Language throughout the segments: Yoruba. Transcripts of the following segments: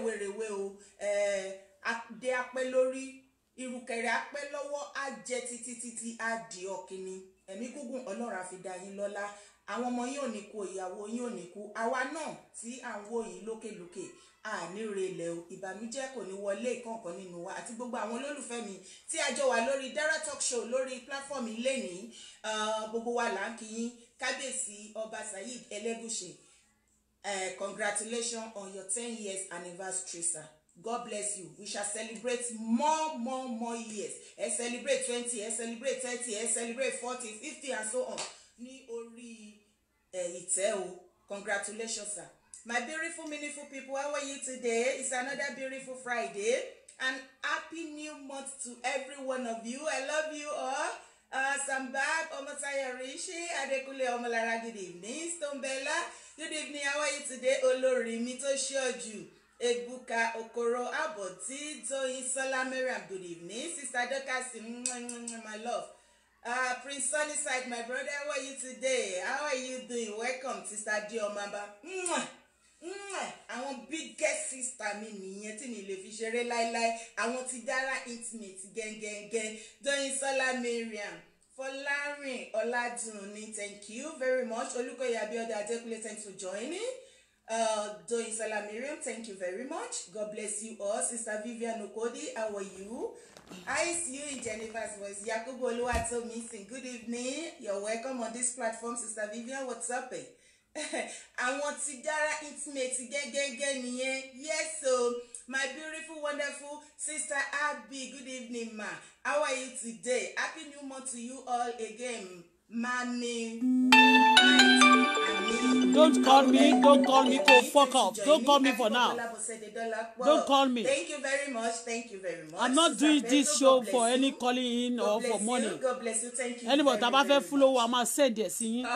rèwerèwe o eh, adé apẹ́ lórí irùkẹ̀rẹ̀ apẹ́ lọ́wọ́ á jẹ títí títí á di ọ̀kìnní ẹ̀mí gúngùn ọlọ́run àfi dá yín lọ́lá àwọn ọmọ yín ò ní kú ìyàwó yín ò ní kú àwa náà tí à ń wò yín lókèlókè àníre ilẹ̀ o ìbànújẹ́ kò ní wọlé kankan nínú wa àti gbogbo àwọn olólùfẹ́ mi tí a jọ wà lórí Dara Talk Show lórí platform ilé ní ah, gbogbo wa là ń kí yín kábíyèsí ọba Saheed Elégùṣì uh, congratulations on your 10 years anniversary, sir. God bless you. We shall celebrate more, more, more years. Ẹ eh, celebrate 20, ẹ eh, celebrate 30, ẹ celebrate 40, 50 and so on. Ní orí ìtẹ́ o. Congratulations, sir. My beautiful, meaningful people, how are you today? It's another beautiful Friday. And happy new month to every one of you. I love you all. Uh, Sambab, Omotaya Rishi, Adekunle Omolara, good evening. Good evening, how are you today? Olorimi Toshioju, Ebuka, Okoro Aboti, Toyin Sola Mariam. Good evening, Sister Dokasi, my love. Uh, Prince Side, my brother, how are you today? How are you doing? Welcome, Sister Diomamba. Mwah! àwọn biggest sister mi nìyẹn tí mi lè fi ṣeré láéláé àwọn ti dára intimate gẹ́ngẹ́ngẹ́ Doyin Sola Mariam Folarin Oladunni, thank you very much. Olukoye Abiodun, Adekunle, thanks for joining. Uh, Doyin Salamiriam, thank you very much. God bless you all. Sister Vivian Okodi, how are you? Mm-hmm. I see you in Jennifer's voice. Yakubu Oluwatomi, sing good evening. You're welcome on this platform, Sister Vivian. What's up? Eh? Àwọn ti dára intimate gẹ́gẹ́gẹ́ nìyẹn. Yes, so my beautiful, wonderful sister Abby. Good evening, ma. How are you today? Happy new month to you all again, mommy. Don't call me, don't call me, go fuck off. Don't call me for now. Don't call me. Thank you very much. Thank you very much. I'm not doing this show for any calling in or for money. God bless you. Thank you. Anybody, tá bá fẹ́ follow, I'm gonna send it. See? Um,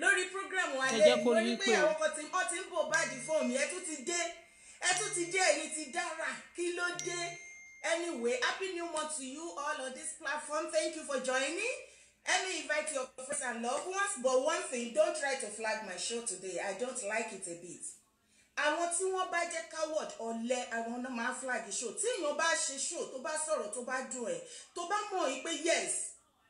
lórí program wa lẹ́yìn lórí pé àwọn ẹ tún ti dé èyí ti dára kí ló dé anyway happy new month to you all on this platform thank you for joining let me invite your friends and loved ones but one thing don't try to flag my show today i don't like it a bit àwọn tí wọ́n bá jẹ́ coward ọ̀lẹ àwọn náà máa flag show tí èèyàn bá ṣe show tó bá sọ̀rọ̀ tó bá dùn ẹ̀ tó bá mọ̀ yìí pé yes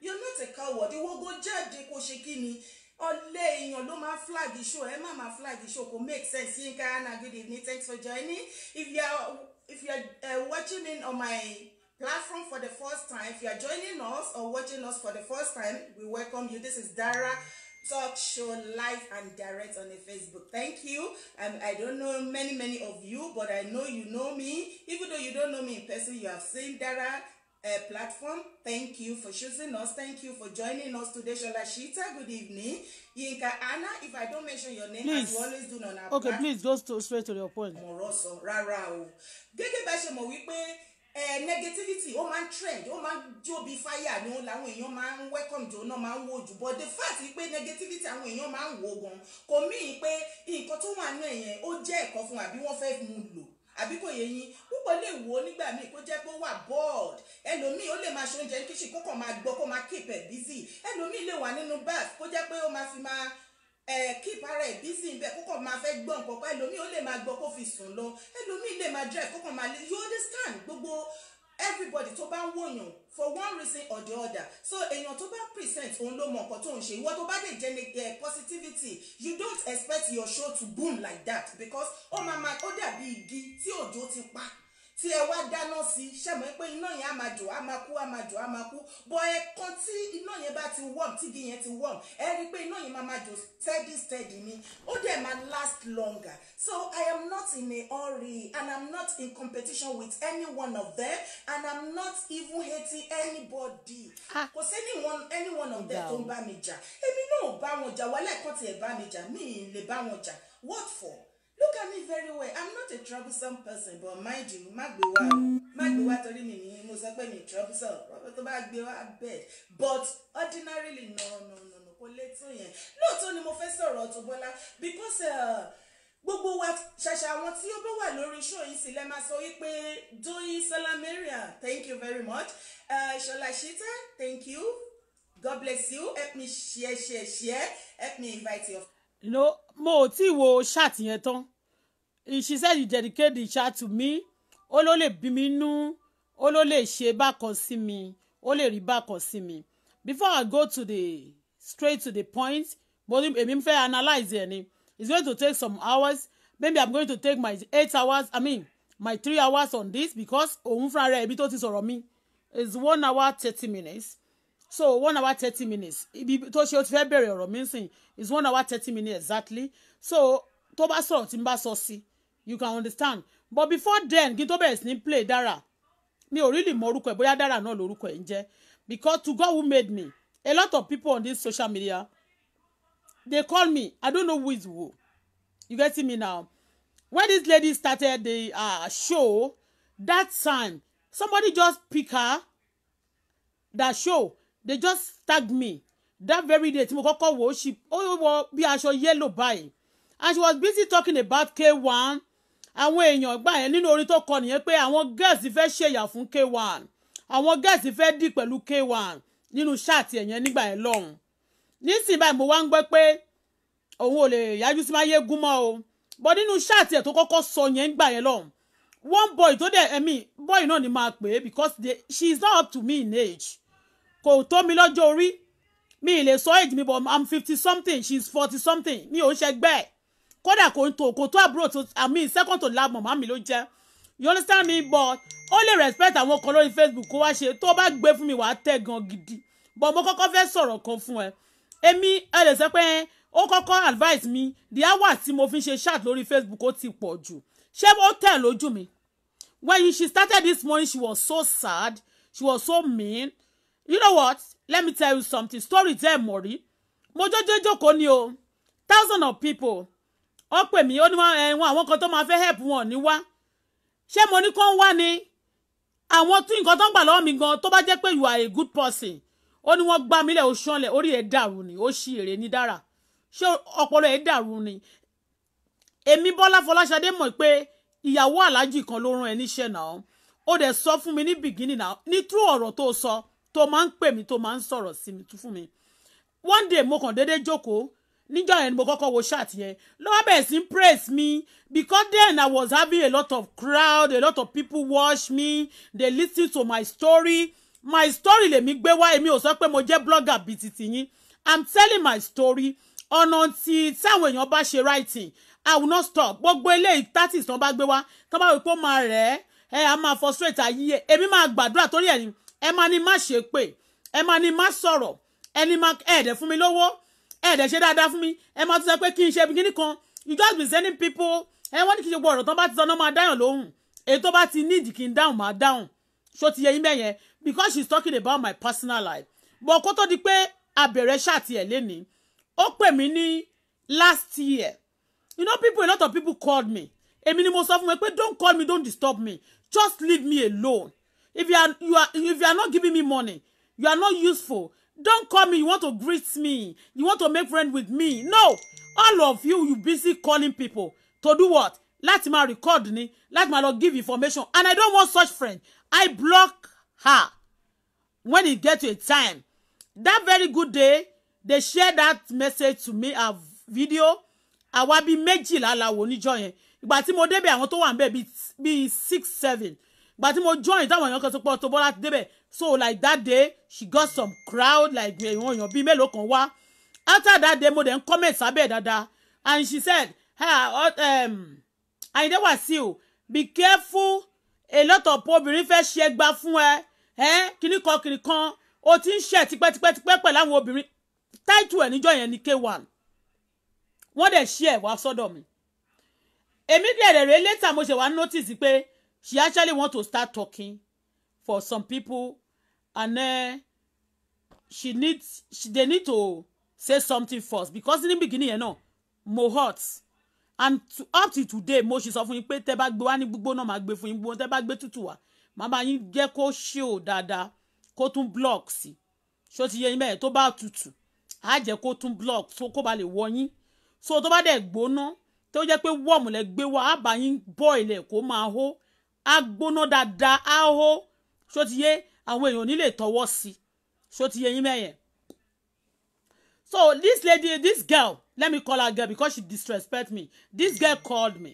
you're not a coward ìwọ́gbọ́n jáde kó ṣe kí ni ọlé èèyàn ló máa flag show ẹ má máa flag show kò make sense Yinka Anna good evening thanks for joining if you are if you are uh, watching in on my platform for the first time if you are joining us or watching us for the first time we welcome you this is Dara talk show live and direct on the Facebook. Thank you. Um, I don't know many, many of you, but I know you know me. Even though you don't know me in person, you have seen Dara uh, platform. Thank you for choosing us. Thank you for joining us today, Shola Shita. Good evening. Yinka Anna, if I don't mention your name, please. as you always do on our Okay, part, please go to, straight to your point. Moroso, rárá o. Gẹ́gẹ́ bá ṣe mọ̀ wípé eh, negativity ó máa ń trend ó máa ń jó bí fire ni ó làwọn èèyàn máa ń welcome jò náà máa ń wò but the fact pé negativity àwọn èèyàn máa ń wò gan kò mí pé nǹkan tó wà ní ẹ̀yẹn ó jẹ́ ẹ̀kọ́ fún wa bí wọ́n fẹ́ mú lò àbí kò yẹ yín púpọ̀ lè wò ó nígbà míì kó jẹ́ pé wà bored ẹlòmíì ó lè máa ṣe kíṣì kó kàn máa gbọ́ kó máa keep ẹ̀ busy ẹlòmíì lè wà nínú bath kó jẹ́ pé ó máa fi máa keep ara ẹ̀ busy bẹ́ẹ̀ kó kàn máa fẹ́ gbọ́ nǹkan kan ẹlòmíì ó lè máa gbọ́ kó fi sùn lọ ẹlòmíì lè máa drive kó kàn máa lè you understand gbogbo everybody tó bá ń wòyàn for one reason or the other so èèyàn tó bá present òun ló mọ nǹkan tó ń ṣe ìwọ tó bá lè jẹ eh, positivity you don't expect your show to boom like that because ó máa ma ó dàbí igi tí òjò ti pa tí ẹ wá dáná sí ṣẹmọ pé iná yẹn á máa jò á máa kú á máa jò á máa kú bọ ẹ̀kan tí iná yẹn bá ti warm tígi yẹn ti warm ẹ rí i pé iná yẹn máa máa jò steady steady ni ó dẹ̀ máa last longer so I am not in a hurry and I'm not in competition with any one of them and I'm not even hating anybody ah. kò sí any one of them tó ń bá mi jà èmi náà ò bá wọn jà wálé ẹ̀kan tí ẹ̀ bá mi jà mí lè bá wọn jà what for look at me very well i'm not a troublesome person but mind you Magbewa, Magbewa wá o má gbé wá torí mi ni mo sọ pé mi troublesome tó bá gbé wá bed but ordinarily no no no no kò lè tún yẹn lóòótọ́ ni mo fẹ́ sọ̀rọ̀ Auto Bola because uh, gbogbo wa ṣàṣà àwọn tí ó bá wà lórí show yìí sílẹ̀ máa sọ wípé Doyin Salamaria thank you very much uh, Ṣọlá uh, Ṣítà thank you God bless you help me share share share help me invite your. No mo ò tí ì wo ṣáàtì yẹn tán she said you dedicate the chat to me ó ló lè bí mi nú ó ló lè ṣe bákan sí mi ó lè rí bákan sí mi before I go to the straight to the point mo ní èmi fẹ́ analyse ẹ̀ ni it's going to take some hours maybe I'm going to take my eight hours I mean my three hours on this because òun fúnra rẹ̀ ibi tó ti sọ̀rọ̀ mi is one hour thirty minutes so one hour thirty minutes ibi tó ṣe o ti fẹ́ bẹ̀rẹ̀ ọ̀rọ̀ mi sìn is one hour thirty minutes exactly so tó bá sọ̀rọ̀ tí n bá sọ sí you can understand but before then kí n tó bẹ̀rẹ̀ sí ní play dára mi ò really mọ orúkọ ẹ̀ bóyá dára náà lórúkọ ẹ̀ ń jẹ́ because to God who made me a lot of people on this social media they call me I don't know who is who you get me now when this lady started the uh, show that time somebody just pick her that show they just tag me that very day tí mo kọ́kọ́ wò ó ṣì ó wọ bí aṣọ yẹ́lò báyìí and she was busy talking about K1 àwọn èèyàn gbà yẹn nínú orin tó kọ nìyẹn pé àwọn girls fẹ́ ṣèyà fún K1 àwọn girls fẹ́ dì pẹ̀lú K1 nínú ṣáàtì ẹ̀yẹn nígbà yẹn lọ́hùn nísìnyí báyìí mo wá ń gbọ́ pé òun ò lè yájú sí Máyégún mọ́ o bọ́ nínú ṣáàtì ẹ̀ tó kọ́kọ́ sọ yẹn nígbà yẹn lọ́hùn one boy tó dẹ̀ ẹ̀mí boy náà ni máa pè é because they, she is not up to me in age kò tó mi lọ́jọ́ orí mi ì lè sọ èjì mi but i'm fifty something she's forty something mi ò ṣẹgbẹ́ ẹ̀ kódà kò tó kò tó àbúrò tó i mean second to last mama mi ló jẹ́ you understand me but ó lè respect àwọn kan lórí facebook kó wá ṣe tó bá gbé fún mi wàá tẹ̀ gan gidi but mo kọ́kọ́ fẹ́ sọ̀rọ̀ kan fún ẹ èmi ẹ lè sọ pé ó kọ́kọ́ advice mi the hour tí mo fi ṣe chat lórí facebook ó ti pọ̀ jù ṣé ó tẹ̀ lójú mi when she started this morning she was so sad she was so mean you know what let me tell you something story tell, ẹ̀ mọ̀ rí mo jọ́jọ́ jókòó ni o thousand of people ó pè mi ó ní wọn eh, àwọn kan tó máa fẹ́ help wọn ni wá ṣé mo ní kán wá ni àwọn tún nǹkan tó ń gbà mi gan tó bá jẹ́ pé you are a good person ó ní wọ́n gbá mi lẹ̀ ó ṣanlẹ̀ orí ẹ̀ dàrú ni ó ṣì èrè ní dára ṣé ọpọlọ ẹ̀ dàrú ni èmi Bọ́lá Fọláṣadé mọ̀ pé ìyàwó aláàjì kan ló rán ẹ níṣẹ́ náà ó dẹ̀ sọ fún mi ni bìgínì náà ní tú ọ̀rọ̀ tó So tó máa ń pè mí tó máa ń sọ̀rọ̀ sí mi fún mi one day mo kàn déédéé jókòó níjọ́ yẹn ni mo kọ́kọ́ wo ṣáàtì yẹn lọ́wọ́ bẹ̀rẹ̀ sí praise me because then I was having a lot of crowd a lot of people watch me they listen to my story my story lèmi gbé wá èmi ò sọ pé mo jẹ́ blogger bíi titi yín I'm telling my story ọ̀nà tí táwọn èèyàn bá ṣe writing I will not stop gbogbo eléyìí thirties tán bá gbé wá tán bá wí pé ó máa rẹ̀ ẹ́ a máa frustrate ayé èmi máa gbàdúrà torí ẹ̀yìn ẹ máa ní má ṣe pé ẹ máa ní má sọ̀rọ̀ ẹni máa ẹ̀ẹ́dẹ̀ fún mi lówó ẹ̀ẹ́dẹ̀ ṣe dáadáa fún mi ẹ máa tún sọ pé kí n ṣe ibi kíní kan you just be sending people ẹ wọ́n ní kí n ṣe gbọ́ ọ̀rọ̀ tán bá ti sọnà máa dáhùn lóhùn èyí tó bá ti níìdì kí n dáhùn máa dáhùn ṣó ti yẹ yín bẹ́yẹn because she is talking about my personal life but kó tó di pé abẹ̀rẹ̀ ṣàti ẹ̀ lénìí ó pè mí ní last year you know people a lot of people called me èmi ni mo sọ fún wọn pé don't call me don't disturb me just leave me alone if you are you are if you are not giving me money you are not useful don't call me you want to greet me you want to make friend with me no all of you you busy calling people to do what láti máa record me. Let máa lọ give information and i don't want such friend i block her when it get to a time that very good day they share that message to me a video àwa bíi méjìlá la wò níjọ́ yẹn ìgbà tí mo débẹ̀ àwọn tó wà níbẹ̀ bíi six seven gba tí mo join táwọn èèyàn kan tó pọ̀ tó bọ́lá ti débẹ̀ so like that day she got some crowd like èèyàn eh, èèyàn bíi mélòó kan wá after that day mo dẹ̀ comment sábẹ́ dáadáa and she said Àyìndé Wàsíù be careful a lot of obìnrin fẹ́ ṣe gba fún ẹ kíní kan kíní kan o ti ń ṣe tipẹ́tipẹ́tipẹ́ pẹ̀lú àwọn obìnrin title ẹ̀ níjọ́ yẹn ni k1 wọ́n dẹ̀ ṣe ẹ̀ wá sọ́dọ̀ mi èmi dẹ̀ rẹ̀ létà mo ṣe wá notice pé she actually want to start talking for some people and then she needs she, they need to say something first because in the beginning you know, mo hot and to, up to today mo ṣì sọ fún yín pé tẹ́ bá gbé wá ní gbígbóná máa gbé fún yín gbóná tẹ́ bá gbé Mama wá màá bá show dada, kó ṣe ò dáadáa kó tún block sí ṣó ti yẹ yín bẹ́ẹ̀ tó bá tútù á jẹ́ kó block so kó ba lè wọ yín so tó bá dẹ̀ gbóná tó jẹ́ pé warm lẹ gbé wá á bá yín bọ́ ilẹ̀ kó máa á gbóná dáadáa á hó ṣótiyé àwọn èèyàn nílè tọwọ́ sí ṣótiyé yín mẹ́yẹn. so this lady this girl let me call her girl because she disrespect me this girl called me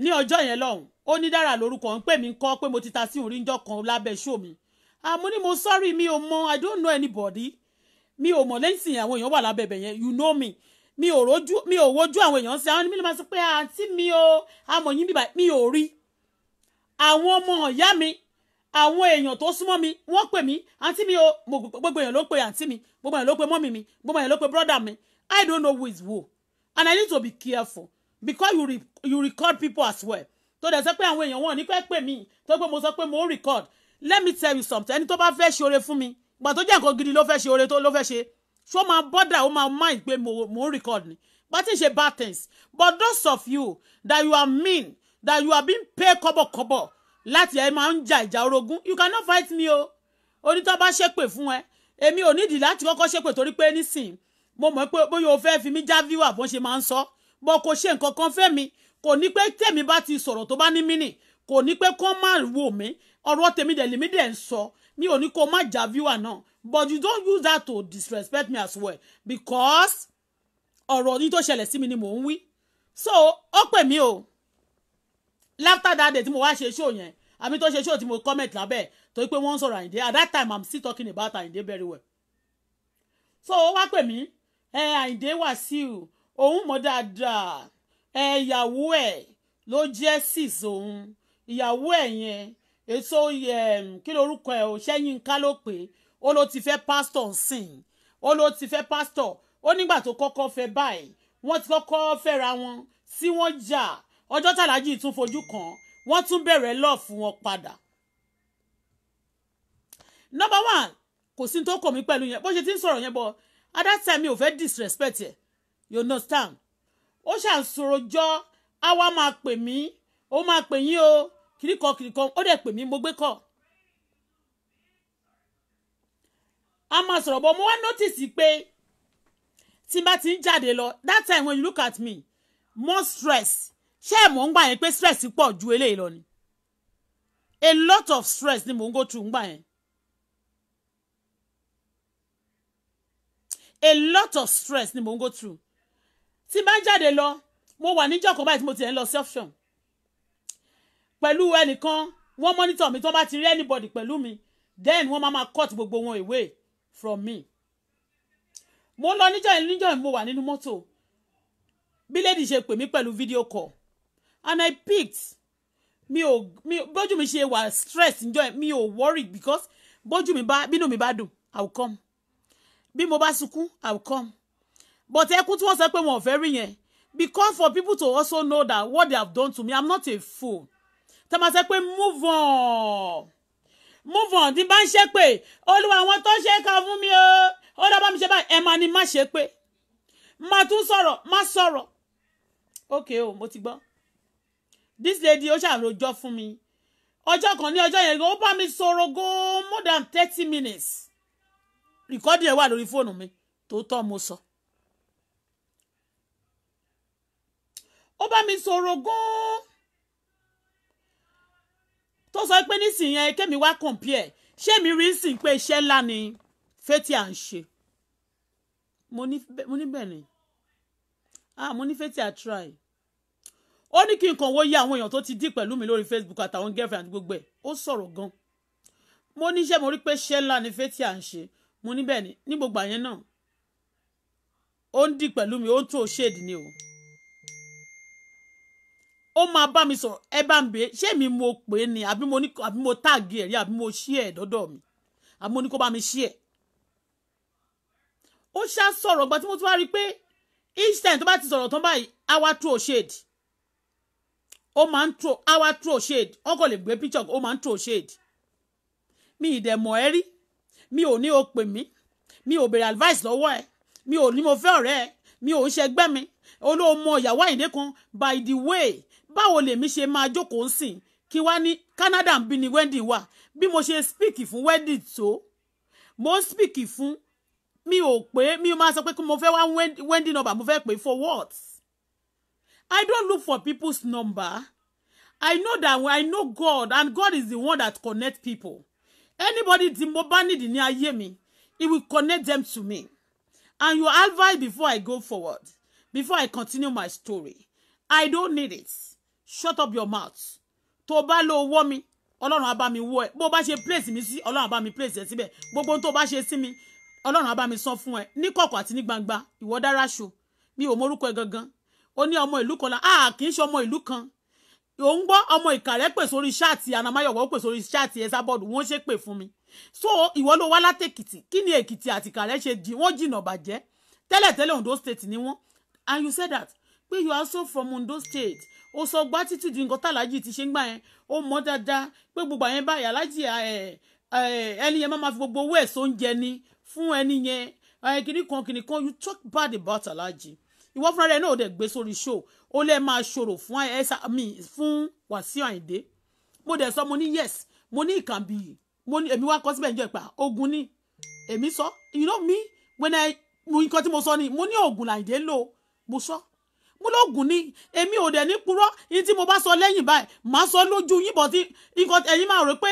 ní ọjọ́ yẹn lọ́hùn ó ní dára lórúkọ ń pè mí kọ́ pé mo ti ta sí òun kan lábẹ́ ṣó mi àmọ́ ni mo sọ́rí mi ò mọ i don't know anybody mi ò mọ̀ lẹ́yìn sìn àwọn èèyàn wà lábẹ́ ibẹ̀ yẹn you know me mi ò rojú mi ò wojú àwọn èèyàn sí àwọn onímọ̀ sọ pé àǹtí mi ò amọ̀ yín bíbá mi ò rí àwọn ọmọ ìyá mi àwọn èèyàn tó súnmọ́ mi wọ́n pè mí àǹtí mi o gbogbo èèyàn ló pe àǹtí mi gbogbo èèyàn ló pe mọ́mì mi gbogbo èèyàn ló pe brọ́dà mi I don't know who is who and I need to be careful because you, re you record people as well tó dẹ̀ sọ pé àwọn èèyàn wọn ò ní pẹ́ pè mí tó pé mo sọ pé mo record let me tell you something ẹni tó bá fẹ́ ṣe oore fún mi gbà tó jẹ́ nǹkan gidi ló fẹ́ ṣe oore tó ló fẹ́ ṣe So my brother, ó máa mind pé mo ń record ni but it's a bad things but those of you that you are mean that you are being paid kọ́bọ̀kọ́bọ̀ láti ẹ máa ń jà ìjà orogún you cannot fight me o onítọ́ bá ṣépè fún ẹ èmi ò nídìí láti kọ́kọ́ ṣépè torí pé nísìn mo mọ̀ pé bóyá o fẹ́ fi mí já viewer bó ṣe máa ń sọ bó kò ṣe nǹkan kan fẹ́ mi kò ní pé tèmi bá ti sọ̀rọ̀ tó bá ní mínì kò ní pé kó má wò mí ọ̀rọ̀ tèmi dẹ̀ lèmi dẹ̀ ń sọ mi ò ní kó má já viewer náà but you don't use that to disrespect me as well because ọ̀rọ̀ ní tó ṣẹlẹ̀ sí mi ni mò ń wí so ó pè mí o after that day tí mo wá ṣe show yẹn àmì tó ṣe show tí mo comment lábẹ́ torí pé wọ́n ń sọ̀rọ̀ àyìndé at that time i'm still talking about àyìndé very well. so ó wá pè mí ẹ àyìndé wàsíù òun mọ̀ dáadáa ẹ ìyàwó ẹ̀ ló jẹ́ sis òun ìyàwó ẹ̀ yẹn èso kí lorúkọ ẹ̀ ò ṣẹ́yìnká ló pè ó ló ti fẹ́ pásítọ̀ sìn ó ló ti fẹ́ pásítọ̀ ó nígbà tó kọ́kọ́ fẹ́ báyìí wọ́n ti kọ́kọ́ fẹ́ra wọn sí wọ́n jà ọjọ́ tàlájì tún fojú kàn wọ́n tún bẹ̀rẹ̀ love fún wọn padà. number one kò sí tó kọ̀ mí pẹ̀lú yẹn bó ṣe ti ń sọ̀rọ̀ yẹn bọ̀ at that time mi ò fẹ́ disrespect yẹ you understand ó ṣàǹsọ̀rọ̀ jọ á wá máa pè mí ó máa pè yín o kìríkọ kìríkọ ó dẹ̀ pè mí mo gbé kọ̀. a máa sọ̀rọ̀ bọ̀ mo wá notice pé tí n bá ti ń jáde lọ that time when you look at me more stress ṣé mò ń gbà yẹn pé stress pọ̀ ju eléyìí lọ ni a lot of stress ni mò ń go through ń gbà yẹn a lot of stress ni mò ń go through tí bá jáde lọ mo wà níjọ́ kan báyìí tí mo ti ẹ̀ ń lọ sí option pẹ̀lú ẹnìkan wọ́n mọ́nítọ̀ mi tí wọ́n bá ti rí anybody pẹ̀lú mi then wọ́n máa máa cut gbogbo wọn away from me mo lọ níjọ́ yẹn níjọ́ yẹn mo wà nínú mọ́tò bí lady ṣe pè mí pẹ̀lú video call and I picked mi ò mi bójú mi ṣe wà stress njọ́ mi ò worry because bójú mi bá bínú mi bá dùn I will come bí mo bá sunkún I will come but ẹkún tí wọ́n sọ pé wọn ò fẹ́ rí because for people to also know that what they have done to me I'm not a fool tá a máa sọ move on move on tí bá ń ṣe pé olúwa àwọn tó ṣe kà fún mi o ó dábàá mi ṣe báyìí ẹ máa ní má ṣe pé má tún sọ̀rọ̀ má sọ̀rọ̀ okay o mo ti gbọ́ this lady ó ṣàròjọ fún mi ọjọ́ kan ní ọjọ́ yẹn ó bá mi sọ̀rọ̀ go more than thirty minutes Recording ẹ̀ wà lórí fóònù mi tó tọ́ mo sọ. ó bá mi sọ̀rọ̀ gan-an tó sọ pé nísìnyẹn kémi wá compare ṣé mi rí sìn pé iṣẹ́ ńlá ni fẹ́tì à ń ṣe mo ní bẹ́ẹ̀ ah mo ní fẹ́tì à try ó ní kí n kàn wòye àwọn èèyàn tó ti dí pẹ̀lú mi lórí Facebook àtàwọn girlfriend gbogbo ẹ̀ ó sọ̀rọ̀ gan mo níṣẹ́ mo rí pé ṣẹ́ ńlá ni fẹ́tì à ń ṣe mo níbẹ̀ ni ní gbogbo àyẹn náà ó ń dì pẹ̀lú mi ó ń tó ṣèdí ni o ó máa bá mi sọ̀rọ̀ ẹ bá ń bè é ṣé mi mo pè é ni àbí mo ní àbí mo táàgì ẹ̀rí àbí mo ṣí ẹ̀ dọ́dọ̀ mi àbí mo ní kó bá mi ṣí ẹ̀ ó ṣá sọ̀rọ̀ gba tí mo tún wá rí i pé each time tó bá ti sọ̀rọ̀ tán báyìí á wá tú ó máa ń throw our throw shade wọn kò lè gbé picture ó máa ń throw shade mi ì dẹ̀ mọ̀ ẹ́ rí mi ò ní o pè mí mi ò béèrè advice lọ́wọ́ ẹ mi ò ní mo fẹ́ ọ̀rẹ́ ẹ mi ò ń ṣẹgbẹ́ mi olóòmọ ìyàwó àyìndé kan by the way báwo lèmi ṣe máa jókòó ń sìn kí wá ní Canada ń bí ni Wendy wà bí mo ṣe speak fún Wendy tó mo speak fún mi ò pé mi máa sọ pé mo fẹ́ wá Wendy number mo fẹ́ pè for what I don't look for people's number. I know that I know God, and God is the one that connects people. Anybody Zimbabwe mo bá nídìí ní ayé will connect them to me. And you advise before I go forward, before I continue my story, I don't need it. Shut up your mouth. Tó bá lọ wọ́ mi, Ọlọ́run á bá mi wọ́ ẹ. Bó bá ṣe place mi sí, Ọlọ́run á mi place ẹ síbẹ̀. Gbogbo tó bá ṣe sí mi, Ọlọ́run á bá mi san fún ẹ. Ní kọ̀kọ̀ àti ní gbangba, ìwọ dára ṣo. Mi ò mọ orúkọ gangan ó ní ọmọ ìlú kan la ah kì í ṣe ọmọ ìlú kan òun gbọ́ ọmọ ìkàrẹ́ pè sórí ṣáàtì anamáyọ̀wọ́ pè sórí ṣáàtì ẹ̀sà bọ́ọ̀dù wọ́n ṣe pè fún mi so ìwọ ló wá látẹ̀kìtì kí ni èkìtì àti ìkàrẹ́ ṣe jì wọ́n jìnà bàjẹ́ tẹ́lẹ̀tẹ́lẹ̀ Ondo state ni wọ́n and you say that pé you also from Ondo state ó sọ gratitude nǹkan tàlájì ti ṣe ń gbà yẹn ó mọ dáadáa pé gbogbo àyẹn báyà alájì ẹni yẹn má máa fi gbogbo owó ẹ̀ sóúnjẹ ni fún ẹni yẹn kìnnìkan kìnnìkan you talk bad about alájì ìwọ fúnra rẹ náà ò dẹ̀ gbé sórí show ó lẹ́ máa ṣòro fún ẹ̀sà mi fún Wàsíù Àyìndé mo dẹ̀ sọ mo ní yes mo ní it can be mo ní èmi wá kọ síbẹ̀ níjọ́ ìpà ogun ni èmi sọ you know me when I mo nǹkan tí mo sọ ni mo ní oògùn làyìndé lò mo sọ mo lóògùn ni èmi ò dẹ̀ ní purọ́ ní tí mo bá sọ lẹ́yìn báyìí màá sọ lójú yín tí nǹkan ẹ̀yin máa rò pé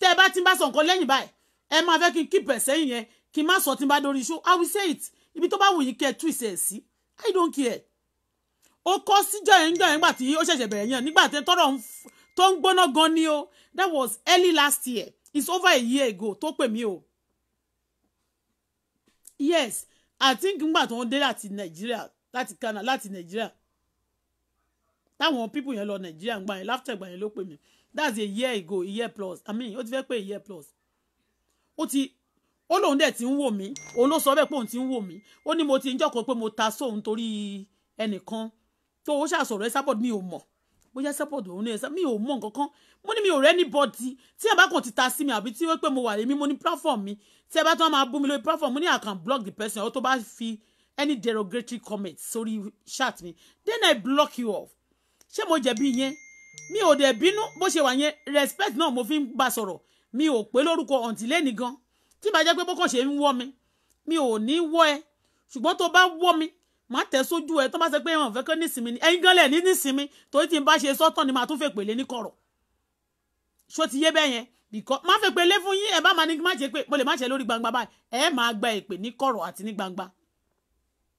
tẹ́ ẹ bá ti bá sọ nǹkan lẹ́yìn báyìí ẹ máa fẹ́ kí n kíp ẹ̀ sẹ́yìn yẹn kí n má sọ tí n bá dórí iṣu I will say it ibi tó bá wù yín kí ẹ tú ìṣe ẹ̀ sí. I don't care ó kọ́ síjọ́ yẹn níjọ́ yẹn nígbà tí ó ṣẹ̀ṣẹ̀ bẹ̀rẹ̀ yẹn nígbà tí tọ́rọ̀ tó ń gbóná gan ni o that was early last year it's over a year ago tó pè mí o yes I think nígbà tó ń dé láti Nàìjíríà láti Canada láti Nàìjíríà táwọn pípù yẹn lọ Nàìjíríà gbà yẹn láfíà gbà yẹn ló pè mí that's a year ago a year plus I mean ó ti fẹ́ pé a year plus ó ti ó lóun dẹ̀ ti ń wò mí òun ló sọ bẹ́ẹ̀ pé òun ti ń wò mí ó ní mo ti ń jọ́kọ̀ pé mo ta sóun torí ẹnìkan tó o ṣàṣọ̀rọ̀ ẹ sábọ̀dù mi ò mọ̀ bóyá sábọ̀dù òun náà mi ò mọ̀ nǹkan kan mo ní mi ò rẹ́ ní bọ́ọ̀dì tí ẹ bá ti ta sí mi àbí tí wọ́n pé mo wà lé mi mo ní platform mi tí ẹ bá tán máa bú mi lórí platform mo ní I can block the person ọ tó bá fi any derogatory comment sórí chat mi then I block you off ṣé mo jẹ̀bi yẹn mi ò dẹ̀ bínú bó ṣe wà yẹn respect náà mo fi ń bá sọ̀rọ̀ mi ò pé lórúkọ ọ̀ǹtí lẹ́nìí gan-an tí màá jẹ́ pé bókàn ṣe ń wọ́ mi mi ò ní wọ́ ẹ ṣùgbọ́n tó bá wọ́ mi má tẹ̀ sójú ẹ tó bá sọ pé ẹ̀wọ̀n fẹ́ kọ́ nísìmí ni ẹ̀yin gánlẹ̀ ní nísìmí torí tí n bá ṣe sọ́tàn ni màá tún fẹ́ pèlè ní kọ̀rọ̀ ṣó ti yé bẹ́ẹ̀ yẹn bìkọ́ má fẹ́ pèlè fún yín ẹ bá máa ní má ṣe pé mo lè má ṣe lórí gbangba báyìí ẹ máa gba èpè ní kọ̀rọ̀ àti ní gbangba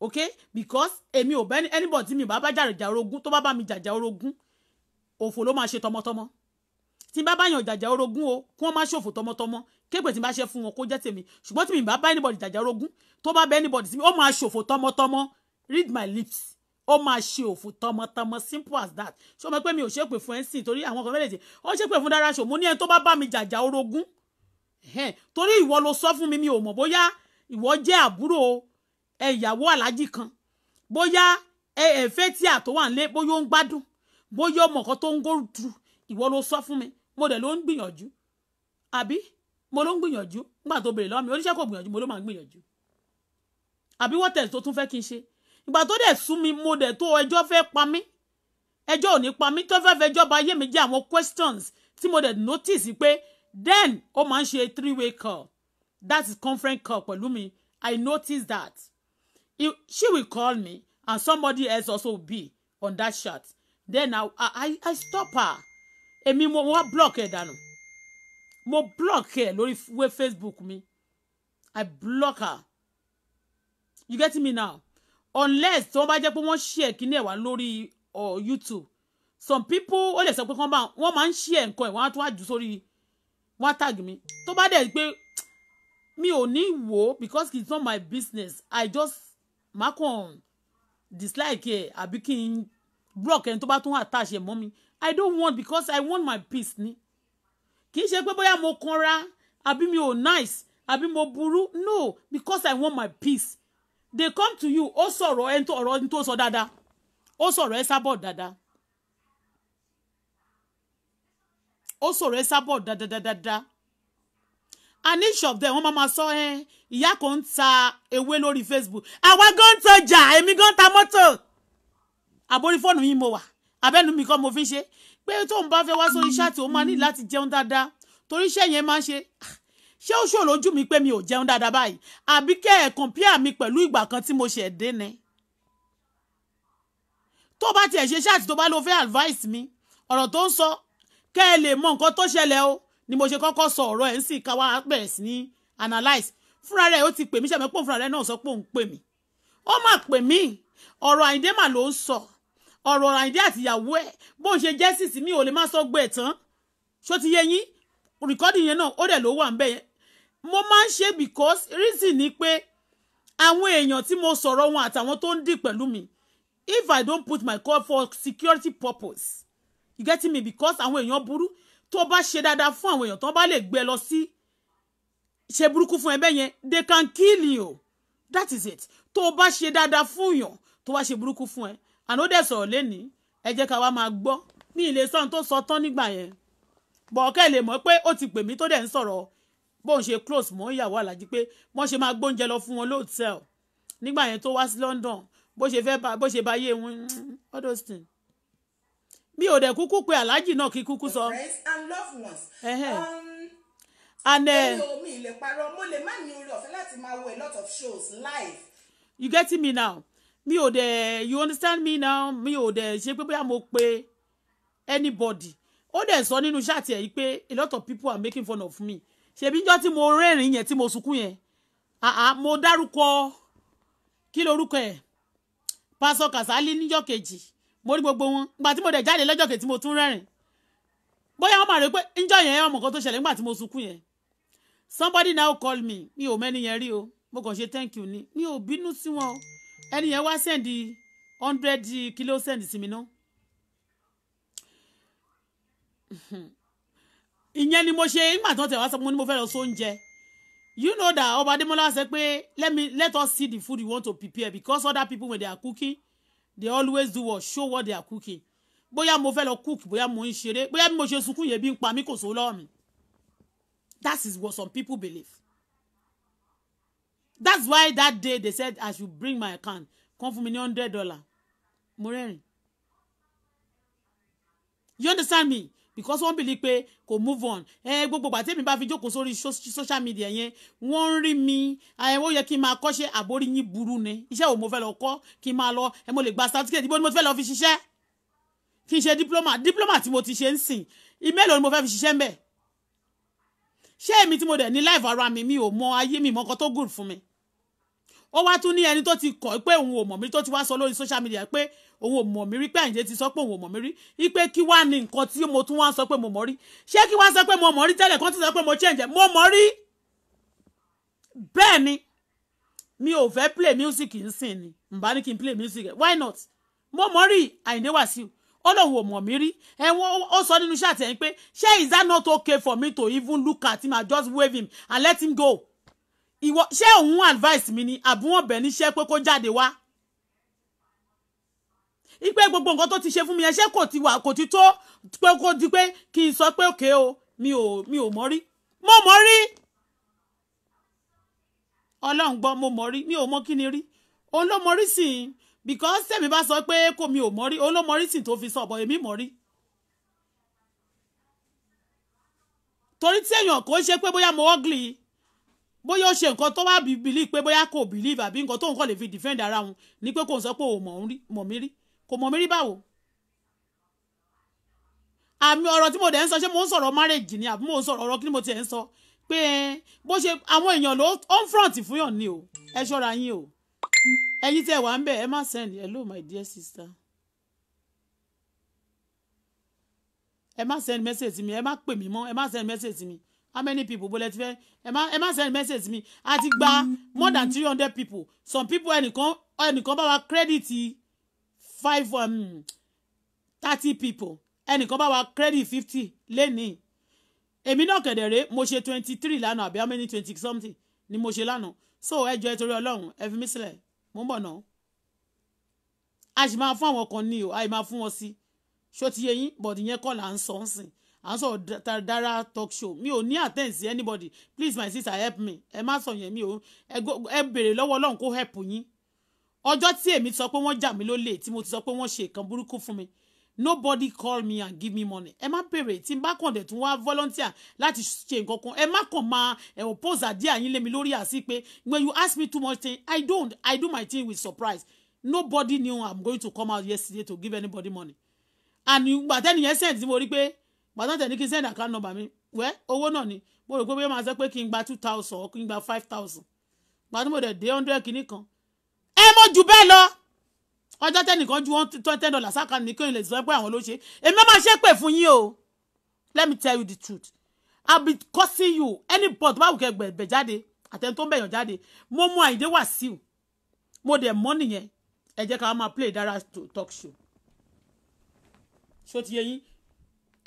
ok because èmi ò bẹ́ni anybody mi bá bá jàjà orogún tó bá bá mi jàjà orogún òfò ló máa ṣe tọmọtọmọ tí n bá báyàn jàjà orogún o kí wọ́n má ṣòfò tọmọtọmọ kéèpè tí n bá ṣe fún wọn kó jẹ́ tèmi ṣùgbọ́n tí mi bá bá anybody jàjà orogún tó bá bá anybody sí mi ó máa ṣòfò tọmọtọmọ read my lips ó máa ṣe òfò tọmọtọmọ simple as that ṣé o mọ̀ pé mi ò ṣe pè fún ẹ sí torí àwọn kan fẹ́lẹ̀ jẹ ó ṣe pè fún dára ṣò mo ní ẹni tó bá bá mi jàjà orogún torí ìwọ lo sọ fún mi mi ò mọ̀ bóyá ìwọ jẹ́ àbúrò ẹ̀yàwó aláàjì kan bóyá ẹ̀ẹ́fẹ́ tí àtọ́wà ń lé bóyá ó ń gbádùn bóyá ọmọ kan tó ń gòrùtù ìwọ ló sọ fún mi mo dẹ̀ ló ń gbìyànjú àbí mo ló ń gbìyànjú nígbà tó béèrè lọ́wọ́ mi oníṣẹ́ kò gbìyànjú mo ló máa ń gbìyànjú àbí wọ́n tẹ̀sí tó tún fẹ́ kí n ṣe ìgbà tó dẹ̀ sún mi mo dẹ̀ tó ẹjọ́ fẹ́ pa mí ẹjọ́ ò ní pa mí tó fẹ́ fẹ́ jọba ayé mi jẹ́ àwọn questions tí mo dẹ̀ notice pé then ó máa ń ṣe three way call that is conference call pẹ̀lú mi I notice that He, she will call me and somebody else also be on that chat then I I I stop her èmi mo wá block ẹ̀ dànù mo block ẹ̀ lórí Facebook mi I block her you get me now unless tí wọ́n bá jẹ́ pé wọ́n share kíní ẹ̀ wá lórí uh, YouTube some people ó lè sọ pé kán bá wọn máa ń share nǹkan ẹ̀ wọ́n á tún wá jù sórí wọ́n á tag mi tó bá dẹ̀ pé mi ò ní wò ó because it's not my business I just máa dislike ẹ̀ àbí kí n block ẹni tó bá tún attach ẹ̀ mọ́ mi I don't want because I want my peace ni kì í ṣe pé bóyá mo kanra àbí mi ò nice àbí mo burú no because I want my peace they come to you ó sọ̀rọ̀ ẹni tó ọ̀rọ̀ ẹni tó sọ dáadáa ó sọ̀rọ̀ ẹ sábọ̀ dáadáa ó sọ̀rọ̀ ẹ sábọ̀ dáadáa and each of them wọ́n máa ma sọ ẹ ìyá kan ń ta ewé lórí Facebook àwa gan ń tajà èmi gan ń ta mọ́tò àbórí fóònù yìí mo wà abẹ́nu mi kọ́ mo fi ṣe pé tóun bá fẹ́ wá sórí iṣẹ́ àti òun máa ní láti jẹun dáadáa torí iṣẹ́ yẹn máa ń ṣe ṣé ó ṣòro ojú mi pé mi ò jẹun dáadáa báyìí àbí kẹ́ ẹ̀ compare mi pẹ̀lú ìgbà kan tí mo ṣẹ̀ dé ni tó bá tiẹ̀ ṣe ṣáàtì tó bá lọ fẹ́ advice mi ọ̀rọ̀ tó ń sọ kẹ́ ẹ lè mọ nǹkan tó ṣẹlẹ̀ o ni mo ṣe kọ́kọ́ sọ ọ̀rọ̀ ẹ̀ ń sì ká wá bẹ̀rẹ̀ sí ní analyse fúnra rẹ̀ ó ti pè mí ṣàmẹ́pọ̀ fúnra rẹ̀ náà sọ pé òun pè mí ó mà pè mí ọ̀rọ̀ àyíndé mà ló ń sọ ọ̀rọ̀ Àyìndé àtìyàwó ẹ̀ bó ṣe jẹ́ sísì mi ò lè má sọ gbé ẹ̀ tán ṣó ti yé yín rìkọ́dì yẹn náà ó dẹ̀ ló wà ń bẹ̀ yẹn mo máa ń ṣe because reason ni pé àwọn èèyàn tí mo sọ̀rọ̀ wọn àtàwọn tó ń dì pẹ̀lú mi if I don't put my call for security purpose you get me because àwọn èèyàn burú tó bá ṣe dáadáa fún àwọn èèyàn tó bá lè gbé e lọ sí ṣe burúkú fún ẹbẹ yẹn they can kill you that is it tó bá ṣe dáadáa fún èèyàn tó bá ṣe burúkú fún ẹ àná ó dẹ̀ sọ̀rọ̀ lénìí ẹ jẹ́ ká wá máa gbọ́ ní ilé sọ́run tó sọ tán nígbà yẹn bọ̀ọ̀kẹ́ lè mọ̀ pé ó ti pè mí tó dẹ̀ ń sọ̀rọ̀ bóun ṣe close mọ́ ìyàwó alájí pé wọ́n ṣe máa gbóúnjẹ lọ fún wọn lóòtẹ́ẹ̀l nígbà yẹn tó wá sí London bó ṣe fẹ́ bó ṣe bá yé wọn all those things mi ò dẹ̀ kúkú pé aláàjì náà kí kúkú sọ. and uh, you get me now mi ò dẹ̀ you understand me now mi ò dẹ̀ ṣe pé bóyá mo pe anybody ó dẹ̀ sọ nínú ṣáàtì ẹ̀ yìí pé a lot of people are making fun of me ṣèbí njọ́ tí mo rẹ́rìn yẹn tí mo sunkún yẹn àá mo dárúkọ kí lorúkọ ẹ̀ pásọ Kàsálí níjọ́ kejì mo rí gbogbo wọn ìgbà tí mo dẹ̀ jáde lọ́jọ́ kejì tí mo tún rẹ́rìn bóyá wọ́n máa rí pé njọ́ yẹn ọmọ kan tó ṣẹlẹ̀ nígbà tí mo sunkún yẹn somebody now call me mi ò mẹ́ni yẹn rí o mo kàn ṣe thank you ni mi ò bínú sí wọn o ẹni yẹn wá sẹ́ndì hundred kilo sẹ́ndì sí mi náà ìyẹn ni mo ṣe nígbà tó tẹ̀ wá sọ pé mo ní mo fẹ́ lọ sóúnjẹ you know that ọba adémọlá sọ pé let me let us see the food you want to prepare because other people when they are cooking they always do what show what they are cooking bóyá mo fẹ́ lọ cook bóyá mo ń ṣeré bóyá mo ṣe sunkún yẹn bí ń pa mí kò sówó lọ́wọ́ mi that is what some people believe that's why that day they said I should bring my account come fún mi ní hundred dollar mo you understand me because wọ́n believe pé kò move on ẹ gbogbo gbà tẹ́mi bá fi jókòó sórí social media yẹn wọ́n ń rí mi ẹ̀wọ́ yẹ kí n máa kọ́ṣẹ́ àbórí yín burú ni iṣẹ́ wo mo fẹ́ lọ kọ́ kí n máa lọ ẹ mo lè gba certificate ibo ni mo fẹ́ lọ fi ṣiṣẹ́ kí n ṣe diploma diploma tí mo ti ṣe ń sìn ìmẹ́lò ni mo fẹ́ fi ṣiṣẹ́ ń ṣé èmi tí mo dẹ̀ ní life ara mi mi ò mọ ayé mi mọ nǹkan tó good fún mi ó wá tún ní ẹni tó ti kọ̀ pé òun ò mọ̀ mí tó ti wá sọ lórí social media pé òun ò mọ̀ mí rí pé àyìnjẹ́ ti sọ pé òun ò mọ̀ mí rí ipe kí wá ní nǹkan tí mo tún wá sọ pé mo mọ̀ rí ṣé kí wá sọ pé mo mọ̀ rí tẹ́lẹ̀ kan ti sọ pé mo change mo mọ̀ rí bẹ́ẹ̀ ni mi ò fẹ́ play music nsìn ni n bá ní kí n play music why not mo mọ̀ rí àyìnjẹ́ wàsíù ó lóun ò mọ̀ mí rí ẹ wọ́n ó sọ nínú iṣẹ́ àtẹ̀yìn pé ṣé is that not okay for me to even look at him and just wave him and let him go ìwọ ṣé òun advice mi ni àbí wọ́n bẹ̀ níṣẹ́ pé kó jáde wá ipe gbogbo nǹkan tó ti ṣe fún mi ẹṣẹ kò ti wà kò ti tó pé kó di pé kí n sọ pé òkè o mi ò mi ò mọ̀ rí mo mọ̀ rí Ọlọ́run gbọ́ mo mọ̀ rí mi ò mọ̀ kí ni rí òun ló mọ̀ rí sí i because tẹ̀mí bá sọ pé kò mi ò mọ́rí olómọ́rí sì tó fi sọ ọ̀bọ̀ èmi mọ́rí. torí tí èèyàn kò ṣe pé bóyá mo ọ́gìlì bóyá ó ṣe nǹkan tó wá bìbìlì pé bóyá kò bìlíìfù àbí nǹkan tó ń kọ́ lè fi defend ara wọn ni pé kò ń sọ pé ò mọ̀ mí rí kò mọ̀ mí rí báwo. àmì ọ̀rọ̀ tí mo dẹ̀ ń sọ ṣé mo ń sọ̀rọ̀ marriage ni àbí mo ń sọ̀rọ̀ ọ̀rọ̀ kí ni mo tiẹ̀ ń sọ pé bó ṣe àwọn èèyàn ló on front fúnyàn ni o ẹ ṣọ́ra yín o ẹ̀yin tẹ́ wà ń bẹ̀ ẹ má send hello my dear sister ẹ má send message sí mi ẹ má pè mí mọ́ ẹ má send message sí mi how many people bó lẹ ti fẹ́ ẹ má ẹ má send message sí mi a ti gba more than three hundred people some people ẹnìkan ẹnìkan bá wa credit five um, thirty people ẹnìkan bá wa credit fifty lẹ́nìí èmi náà kẹ̀dẹ̀rẹ́ mo ṣe twenty three lánàá àbí how many twenty something ni mo ṣe lánàá so ẹ jọ ẹ torí ọlọ́run ẹ fi mí sílẹ̀ mo ń bọ̀ náà a sì máa fún àwọn kan ní o a sì máa fún wọn sí ṣó ti yé yín bọ̀dì yẹn kọ́ là ń sọ ń sìn à ń sọ dára talk show mi ò ní àtẹ̀sí anybody please my sister help me ẹ má sọ yẹn mi ò ẹ béèrè lọ́wọ́ ọlọ́run kó help yín ọjọ́ tí èmi sọ pé wọ́n jà mí lólè tí mo ti sọ pé wọ́n ṣe nǹkan burúkú fún mi nobody call me and give me money ẹ má bèrè tí n bá kàn dẹ̀ tún wá volunteer láti ṣe nǹkan kan ẹ má kàn máa ẹ oppose àdíà yín lé mi lórí àsí pé when you ask me too much thing i don't i do my thing with surprise nobody knew i'm going to come out yesterday to give anybody money and gbàtẹ́ni yẹn send mo rí pé gbàtẹ́ni ní kí n send account number mi wẹ́ owó náà ni mo rò pé bóyá máa sọ pé kí n gba two thousand or kí n gba five thousand gbàtẹ́ni mo dẹ̀ dé hundred kìíní kan ẹ mọ̀ jù bẹ́ẹ̀ lọ ọjọ́ tẹ́nìkan ju one ten dollars sákan ní kéèyàn lè sọ pé àwọn ló ṣe èmi máa ṣe pè fún yín o let me tell you the truth i be cursing you any pot báwo kẹ gbẹ̀gbẹ̀ jáde àtẹni tó ń bẹ̀yàn jáde mo mọ àyíndé wàsíù mo dẹ̀ mọ́ nìyẹn ẹ jẹ́ ká máa play dára talk show ṣó ti yẹ yín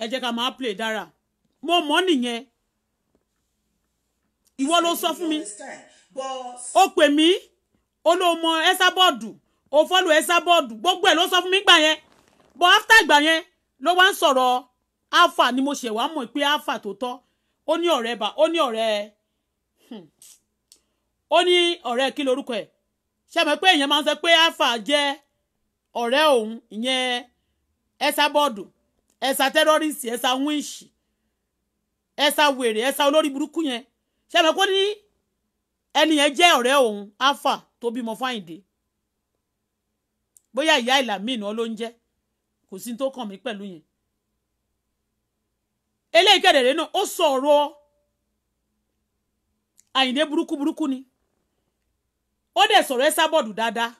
ẹ jẹ́ ká máa play dára mo mọ́ nìyẹn ìwọ ló sọ fún mi ó pè mí olóòmọ ẹsà bọ́ọ̀dù o follow ẹsà bọ́ọ̀dù gbogbo ẹ̀ ló sọ fún mi gbà yẹn but after ìgbà yẹn ló wá ń sọ̀rọ̀ alpha ni mo ṣe wá mọ̀ pé alpha tó tọ́ ó ní ọ̀rẹ́ bá ó ní ọ̀rẹ́ hmm, ó ní ọ̀rẹ́ kí lorúkọ ẹ̀ ṣe pé èèyàn máa ń sọ pé alpha jẹ́ ọ̀rẹ́ òun ìyẹn ẹsà bọ́ọ̀dù ẹsà tẹ́rọ́rìsì ẹsà wíńṣì ẹsà wèrè ẹsà olórí burúkú yẹn ṣe mọ̀ pé ó ní ẹni yẹn jẹ́ ọ̀rẹ́ òun alpha tó bímọ fáyìndé bóyá ìyá ìlà míì náà ló ń jẹ́ kò sí tó kàn mí pẹ̀lú yẹn eléyìí kẹ̀dẹ̀rẹ́ náà ó sọ ọ̀rọ̀ àyìndé burúkú burúkú ni ó dẹ̀ sọ̀rọ̀ ẹ sábọ̀dù dáadáa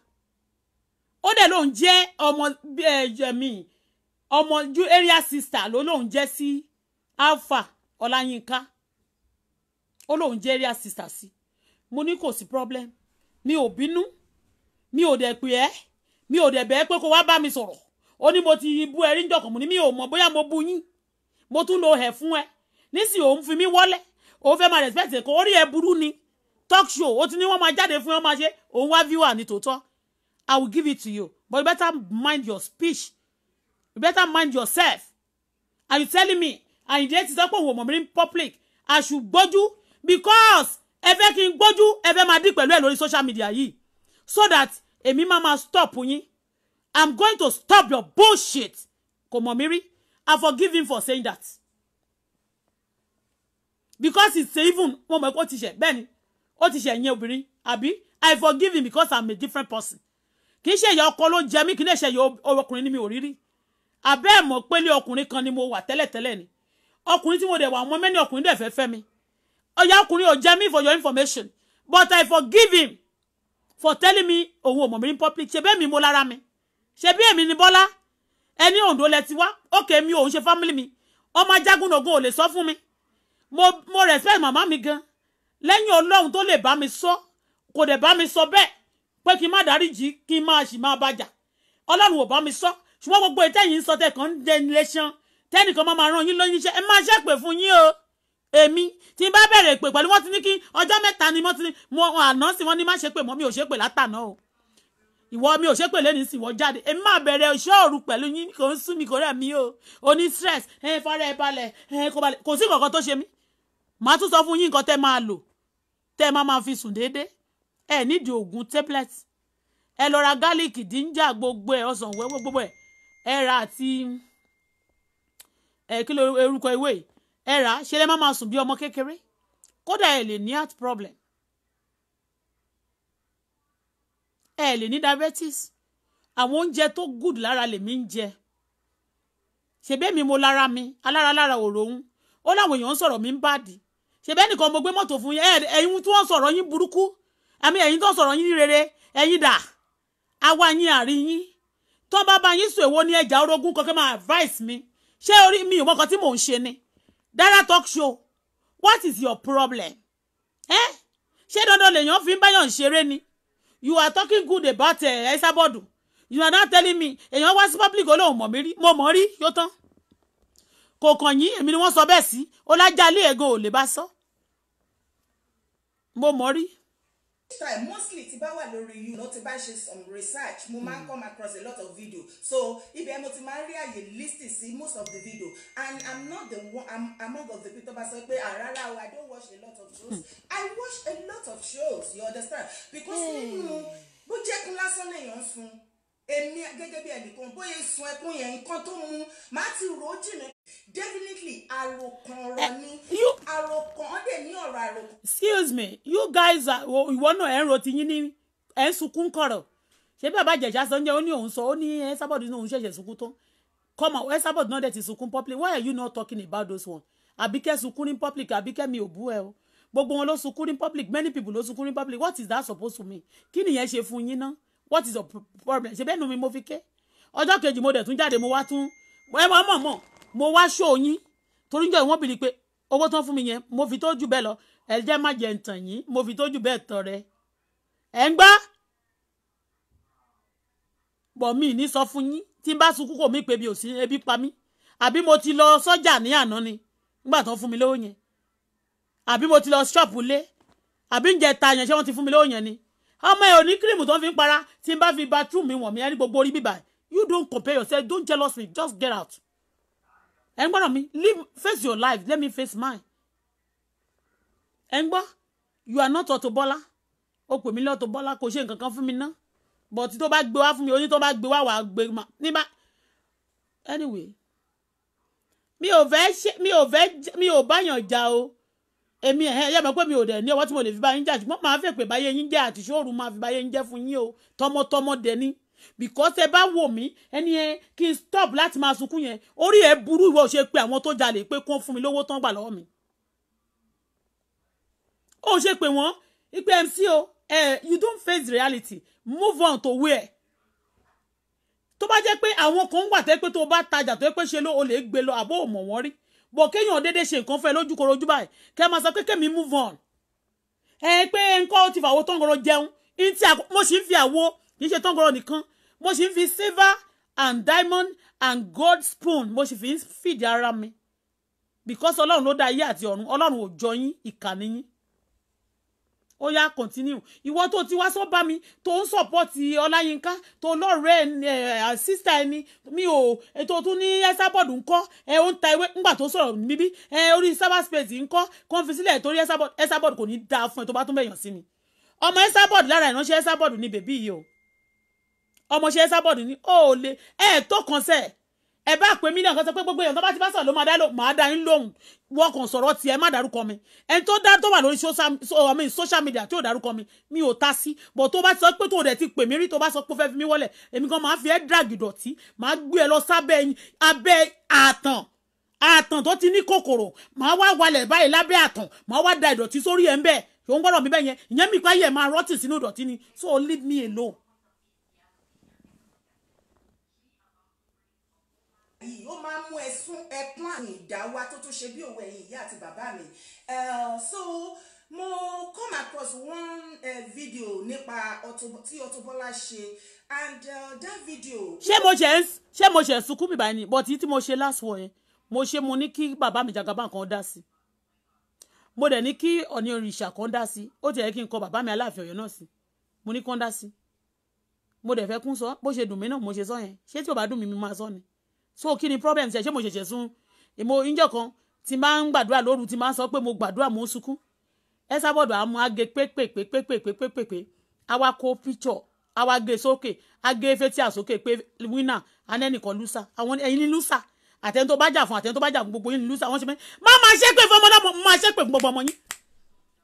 ó dẹ̀ lóun jẹ́ ọmọ mi ọmọ area sister ló lóun jẹ́ sí alpha ọláyínká ó lóun jẹ́ area sister sí mo ní kò sí problem mi ò bínú mi ò dẹ̀ pè ẹ́ mi ò dẹ̀ bẹ́ẹ̀ pé kó wá bá mi sọ̀rọ̀ ó ní mo ti bú ẹrí njọkàn mo ní mi ò mọ̀ bóyá mo bu yín mo tún lo ẹ̀ fún ẹ nísìnyí òun fi mí wọlé òun fẹ́ máa respect ẹ̀kọ́ orí ẹ burú ni talk show o ti ní wọ́n máa jáde fún ẹ máa ṣe òun wá viewer ní tòótọ́ I will give it to you but you better mind your speech you better mind yourself are you telling me àyìndé ti sọ pé òun ò mọ̀ mí ní public I should gbójú because ẹ fẹ́ kí n gbójú ẹ fẹ́ máa dì pẹ̀lú ẹ lórí social media yìí so that èmi máa ma stop yín i'm going to stop your bullshit kò i forgive him for saying that because it's even mo mọ̀ pé ó ti ṣẹ̀ bẹ́ẹ̀ ni ó ti ṣẹ̀ yẹn obìnrin àbí i forgive him because i'm a different person kì í ṣe ìyá ọkọ ló jẹ mí kì í ṣe ìyá ọkùnrin ni mi ò rí rí abẹ́ ẹ̀ mọ̀ pé lé ọkùnrin kan ni mo wà tẹ́lẹ̀tẹ́lẹ̀ ni ọkùnrin tí mo dẹ̀ wà ọmọ mẹ́ni ọkùnrin dẹ̀ fẹ́ fẹ́ mi ọ̀yà ọkùnrin ò jẹ mí for your information but i forgive him for telling me òun ò mọ̀ mí public ṣe be mi mo lára mi ṣe bí èmi ni Bọ́lá ẹni Ondo lẹ ti wá òkè mi o ṣe family mi ọmọ jagun ogun ò lè sọ fún mi mo mo respect mama mi gan lẹ́yìn Ọlọ́run tó lè bá mi sọ kò dẹ̀ bá mi sọ bẹ́ẹ̀ pé kí n má dáríjì kí n má sì má bàjà Ọlọ́run ò bá mi sọ ṣùgbọ́n gbogbo ìtẹ̀yìn sọ tẹ̀ kàn ń dẹni lẹ́sàn tẹ́nìkan máa máa ràn yín lóyún iṣẹ́ ẹ máa ṣẹ́pẹ̀ fún yín o èmi tí n bá bẹ̀rẹ̀ pé pẹ̀lú wọ́n ti ní kí ọjọ́ mẹ́ta ni wọ́n ti ní mo àná sí wọ́n ní má ṣe pé mọ́ mi ò ṣe pé látàná o ìwọ mi ò ṣe pé lẹ́ni sì wọ́n jáde èmi máa bẹ̀rẹ̀ iṣẹ́ òru pẹ̀lú yín kò ń sún mi kò rẹ̀ mí o o ní stress ẹ fara ẹ balẹ̀ ẹ kò balẹ̀ kò sí kankan tó ṣe mí màá tún sọ fún yín nǹkan tẹ́ máa lò tẹ́ máa máa fi sùn déédéé ẹ nídìí oògùn tablet ẹ lọ ra garlic ginger gbogbo ẹ ọsàn wẹ́wọ́ gbogbo ẹ ẹ ra àti ẹ kí ló orúkọ ewé yìí ẹ ṣe lè má máa sùn bí ọmọ kékeré kódà ẹ lè ní heart problem ẹ lè ní diabetes àwọn oúnjẹ tó good lára lèmi ń jẹ ṣèbẹ́ mi mo lára mi alára òrò ń ó láwọn èèyàn ń sọ̀rọ̀ mi ń ṣèbẹ́ nìkan mo gbé mọ́tò fún ẹ̀yin tí wọ́n sọ̀rọ̀ yín burúkú àmì ẹ̀yin tó sọ̀rọ̀ yín rere ẹ̀yin dà àwa yín àrí yín bá bá yín sùn èwo ní ẹja orogún kankan máa advice mi ṣé orí mi ìwọ́n kan tí mò ń ṣe ni Dara talk show what is your problem eh? ṣé dandan lèèyàn fi ń báyàn ṣeré ni you are talking good about ẹ eh, ẹsàbọ̀dù you are not telling me èèyàn wá sí public olóhùn mọ̀ mí rí mo mọ̀ rí yóò tán kò kàn yín èmi ni wọ́n sọ bẹ́ẹ̀ sí ọlájà ilé ẹ̀gàn ò lè bá sọ mo mọ̀ rí time mostly tí bá wà lórí you know tí bá ṣe some research mo máa mm. come across a lot of video so ibẹ̀ mo ti máa ń rí àyè list sí most of the video and i'm not the one i'm among of the people tó bá sọ pé àrárá ah, o i don't watch a lot of shows hmm. i watch a lot of shows you understand because nínú bó jẹ́ kí lásán lèèyàn ń sun èmi gẹ́gẹ́ bí ẹnìkan bóyá sun ẹkún yẹn nǹkan tó mu màá ti rò ó jìnnà definitely àròkàn ọ̀rọ̀ eh, ni àròkàn ọ̀dẹ̀ ní ọ̀rọ̀ àròkàn. excuse me you guys ìwọ náà ẹ̀ ń ro tiyín ní ẹ̀ ń sunkún kọ̀rọ̀ ṣé bàbá jẹ̀já sọ oúnjẹ ó ní òun sọ ó ní ẹ̀ sábọ̀dù náà òun ṣẹ̀ṣẹ̀ sunkún tán come on ẹ̀ sábọ̀dù náà dẹ̀ ti sunkún public why are you not talking about those one àbíkẹ́ sunkún ní public àbíkẹ́ mi ò bú ẹ o gbogbo wọn ló sunkún ní public many people ló sunkún ní public what is that supposed to mean kí nìyẹn ṣe fún yín náà what is your problem ṣe bẹ́ẹ̀ nu mi mo fi ké ọjọ́ kejì mo dẹ̀ tún jáde mo wá tún ẹ mọ̀ mọ̀ mọ̀ mo wá ṣó yín torí ń jọ ìwọ́n bìrì pé owó tán fún mi yẹn mo fi tó jù bẹ́ẹ̀ lọ ẹ jẹ́ má jẹ ǹtàn yín mo fi tó jù bẹ́ẹ̀ tọ̀ rẹ ẹ ń gbọ́ bọ̀ ní sọ fún yín tí n bá sunkún kò mí pé bí ò sí ebi pa mí àbí mo ti lọ sọ́jà ní àná ni nígbà tán fún mi lówó yẹn àbí mo ti lọ ṣọ́ọ̀pù lé àbí ń jẹ ta yẹn ṣé wọ́n ti fún mi lówó yẹn ni ọmọ ẹ ò ní kírìmù tó ń fi ń para tí n bá fi bathroom mi wọ̀n mi ẹni gbogbo orí bíbá you don't compare yourself don't jealous me just get out ẹ ń gbọ́dọ̀ mi live face your life let me face mine ẹ ń gbọ́ you are not Auto Bola o pè mí lọ́tọ̀ Bọ́lá kò ṣe nǹkan fún mi ná but tó bá gbé wá fún mi oní tó bá gbé wá wà á gbé ma ní anyway mi ò fẹ́ ṣe mi ò fẹ́ mi ò báyàn jà o èmi ẹ̀hẹ́ yẹ́ mọ̀ pé mi ò dẹ̀ ní ọwọ́ tí mo lè fi bá yín jà ṣùgbọ́n máa fẹ́ pé báyé yín jẹ́ àti ṣóòrùn máa fi báyé yín jẹ́ fún yín o tọmọtọmọ dẹ̀ ni because ẹ bá wò mí ẹni yẹn kí n stop láti máa sunkún yẹn orí ẹ burú ìwọ ṣe pé àwọn tó jalè pé kún fún mi lówó tán gbà lọ́wọ́ mi ó ṣe pé wọ́n ipe mc o you don't face reality move on to where tó bá jẹ́ pé àwọn kan wà tẹ́ pé tó bá tajà tó yẹ pé ṣe ló o lè gbé lọ àbó ò mọ̀ wọ́n rí bọ̀ kéèyàn déédéé ṣe nǹkan fẹ́ lójúkorojú báyìí kẹ́ máa sọ pé kémi move on ẹ pé nǹkan ti fàwọ́ tọ́ngọ̀rọ̀ jẹun ntí mo sì ń fi àwo kì í ṣe tọ́ngọ̀rọ̀ nìkan mo sì ń fi silver and diamond and gold spoon mo sì fi ń fìdí ara mi because ọlọ́run ló dá ayé àti ọ̀run ọlọ́run ò jọ yín ìkà ni yín ó yá continue ìwọ tó ti wá sọ bá mi tó ń support ọláyínká tó lọ́ọ̀rẹ́ sísá ẹni mi ò ètò tún ní ẹ́sàbọ̀dù ńkọ́ ẹ ó ń ta ewé ńgbà tó sọ̀rọ̀ níbí ẹ orí cyberspace ńkọ́ kọ́ńfìsílẹ̀ torí ẹ́sàbọ̀dù kò ní dáa fún ẹ tó bá tún bẹ̀yàn sí mi ọmọ ẹ́sàbọ̀dù lára ìránṣẹ́ ẹ́sàbọ̀dù ni bèbí yìí o ọmọṣẹ́ ẹ́sàbọ̀dù ni ó lè ẹ̀ tó kàn sẹ́ẹ̀ ẹ bá pè mí náà kan sọ pé gbogbo èèyàn tó bá ti bá sọ̀rọ̀ ló máa dá lò máa dá yín lóhùn wọ́n kàn sọ̀rọ̀ tiẹ̀ má dárúkọ mi ẹni tó dá tó wà lórí social media tí ò dárúkọ mi mi ò ta sí bọ̀ tó bá ti sọ pé tó dẹ̀ ti pè mí rí tó bá sọ pé ó fẹ́ fi mí wọlé èmi kan máa fi ẹ́ drag dọ̀tí máa gbé ẹ lọ sábẹ́ abẹ́ àtàn àtàn tó ti ní kòkòrò máa wá walẹ̀ báyìí lábẹ́ àtàn máa wá da ìdọ̀tí sórí ẹ̀ ń bẹ́ẹ̀ ṣòun gbọ́dọ̀ mi bẹ́ẹ̀ yẹn ìyẹn mi pa ayé máa rọ́tì sínú ìdọ̀tí ni so leave me alone yìí ó máa ń mú ẹsùn ẹkún àmì ìdáwà tó tún ṣe bí òwe ẹ̀yìn ìyá àti bàbá mi so mo come across one uh, video nípa tí auto ṣe and uh, that video. ṣé mo ṣe ń ṣé mo ṣe ń sunkún bíbá ẹni but tí mo ṣe last one yẹn mo ṣe mo ní kí bàbá mi jagaba kan dá sí mo dẹ̀ ní kí ọ̀ní òrìṣà kan dá sí ó ti yẹ kí n kọ bàbá mi aláàfin ọ̀yọ́ náà sí mo ní kán dá sí mo dẹ̀ fẹ́ kún sọ bó ṣe dùn mí náà mo ṣe sọ yẹn ṣé tí ò bá dùn mí mi máa sọ ni so kí ni problem ṣe ṣé mo ṣẹ̀ṣẹ̀ sun èmo injọ kan tí máa ń gbàdúrà lóru tí máa ń sọ pé mo gbàdúrà mo ń sunkún ẹ sábọ̀dọ̀ àmọ́ agé pépèpépépépépépépé àwa kó píchọ̀ àwa gé sókè agé fetí àsókè pé wínà anẹ́nìkan lùsà àwọn ẹ̀yin ní lùsà àtẹni tó bá jà fún àtẹni tó bá jà fún gbogbo yín ní lùsà wọ́n ṣe mẹ́ má máa ṣépè fún ọmọdé mo máa ṣépè fún gbogbo ọmọ yín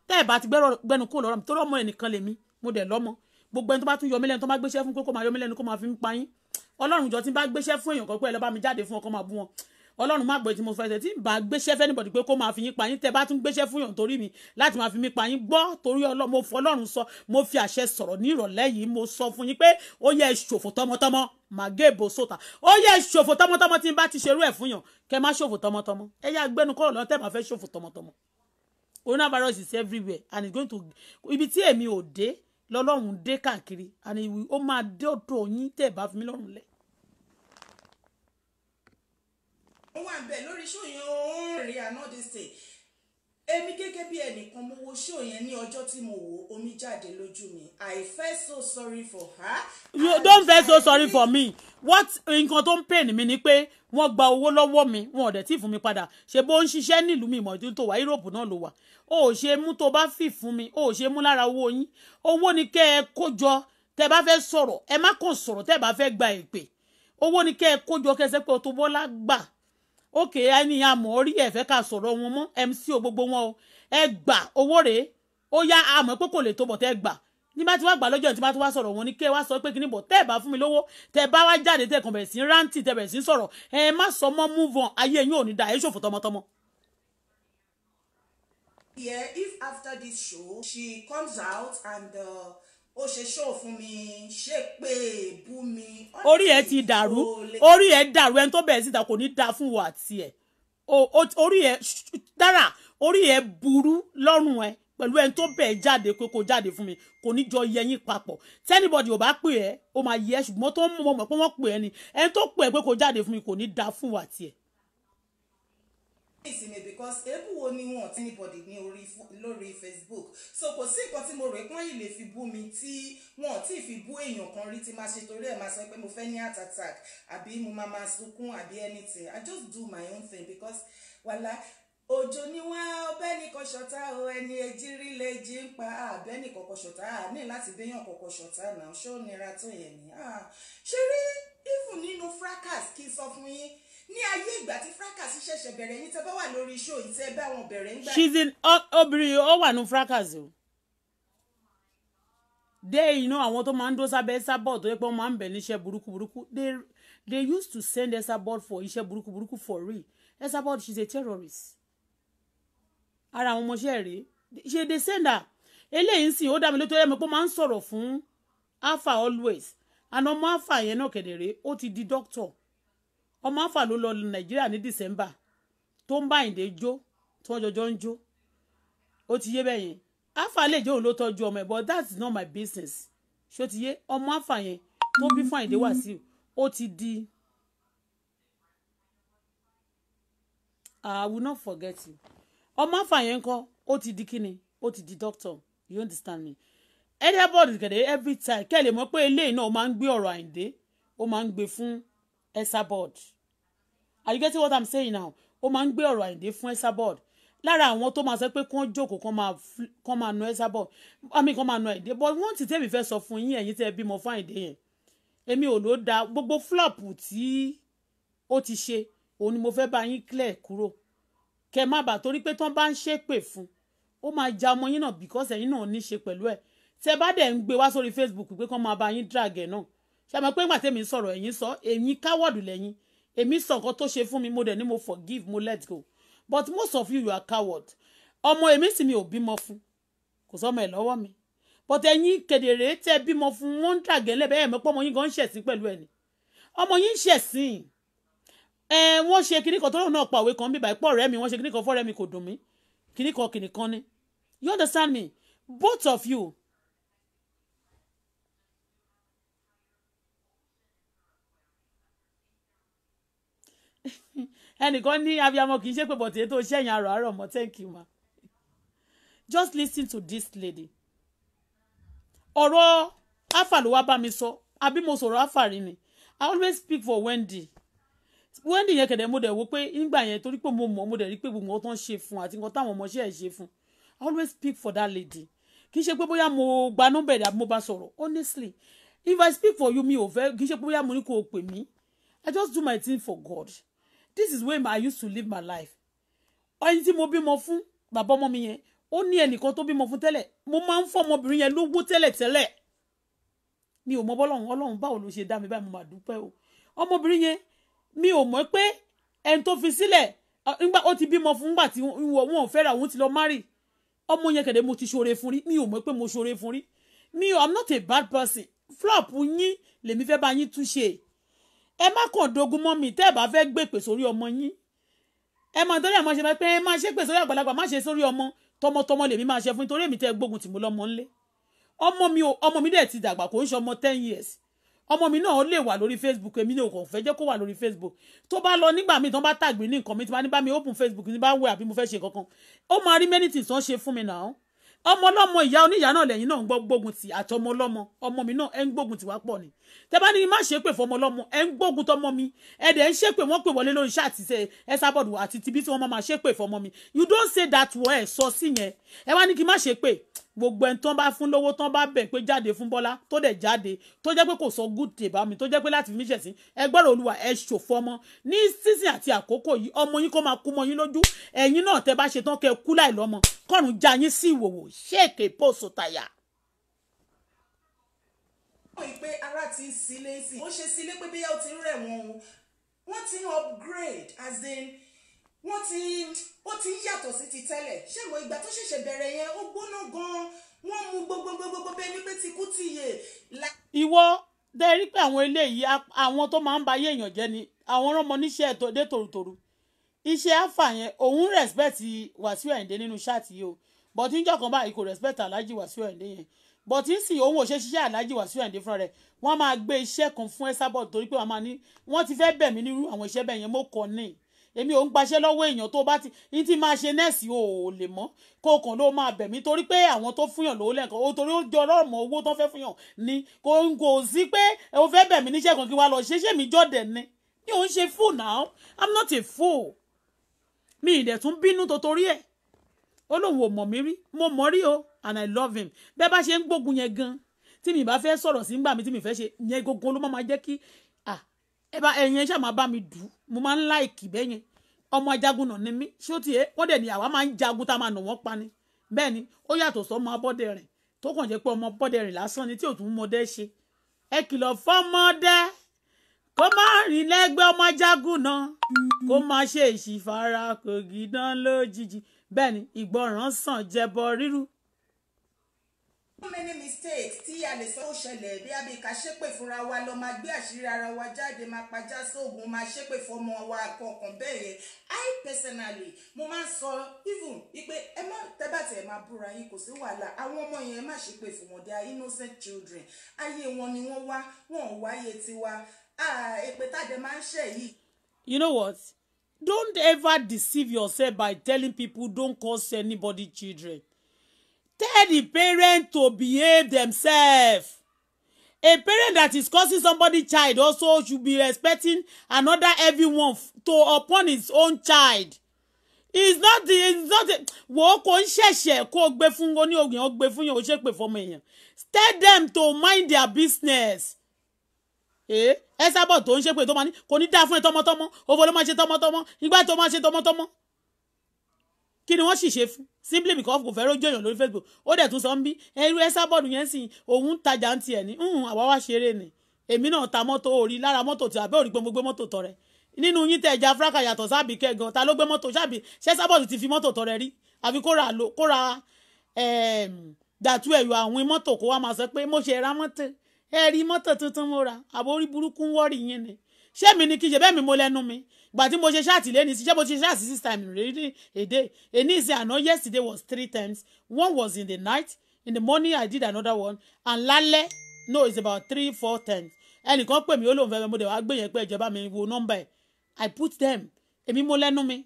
tẹ́ ẹ̀ bá ti gbẹ́nu kó lọ́rọ̀ mi tó lọ́mọ ẹnìkan lèmi mo dẹ̀ lọ́mọ gbogbo ẹni tó bá tún yọmí lẹ́nu tó má gbéṣẹ́ fún pé kó máa yọmí lẹ́nu kó máa fi ń pa yín ọlọ́run jọ tí n bá gbéṣẹ́ fún èèyàn kan pé ẹ lọ bá mi jáde fún ọkọ máa bú wọn ọlọ́run má gbé tí mo fẹ́ ṣe tí n bá gbéṣẹ́ fẹ́ pé kó máa fi yín pa yín tẹ́ bá tún gbéṣẹ́ fún yàn torí mi láti máa fi mí pa yín gbọ́ torí mo fọlọ́run sọ mo fi àṣẹ sọ̀rọ̀ ní ìrọ̀lẹ́ yìí mo sọ fún yín pé ó yẹ ṣòfò tọmọtọmọ màgéèbò sóta ó yẹ ṣòfò tọmọtọmọ tí n bá ti ṣerú ẹ̀ fún yàn kẹ má ṣòfò tọmọtọmọ ẹ yá gbẹnu kọ́ ọ̀lọ́ tẹ́ máa fẹ́ ṣòfò tọmọtọmọ coronavirus is everywhere and it's going to ibi tí èmi ò dé lọ́lọ́run dé káàkiri àní ìwì ó máa dé ọ̀dọ̀ yín tẹ̀ bá fi mí lọ́rùn lẹ̀. ó wà bẹ́ẹ̀ lórí ṣóyún ó ń rí another state èmi gẹ́gẹ́ bí ẹnìkan mo wo ṣó yẹn ní ọjọ́ tí mo wò omi jáde lójú mi I feel so sorry for her. you don't feel so sorry for me what nǹkan tó ń pain mi ni pé wọ́n gba owó lọ́wọ́ mi wọn ò dẹ̀ tí ì fún mi padà ṣe bó ń ṣiṣẹ́ nílùú mi ìmọ̀jú tó wà Europe náà ló wà o ò ṣe mú tó bá fì fún mi o ò ṣe mú lára owó yín owó ni kẹ́ ẹ kó jọ tẹ́ bá fẹ́ sọ̀rọ̀ ẹ má kàn sọ̀rọ̀ tẹ́ bá fẹ́ gba èpè owó ni kẹ́ ẹ kó jọ kẹ́ pé o tó bọ́lá gbà òkè ẹni àmọ́ ẹ̀fẹ́ ká sọ̀rọ̀ wọn mọ́ mc o gbogbo wọn o ẹ gbà owó rèé ó yá àmọ́ pé kò lè tó bọ̀ tẹ́ gbà ní bá ti wá gbà lọ́jọ́ ní ti bá ti wá sọ̀rọ̀ wọn ni kẹ́ ẹ wá sọ pé kíní bọ̀ tẹ́ ẹ bá fún mi lówó tẹ́ ẹ bá wá jáde tẹ́ ẹ kàn bẹ̀rẹ̀ sí rántí tẹ́ bẹ̀rẹ̀ sí sọ̀rọ̀ ẹ má sọ mọ́ move on ayé yín ò ní da ẹ ṣòfò tọmọtọmọ. Yeah, if after this show she comes out and uh, ó ṣe ṣó fún mi ṣé pé èébú mi. orí ẹ ti dàrú orí ẹ dàrú ẹni tó bẹ̀rẹ̀ síta kò ní dáa fún wa àti ẹ̀ orí ẹ dára orí ẹ burú lọ́rùn ẹ pẹ̀lú ẹni tó bẹ̀ẹ́ jáde pé kò jáde fún mi kò ní jọ yẹ papọ̀ tẹ́nibọ̀dì ò bá pè ẹ́ ó máa yẹ ṣùgbọ́n tó ń mọ̀ pé wọ́n pè ẹ́ ni ẹni tó pè ẹ́ pé kò jáde fún mi kò ní dáa fún wa àti ìsinmi because èébù wo ni wọn ti anybody ní orí lórí Facebook so kò sí nǹkan tí mo rè pọ́n yìí lè fi bú mi tí wọn tí fi bú èèyàn kan rí tí máa ṣe torí ẹ̀ máa sọ pé mo fẹ́ ní heart attack àbí mo máa máa sunkún àbí anything I just do my own thing because wàhálà òjò ni wá ọbẹ̀ ní kan o ẹni ẹjí rí lè jí ń pa àbẹ́ ní kọ̀kọ̀ ṣọ̀tá à ní láti béèyàn kọ̀kọ̀ ṣọ̀tá náà ṣó nira tó yẹn ni ṣe rí even nínú fracas kí n sọ fún yín ní ayé ìgbà tí fracas ṣẹ̀ṣẹ̀ bẹ̀rẹ̀ yín tẹ́ bá wà lórí show yìí tẹ́ bá wọn bẹ̀rẹ̀ ń gbà. she's in obìnrin ó wà ní fracas o dé iná àwọn tó máa ń dó sábẹ́ sábọ̀ tó yẹ pé wọ́n máa ń bẹ̀ níṣẹ́ burúkú burúkú they they used to send Esabod for iṣẹ́ burúkú burúkú for real Esabod she's a terrorist ara àwọn ọmọọṣẹ́ rèé ṣe dey send her eléyìí sì ó dá mi lójú ẹ̀rọ mi pé ó máa ń sọ̀rọ̀ fún alpha always àná ọmọ alpha yẹn náà kẹ̀dẹ̀ rèé ó ti di doctor ọmọ afa ló lọ nàìjíríà ní december tó ń bá ìdè jó tí wọ́n jọjọ́ ń jó ó ti yé bẹ́ẹ̀ yẹn afa lè jẹ́ òun ló tọ́jú ọmọ ẹ̀ but that's not my business ṣó ti yé ọmọ afa yẹn tó bí fún àyìndé wàsíù ó ti di I will not forget you ọmọ afa yẹn kọ́ ó ti di kíni ó ti di doctor you understand me edebord gẹ̀dẹ̀ every time kẹ́ lè mọ̀ pé eléyìí náà ó máa ń gbé ọ̀rọ̀ àyìndé ó máa ń gbé fún esa are you getting what i'm saying now O máa ń gbé ọ̀rọ̀ àyìndé fún Esabod lára àwọn tó máa sọ pé kán jókòó kán máa nu Esabod àmì kán máa nu àyìndé but wọ́n ti tẹ́mi fẹ́ sọ fún yín ẹ̀yin tẹ́ bímọ fún àyìndé yẹn èmi ò ló da gbogbo flop tí ó ti ṣe òun ni mo fẹ́ bá yín clear kúrò kẹ má bàa torí pé tán bá ń ṣépè fún ó máa ja ọmọ yín náà because ẹ̀yin náà ní ṣe pẹ̀lú ẹ̀ tẹ́ bá dẹ̀ ń gbé wá sórí Facebook pé kán máa bá yín drag ẹ̀ náà ṣàmọ́ pé ńgbà tẹ́mi sọ̀rọ̀ ẹ̀yin sọ ẹ̀yin káwọ́ọ̀dù lẹ́yìn èmi sọ nǹkan tó ṣe fún mi mo dẹ̀ ni mo forgive mo let go but most of you you are coward ọmọ èmi sì mi ò bímọ fún kò sọmọ ẹ̀ lọ́wọ́ mi but ẹ̀yin kedere tẹ́ bímọ fún wọn ń dàgẹ́lẹ̀ bẹ́ẹ̀ mọ́ pé ọmọ yín gan ń ṣẹ̀sín pẹ̀lú ẹ̀ ni ọmọ yín ń ṣẹ̀sín ẹ wọ́n ṣe kinní kan tọ́lọ́ náà pàwé kan bíbá ìpọ̀ rẹ̀ mi wọ́n ṣe kinní kan fọ́rẹ́ mi kò dùn mí kinní kan kinní kan ni you understand me both of you ẹnìkan ní abiyamọ kì í ṣe pé bọ̀tẹ̀ tó ṣẹ̀yìn àrò àrò mọ́ thank you ma just listen to this lady ọ̀rọ̀ afa ló wá bá mi sọ àbí mo sọ̀rọ̀ afa rí ni I always speak for Wendy Wendy yẹn kẹ̀dẹ̀ mo dẹ̀ wò pé nígbà yẹn torí pé mo mọ̀ mo dẹ̀ rí pé gbogbo nǹkan tó ń ṣe fún àti nǹkan táwọn ọmọọṣẹ́ ẹ̀ ṣe fún I always speak for that lady kì í ṣe pé bóyá mo gba nọ́mbà ẹ̀dá mo bá sọ̀rọ̀ honestly if I speak for you mi ò fẹ́ kì í ṣe pé bóyá mo ní kó o pè mí I just do my thing for God this is where I used to live my life ẹni tí mo bímọ fún bàbá ọmọ mi yẹn ó ní ẹnìkan tó bímọ fún tẹ́lẹ̀ mo máa ń fọ́ ọmọbìnrin yẹn lówó tẹ́lẹ̀ tẹ́lẹ̀ mi ò mọ bọ́lọ́run ọlọ́run báwo ló ṣe dá mi báyìí mo máa dúpẹ́ o ọmọbìnrin yẹn mi ò mọ̀ pé ẹni tó fi sílẹ̀ nígbà ó ti bímọ fún nígbà tí wọn ò fẹ́ra òun ti lọ márì ọmọ yẹn kẹ̀dẹ̀ mo ti ṣoore fún rí mi ò mọ̀ pé mo ṣoore fún rí mi ò i'm not a bad person flop yín lèmi fẹ́ bá yín túnṣe ẹ má kàn dogun mọ́ mi tẹ́ ẹ bá fẹ́ gbèpè sórí ọmọ yín ẹ máa tọ́lẹ̀ máa ṣe máa pé ẹ máa ṣépè sórí àgbàlagbà má ṣe sórí ọmọ tọmọtọmọ lèmi máa ṣe fún nítorí èmi tẹ́ gbógun tì mú lọ́mọ ńlẹ̀ ọmọ mi ò ọmọ mi dẹ̀ ti dàgbà kò ń ṣe ọmọ ten years ọmọ mi náà lè wà lórí Facebook èmi ní òkò fẹ́ jẹ́ kó wà lórí Facebook tó bá lọ nígbà míì tó bá tàgbé ní nǹkan mi tí bá ní bá mi open Facebook ní bá wẹ̀ àbí mo fẹ́ ṣe kankan ó máa rí many things tó ṣe fún mi náà ọmọ ọlọ́mọ ìyá oníyàá náà lẹ́yìn náà ń gbógun tì àtọmọ ọlọ́mọ ọmọ mi náà ẹ ń gbógun tì wá pọ̀ ni tẹ bá ní má ṣépè fọmọ ọlọ́mọ ẹ ń gbógun tọmọ mi ẹ dẹ̀ ń ṣépè wọ́n pè wọlé lórí iṣẹ́ àti ẹ sábọ̀dù àti tibí tí wọ́n máa ṣépè fọmọ mi you don't say that word ẹ sọ sí yẹn ẹ wá ní kí n má ṣépè gbogbo ẹni tó ń bá fún lówó tó ń bá bẹ̀ pé jáde fún Bọ́lá tó to jáde tó jẹ́ pé kò sọ good day bá mi tó jẹ́ pé láti fi mí ṣẹ̀sín ẹ gbọ́dọ̀ olúwa ẹ ṣòfò ọmọ ní sísìn àti àkókò yìí ọmọ yín kó máa kú mọ́ yín lójú ẹ̀yin náà tẹ́ bá ṣe tán kẹ́ kú láì lọ́mọ kọ́run já yín sí ìwòwò ṣéèkè pòṣù tàyà mọ̀ pé ara ti ń sílé sí ó ṣe sílé pé bí yàtọ̀ rẹ̀ wọ́n o wọ́n ti ń upgrade as in wọ́n ti ó ti ń yàtọ̀ sí ti tẹ́lẹ̀ ṣé ìwọ ìgbà tó ṣẹ̀ṣẹ̀ bẹ̀rẹ̀ yẹn ó gbóná gan-an wọ́n mu gbogbogbogbogbò bẹ́ẹ̀ ni pé ti kú ti yè. ìwọ dẹ rí pé àwọn eléyìí àwọn tó máa ń ba ayé èèyàn jẹ́ ni àwọn ọmọ níṣẹ́ dé tòrutòru iṣẹ́ àfà òun respect Wàsíù Àyìndé nínú ṣáàtì yìí o but níjọ́ kan báyìí kò respect Alhaji Wàsíù Àyìndé yẹn bọ̀tí ń sìn òun ò ṣe ṣiṣẹ́ aláàjì Wàsíù Àyìndé fúnra rẹ̀ wọ́n máa gbé iṣẹ́ kan fún Esabod torí pé wọ́n máa ní wọ́n ti fẹ́ bẹ̀ mí nírú àwọn iṣẹ́ bẹ́ẹ̀ yẹn mo kọ́ ní èmi ò ń gbaṣẹ́ lọ́wọ́ èèyàn tó bá ti ní tí máa ṣe nẹ́ẹ̀sì o ò lè mọ́ kó o kàn ló máa bẹ̀ mí torí pé àwọn tó fúnyàn lówó lẹ́ǹkan o torí ó jọ ọlọ́mọ owó tó fẹ́ fúnyàn ni kò ń kò sí pé o fẹ́ bẹ̀ mí níṣẹ́ kan kí wàá lọ ṣe ṣé mi jọ̀dẹ̀ ni mi ò ń ṣe fool now i'm not a fool mi ì dẹ̀ tún bínú tó torí ẹ̀ ó lóun ò mọ̀ mí rí mo mọ̀ rí o and I love him bẹ́ẹ̀ bá ṣe ń gbógun yẹn gan tí mi bá fẹ́ sọ̀rọ̀ sí ngbà mi tí mi fẹ́ ṣe yẹn gbogbo ló máa jẹ́ kí ẹ bá ẹ̀yẹn ṣáà máa bá mi dùn mo máa ń láìkì bẹ́ẹ̀ yẹn ọmọ ajagun náà ni mí ṣé ó ti yẹ wọ́n dẹ̀ ni àwa máa ń jagun tá a máa nà wọ́n pa ni bẹ́ẹ̀ ni ó yàtọ̀ sọ́mọ abọ́dẹ rìn tó kàn jẹ́ pé ọmọ abọ́dẹ rìn lásán ni tí òtún mọdẹ ṣe ẹ kìlọ̀ fọ́mọdé kó má rìn lẹ́gbẹ́ ọmọ ajagun náà kó má ṣe ìṣìfara kò gidán lójijì bẹ́ẹ̀ ni ìgbọràn sàn jẹbọ rírú many mistakes tí a lè sọ ó ṣẹlẹ̀ bí abẹ́ ká ṣépè fúnra wa lọ máa gbé àṣírí ara wa jáde máa pajá sóògùn máa ṣépè fọmọ wa kọ̀ọ̀kan bẹ́ẹ̀ i personally mo máa sọ even wípé ẹ má tẹ́bàtì ẹ máa búra yín kò sí wàhálà àwọn ọmọ yẹn má ṣépè fún wọn they innocent children ayé wọn ni wọ́n wá wọn ò wáyé tiwa èpè tàdé máa ń ṣẹ̀ yìí. you know what don't ever deceive yourself by telling people don't cause anybody children Tell the parent to behave themselves. A parent that is causing somebody child also should be respecting another everyone to upon his own child. It's not the it's not the wo kò ń ṣẹ̀ṣẹ̀ kó o gbé fún oní ògùn ó gbé fún yàn ó ṣe pè fọmọ Tell them to mind their business. Ẹ sábọ̀ tó ń ṣe pé tó máa ní kò ní dáa fún ẹ tọmọtọmọ òfò ló máa ṣe tọmọtọmọ ìgbà tó máa ṣe tọmọtọmọ. Kí ni wọ́n sì ṣe fún? simply because kò fẹ́ rójú èèyàn lórí facebook ó dẹ̀ tún sọ ń bí ẹrú ẹ sábọ̀dù yẹn sì òun tajà ń tiẹ̀ ní àwa wá ṣeré ni èmi náà ta mọ́tò orí lára mọ́tò tí àbẹ́ òrí pé mo gbé mọ́tò tọrẹ nínú yín tẹ̀ ẹja fúráka yàtọ̀ sábì kẹ́gan ta ló gbé mọ́tò sábì ṣẹ́ sábọ̀dù ti fi mọ́tò tọrẹ rí àfi kóra kóra dàtú ehm, ẹ̀yọ̀ àwọn mọ́tò kó wá máa sọ pé mo ṣe ra mọ́tò ẹ rí mọ́tò tuntun mo ra àbórí burúkú ń wọ́rì yín ni ṣé mi ni kí ṣe bẹ́ẹ̀ mi mo lẹ́nu mi gbà tí mo ṣe ṣáàtì lé ní ṣe mo ṣe ṣáàtì six times really a day èní ìsìn àná yesterday was three times one was in the night in the morning I did another one and lálẹ́ no it's about three four times ẹnìkan pè mí ó lóun fẹ́ẹ́ mo dẹ̀ wá gbé yẹn pé ìjọba mi wo nọ́mbà ẹ̀ I put them èmi mo lẹ́nu mi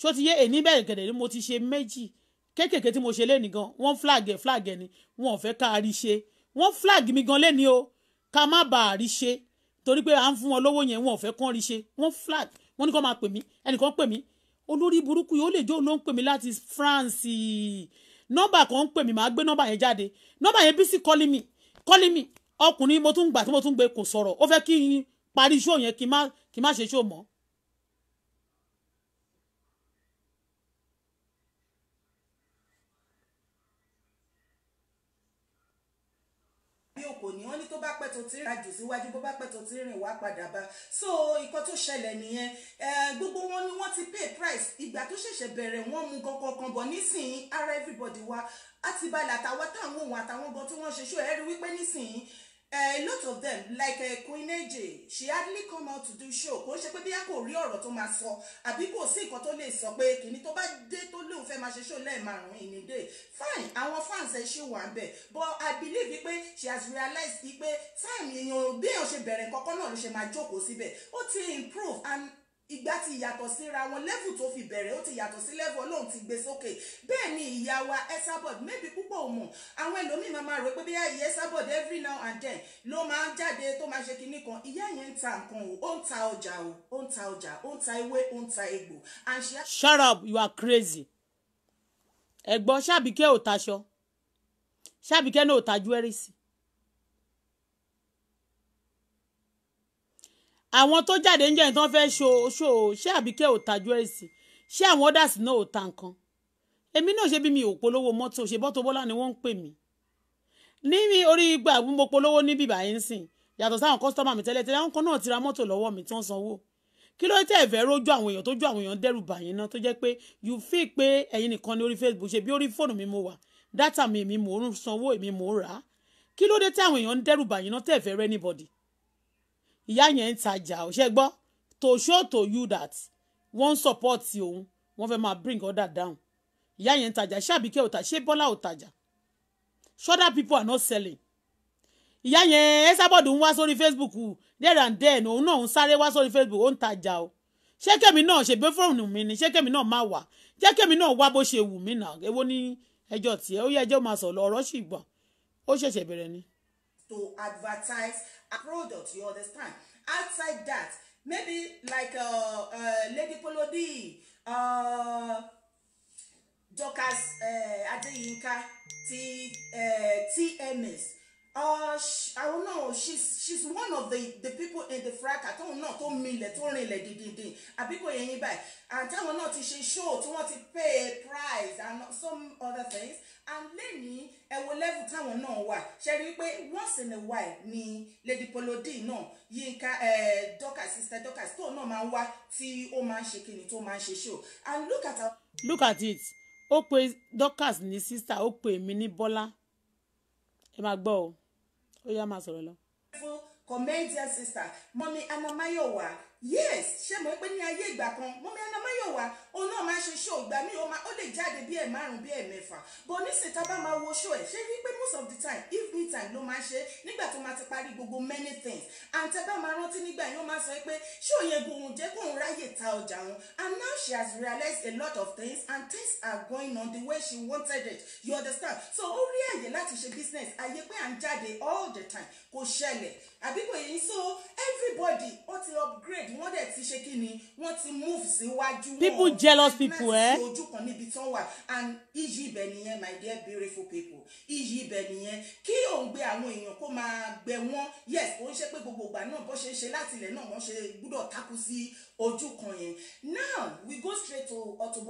ṣó ti yé èní bẹ́ẹ̀ gẹ̀dẹ̀ ni mo ti ṣe méjì kéékèèké tí mo ṣe lé nìgan wọ́n flag ẹ̀ flag ẹ̀ ni wọn ò fẹ́ ká ṣe wọ́n flag mi gan lé ni o ká má bàa rí ṣe torí pé à ń fún wọn lówó yẹn wọn ò fẹ́ kán rí ṣe wọ́n flag wọ́n ní kó máa pè mí ẹnìkan pè mí olórí burúkú yìí ó lè jó ló ń pè mí láti France nọ́mbà kan ń pè mí màá gbé nọ́mbà yẹn jáde nọ́mbà yẹn bísí kọ́lí mi kọ́lí mi ọkùnrin mo tún gbà tí mo tún gbé kò sọ̀rọ̀ ó fẹ́ kí n parí ṣó yẹn kí n má ṣe ṣó mọ́ òkò ni wọ́n ní tó bá pẹ́ tó ti rìn àjò síwájú bó bá pẹ́ tó ti rìn wá padà bá so nǹkan tó ṣẹlẹ̀ nìyẹn gbogbo wọn ni wọ́n ti pay price ìgbà tó ṣẹ̀ṣẹ̀ bẹ̀rẹ̀ wọ́n mú kankan kan bọ̀ nísìnyí ara everybody wa àti balẹ̀ àtàwọn táwọn gan tí wọ́n ṣe ṣó ẹ̀rí wípé nísìnyí Eh, a lot of them like uh, Queen Eje she hardly come out to do show kò ń ṣe pé bí a kò rí ọ̀rọ̀ tó máa sọ àbí kò sí nǹkan tó lè sọ pé kìíní tó bá dé tó lóun fẹ́ máa ṣe show lẹ́ẹ̀márùn in a day fine àwọn fans ẹ̀ ṣì wà bẹ̀ but I believe wípé she has realized wípé time èèyàn bí èèyàn ṣe bẹ̀rẹ̀ nǹkan kan náà ló ṣe máa jókòó síbẹ̀ ó ti improve and ìgbà ti yàtọ̀ síra wọn level tó fi bẹ̀rẹ̀ ó ti yàtọ̀ sí level ọlọ́run ti gbé sókè bẹ́ẹ̀ ni ìyá wa Esabod maybe púpọ̀ ò mọ̀ àwọn ẹlòmíì máa máa rò pé bíyà ìyá Esabod every now and then ló máa ń jáde tó máa ṣe kinní kan ìyá yẹn ń ta nǹkan o ó ń ta ọjà o ó ń ta ọjà ó ń ta ewé ó ń ta egbò. shut up you are crazy ẹ̀gbọ́n ṣàbíkẹ́ ò taṣọ ṣàbíkẹ́ náà ò ta jewelry sí àwọn tó jáde ń jẹ́ nǹkan fẹ́ ṣo ṣo ṣé àbíkẹ́ ò ta júwẹ́sì ṣé àwọn ọ́dàs náà ò ta nǹkan èmi náà ṣe bí mi ò polówó mọ́tò ṣe bọ́tò bọ́lá ni wọ́n ń pè mí ní mi orí igba mo polówó ní bíbá yín sìn yàtọ̀ sáwọn kọ́sítọ́mà mi tẹ́lẹ̀ tẹ́lẹ̀ àwọn kan náà ti ra mọ́tò lọ́wọ́ mi tí wọ́n sanwó kí ló tẹ̀ fẹ́ rójú àwọn èèyàn tó jó àwọn èèyàn dẹ́rù bàyín náà tó jẹ́ pé you feel pé ẹ̀yin nìkan ní orí Facebook ṣe bí orí fóònù mi mo wà dátà mi mi mò ń sanwó èmi mò ń rà á kí ló dé tí àwọn èèyàn ń dẹ́rù bàyín náà tẹ̀ fẹ́ rẹ́ anybody ìyá yẹn ń tajà ọ̀ṣẹ́ gbọ́ to show to you that wọ́n ń support òun wọ́n fẹ́ máa bring other down ìyá yẹn ń tajà ṣé àbíkẹ́ ò tà ṣé bọ́lá ò tajà other people are not selling ìyá yẹn ẹ́sàbọ̀dù ń wá sórí facebook there and there òun náà ń sáré wá sórí facebook ó ń tajà o ṣé kẹ́mi náà ṣe gbé fóònù mi ni ṣé kẹ́mi náà má wà jẹ́ kẹ́mi náà wá bó ṣe wù mí nà èwo ní ẹjọ́ tiẹ̀ ó yẹ ẹjọ́ máa sọ̀rọ̀ ọ̀rọ̀ ṣì gbọ̀n ó ṣẹ̀ṣẹ̀ bẹ̀rẹ̀ ni. to advertise product you understand outside that maybe like uh, uh, Lady Polodi uh, Dorcas uh, Adeyinka T uh, TMS uh, I don't know she's she's one of the the people in the fracas tóun náà tó milẹ̀ tó rinlẹ̀ dìndìndìn àbíkò yẹn yín báyìí and táwọn náà ti ṣe show tí wọ́n ti pay price and some other things and lẹ́yìn ẹ wo level táwọn náà wà ṣe rí i pé once in a while ni lady polodi náà Yinka, dorcas sister dorcas tóun náà máa ń wá tí ó máa ń ṣe kíni tó máa ń ṣe show and look at our. look at it ó pe dorcas ní sister ó pe èmi ní bọ́lá ẹ máa gbọ́ o ó yá máa sọ̀rọ̀ lọ. comedian sister mọ́mí anamayowa yes ṣé mo pé ní ayé ìgbà kan mọ́mí anamayowa òun náà máa ń ṣe show ìgbà míì ó lè jáde bí ẹ̀ márùn-ún bí ẹ̀ mẹ́fà but nísìnyí tá a bá máa wo show ẹ̀ ṣé wípé most of the time If evening time ló máa ń ṣe nígbà tó máa ti parí gbogbo many things and tẹ́ bá máa rántí nígbà yẹn ó máa sọ pé show yẹn gòun jẹ́ kóun ráyè ta ọjà wọn and now she has realized a lot of things and things are going on the way she wanted it you understand so ó rí àyè láti ṣe business àyè pé à ń jáde all the time kò ṣẹlẹ̀ àbí kò yẹn so everybody ó ti upgrade wọ́n dẹ̀ ti ṣe kí ni wọ́n ti move síwájú wọn. people jealous people eh? and iyì ibẹ̀ my dear beautiful people iyì ibẹ̀ Ki kí be gbé àwọn èèyàn kó máa gbẹ wọ́n yes kò ń ṣe pé gbogbo ìgbà náà bó ṣe ń ṣe láti ilẹ̀ náà wọ́n ṣe gbúdọ̀ takú sí now we go straight to Auto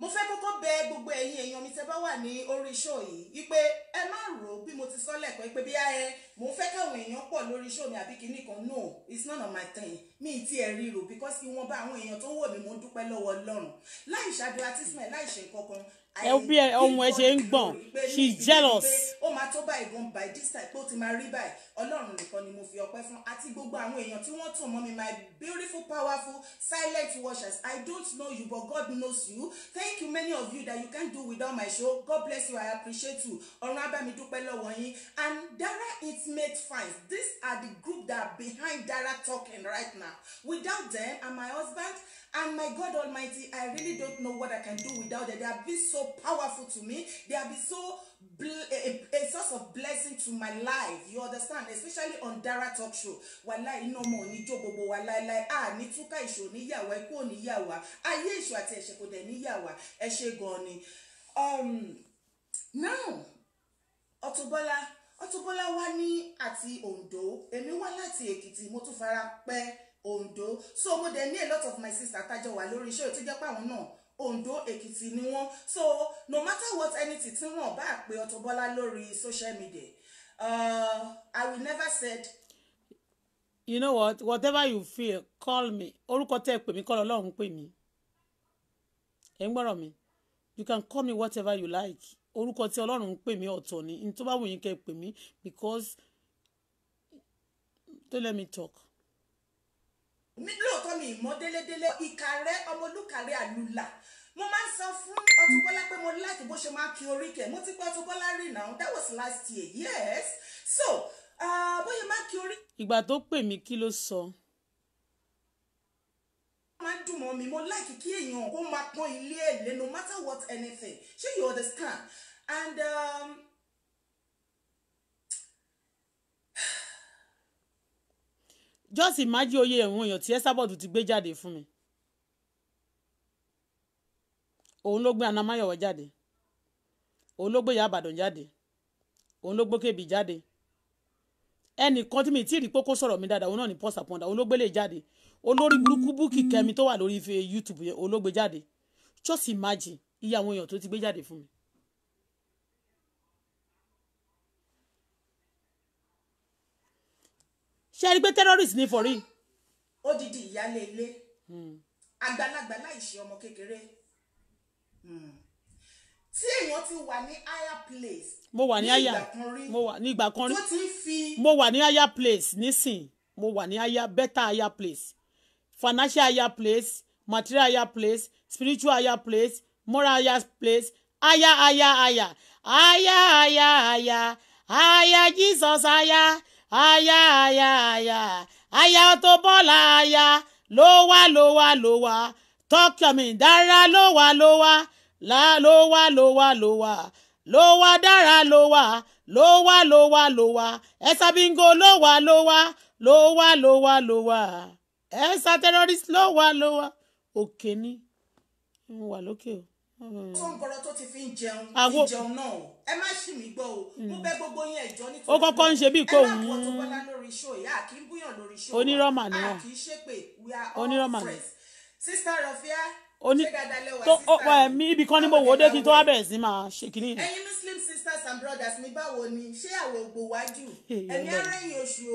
mo fẹ́ kọ́kọ́ bẹ gbogbo ẹ̀yin èèyàn mi tẹ́ bá wà ní orí show yìí wípé ẹ má rò ó bí mo ti sọ lẹ́ẹ̀kan pé bí ẹ mo fẹ́ káwọn èèyàn pọ̀ lórí show mi àbí kinní kan no it's none of my thing mi ì tiẹ̀ ríro because ìwọ̀nba àwọn èèyàn tó wò mí mo ń dúpẹ́ lọ́wọ́ Ọlọ́run láì ṣàdúrà tísímẹ̀ láì ṣe nǹkan kan ẹ bí ohun ẹ ṣe ń gbọ̀n she is jealous. ó máa tó báyìí gan by this time tó ti máa rí báyìí ọlọ́run nìkan ni mo fi ọpẹ́ fún àti gbogbo àwọn èèyàn tí wọ́n tàn mọ́ mi my beautiful powerful silent watchers i don't know you but god knows you thank you many of you that you can't do without my show god bless you i appreciate you ọ̀run abamidúpẹ́ lọ́wọ́ yín and dara made fine. these are the group that are behind dara talking right now without them and my husband and my god almighty i really don't know what i can do without them they have been so powerful to me. They have been so a, a, source of blessing to my life. You understand? Especially on Dara Talk Show. Wàláì iná ọmọ oníjó gbogbo wa láéláé. A ní túká ìṣò níyàwó ẹkú òníyàwó. Ayé ìṣò àti ẹ̀ṣẹ̀ kò dẹ̀ níyàwó. Ẹ ṣe gan ni. Um, now, Ọ̀túnbọ́lá Ọ̀túnbọ́lá wani ati àti emi wala ti ekiti motu fara pe Oǹdó. So mo dẹ̀ ní a lot of my sister tájọ wà lórí iṣẹ́ òtún jẹ́ pé àwọn náà Ondo Èkìtì ni wọ́n so no matter what anything tí wọ́n bá pè Auto lórí social media uh, I will never said. you know what whatever you feel call me orúkọ tẹ́ ẹ pè mí kọ́ Ọlọ́run pè mí ẹ̀ ń gbọ́rọ̀ mi you can call me whatever you like orúkọ tí Ọlọ́run ń pè mí ọ̀tọ̀ ni n tó bá wù yín kẹ́ pè mí because don't let me talk lóòótọ́ mi ìmọ̀ délédélé ìkàrẹ́ ọmọlúkàrẹ́ àlùlà mo máa ń sọ fún Auto pé mo láti bó ṣe máa kí oríkè mo ti pẹ́ Auto rí now that was last year yes so bóyá máa kí orí. ìgbà tó pè mí kí ló sọ. máa ń dùn mọ́ mi mo láìkí kí èèyàn kó máa pọ́n ilé ẹ̀ lé no matter what anything ṣé you understand and. Um, just imagine oye ẹ̀wọ̀n èèyàn tí Esabod ti gbé jáde fún mi òun ló gbé Anamáyọ̀wá jáde òun ló gbé Ìyá Ìbàdàn jáde òun ló gbé Kébì jáde ẹnìkan tí mi tí ìrìpó kó sọ̀rọ̀ mi dáadáa òun náà ní pọ́sà pọ́ndà òun ló gbé jáde olórí burúkú búkì kẹmi tó wà lórí YouTube yẹn òun ló gbé jáde just imagine iye àwọn èèyàn tó ti gbé jáde fún mi ṣe rí pé terrorist ní for real. ó dìdí ìyáálé ilé hmm. àgbàlagbà láì ṣe ọmọ kékeré hmm. tí èèyàn ti wà ní higher place. mo wà ní higher mo wà ní ìgbà kan rí tó ti ń fi. mo wà ní higher place nísìn mo wà ní higher better higher place financial higher place material higher place spiritual higher place moral higher place higher higher higher higher higher higher higher Jesus higher aya aya aya aya Auto Bola aya ló wá ló wá ló wá tọkọ mi dára ló wá ló wá là ló wá ló wá ló wá ló wá dára ló wá ló wá ló wá ló wá ẹsà bingo ló wá ló wá ló wá ló wá ló wá ẹsà terrorist ló wá ló wá òkè ni ń wà lókè o tó hmm. ń bọ̀rọ̀ tó ti fi ń jẹun fi jẹun náà o ẹ má ṣì mí gbọ́ o hmm. mo bẹ gbogbo yín ẹ̀jọ́ nítorí ó kọ́kọ́ ń ṣe bí kò wù ú ẹ má pọ̀ tó ni wọn à kì í ṣépè we are all kan ni mo wò ó dé kí n tó wá bẹ̀rẹ̀ sí máa ṣe kínní. ẹ̀yin muslim sisters and brothers mi báwo ni ṣé àwọ̀ ògbò wájú ẹ̀mí arẹ́yìn oṣù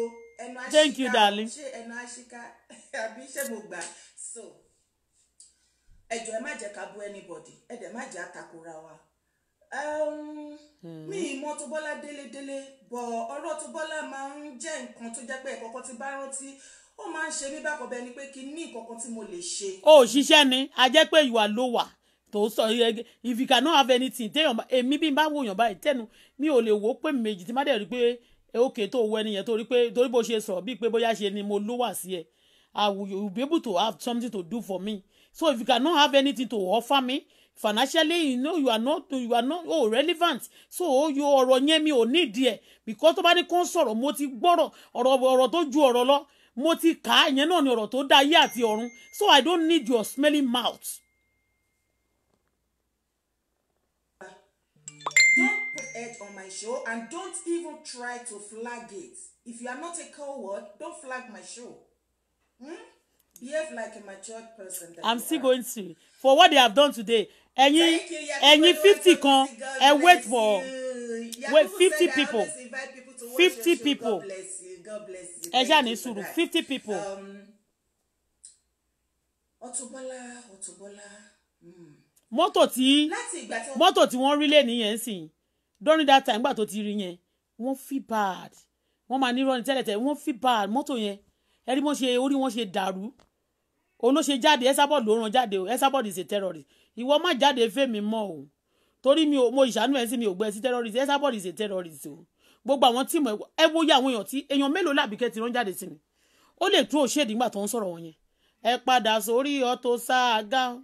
ẹnu àṣìká ṣé ẹnu àṣìká àbí ṣé mo gbà ẹjọ ẹ má jẹ́ ká bú anybody ẹ dẹ̀ má jẹ́ àtakora wa hmm. mi ìmọ̀ tó bọ́lá délédélé bọ̀ ọ̀rọ̀ tó bọ́lá máa ń jẹ́ nǹkan tó jẹ́ pé ẹ̀kọ́kọ́ ti bá rántí ó máa ń ṣe mí bákan bẹ́ẹ̀ ni pé kí ní nǹkan tí mo lè ṣe. o ò ṣiṣẹ́ ni a jẹ́ pé ìwà ló wà tó sọ if you cannot have anything téèyàn èmi bí n bá wòyàn báyìí tẹ́nu mi ò lè wò ó pé méjì tí má dẹ̀ rí pé òkè tó wọ ẹnìyẹn torí pé torí bó ṣe sọ̀rọ̀ bíi pé bóyá ṣe ni mo ló sí ẹ̀ I will be able to have something to do for me so if you cannot have anything to offer me financially you know you are not you are not oh relevant so oyo ọ̀rọ̀ yẹn mi ò nídìí ẹ̀ because tó bá ní kó ń sọ̀rọ̀ mo ti gbọ́rọ̀ ọ̀rọ̀ ọ̀rọ̀ tó ju ọ̀rọ̀ lọ mo ti kà á ìyẹn náà ni ọ̀rọ̀ tó dá ayé àti ọ̀run so i don't need your smelly mouth. don't put it on my show and don't even try to flag it if you are not a coward don't flag my show. Hmm? Behave like a matured person. I'm still going to. For what they have done today, Any, any fifty kan ẹ wait for wait fifty people fifty people ẹ ṣáà ní sùúrù fifty people. Otobola, otobola. mọ́tò tí mọ́tò tí wọ́n rí lé nìyẹn sìn during that time gbà tó ti rí yẹn wọ́n feel bad wọ́n máa ní rọ́ọ̀nì tẹ́lẹ̀tẹ́lẹ̀ wọ́n feel bad mọ́tò yẹn ẹ̀rí wọ́n ṣe orí wọ́n ṣe dàrú òun ló ṣe jáde Esabod ló ràn jáde o Esabod is a terrorist ìwọ má jáde fèmí mọ́ o torí mi ò mo ìṣàánú ẹ̀ sí mi ò gbẹ sí terrorist Esabod is a terrorist o gbogbo àwọn tí mo ẹ wo yá àwọn èèyàn tí èèyàn mélòó làbíkẹ́ ti rán jáde sí mi ó lè tú òṣèdí nígbà tó ń sọ̀rọ̀ wọn yẹn ẹ padà sórí Auto Sàgán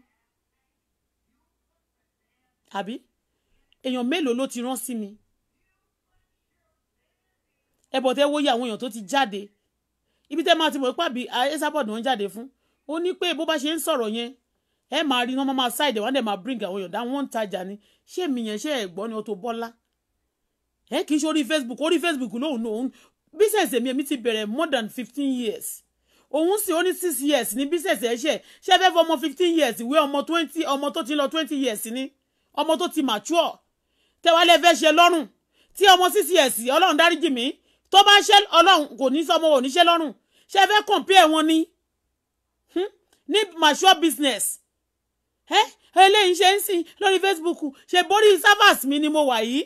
àbí èèyàn mélòó ló ti rán sí mi ẹ bọ̀ tẹ́ wo yá àwọn èèyàn tó ti jáde ibi tẹ́ máa ti mọ̀ pàbí Esabod wọn jáde fún ó ní pé bó bá ṣe ń sọ̀rọ̀ yẹn ẹ máa rí wọn máa ṣáìdẹ̀ wọn dẹ̀ máa bring àwọn èèyàn dáwọn ń tajà ni ṣé èmi yẹn ṣe ẹ̀gbọ́n ni ó tó bọ́lá ẹ kì í ṣe orí Facebook orí Facebook lóhùn òun business èmi èmi ti bẹ̀rẹ̀ more than fifteen years òun sì ó ní six years ní business ẹ ṣe ṣe fẹ́ fọ ọmọ fifteen years ìwé ọmọ twenty ọmọ tó ti lọ twenty years ni ọmọ tó ti mature tẹwálẹ̀ fẹ́ ṣe lọ́rùn tí ọmọ six years ọlọ́run dáríjì mí tó bá ṣe ọlọ́run kò ní sọmọ òníṣẹ́ lọ́rùn ṣe fẹ́ compare wọn ni ní mature business eléyìí ṣe ń sìn lórí facebook ṣe borí service mi ni mo wà yìí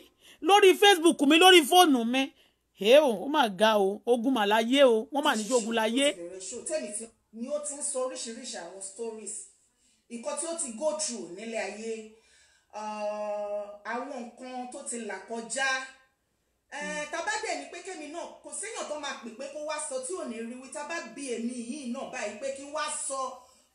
lórí facebook mi lórí fóònù mi èèwò ó mà ga o ogun mà láyé o wọ́n mà ní ogun láyé. ni ó ti ń sọ oríṣiríṣi àwọn stories nǹkan tí ó ti go through nílé ayé uh, àwọn nǹkan tó ti là kọjá tàbá dẹ̀ ni pé kémi náà kò séèyàn tó máa pè pé kó wá sọ tí ò ní rí wí tàbá bí èmi yìí náà báyìí pé kí wá sọ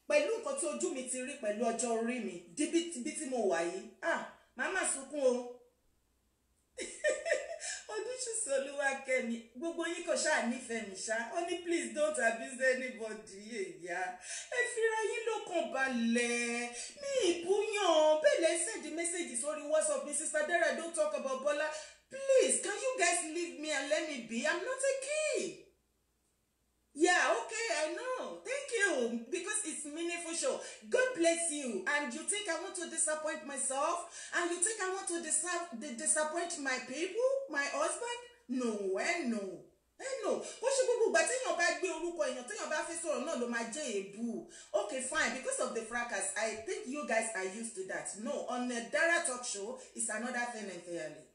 pẹ̀lú nǹkan tí ojú mi ti rí pẹ̀lú ọjọ́ orí mi díbí tí mo wà yìí ah màmá sunkún o ojúṣùṣù olúwakẹ́mi gbogbo yín kò ṣáà nífẹ̀ẹ́ mi ṣá ó ní please don't abuse anybody èyà ẹ fira yín lọ́kàn balẹ̀ mi ìbúyàn bẹ́ẹ̀ lẹ́ send message sórí whatsapp mi sister dara don't talk about Bola please can you guys leave me and let me be i'm not a kid. Yeah, okay, I know. Thank you. Because it's meaningful show. God bless you. And you think I want to disappoint myself? And you think I want to dis disappoint my people? My husband? No, eh, no. Eh, no. Ó ṣe gbogbo ìgbà téèyàn bad gbé orúkọ èèyàn téèyàn bá fẹ́ sọ̀rọ̀ náà no máa my èébú. Okay, fine. Because of the fracas, I think you guys are used to that. No, on the Dara talk show it's another thing entirely.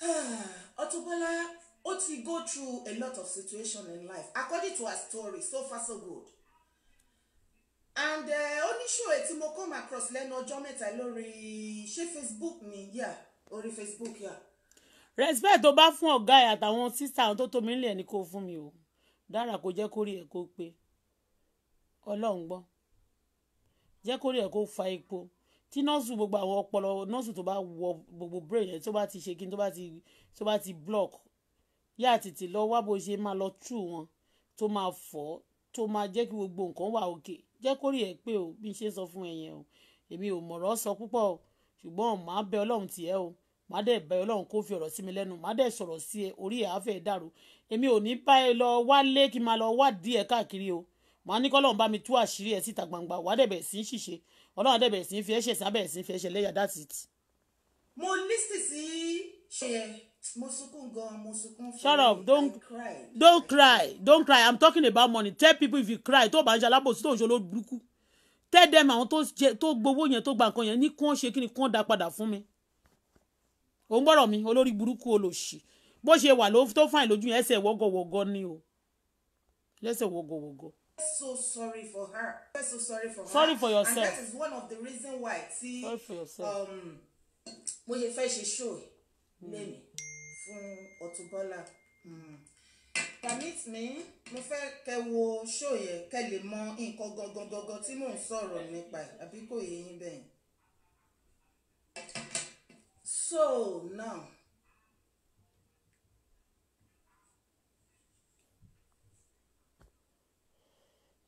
Ah Bola ó ti go through a lot of situation in life according to her story so far so good and eh, ó ní ṣòwò tí mo come across lẹ́nu ọjọ́ mẹ́ta lórí ṣé Facebook mi yà orí Facebook yà. respect tó bá fún ọ̀gá ẹ̀ àtàwọn sísá àwọn tó tó mi nílẹ̀ ni kò fún mi o dára kó jẹ́ kórè ẹ̀ kó pé ọlọ́run gbọ́ jẹ́ kórè ẹ̀ kó fa epo tí nọ́ọ̀sù gbogbo àwọn ọpọlọ nọ́ọ̀sù tó bá wọ gbogbo brain ẹ̀ tó bá ti ṣe kí tó bá ti block yá àtìtì lọ wá bó ṣe máa lọ tú wọn tó máa fọ́ tó máa jẹ́ kí gbogbo nǹkan wà òkè jẹ́ kó rí ẹ pé o bí n ṣe sọ fún ẹ o èmi ò mọ̀rọ̀ sọ púpọ̀ o ṣùgbọ́n màá bẹ ọlọ́run tiẹ̀ o màá dẹ̀ bẹ ọlọ́run kó fi ọ̀rọ̀ sí mi lẹ́nu màá dẹ̀ sọ̀rọ̀ sí ẹ orí ẹ̀ á dàrú èmi ò ní bá ẹ lọ wálé kí n máa lọ wádìí ẹ káàkiri o màá ní kọ́lọ́run bá mi tú àṣírí ẹ síta gbangba wàá dẹ̀ bẹ̀ sí í ṣìṣe ọlọ́run dẹ̀ bẹ̀ sí í fi ẹ̀ṣẹ̀ sábẹ̀ sí í fi ẹ̀ṣẹ̀ lẹ́yà that's it. mo lísì sí ṣe shut up don't cry. don't cry don't cry i'm talking about money tell people if you cry tó bá ń tó ń ṣe olóburúkú tell them àwọn tó gbowó yẹn tó gba nǹkan yẹn ní kí wọ́n ṣe kí ni kí wọ́n dá padà fún mi òun gbọ́dọ̀ mi olórí burúkú olòṣì bó ṣe wà ló tó fàìn lójú yẹn ẹsẹ̀ wọ́gọ̀wọ́gọ́ ni o lẹ́sẹ̀ wọ́gọ̀wọ́gọ́. so sorry for her i'm so sorry for her sorry for and that is one of the reasons why ti um, mo ṣe fẹ́ ṣe show lẹ́nu fún Auto Bola hmm. permit me mo fẹ́ kẹ wo ṣó yẹ kẹ lè mọ nǹkan gangan gangan tí mò ń sọ̀rọ̀ nípa ẹ̀ àbí kò yé yín bẹ́ẹ̀ so now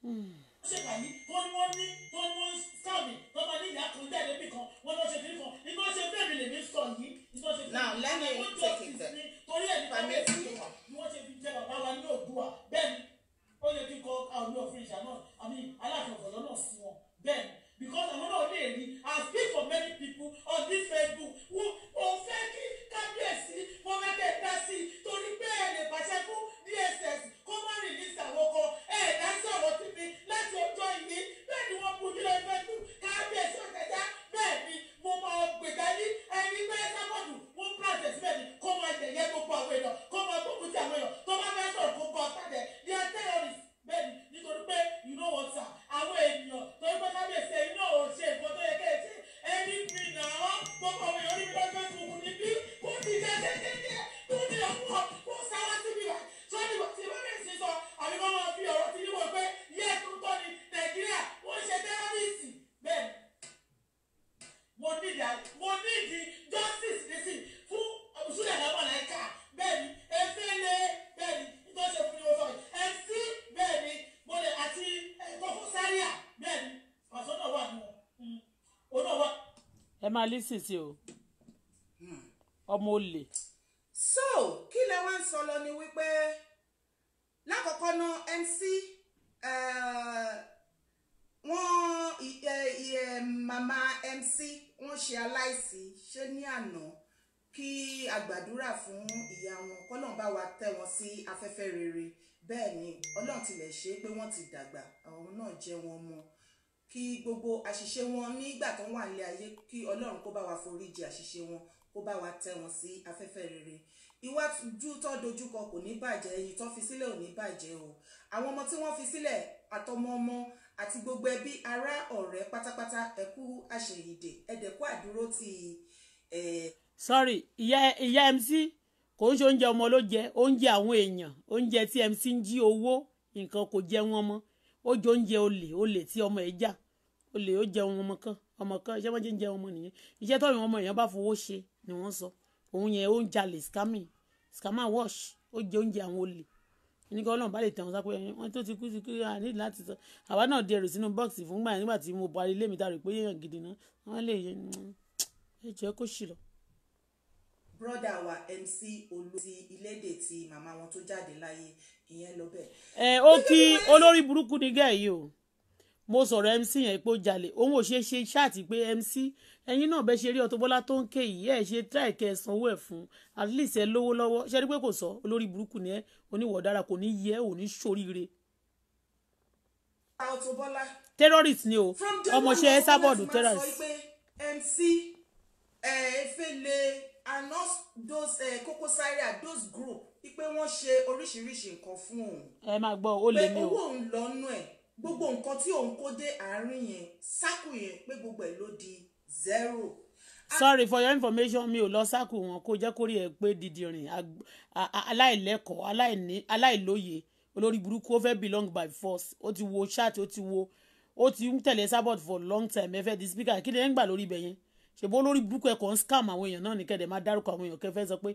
mm ṣe wà ní wọ́n ní wọ́n ní wọ́n ní wọ́n sáàmì wọ́n máa ní ìyá kan jáde bí kan wọ́n lọ ṣe bí kan ìgbà ṣe bẹ́ẹ̀ mi sọ yìí ìgbà ṣe now let me take it there torí ẹ̀ nípa mi sí ni wọ́n ṣe fi jẹ bàbá wa ní òdua bẹ́ẹ̀ ni ó yẹ kí n kọ àwọn ọ̀fìn ìṣà náà àmì aláàfin ọ̀fọ̀ lọ́nà fún wọn bẹ́ẹ̀ because àwọn náà lè rí I speak for many people on this Facebook wọ́n mo fẹ́ kí kábíyèsí mo fẹ́ kẹ́ ẹ dá sí i torí pé ẹ lè pàṣẹ fún DSS kó má rìlíìsì àwọn ọkọ ẹ dá sí ọ̀rọ̀ tí mi láti ọjọ́ ìní bẹ́ẹ̀ ni wọ́n bu nílẹ̀ Facebook kábíyèsí ọ̀kẹ́já bẹ́ẹ̀ ni mo máa gbèjà ní ẹni pé sábọ̀dù mo ń pàṣẹ síbẹ̀ ni kó máa yẹ̀yẹ́ gbogbo àwọn èèyàn kó máa gbógun ti àwọn èèyàn tó bá fẹ́ sọ̀rọ̀ gbogbo ọ̀tá bẹ́ẹ̀ni nítorí pé you know what sir àwọn ènìyàn tó ń gbọ́ kábíyèsí ẹ̀yin náà ò ṣe nǹkan tó yẹ kẹ́ ẹ ṣe ẹni mi náà gbogbo àwọn èèyàn níbi lọ́jọ́ ìṣòwò níbí kó ti jẹ́ jẹ́jẹ́jẹ́ tó ní ọkọ̀ kó sáwá síbi wá sọ́ni tí bá bẹ̀rẹ̀ sí sọ àbí wọ́n máa fi ọ̀rọ̀ sí níwọ̀n pé yẹ́ tó tọ́ ni nàìjíríà ó ṣe tẹ́rọ́rìsì bẹ́ẹ̀ mo nídìí mo nídìí justice lẹ́sìn fún ṣúlẹ̀ lọ́mọ láìka bẹ́ẹ̀ ni efele bẹ́ẹ̀ ni nítorí ṣe fún mi wọ́n sọ yìí àti ìtọ́kùn sáríà bẹ́ẹ̀ ni pàṣẹ wà nù ọ́ hmm, wà. ẹ máa lé sìsì o hmm. ọmọ olè. so kí lẹ wá ń sọ lọ ni wípé lákọ̀ọ́kọ́ ná MC wọ́n màmá MC wọ́n ṣe aláìsí ṣé ní àná kí a gbàdúrà fún ìyá wọn kọ́nà bá wa tẹ́ wọn sí afẹ́fẹ́ rere. Si bẹ́ẹ̀ ni ọlọ́run tilẹ̀ ṣe pé wọ́n ti dàgbà àwọn náà jẹ́ wọn mọ́ kí gbogbo àṣìṣe wọn nígbà tó wà nílé ayé kí ọlọ́run kó bá wa foríjì àṣìṣe wọn kó bá wa tẹ́ wọn sí afẹ́fẹ́ rere iwájú tó dojúkọ kò ní bàjẹ́ èyí tó fi sílẹ̀ ò ní bàjẹ́ o àwọn ọmọ tí wọ́n fi sílẹ̀ àtọmọ ọmọ àti gbogbo ẹbí ará ọ̀rẹ́ pátápátá ẹ̀kú àṣeyìdè ẹ̀dẹ̀kú àdúró ti. sorry ìyá MC kò ń ṣe oúnjẹ ọmọ ló jẹ oúnjẹ àwọn èèyàn oúnjẹ tí mc ń jí owó nǹkan kò jẹ wọn mọ́ ó jẹ oúnjẹ olè olè tí ọmọ ẹ̀ jà olè ó jẹun ọmọ kan ọmọ kan iṣẹ́ wọn jẹ́ ń jẹ ọmọ nìyẹn iṣẹ́ tọ́wọ́ ọmọ èèyàn bá fowó ṣe ni wọ́n sọ òun yẹn ó ń jalè scamming scammer wash ó jẹ oúnjẹ àwọn olè oníkan ọlọ́run bá lè tẹ̀wọ́n sápẹ́ wọn tó ti kú ti kú à ní láti sọ àwa náà di ẹrù sínú bọ́ọ̀sì fúngbà nígbà tí mo bọ ilé mi ta rè pé yéèyàn gidi náà wọ́n lè yẹ ẹ jẹ́ kó ṣì lọ brọ́dà wa MC olóòtí ilédè ti màmá wọn tó jáde láyé ìyẹn lọ bẹ́ẹ̀. ẹ ó kí olórí burúkú ni gẹ́ẹ̀ yìí o mo sọ̀rọ̀ MC yẹn pé ó jalè òun ò ṣe ṣe ṣáàtì pé MC ẹ̀yin náà bẹ́ẹ̀ ṣe rí Auto Bola tó ń ké yìí ẹ̀ ṣe tíráì kẹ́ sanwó ẹ̀ fún at least ẹ lówó lọ́wọ́ ṣe rí pé kò sọ olórí burúkú ni ẹ oníwọ̀dára kò ní yẹ ò ní ṣoríire. Auto Bola terrorist ni o ọmọọṣẹ́ sábọọdù terrorist. MC efele and those uh, eh, Koko Zaria those group ipe wọ́n ṣe oríṣiríṣi nǹkan fún òun. ẹ máa gbọ́ ó lè ní o. pé owó òun lọ́nú ẹ̀ gbogbo nǹkan tí òun kó dé àárín yẹn sákù yẹn pé gbogbo ẹ̀ ló di zero. sorry for your information mi ò lọ sákù wọn kó jẹ́ kórè ẹ̀ pé didirin aláìlẹ́kọ̀ọ́ aláìlóye olórí burúkú ó fẹ́ belong by force ó ti wo chat ó ti wo ó ti ń tẹ̀lé sabot for long time ẹ fẹ́ di speaker kí ni ẹ ń gbà lórí ibẹ̀ yẹn ṣèbó lórí burúkú ẹ̀ kàn ń scam àwọn èèyàn náà ní kẹ́dẹ̀ máa dárúkọ àwọn èèyàn kẹfẹ́ sọ pé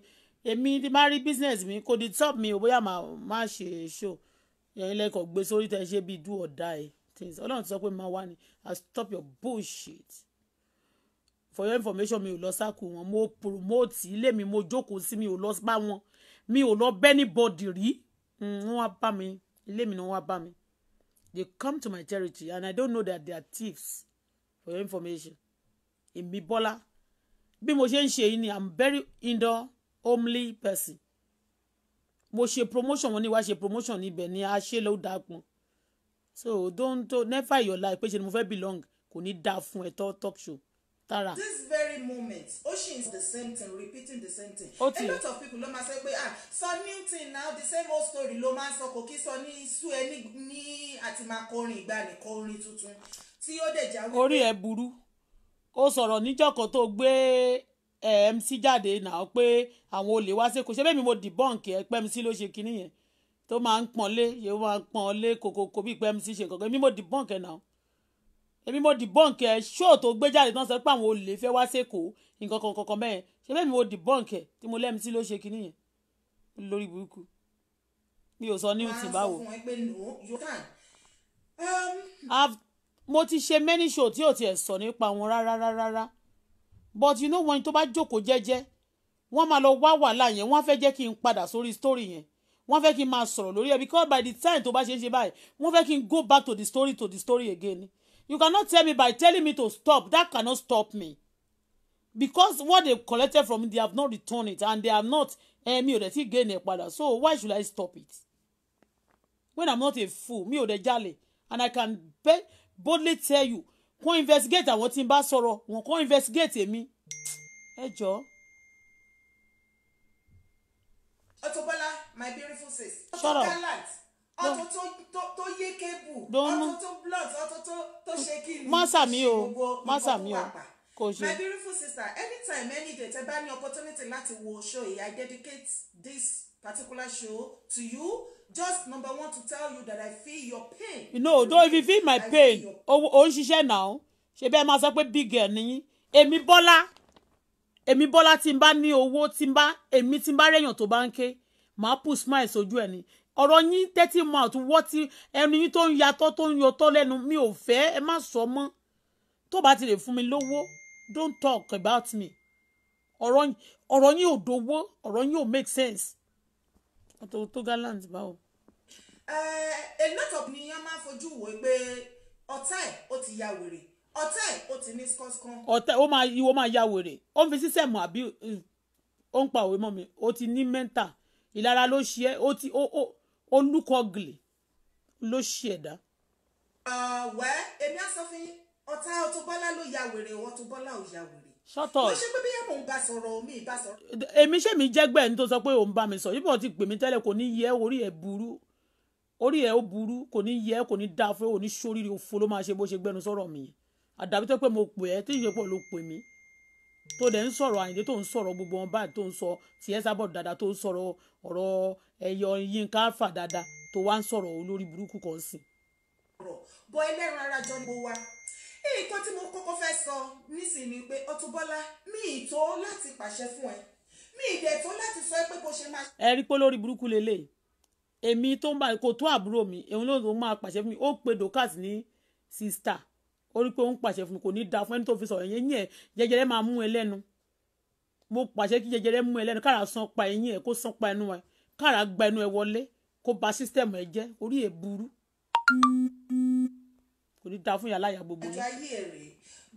èmi ti máa rí business mi kò di top mi ò bóyá máa ṣe show yẹn ilẹ̀ kan gbé sórí tẹ̀ ṣe bíi do or die things ọlọ́run ti sọ pé máa wá ni i ah, stop your bullshit for your information mi ò lọ sáàkù wọn mo promote ilé mi mo jókòó sí mi ò lọ bá wọn mi ò lọ bẹ́ ní bọ́dì rí hmm, wọ́n wá bá mi ilé mi ni wá bá mi they come to my territory and i don't know that they are thieves for your information èmi Bọ́lá bí mo ṣe ń ṣe yìí ni i'm very indoor homely person mo ṣe promotion wọn ni wàá ṣe promotion níbẹ̀ ni a ṣe ló dáa pọn so don't to never your life pé ṣe ni mo fẹ́ belong kò ní dáa fún ẹ tọ́ talk show tara. this very moment ocean is the same thing repeating the same thing. o ti a lot of people ló máa sọ pé ah sọ new thing now the same old story ló máa ń sọ kò kí sọ ní sú ẹ ní àti máa kọrin ìgbàanì kọrin tuntun tí ó dẹ̀ jáwé. orí ẹ burú ó sọ̀rọ̀ níjọ́ kan tó gbé MC jáde náà pé àwọn olè wá sí kò ṣe bẹ́ẹ̀ mi mo dìbọ́ǹkì ẹ pé MC ló ṣe kinní yẹn tó máa ń pọ́n lé yóò máa ń pọ́n lé kòkòkò bí pé MC ṣe kankan èmi mo dìbọ́ǹkì ẹ náà èmi mo dìbọ́ǹkì ẹ ṣóò tó gbé jáde tán sọ pé àwọn olè fẹ́ wá sí kò nǹkan kan kankan mẹ́rin ṣe bẹ́ẹ̀ mi mo dìbọ́ǹkì ẹ tí mo lé MC ló ṣe kinní yẹn lórí burúkú mi ò sọ ní ti báwo mo ti ṣe many show tí ò tiẹ̀ sọ nípa wọn rárá rárá rárá but you know wọn tó bá jókòó jẹ́jẹ́ wọ́n máa lọ wá wàhálà yẹn wọ́n fẹ́ jẹ́ kí n padà sórí story yẹn wọ́n fẹ́ kí n máa sọ̀rọ̀ lórí ẹ̀ because by the time tó bá ṣe ń ṣe báyìí wọ́n fẹ́ kí n go back to the story to the story again you cannot tell me by telling me to stop that cannot stop me because what they collected from me they have not returned it and they have not eh, mi ò dẹ̀ ti gain ẹ̀ padà so why should I stop it when I'm not a fool mi ò dẹ̀ jalè and I can beg boldly tell you kàn investigate àwọn tí n bá sọ̀rọ̀ wọn kàn investigate èmi ẹ jọ. Auto my beautiful sis. Shut up. ọtọ tó tó tó yé kébù ọtọ tó blood ọtọ tó tó ṣe kí ni. má sàmì o má sàmì o kò ṣe. my beautiful sister anytime any day tẹ bá ní opportunity láti wo show yìí i dedicate this particular show to you just number one to tell you that I feel your pain. You know, though if feel my I pain, ó ń ṣiṣẹ́ náà, ṣe bẹ́ẹ̀ máa sọ pé big girl nìyí. Èmi Bọ́lá, èmi Bọ́lá tí n bá ní owó tí n bá èmi tí n bá rẹ̀yàn tó bá ń ké, màá pù smile sójú ẹ̀ ni. Ọ̀rọ̀ yín tẹ́tí mouth wọ́ tí ẹnu yín tó ń yatọ́ tó ń yọtọ́ lẹ́nu mi ò fẹ́ ẹ má sọ mọ́. Tó bá ti lè fún mi lówó, don't talk about me. Ọ̀rọ̀ yín ò dowó, ọ̀rọ̀ yín ò make sense àtòwò tó gallant báwo. a lot of nìyẹn máa fojú wo pé ọ̀tá ẹ̀ ó ti ya wèrè ọ̀tá ẹ̀ ó ti ní skọ́skán. ọ̀tá ó máa yíwọ́ máa ya wèrè ó ń fi sísẹ̀mù àbí mm, ó ń pa òwe mọ́ mi ó ti ní mẹ́ńtà ìlara ló ṣe é ó ti ó lúkọ gèlè ló ṣe ẹ̀dá. ọ̀wẹ́ ah, èmi á sọ fún yín ọ̀tá Auto Bola ló ya wèrè Auto Bola ò ya wèrè shut up. mo pé bí ẹ̀mọ̀ ń bá sọ̀rọ̀ omi ìbá sọ̀rọ̀. èmi ṣé mi jẹ́gbẹ́ ẹni tó sọ pé òun bá mi sọ yìí ti pè tẹ́lẹ̀ kò ní yẹ orí ẹ̀ burú orí ẹ̀ ó burú kò ní yẹ kò ní dáa fún òní sóríire òfo ló máa ṣe bó ṣe gbẹnu sọ̀rọ̀ mi àdàbí tó pé mo pè ẹ́ tí ìyẹ́pọ̀ ló pè mí tó dẹ̀ ń sọ̀rọ̀ àyìndé tó ń sọ̀rọ̀ gbogbo wọn báyìí tó ń sọ tiẹ̀ sábọ̀ dáadáa tó ń sọ̀rọ̀ ọ̀rọ̀ ẹ̀yọ yínká fà dáadáa tó wá ń sọ̀rọ̀ olórí burúkú kan sí. bọ ẹlẹ́ran ara jọ ni mo wá nǹkan tí mo kọ́kọ́ fẹ́ sọ nísìnyí ni pé Auto Bola mi ì tó láti pàṣẹ fún ẹ mi ì dẹ̀ tó láti sọ pé kò ṣe máa. ẹ rí pé lórí burúkú lélẹ̀ èmi tó ń bá kò tó àbúrò mi èmi ló máa pàṣẹ fún mi ó pe Dorcas ní sista ó rí pé ó pàṣẹ fún mi kò ní da fún ẹni tó fi sọ̀rọ̀ yẹn jẹjẹrẹ máa mú ẹ lẹ́nu mo pàṣẹ kí jẹjẹrẹ mú ẹ lẹ́nu kára san pa ẹyin ẹ kó san pa ẹnu ẹ kára gba ẹnu ẹ wọlé kó ba sísítẹ̀mù ẹ jẹ́ orí ẹ burú kò ní da fún ìyá láyà gbogbo yín. ẹjọ ayé èrè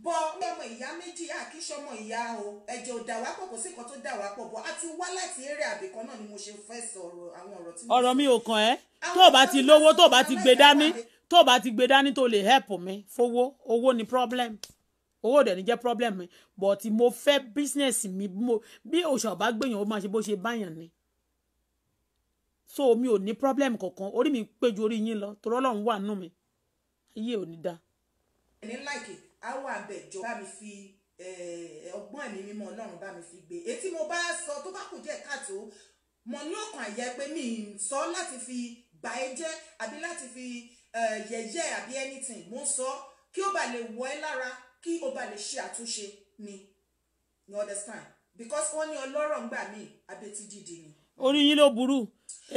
bọ ọmọ ìyá méjì àkíṣe ọmọ ìyá o ẹjẹ ò dà wá pọ̀ kò sí nǹkan tó dà wá pọ̀ bọ a ti wá láti eré àbíkan náà ni mo ṣe fẹ́ sọ̀rọ̀ àwọn ọ̀rọ̀ tí mo. ọ̀rọ̀ mi ò kàn ẹ́ tó o bá ti lówó tó o bá ti gbé dání tó o bá ti gbé dání tó o lè help mi fowó owó ni problem owó dẹ̀ ni jẹ́ problem mi but mo fẹ́ business mi bí òṣà ọ̀bá gbèyàn ó máa ṣe bó ṣe báyàn ni so mi ò ní problem kankan orí mi pé ju orí yín lọ torí ọlọ́run wà nù mí ayé ò ní dá. ẹni láìkè á wà bẹ̀ jọ bá mi fi eh, ọgbọ́n ẹ̀mí mímọ́ ọlọ́run bá mi fi gbé èyí tí mo bá sọ tó bá kù díẹ̀ káàtó mo ní ọkàn àyà pé mi ì sọ láti fi bà ẹ́ jẹ́ àbí láti fi eh, yẹ̀yẹ́ àbí anything mo sọ kí ó bá lè wọ ẹ́ lára kí ó bá lè ṣe àtúnṣe ni you understand because wọ́n ní ọlọ́rọ̀ ńgbà míì abẹ́tí dídì ni. orí yín ló burú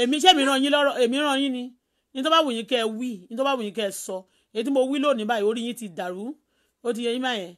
èmi ṣé mi ràn yín lọ́rọ̀ èmi ràn yín ni ní tó bá wù yín kẹ́ ẹ wí ní tó bá wù yín kẹ́ ẹ sọ e tí mo wí lónìí báyìí orí yín ti dàrú ó ti yẹ yín báyẹn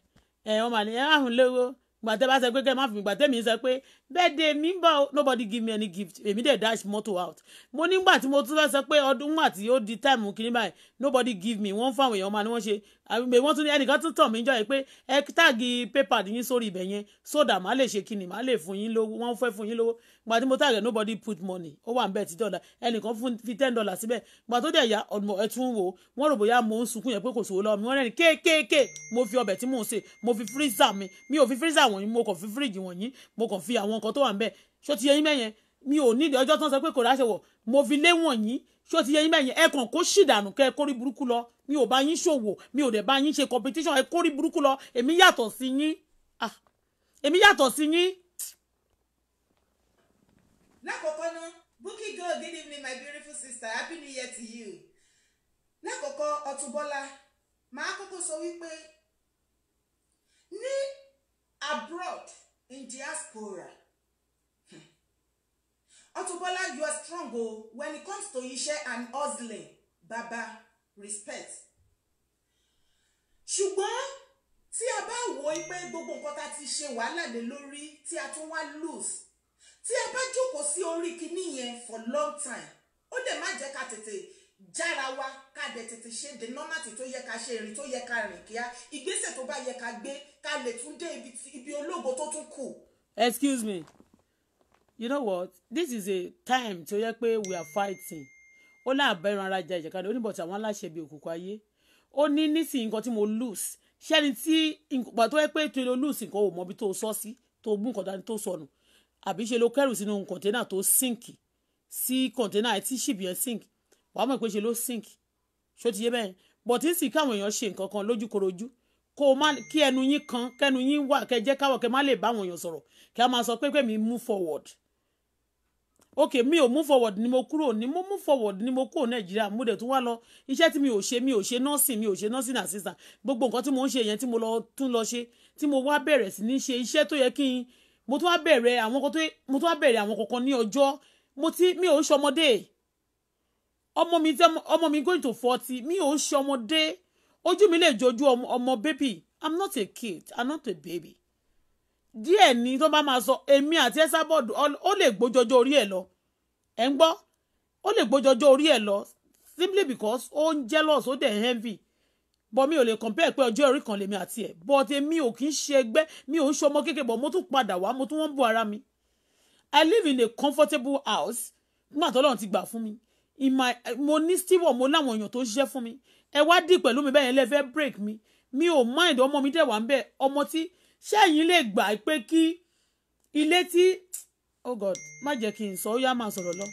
ẹ ẹ máa léwo gbàtẹ́ bá sọ pé kẹ́ ẹ má fi gbàtẹ́ mi sẹ pé birthday mi ń nobody give me any gift èmi dẹ̀ dash motor out mo nígbà tí mo tún fẹ́ sọ pé ọdún wà tí ó di time kìíní báyìí nobody give me wọ́n fáwọn èèyàn máa ni wọ́n ṣe àgbègbè wọ́n tún ní ẹnìkan tún tàn mí jọ yẹn pé ẹ táàgì pépà yín sórí ibẹ̀ yẹn sódà má lè ṣe kíni má lè fún yín lówó wọ́n fẹ́ fún yín lówó gba tí mo táàgì nobody put money ó wà ń bẹ̀ tí dọ́là ẹnìkan fún fi ten dollars. síbẹ̀ gba tó dẹ̀ ya ọ̀dùnmọ̀ ẹ tún wò wọ́n rò bóyá mo ń sunkún yẹn pé kò sówó lọ́wọ́ mi wọ́n rẹ́rìn kéékèèké mo fi ọbẹ̀ tí mò ń sè mo fi freezer mi mi ò fi freezer wọ̀nyí mo kàn fi fridge wọ̀nyí mo kàn fi àwọn nǹkan tó wà ń bẹ̀ ṣó ti yẹ yín mẹ́yẹn mi ò nídìí ọjọ́ tán sọ pé kò ráṣẹ wọ̀ mo fi lé wọ̀nyí ṣó ti yẹ yín mẹ́yẹn ẹ kàn kó ṣìdànù kẹ́ ẹ kórí burúkú lọ mi ò bá yín ṣòwò mi ò dẹ̀ bá yín ṣe competition ẹ kórí burúkú lọ èmi yàtọ̀ sí yín ah, èmi yàtọ̀ sí yín. lákòókò náà Bukky Gold good evening my beautiful sister happy new year to you lákòókò Ọ̀túnbọ́lá màá kọ́kọ́ sọ wípé ní abroad in diaspora Auto-Bola, you are strong o oh. when it comes to iṣẹ́ and hustling baba respect. ṣùgbọ́n tí a bá wò ó pé gbogbo nǹkan tá a ti ṣe wàhálà lé lórí tí a tún wá lose tí a bá jókòó sí orí kinní for long time ó dẹ̀ má jẹ́ ká tètè jára wa ká dẹ̀ tètè ṣe the normal tí tó yẹ ká ṣe ìrìn tó yẹ ká rìn kíá ìgbésẹ̀ tó bá yẹ ká gbé ká lè tún dé ibi ológo tó tún kù. excuse me you know what this is a time to yẹ pé we are fighting ó láàbẹ̀rún ara ja ìjàkadì ó ní bọ̀tí àwọn aláṣẹ bíi òkùnkùn ayé ó ní nísìnyí nǹkan tí mo lose ṣẹ́ni tí ìgbà tó yẹ pé tó lè lose nǹkan ò mọ ibi tó sọ sí tó gún nǹkan dání tó sọnù àbí ṣe ló kẹ́rù sínú kọ̀ńténà tó sink sí kọ̀ńténà tí ṣìbì yẹn sink wàá mọ̀ pé ṣe ló sink ṣó ti yé bẹ́ẹ̀ bọ̀tí sì káwọn èèyàn ṣe nǹkan kan lójúkorojú kó o má kí ẹnu yín kan kẹnu yín wà kẹjẹ káwọ kẹ má lè bá èèyàn sọ̀rọ̀ kí a máa sọ pé pé mi move forward ok mi ò move forward ni mo kúrò ni mo move forward ni mo kúrò nàìjíríà mo dẹ̀ tún wá lọ iṣẹ́ tí mi ò ṣe mi ò ṣe nursing mi ò ṣe nursing assistant gbogbo nǹkan tí mo ń ṣe yẹn tí mo lọ tún lọ ṣe tí mo wá bẹ̀rẹ̀ sí ní ṣe iṣẹ́ tó yẹ kí n mo tún wá bẹ̀rẹ̀ àwọn kan tó mo tún wá kankan ní ọjọ́ mo ti mi ò ń ṣọmọdé ọmọ mi tẹ ọmọ mi going to forty mi ò ń ṣọmọdé ojú mi lè jojú ọmọ baby i'm not a kid i'm not a baby díẹ̀ ni tó bá máa sọ èmi àti Esabod ó lè gbójọjọ orí ẹ̀ lọ ẹ̀ ń gbọ́ ó lè gbójọjọ orí ẹ̀ lọ simply because ó ń jealous ó dẹ̀ ń envy bọ́ mi ò lè compare pé ọjọ́ orí kan lèmi àti ẹ̀ but èmi ò kì í ṣe ẹgbẹ́ mi ò ń ṣe ọmọ kékeré bọ̀ mo tún padà wá mo tún wọ́n bú ara mi I live in a comfortable house nígbà tó lọ́run ti gbà fún mi in my mo ní steward mo láwọn èèyàn tó ń ṣiṣẹ́ fún mi ẹ wá dì pẹ̀lú mi bẹ́ẹ̀ yẹn lẹ́fẹ́ break mi mi ò mind ọmọ mi dẹ̀ wá ń bẹ̀ ọmọ tí ṣẹ́yìn lè gbà pé kí ilé tí oh god má jẹ́ kí n sọ ó yá máa sọ̀rọ̀ lọ.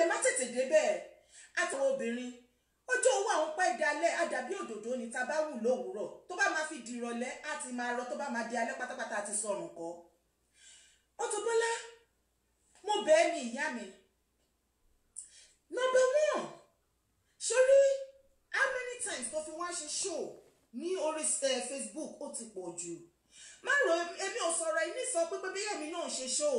ẹ má tètè débẹ̀ àtàwọn obìnrin ojú owó àwọn pẹ́ dalẹ̀ àdàbí òdòdó ni tá a bá wù lówùúrọ̀ tó bá máa fi di ìrọ̀lẹ́ á ti máa rọ tó bá máa di alẹ́ pátápátá àti sọ̀rùn kọ́. ó tó bọ́lá mo bẹ́ẹ̀ ni ìyá mi number one sórí how many times tó fi wá ṣe show ní orí eh, Facebook ó ti pọ̀ jù má ro èmi ò sọ̀rọ̀ ẹni sọ pé bébí èmi náà ṣe ṣóò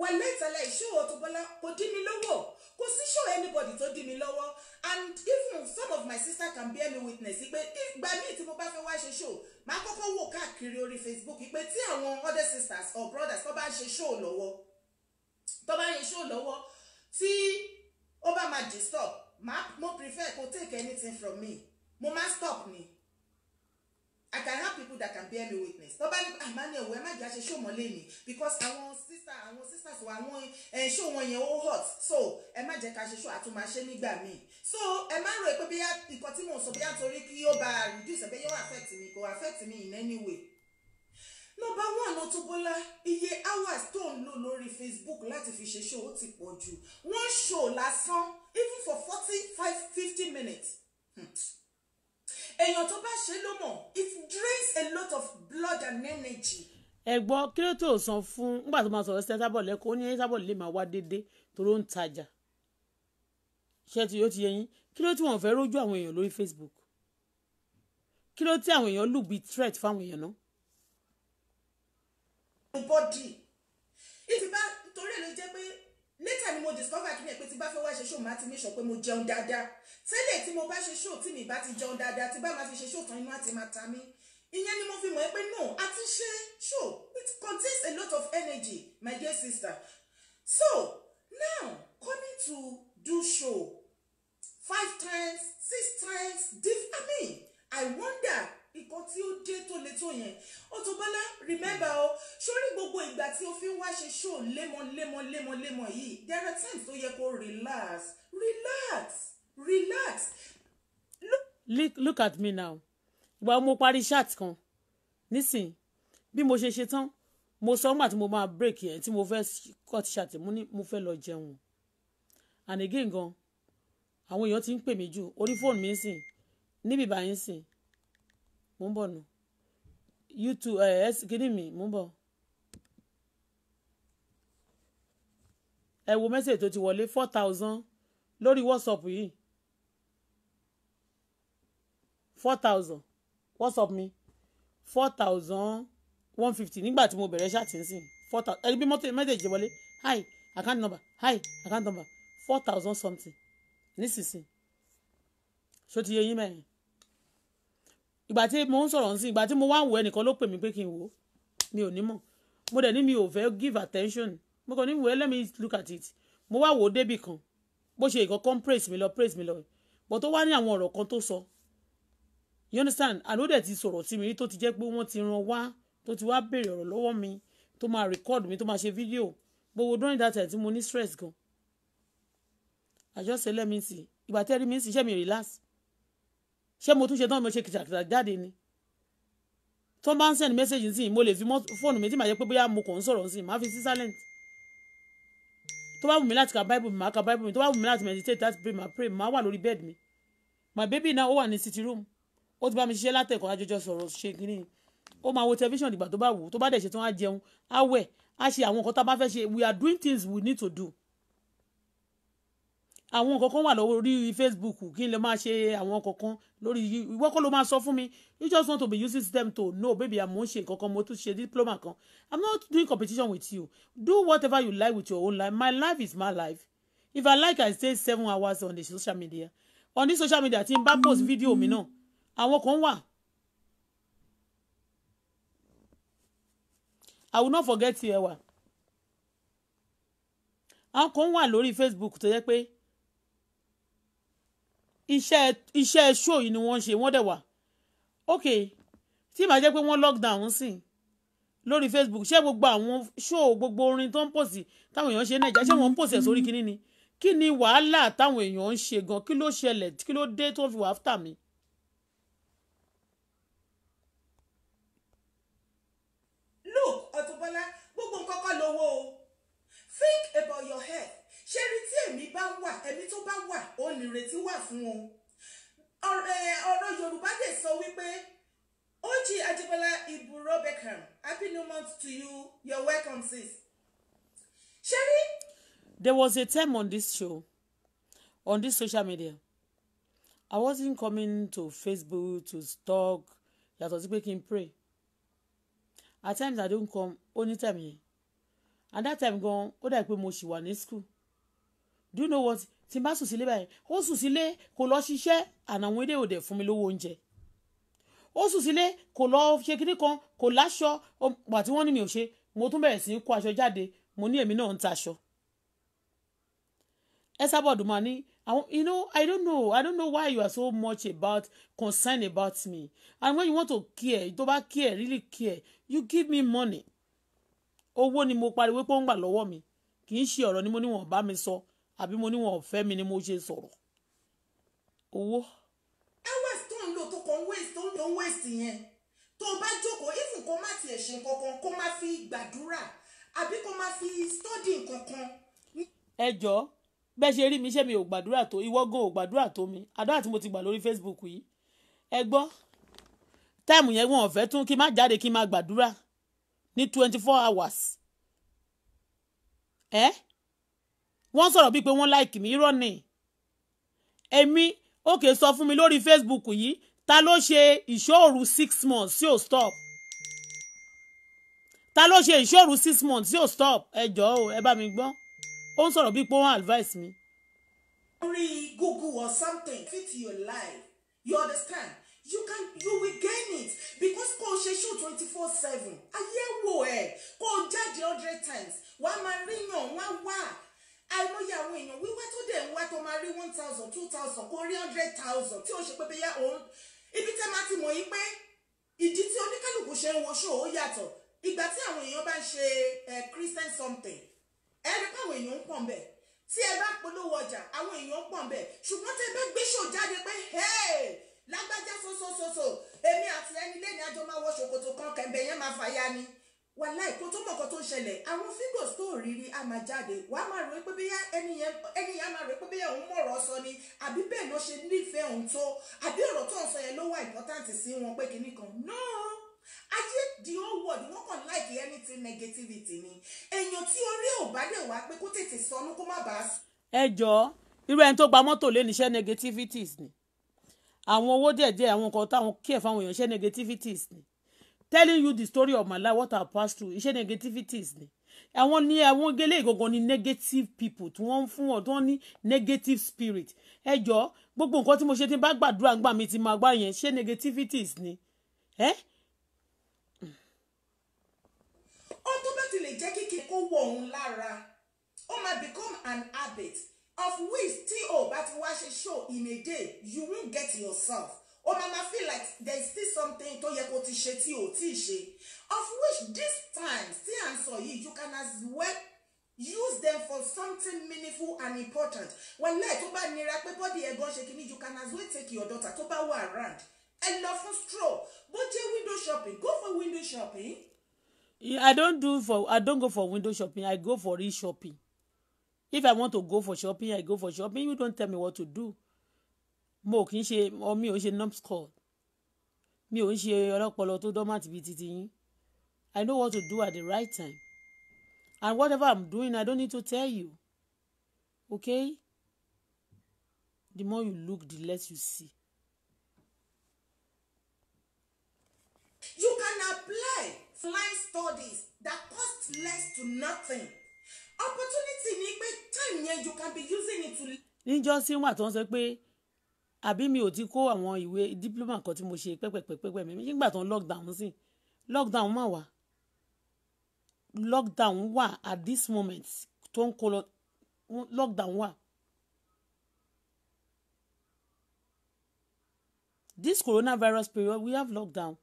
wẹ̀lẹ́ ìtẹ̀lẹ̀ ìṣòwò tó bọ́lá kò dí mi lọ́wọ́ kò sí ṣó anybody tó dí mi lọ́wọ́ and even some of my sister can bear me witness pé ìgbà míì tí mo bá fẹ́ wá ṣe ṣó máa kọ́kọ́ wò káàkiri orí Facebook pé tí àwọn other sisters or brothers tó bá ń ṣe ṣó lọ́wọ́ tó bá ń ṣe ṣó lọ́wọ́ tí ó bá máa disturb mo prefer kó take anything from me mo máa stop ni I can have people that can bear me witness. Tọ́ba ní àmàlẹ́ ẹ̀wọ̀ ẹ má jẹ́ àṣẹ ṣòmọ́ lẹ́nu because àwọn sísá àwọn sísá sọ àwọn ṣó wọn yẹn ó hot so ẹ má jẹ́ ká ṣe ṣó àtúnmáṣe nígbà míì. So ẹ má rò pé bíyà nǹkan tí mò ń sọ bíyà torí kí ó bá reduce ẹgbẹ́ yóò affect mi kò affect me in any way. Nọ́mbà one Ọ̀túnbọ́lá iye hours tó ń lò lórí Facebook láti fi ṣe ṣó ó ti pọ̀ jù. Wọ́n ṣó lásán even for forty five fifty minutes. Hmm èèyàn tó bá ṣe ló mọ̀ it drains a lot of blood and energy. ẹ̀gbọ́n kí ló tó san fún nígbà tó máa sọ̀rọ̀ sí Esabod lẹ́kọ̀ọ́ ó ní Esabod lè máa wá déédéé torí ó ń tajà ṣé ti yóò ti yẹ kí ló tí wọ́n fẹ́ rójú àwọn èèyàn lórí Facebook kí ló tí àwọn èèyàn lù bí threat fáwọn èèyàn náà. body ìfipá nítorí ẹ̀ ló jẹ́ pé later ni mo discover kí ni pé tí bá fẹ́ wá ṣe show máa ti make sure pé mo jẹun dáadáa tẹ́lẹ̀ tí mo bá ṣe show tí mi bá ti jẹun dáadáa tí bá máa fi ṣe show tán inú àti máa ta mí ìyẹn ni mo fi mọ̀ pé no a ti ṣe show it contains a lot of energy my dear sister so now coming to do show five times six times div i mean i wonder nǹkan tí ó dé tó le tó yẹn Auto Bola remember o sórí gbogbo ìgbà tí o fi ń wá ṣe show lémọ́lémọ́lémọ́lémọ́ yìí there are times tó yẹ kó relax relax relax. look look at me now ìgbà mo parí chat kan nísìn bí mo ṣe ṣe tán mo sọ nígbà tí mo máa break yẹn tí mo fẹ́ cut chat mo ní mo fẹ́ lọ jẹun and again gan àwọn èèyàn ti ń pè mí jù orí fóònù mi ń sìn níbi ìbá yín sìn mò ń bọ̀ nù youtube ẹ̀ eh, ẹ́ kíní mi mò ń bọ̀. ẹ wo mẹ́sẹ̀ tó ti wọlé four thousand lórí whatsapp yìí four thousand whatsapp mi four thousand one fifty nígbà tí mo bẹ̀rẹ̀ ṣàtìsìn four thousand ẹni bí mẹ́sẹ̀jì wọlé hi account number hi account number four thousand something nísinsìnyí ṣó ti yẹ yín mẹ́rin ìgbà tí mo ń sọ̀rọ̀ sí ìgbà tí mo wá wò ẹnìkan ló pè mí pé kí n wò ó mi ò ní mọ̀ mo dẹ̀ ní mi ò fẹ́ give attention mo kàn ní wò ó let me look at it mo wá wò ó débì kan bó ṣe ìkọ̀kan praise mi lọ praise mi lọ bó tó wá ní àwọn ọ̀rọ̀ kan tó sọ you understand àló dẹ̀ ti sọ̀rọ̀ sí mi tó ti jẹ́ pé wọ́n ti ràn wá tó ti wá béèrè ọ̀rọ̀ lọ́wọ́ mi tó máa record mi tó máa ṣe video. gbogbo during that time tí mo ní stress gan I just say let me see ìgbà tẹ́rí mi ń ṣiṣẹ́ mi relax ṣé mo tún ṣe tán mo ṣe kìtàkìtà jáde ni tó bá ń send message sí i mo lè fi fóònù mi tí màá jẹ pé bóyá mo kàn ń sọ̀rọ̀ sí màá fi sí silent tó bá wù mí láti ka bible mi màá ka bible mi tó bá wù mí láti meditate láti pray màá pray màá wà lórí bed mi my baby náà ó wà ní city room ó ti bá mi ṣiṣẹ́ látẹ̀kọ́ àjọjọ sọ̀rọ̀ ṣe kínní ó máa wo television ìgbà tó bá wù tó bá dẹ̀ ṣe tán á jẹun á wẹ̀ á ṣe àwọn nǹkan tá a bá fẹ́ ṣe we are doing things we need to do àwọn kankan wà lórí Facebook kí n lè máa ṣe àwọn kankan lórí ìwọ kọ́ ló máa sọ fún mi you just want to be using system to know baby àmọ́ ṣe nkankan mo tún ṣe diploma kan I'm not doing competition with you do whatever you like with your own life my life is my life if I like I stay seven hours on the social media on the social media tí n bá post video mi náà àwọn kan wà I will not forget you ẹwà àwọn kan wà lórí Facebook tó yẹ pé iṣẹ́ iṣẹ́ ṣó yìí ni wọ́n ṣe wọ́n dẹ̀ wà ok tí màá jẹ́ pé wọ́n lockdown sìn lórí facebook ṣé gbogbo àwọn ṣó gbogbo orin tó ń pòsì táwọn èèyàn ṣe ní nàìjíríà ṣé wọ́n ń pòsì ẹ̀ sórí kinní ni kí ni wàhálà táwọn èèyàn ń ṣe gan kí ló ṣẹlẹ̀ kí ló dé tó fi wà áfítà mi. look Auto Bola gbogbo nǹkan kọ́ lówó o think about your health ṣé ibi tí ẹ̀mí bá wà ẹ̀mí tó bá wà ó nírètí wà fún o ọ̀rọ̀ Yorùbá dẹ̀ sọ wípé Oji Ajibola Iburo Beckham happy new month to you you're welcome sis. ṣé There was a time on this show on this social media I wasn't coming to Facebook to stalk yàtọ̀ sí pé kí n pray at times I don't come only time yẹn and that time gan ó dà pé mo ṣì wà ní school do you know what tí n bá sùn sílé báyìí ó sùn sílé kò lọ ṣiṣẹ́ àná àwọn ilé òde fún mi lówó oúnjẹ ó sùn sílé kò lọ ṣe kinní kan kò láṣọ pà tí wọ́n ní mi ò ṣe mo tún bẹ̀rẹ̀ sí kó aṣọ jáde mo ní èmi náà ń taṣọ. ẹ sábọ̀dù máa ní you know I don't know I don't know why you are so much about concern about me and when you want to care tó bá care really care you give me money owó ni mo pariwo pé ó ń gbà lọ́wọ́ mi kì í ṣe ọ̀rọ̀ ni mo ní wọn bá mi sọ so àbí mo ní wọn ò fẹ́ mi ni mo ṣe sọ̀rọ̀ owó. ẹ wẹ́sì tó ń lò tó kàn wẹ́sì tó ń lò wẹ́sì yẹn tó bá jókòó ìfún kó má tiẹ̀ ṣe kankan kó má fi gbàdúrà àbí kó má fi stọ́dì kankan. ẹ jọ bẹ́ẹ̀ ṣe rí mi ṣé mi ò gbàdúrà tó ìwọ gan ò gbàdúrà tó mi àdúrà tí mo ti gbà lórí Facebook yìí ẹ gbọ́ táìmù yẹn wọn ò fẹ́ tún kí n má jáde kí n má gbàdúrà ní twenty four hours. Eh? wọ́n sọ̀rọ̀ bíi pé wọ́n láìkì mí irọ́ ni èmi òkè sọ fún mi lórí Facebook yìí ta ló ṣe ìṣòro six months tí ò stop ta ló ṣe ìṣòro six months tí ò stop ẹ jọ̀ọ́ o ẹ bá mi gbọ́n ó ń sọ̀rọ̀ bíi pé wọ́n advice mi. lórí Google or something fit your life you understand you can you will gain it because kò ṣe show twenty four seven ayé wo ẹ kò jáde hundred times wàá máa ríyàn wá wá àìmọye àwọn èèyàn wíwá tó dẹ̀ ń wá tó máa rí one thousand two thousand kó rí hundred thousand tí ó ṣe pé bẹ́yà òun ibi tẹ́ máa ti mọ̀ yín pé ìdí tí oníkálukú ṣe ń wo ṣó ó yàtọ̀ ìgbà tí àwọn èèyàn bá ń ṣe christian something ẹ rí pàwọn èèyàn ń pọ̀ ń bẹ̀ tí ẹ bá polówó ọjà àwọn èèyàn ń pọ̀ ń bẹ̀ ṣùgbọ́n tẹ́ bá gbé ṣò jáde pé lágbájá sosososo èmi àti ẹni lẹ́ni àjọ máa wọ ṣòkòtò kan kẹ̀ǹbẹ̀ yẹn máa fàya ni wàláì kó tó mọ̀ nǹkan tó ń ṣẹlẹ̀ àwọn fígòs tó rírí á máa jáde wàá máa rò pé bóyá ẹni yẹn á máa rò pé bóyá òun mọ̀rọ̀ sọ ni àbí bẹ́ẹ̀ ló ṣe nífẹ̀ẹ́ òun tó àbí ọ̀rọ̀ tó ń sọ yẹn ló wà important sí wọn pé kinní kan náà ayé the whole world wọn kàn like anything negativity ni èèyàn tí orí ò bá lè wá pé kó tètè sọnù kó má bàa. ẹ jọ irú ẹni tó gba mọ́tò lé níṣẹ́ negativities ni àwọn owó díẹ̀díẹ̀ àwọn nǹkan táwọn kí ẹ̀ fáwọn èèyàn ṣe negativities ni telling you the story of my life what I passed through iṣẹ́ negativities ni àwọn ní àwọn gẹ́lẹ́ ìgangan ní negative people tí wọ́n ń fún wọn tí wọ́n ní negative spirit ẹ jọ gbogbo nǹkan tí mo ṣe ti bá gbàdúrà ńgbà mi ti máa gbà yẹn ṣé negativities ni. ó tó bá ti lè jẹ́ kíkì kó wọ̀ òun lára ó máa become an habit of which tí o bá ti wá ṣe show in a day you won't get yourself o mama feel like there is still something tó yẹ kó ti ṣe tí o tí ṣe of which this time tí à ń sọ yìí you can as well use them for something meaningful and important wàlẹ́ tó bá nira pé bọ́dì ẹ̀gbọ́n ṣe kíní you can as well take your daughter to bá wà around and lọ fún stroll Go jẹ́ window shopping go for window shopping. I don't do for I don't go for window shopping I go for e-shopping if I want to go for shopping I go for shopping you don't tell me what to do mo kì í ṣe mi ò ń ṣe numbskull mi ò ń ṣe ọlọ́pọlọ tó dormant bíi titi yín I know what to do at the right time and whatever I'm doing I don't need to tell you okay the more you look the less you see. You can apply flying studies that cost less to nothing opportunity ni pé time yẹn you can be using it to. níjọ́sí wà tó ń sọ pé àbí mi ò ti kó àwọn ìwé diploma kan tí mo ṣe pẹ́pẹ́pẹ́pẹ́ mi nígbà tó ń lockdown sí lockdown mà wá lockdown wà at this moment tó ń kó lọ lockdown wà. this coronavirus period we have lockdown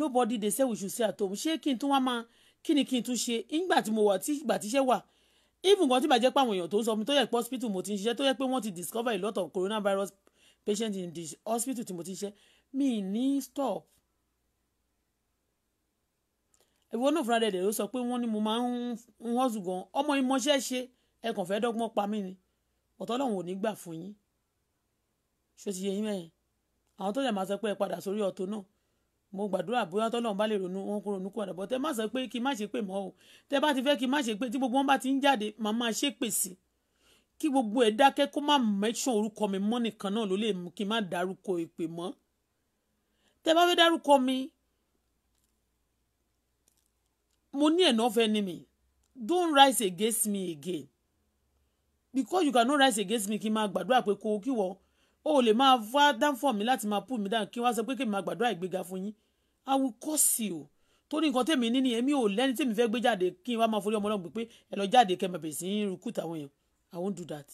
nobody dey say we should stay at home ṣé kí n tún wá máa kí ni kí n tún ṣe ìgbà tí mo wà tí ìgbà tíṣẹ́ wà even kan tí bàjẹ́ pé àwọn èèyàn tó ń sọ mi tó yẹ pé hospital mo ti ń ṣiṣẹ́ tó yẹ pé wọ́n ti discover a lot of coronavirus patient in the hospital tí mo ti ṣe mi ní stop ìwọ náà fúnra rẹ̀ ló sọ pé wọ́n ní mo máa ń hustle gan ọmọ ìmọ̀ṣẹ́ ṣe ẹ kàn fẹ́ dọ́gbọ́n pa mí ni ọ̀tọ̀ Ọlọ́run ò ní gbà fún yín ṣó ti yẹ yín mẹ́yìn àwọn tó lè máa sọ pé ẹ padà sórí ọ̀tọ̀ náà mo gbàdúrà bóyá tọ́lọ́run bá lè ronú wọn kó ronú kó àdàbọ̀ tẹ má sọ pé kí n má ṣe pè mọ́ o tẹ bá ti fẹ́ kí n má ṣe pè tí gbogbo wọn bá ti ń jáde màá máa ṣépè sí i kí gbogbo ẹ̀ dákẹ́ kó má mẹ́sàn orúkọ mi mọ́ nìkan náà ló lè mú kí n má dárúkọ èpè mọ́ tẹ́ bá fẹ́ dárúkọ mi mo ní enough enemy don't rise against me again because you cannot rise against me kí n máa gbàdúrà pé kó o kí wọ́n o ò lè máa wá dánfọ̀ mi láti máa pull mi down kí wọ́n sọ pé kí n máa gbàdúrà ìgbéga fún yín i will curse you torí nǹkan tèmi ní nìyẹn mi ò lẹ́ni tèmi fẹ́ gbé jáde kí n wá máa forí ọmọ náà gbé pé ẹ lọ jáde kẹ́ sí rúkúta àwọn èèyàn I won't do that.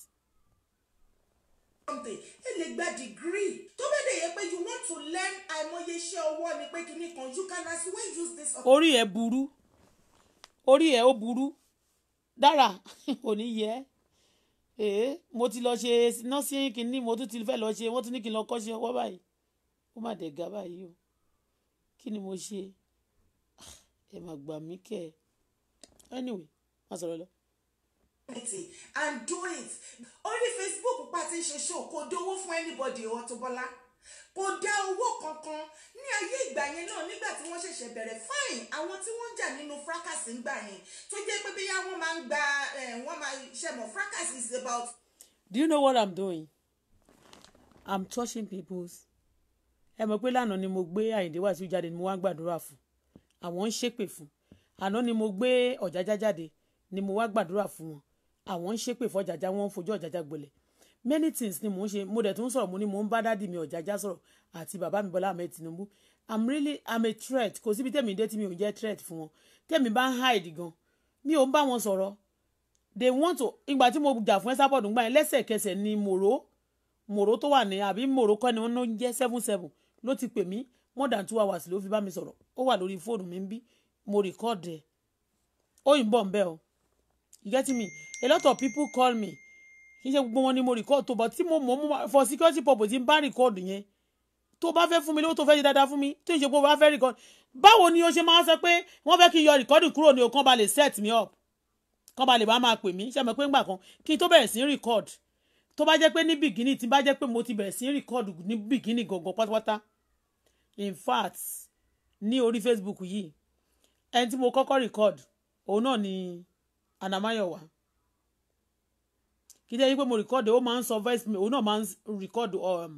ẹ lè gba degree tó bẹ́ẹ̀ dẹ̀ yẹ pé you want to learn àìmọye iṣẹ́ ọwọ́ ni pé kinní kan you can as well use this. orí ẹ burú orí ẹ ó burú dára kò ní yẹ ee mo ti lọ ṣe nursing kinní mo tún ti fẹ́ lọ ṣe wọ́n tún ní kí n lọ kọ́ ṣe ọwọ́ báyìí ó mà dẹ̀ ga báyìí o kí ni mo ṣe ah, ẹ mà gbà mí kẹ́ anyway má sọ̀rọ̀ lọ and do it orí Facebook pàtí ṣe ṣó kò dówó fún anybody Auto Bola kò dá owó kankan ní ayé ìgbà yẹn náà nígbà tí wọ́n ṣẹ̀ṣẹ̀ bẹ̀rẹ̀ fáìn àwọn tí wọ́n ń jà nínú fracas ń gbà yẹn tó jẹ́ pé bíyá wọ́n máa ń gba eh, wọ́n máa ṣe mọ̀ fracas is about. do you know what i'm doing i'm touching people's ẹ mọ̀ pé lánàá ni mo gbé àyíndé wá sí jáde ni mo wá ń gbàdúrà fún àwọn ń ṣépè fún àná ni mo gbé ọ̀jájá jáde ni mo wá gbàdúrà fún wọn àwọn ń ṣépè fọjàjà wọn ń fojú ọ̀jàjà gbolẹ̀ many things ni mò ń ṣe mo dẹ̀ tún sọ̀rọ̀ mo ní mò ń bá dádì mi ọ̀jàjà sọ̀rọ̀ àti bàbá mi Bọ́lá Ahmed Tinubu i'm really i'm a threat kò síbi tẹ̀mí dé tí mi ò jẹ́ threat fún wọn tẹ̀mí bá ń hide gan mi ò ń bá wọn sọ̀rọ̀ they want to ìgbà tí mo jà fún Esabod gbà yẹn lẹ́sẹ̀kẹsẹ̀ ni mòró mòró tó wà ní àbí mòró kọ́ni wọn ló ń jẹ́ seven seven ló ti pè mí more than two hours ló fi bá mi sọ̀rọ̀ ó wà lórí fóònù mi ń bí mo record ẹ̀ ó yìnbọn bẹ́ẹ̀ o you get me a lot of people call me kì í ṣe gbogbo wọn ni mo record To but tí mo mọ̀ mo for security purpose n bá record yẹn tó bá fẹ́ fún mi lówó tó fẹ́ ṣe dáadáa fún mi tó ń ṣe gbogbo bá fẹ́ record báwo ni o ṣe máa ń sọ pé wọ́n fẹ́ kí n yọ recording kúrò ní o kàn bá lè set me up kàn bá lè bá máa pè mí ṣe mọ̀ pé ńgbà kan kí n tó bẹ̀rẹ̀ sí record tó bá jẹ́ pé ní bìgínì tí bá jẹ́ pé mo ti bẹ̀rẹ̀ sí record ní bìgínì gangan pátápátá in fact ní orí Facebook yìí ẹni tí mo kọ́kọ́ record òun náà ni. Anamáyọ̀wá kí dé yí pé mo record ó máa ń sọ voice òun náà máa ń record um,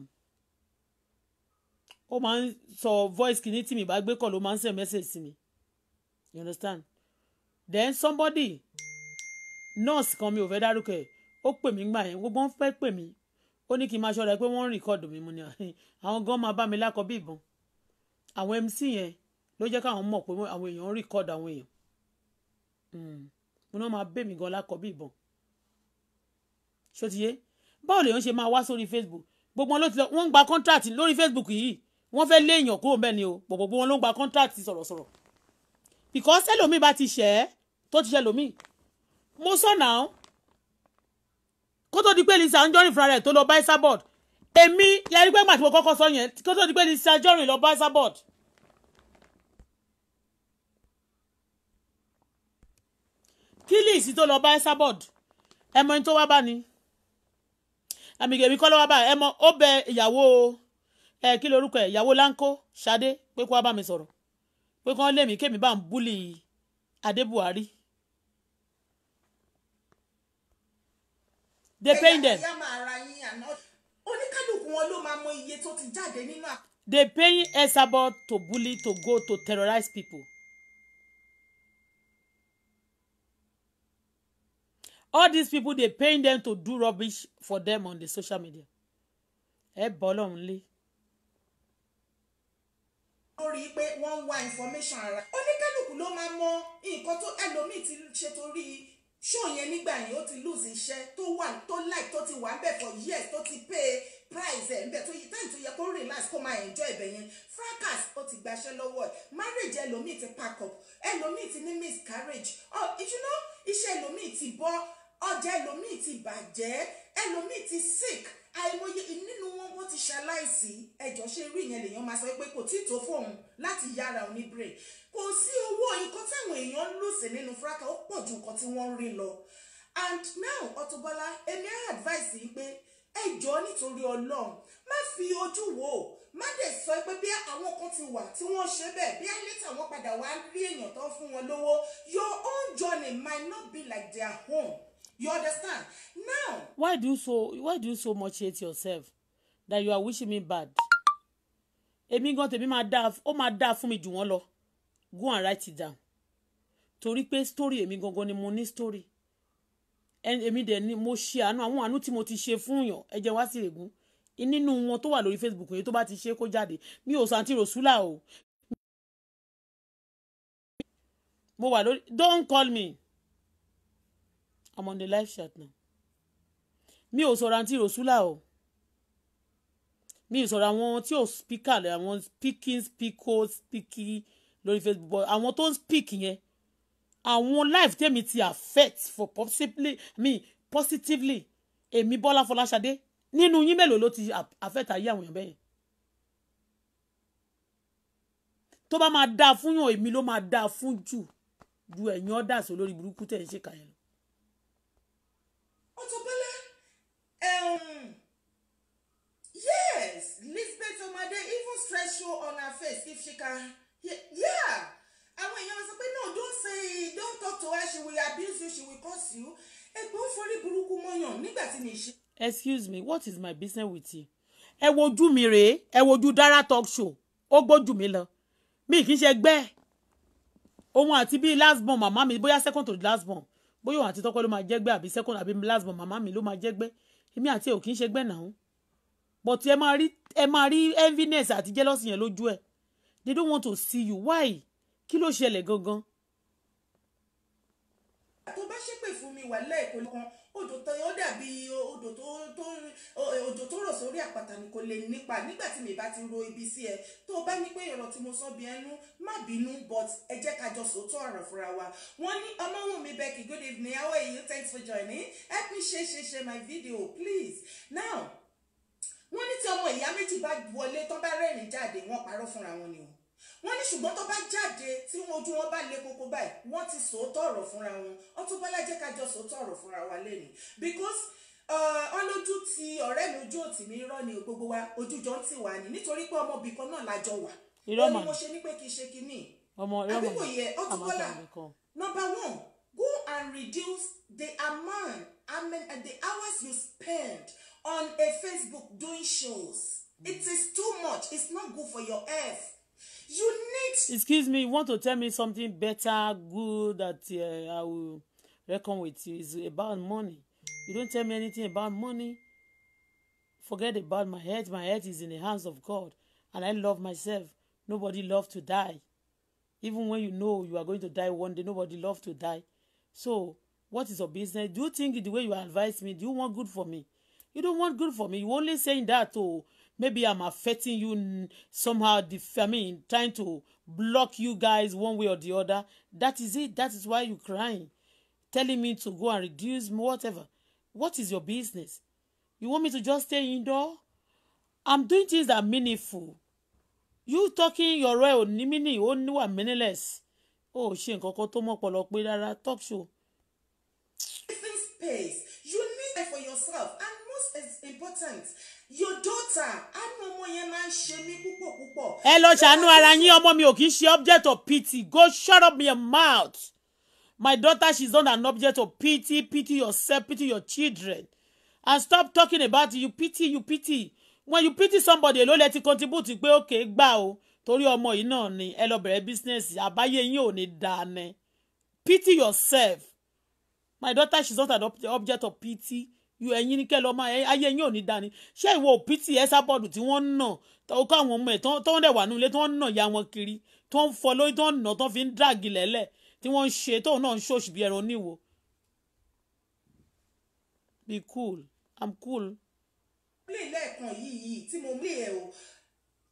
ó máa ń sọ voice kìíní tí mi bá gbé call ó máa ń send message sí mi you understand then somebody nurse kan mi ò fẹ́ dárúkọ ẹ̀ ó pè mí gbà yẹn gbogbo wọn fẹ́ pè mí ó ní kí n máa ṣọ́ra pé wọ́n ń rìkọ́dù mi mu ni àwọn gan máa bá mi lákọ bí ìbọn àwọn MC yẹn ló jẹ́ káwọn mọ̀ pé àwọn èèyàn ń rìkọ́dù àwọn èèyàn hmm mo náà máa bẹ́ mi gan lákọ̀ bí ìbọn ṣòtìyé báwo lèèyàn ṣe máa wá sórí facebook gbogbo wọn ló ti lọ wọn ń gba contract lórí facebook yìí wọn fẹ́ lé èèyàn kúrò bẹ́ẹ̀ ni o gbogbo wọn ló ń gba contract sọ̀rọ̀sọ̀rọ̀ because ẹlòmíì bá ti ṣẹ́ tó ti ṣẹ́ lòmíì mo sọ náà kó tó di pé Lizzy Anjorin fúnra rẹ̀ tó lọ bá ẹ sábọ̀d èmi yẹrí pé màtí mo kọ́kọ́ sọ yẹn kó tó di pé Lizzy Anjorin lọ bá ẹ sábọ̀d kílíìsì tó lọ bá Esabod ẹmọ ẹni tó wá bá ni àmìgèmí kọ́ ló wá bá ẹmọ ó bẹ ìyàwó ẹ kí lorúkọ ẹ ìyàwó láńkó Ṣadé pé kó wá bá mi sọ̀rọ̀ pé kí wọ́n lé mi kémi bá ń búlì Adé Buhari they paying them. wọn ló máa mọ iye tó ti jáde nínú. they paying Esabod to bully to go to terrorize people. all these people dey paying them to do rubbish for them on the social media ẹ bọ́ lọ́run lé. lórí pé wọ́n ń wá information ara oníkálukú ló máa mọ nǹkan tó ẹlòmíì ti ṣe torí ṣóò nígbà yẹn ó ti lose iṣẹ́ tó wà tó like tó ti wà ń bẹ̀ for years tó ti pay price ẹ̀ ń bẹ̀ tó yí time tó yẹ kó relax kó máa enjoy ibẹ̀ yẹn fracas ó ti gbaṣẹ́ lọ́wọ́ ẹ̀ marriage ẹlòmíì ti pack up ẹlòmíì ti ní miscarriage oh you know iṣẹ́ ẹlòmíì ti bọ́ ọjà ẹlòmíì ti bàjẹ́ ẹlòmíì ti sick àìmọye nínú wọn wọ́n ti ṣaláìsí ẹjọ́ ṣe rí ìyẹn lèèyàn máa sọ pé kò tí tó fóun láti yára òní break kò sí owó nǹkan táwọn èèyàn ń lòsè nínú fúráká ó pọ̀ ju nǹkan tí wọ́n ń rí lọ and now Auto Bola èmi á advice yìí pé ẹjọ́ nítorí Ọlọ́run má fi ojú wò ó má dẹ̀ sọ pé bí àwọn kan ti wà tí wọ́n ṣe bẹ́ẹ̀ bí later wọ́n padà wá rí èèyàn tó fún wọn lówó your own journey might not be like their home. You understand? Now. Why do you so Why do you so much hate yourself that you are wishing me bad? Èmi gan tèmi máa dáa ó máa dáa fún mi jù wọ́n lọ. Go and write it down. Torí pé story èmi gangan ni mo ní story. Èmi dẹ̀ ni mo ṣe àánú àwọn àánú tí mo ti ṣe fún yàn ẹ jẹ́ wá sí ègún. Nínú wọn tó wà lórí Facebook yìí tó bá ti ṣe kó jáde. Mi ò santi Rosula o. Mo wà lórí don't call me. I'm on the live chat now mi ò sọ̀rọ̀ àǹtí rosula o mi ò sọ̀rọ̀ àwọn tí ò spíkà àwọn speaking spíkó spíkì lórí facebook but àwọn tó ń speak yẹn àwọn life tèmi ti affect for possibly me positively èmi bọ́lá fọláṣadé nínú yín mélòó ló ti affect ayé àwọn èèyàn bẹ́ẹ̀ yẹn tó bá máa dáa fún yàn èmi ló máa dáa fún jù ju ẹ̀yin ọ́dà sọ lórí burúkú tẹ̀ ń ṣèkà yẹn lọ. threshold on her face if she can yeah àwọn èèyàn sọ pé no don't say don't talk to her she will abuse you she will curse you egbò ń forí burúkú mọ́yàn nígbà tí mi ṣe. excuse me what is my business with you ẹ wojú mi rèé ẹ wojú Dara talk show ó gbójú mi lọ mi kì í ṣe gbẹ́ òun àti bíi last born màmá mi bóyá second to the last born bóyá òun àti tọ́pẹ́ ló máa jẹ́gbẹ́ àbí second àbí last born màmá mi ló máa jẹ́gbẹ́ èmi àti ẹ̀ ò kì í ṣe gbẹ́ náà but ẹ máa rí ẹ máa rí enviness àti jealousy yẹn lójú ẹ they don't want to see you why kí ló ṣẹlẹ̀ gangan. tó bá ṣépè fún mi wà lẹ́ẹ̀kọ́ lọ́kàn odò tó ó dàbí odò tó tó odò tó rọ̀ sórí àpáta ni kò lè nípa nígbà tí mi bá ti ro ibi sí ẹ tó o bá ní pé ọ̀rọ̀ tí mo sọ bí ẹnu má bínú but ẹ jẹ́ ká jọ sòótọ́ ọ̀rọ̀ fúnra wa wọ́n ní Ọmọ́wùnmí Becky good evening how are you thanks for joining help me share share share my video please now wọ́n ní tí ọmọ ìyá méjì bá wọlé tán bá rẹ́rìn jáde wọ́n parọ́ fúnra wọn ni o wọ́n ní ṣùgbọ́n tó bá jáde tí ojú wọn bá le koko báyìí wọ́n ti sòótọ́ ọ̀rọ̀ fúnra wọn Auto Bola jẹ́ ká jọ sòótọ́ ọ̀rọ̀ fúnra wa lẹ́nu because uh, ọlójú ti ọ̀rẹ́ mi ojú òtì mi rọ́ ni gbogbo wa ojú jọ ń tì wá ni nítorí pé ọmọ bìkan náà lájọ wà ó ní mo ṣe ní pé kì í ṣe kinní àbíkò yẹ Auto Bola number one go and reduce the amount I mean, the hours you spend on a Facebook doing shows. It is too much. It's not good for your health. You need. Excuse me. You want to tell me something better, good that uh, I will reckon with? you Is about money. You don't tell me anything about money. Forget about my head. My head is in the hands of God, and I love myself. Nobody loves to die. Even when you know you are going to die one day, nobody loves to die. So, what is your business? Do you think the way you advise me, do you want good for me? You don't want good for me. You only saying that to maybe I'm affecting you somehow. I mean, trying to block you guys one way or the other. That is it. That is why you crying, telling me to go and reduce whatever. What is your business? You want me to just stay indoor? I'm doing things that are meaningful. You talking your way ò ní meaning, ó ní wà meaningless. Ó ṣe nǹkan kan tó mọ́pọlọ talk show. Space. You need time for yourself is important. Your daughter, àánú ọmọ yẹn máa ń ṣe mí púpọ̀ púpọ̀. Ẹ lọ ṣàánú ara yín ọmọ mi ò kì í ṣe object of pity. Go shut up your mouth. My daughter, she's not an object of pity. Pity yourself, pity your children. And stop talking about you pity, you pity. When you pity somebody, ló let you contribute pé okay gbà o. Torí ọmọ yìí náà ni ẹ lọ bẹ̀rẹ̀ business. Àbáyé yín ò ní dáa Pity yourself. My daughter, she's not an object of pity ẹ̀yin ni kẹ́ lọ máa ayé yín ò ní dání ṣé ìwọ òpìtì ẹ̀sà bọ́ọ̀dù tí wọ́n ń nà ọkọ àwọn ọmọ ẹ̀ tó ń dẹ̀wà nílé tó ń nà ya wọn kiri tó ń fọ lórí tó ń nà tó fi ń dàgì lẹ́lẹ̀ tí wọ́n ń ṣe tóun náà ń ṣòṣì bí ẹran níwò. be cool i'm cool. ilé ìlẹ́ẹ̀kan yìí yìí tí mo mí ẹ̀ o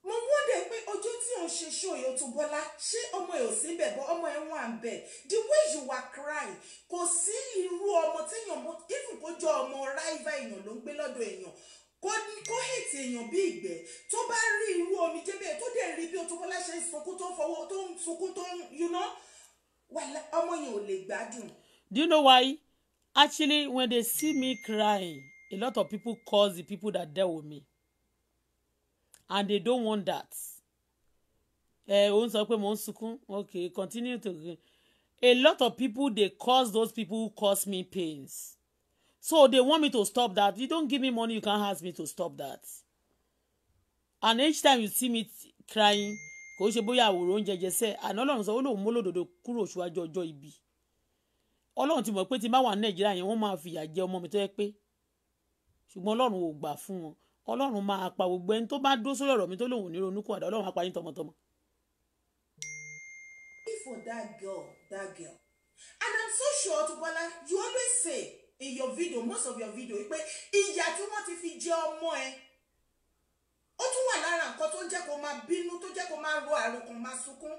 mo wọ́dẹ̀ pé ọjọ́ tí òun ṣe ṣó yóò tó bọ́lá ṣé ọmọ ẹ̀ ò sí bẹ̀ bọ́ ọmọ ẹ̀ wà ń bẹ̀ the way you were crying kò sí irú ọmọ téèyàn mọ even kó jọ ọmọ ráìvà èèyàn ló ń gbé lọ́dọ̀ èèyàn kó hètì èèyàn bí ìgbẹ́ tó bá rí irú omi jẹ́bẹ̀ẹ́ tó dẹ̀ rí bí Auto Bola ṣe ń sunkún tó ń fọwọ́ tó ń sunkún tó ń you know ọmọ yẹn ò lè gbádùn. do you know why actually when they see me crying a lot of people call the people that deal with me and they don't want that ẹ òun sọ pé mò ń sunkún okay continue to a lot of people dey cause those people who cause me pains so they want me to stop that you don't give me money you can't ask me to stop that and each time you see me crying kò ṣe bóyá àwòrán oúnjẹ jẹsẹ àná Ọlọ́run sọ ó lóun mólòdòdó kúrò ṣíwájú ọjọ́ ibi Ọlọ́run ti mọ̀ pé tí n bá wà ní Nàìjíríà yẹn wọ́n máa fìyà jẹ ọmọ mi tó yẹ pé ṣùgbọ́n Ọlọ́run ò gbà fún wọn ọlọ́run máa pa gbogbo ẹni tó bá dó sórí ọ̀rọ̀ mi tó lòun ò ní ronú kúwàdà ọlọ́run á yín tọmọtọmọ. for that girl that girl and i'm so sure auto you always say in your video most of your video pé ìyà tí wọ́n ti fi jẹ ọmọ ẹ ó tún wà lára nǹkan tó ń jẹ́ kó máa bínú tó jẹ́ kó máa ro àròkàn máa sunkún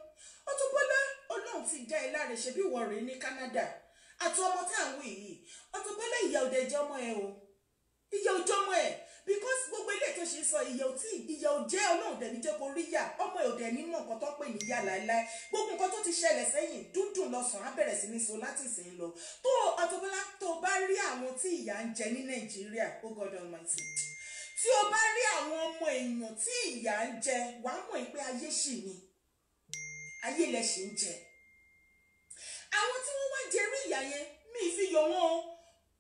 Auto-Bola ọlọ́run ti dá ẹ láre ṣe bí ìwọ ní Canada àti ọmọ tá à ń wí yìí Auto-Bola ìyà òdẹjọmọ ẹ o ìyà òjọmọ ẹ because gbogbo ilé tó ṣe sọ ìyẹ̀ òtí ìyẹ̀ òjẹ́ ọlọ́run dẹ̀ ní jẹ́ kó rí yà ọmọ ẹ̀ òdẹ̀ nínú nǹkan tó pè ní yà láéláé gbogbo nǹkan tó ti ṣẹlẹ̀ sẹ́yìn dúndùn lọ́sàn-án á bẹ̀rẹ̀ sí ní so láti ìsìn lọ tó Auto-Bola tó bá rí àwọn tí ìyà ń jẹ ní Nàìjíríà oh God Almighty tí o bá rí àwọn ọmọ èèyàn tí ìyà ń jẹ wàá mọ̀ pé ayé ṣì ni ayé lẹ̀ ṣì ń jẹ àwọn tí wọ́n wá jẹrí ìyà yẹn mi ì fi yọ wọ́n o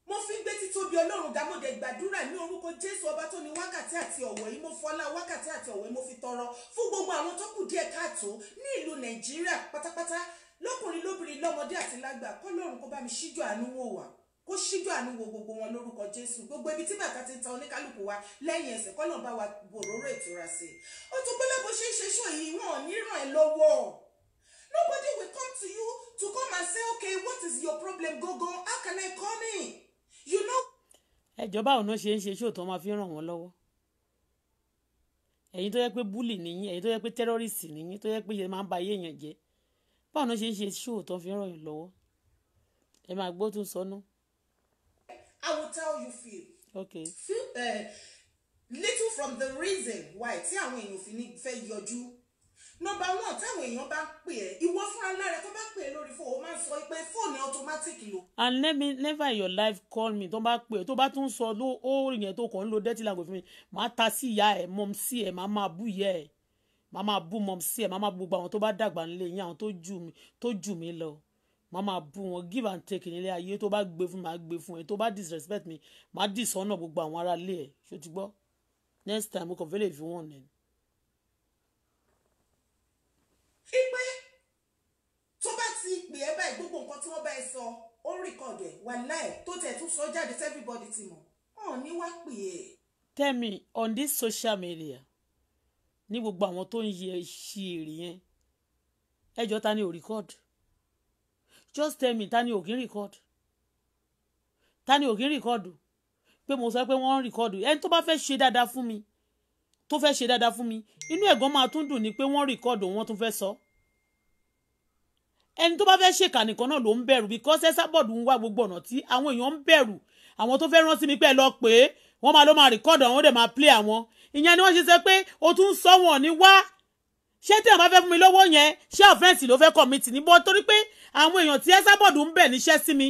mo fi ń gbé títóbi ọlọ́run ga gbàdúrà ní orúkọ jésù ọba tó ní wákàtí àti ọ̀wọ̀ yìí mo fọlá wákàtí àti ọ̀wọ̀ yìí mo fi tọrọ fún gbogbo àwọn tó kù díẹ̀ káàtó ní ìlú nàìjíríà pátápátá lọ́kùnrin lóbìnrin lọ́mọdé àti lágbà kọ́lọ́run kó bá mi ṣíjú àánú wò wá kó ṣíjú àánú wo gbogbo wọn lórúkọ jésù gbogbo ibi tí bàtà ti ta oníkálukú wa lẹ́yìn ẹsẹ̀ kọ́lọ́run wa bòróró nobody will come to you to come and say okay what is your problem gangan how can I come in you báwo náà ṣe ń ṣe ṣóòtọ́ máa fi ràn wọ́n lọ́wọ́ ẹ̀yin tó yẹ pé búlì nìyí ẹ̀yin tó yẹ pé tẹ́rọ́rìsì nìyí tó yẹ pé yẹn máa ń ba ayé èèyàn jẹ́ báwo náà ṣe ń ṣe ṣóòtọ́ fi ràn yín lọ́wọ́ ẹ máa gbọ́ tún sọnù. I will tell you few. Okay. Few uh, little from the reason why tí àwọn èèyàn fi ní fẹ́ yọjú nọ́mbà one táwọn èèyàn bá pè ẹ́ ìwọ fún alára tó bá pè ẹ́ lórí fóònù ó máa ń sọ pé fóònù automatic lò. and let me never in your life call me tó bá pè ẹ́ tó bá tún sọ ló ó yẹn tó kàn ń lo dirty language fún mi màá ta sí ìyá ẹ̀ mọ́m sí ẹ̀ màá máa bú ìyá ẹ̀ màá máa bú mọ́m sí ẹ̀ màá máa bú gbogbo àwọn tó bá dàgbà nílé yín àwọn tó jù mí lọ màá máa bú wọn give and take nílé ayé tó bá gbé fún mi màá gbé fún ẹ tó bá disrespect mi màá dìsọ́nà gbogbo àwọn aráalé ẹ̀ ṣó ti next time mo kàn fẹ́ lè wípé tó bá ti pè ẹ́ báyìí gbogbo nǹkan tí wọ́n bá ẹ sọ ó record ẹ̀ wàláì tó tẹ̀ tún sọ jáde tí everybody ti mọ̀ hàn ní wá pè ẹ́. tell me on this social media ní gbogbo àwọn tó ń yẹ ṣí èrè yẹn ẹjọ́ ta ni ò record just tell me ta ni ò record ta ni ò record pé mo sọ pé wọ́n ń record ẹni tó bá fẹ́ ṣe dáadáa fún mi tó fẹ́ ṣe dáadáa fún mi inú ẹ̀gàn máa tún dùn ni pé wọ́n rìkọ́dù wọn tún fẹ́ sọ ẹni tó bá fẹ́ ṣèkà nìkan náà ló ń bẹ̀rù because Esabod ń wá gbogbo ọ̀nà tí àwọn èèyàn ń bẹ̀rù àwọn tó fẹ́ rán sí mi pẹ́ lọ pé wọ́n máa ló máa rìkọ́dù àwọn ó dẹ̀ máa play àwọn ìyẹn ni wọ́n ṣe sọ pé o tún sọ wọn ní wá ṣé tí àbá fẹ́ fún mi lọ́wọ́ yẹn ṣé ọ̀fẹ́ǹsì ló fẹ́ kọ̀mìtì ní bọ́ torí pé àwọn èèyàn tí Esabod ń bẹ̀ níṣẹ́ sí mi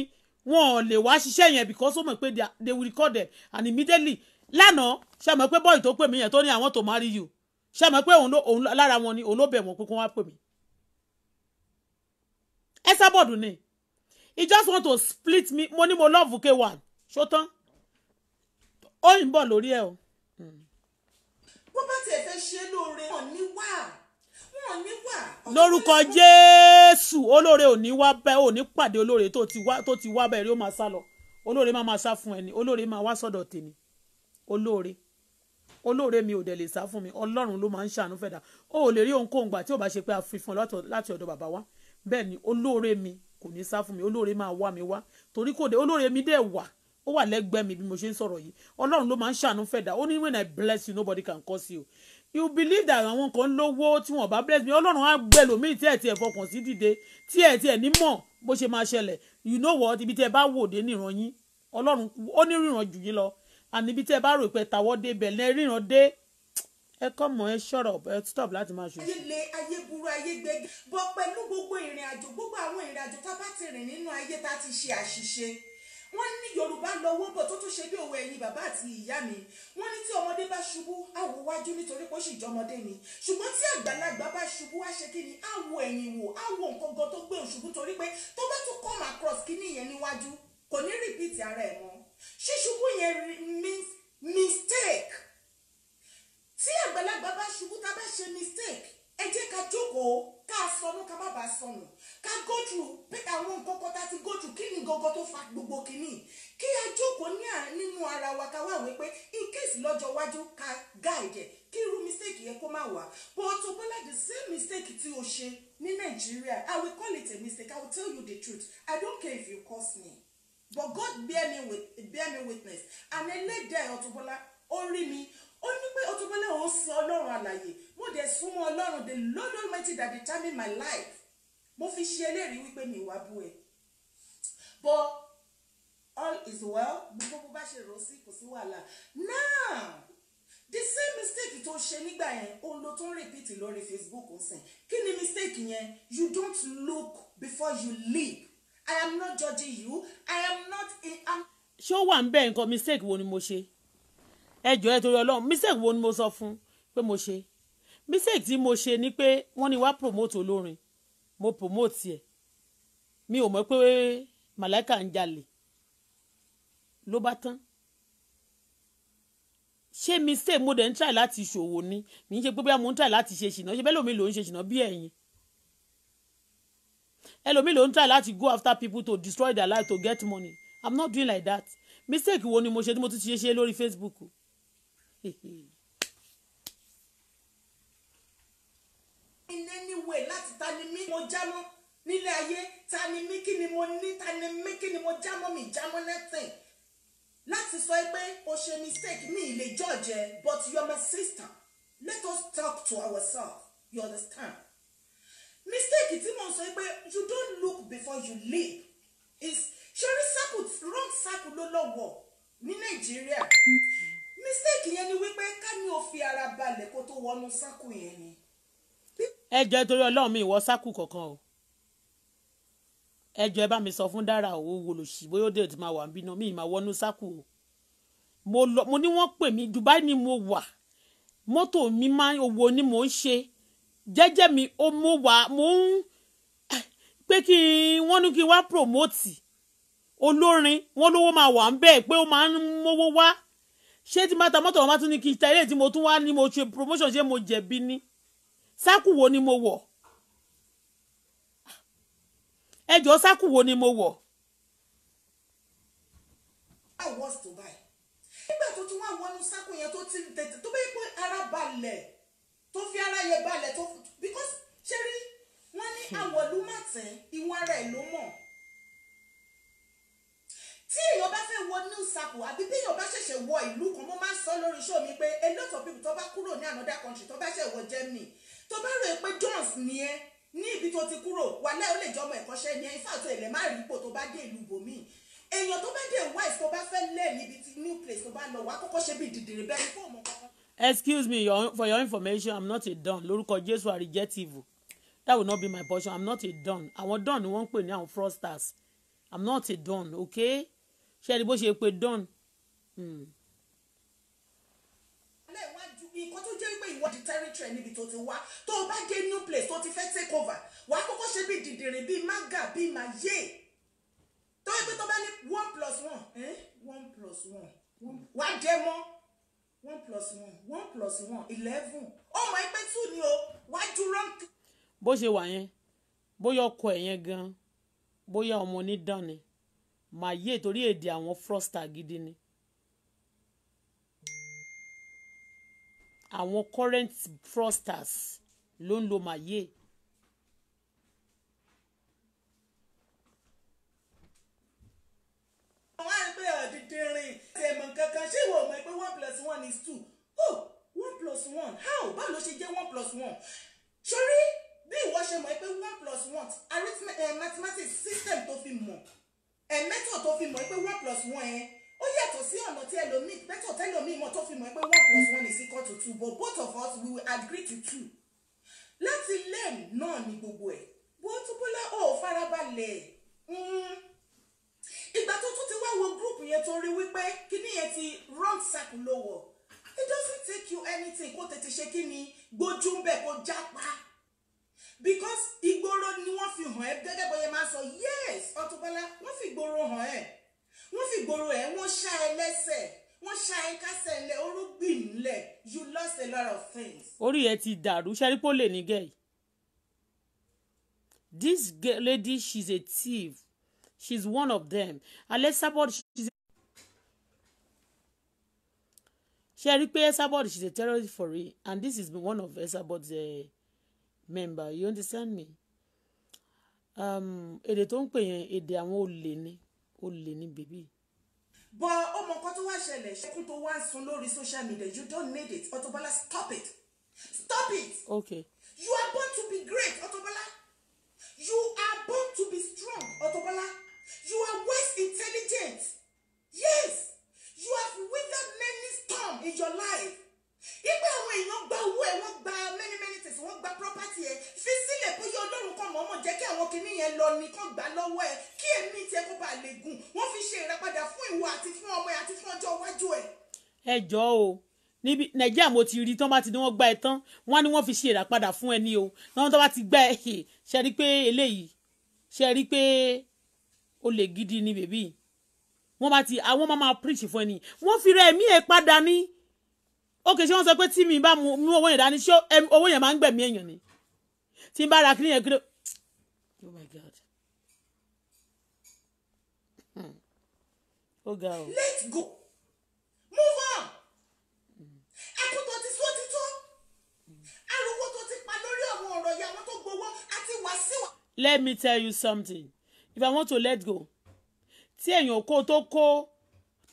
wọn ò lè wá ṣiṣẹ́ yẹn because ó mọ̀ pé they will record them and immediately lánàá ṣe mọ̀ pé bọ́ọ̀lù tó pè mí yẹn tó ní àwọn tó marry you ṣe mọ̀ pé òun lára wọn ni òun ló bẹ̀ wọ́n pé kó wá pè mí. ẹ sábọ̀dù ni he just want to split me mo ní mo love k1 ṣó tán ó ń bọ̀ lórí ẹ̀ o. Hmm. bó bá tiẹ̀ fẹ́ ṣe lóore wọn ní wà wọn ní wà. lórúkọ jésù olóore ò ní wá bẹ́ẹ̀ ò ní pàdé olóore tó ti wá bẹ́ẹ̀ rí ó máa sá lọ olóore máa máa sá fún ẹni olóore máa wá sọ́dọ̀ tèmi olóore olóore mi ò dẹ̀ lè sá fún mi ọlọ́run ló máa ń ṣàánú fẹ̀dá o ò lè rí ohunkóhun gbà tí ò bá ṣe pé a fi fún ọ láti ọ̀dọ̀ bàbá wa bẹ́ẹ̀ ni olóore mi kò ní sá fún mi olóore máa wá mi wá torí kò dé olóore mi dẹ̀ wà ó wà lẹ́gbẹ̀ẹ́ mi bí mo ṣe ń sọ̀rọ̀ yìí ọlọ́run ló máa ń ṣàánú fẹ̀dá ó ní when I bless you nobody can curse you you believe that àwọn kan lówó tí wọn bá bless me ọlọ́run á gbẹ lómi tí ẹ̀ tí ẹ̀ fọkàn sí dìde tí ẹ̀ tí ẹ̀ ní mọ̀ bó ṣe máa ṣẹlẹ̀ you know what ibi tí ẹ bá wò dé níran yín ọlọ́run ó ní ríran jù yín lọ àní ibi tẹ́ ẹ bá rò pé tàwọ́ dé bẹ̀ lẹ́ ríran dé ẹ kọ́ mọ̀ ẹ ṣọ̀rọ̀ ẹ stop láti máa ṣòṣì. ayé le ayé bọ pẹ̀lú gbogbo ìrìn àjò gbogbo àwọn ìrìn àjò tá a bá ti rìn nínú ayé tá a ti ṣe àṣìṣe wọ́n ní yorùbá lọ́wọ́ bọ̀ tó tún ṣe bí òwe ẹ̀yin bàbá àti ìyá mi wọ́n ní tí ọmọdé bá ṣubú àwò wájú nítorí pé ó sì jọmọdé ni ṣùgbọ́n tí àgbàlagbà bá ṣubú á ṣe kí ni àwò ẹ̀yìn wò àwò nǹkan gan tó gbé òṣùbù torí pé tó bá tún come across kí ni ìyẹn níwájú kò ní rìpíìtì ara ẹ̀ mọ́ ṣíṣubú yẹn means mistake tí àgbàlagbà bá ṣubú tá a bá ṣe mistake ẹ jẹ́ ká jókòó ká sọnù ká má bàa sọnù ká gójú pé àwọn nǹkan kan tá a ti gójú kí ni gangan tó fa gbogbo kìíní kí a jókòó ní nínú ara wa ká wà wípé in case lọ́jọ́ iwájú ká guide ẹ̀ kí irú mistake yẹn kó má wà but o bọ́lá the same mistake tí o ṣe ní Nàìjíríà I will call it a mistake I will tell you the truth I don't care if you curse me but God bear me with bear me witness and ẹlẹ́dàá Auto Bola ó rí mi ó ní pé Auto Bola òun sin ọlọ́run àlàyé mo dẹ̀ súnmọ́ ọlọ́run the Lord Almighty that determine my life mo fi ṣe eléyìí wípé mi wá bú ẹ but all is well gbogbo bó bá ṣe rò sí kò sí wàhálà now the same mistake tó ṣe nígbà yẹn òun ló tún repeat lórí Facebook ó sìn kí ni mistake yẹn you don't look before you leap I am not judging you. I am not in. I'm... ṣé ó wà ń bẹ́ẹ̀ nǹkan mistake wo ni mo ṣe ẹjọ́ ẹ torí ọlọ́run mistake wo ni mo sọ fún pé mo ṣe mistake tí mo ṣe ni pé wọ́n ní wá promote olórin mo promote ẹ̀ mi ò mọ̀ pé màláìka ń jalè ló bá tán ṣé mistake mo dẹ̀ ń try láti ṣòwò ni mi ń ṣe pé bóyá mo ń try láti ṣe ṣìnà ṣe bẹ́ẹ̀ lómi ló ń ṣe ṣìnà bí ẹ̀yin ẹlòmíì ló ń try láti go after people to destroy their life to get money i'm not doing like that mistake wo ni mo ṣe tí mo ti ṣe ṣe lórí facebook. in any way láti ta ni mí mo jámọ́ nílé ayé ta ni mí kí ni mo ní ta ni mí kí ni mo jámọ́ mi jámọ́ nothing láti sọ pé o ṣe mistake mi ilé judge but you are my sister let us talk to ourselves you understand mistake tí mo sọ pé you don't look before you leap is ṣẹ́rí circle wrong circle ló lọ́wọ́ ní Nigeria, mistake yẹn ni wípé ká ní o fi ara balẹ̀ kó tó wọnú circle yẹn ni. ẹ jẹ́ torí ọlọ́run mi ìwọ circle kankan o ẹ jọ ẹ bá mi sọ fún dára o wo bóyá ó dé ti máa wà ń mi máa wọnú circle o mo ní wọ́n pè mí Dubai ni mo wà mọ́tò mi máa owó ni mo ń ṣe jẹ́jẹ́ mi ó mo wà mo ń pé kí wọ́n ní kí n wá promote olórin wọ́n lówó máa wà ń bẹ́ẹ̀ pé ó máa ń mówó wá ṣé tí má ta mọ́tò wọn bá tún ní kí n ta ilé tí mo tún wá ní mo ṣe promotion ṣé mo jẹ̀bi ni sákù wo ni mo wọ̀ ẹ sákù wo ni mo wọ̀. nígbà tó tún wá wọnú sákù yẹn tó ti tètè tó bẹ́ẹ̀ pé ara balẹ̀ tó fi ara yẹ balẹ̀ tó because ṣé rí wọ́n ní hmm. àwọ̀lú màtín ìwọ̀n ara ẹ̀ ló mọ̀ tí èèyàn bá fẹ́ wọ new circle àbí bí èèyàn bá ṣẹ̀ṣẹ̀ wọ ìlú kan mo máa ń sọ lórí show mi pé a lot of people tó bá kúrò ní another country tó bá ṣẹ̀ wọ Germany tó bá rò pé Jones ni ẹ ní ibi tó ti kúrò wàhálà ó lè jọmọ ẹ̀kọ́ṣẹ́ ni ẹ ifá àti ẹ̀lẹ́ má rí ipò tó bá dé ìlú bòmíì èèyàn tó bá dé wife tó bá fẹ́ lẹ̀ níbi new place tó bá lọ wà á ṣe bí ìdìdìrì bẹ́ẹ̀ ni fóònù kan excuse me your, for your information i'm not a don lórúkọ jésù i that will not be my portion i'm not a don àwọn don ni wọ́n ń pè ní àwọn fraudsters i'm not a don okay ṣé ẹni bó ṣe pé don. Hmm. nǹkan tó jẹ́ pé ìwọ́de territory níbi tó ti wá tó o bá dé new place tó ti fẹ́ take over wàá kọ́kọ́ ṣe bíi dìdìrì bíi mága bíi màyé tó o pé tó bá ní one plus one eh? one plus one wàá dé mọ́ one plus one one plus one eleven ó mọ ẹgbẹ́ two ni o wájú rank. bó ṣe wà yẹn bóyá ọkọ ẹ̀ yẹn gan-an bóyá ọmọ onídán ni màá yé e torí èdè àwọn fraudster gidi ni. àwọn current fraudsters ló ń lo màá yé. E. wọ́n á gbé ọ̀dìdìrín ṣèmọ̀ kankan ṣé ìwọ̀n mẹ́ta plus one is two oh one plus one how báwo ló ṣe jẹ́ one plus one sórí bí ìwọ ṣe mọ̀ pé one plus one arithmetic eh, mathematics system tó fi mọ̀ eh, method tó fi mọ̀ pé one plus one ẹ̀ ó yàtọ̀ sí ọ̀nà tí ẹlòmíì method tẹ́lòmíì mọ̀ tó fi mọ̀ pé one plus one is equal to two but both of us we will agree to two láti learn. náà ni gbogbo ẹ̀ bó túbúlẹ̀ ó farabalẹ̀ ń. Mm ìgbà tó tún ti wá wo group yẹn tó rí wípé kíní yẹn ti wrong circle ló it doesn't take you anything kó tètè ṣe kí ni gbójú ń bẹ̀ kó jápa because ìgboro ni wọ́n fi hàn ẹ́ gẹ́gẹ́ bóyá máa sọ yes Auto Bola wọ́n fi ìgboro hàn ẹ́ wọ́n fi ìgboro ẹ̀ wọ́n ṣá ẹ lẹ́sẹ̀ wọ́n ṣá ẹ kásẹ̀ ńlẹ̀ orúgbìn ńlẹ̀ you lost a lot of things. orí ẹ ti dàrú ṣẹ́rípò lè ní gẹ̀ẹ́ this lady she's a thief She's one of them. Elizabeth, she's she rí pé Esabod she's a terrorist for real and this is one of Esabod's uh, eh, member you understand me um, èdè tó ń pè yẹn èdè àwọn olè ni olè ni bèbí. bọ ọmọ nǹkan tó wá ṣẹlẹ̀ ṣẹ́kún tó wá ń sun lórí social media you don't need it Auto stop it stop it okay. you are born to be great Auto you are born to be strong Auto You are waste intelligent. Yes, you have withered many storms in your life. Ipe àwọn èèyàn gba owó ẹ̀ wọ́n gba many many things wọ́n gba property ẹ̀ fi sílẹ̀ bóyá ọlọ́run kan mọ̀ ọ́mọ̀ jẹ́ kí àwọn kìíní yẹn lọ nìkan gbà lọ́wọ́ ẹ̀ kí èmi tiẹ̀ kó bá lè gùn wọ́n fi ṣe ìràpadà fún ìwọ àti fún ọmọ ẹ̀ àti fún ọjọ́ iwájú ẹ̀. ẹ jọ o níbi nàìjíríà mo ti rí tán bá ti ní wọ́n gba ẹ tán wọ́n ní wọ́n fi ṣe ìràpadà fún ẹni o náà tán bá ti gbá ẹ ṣe rí pé eléyìí ṣe rí pé olè gidi ni bèbí wọ́n bá ti àwọn ah, máa máa preach fún ẹni wọ́n fi rẹ̀ ẹ̀mí ẹ̀ padà ní òkè ṣé wọ́n sọ pé tí mi bá mú owó yẹn dání ṣé owó yẹn máa ń gbẹ̀mí èèyàn ni tí n bá ra kíní yẹn kí oh my god. Hmm. ó ga let go move on ẹkún tó ti sọ ti tó ariwo tó ti pa lórí àwọn ọ̀rọ̀ ìyàwó tó gbowó àti wàásíwà. let me tell you something if i want to let go tí èèyàn kó tó kó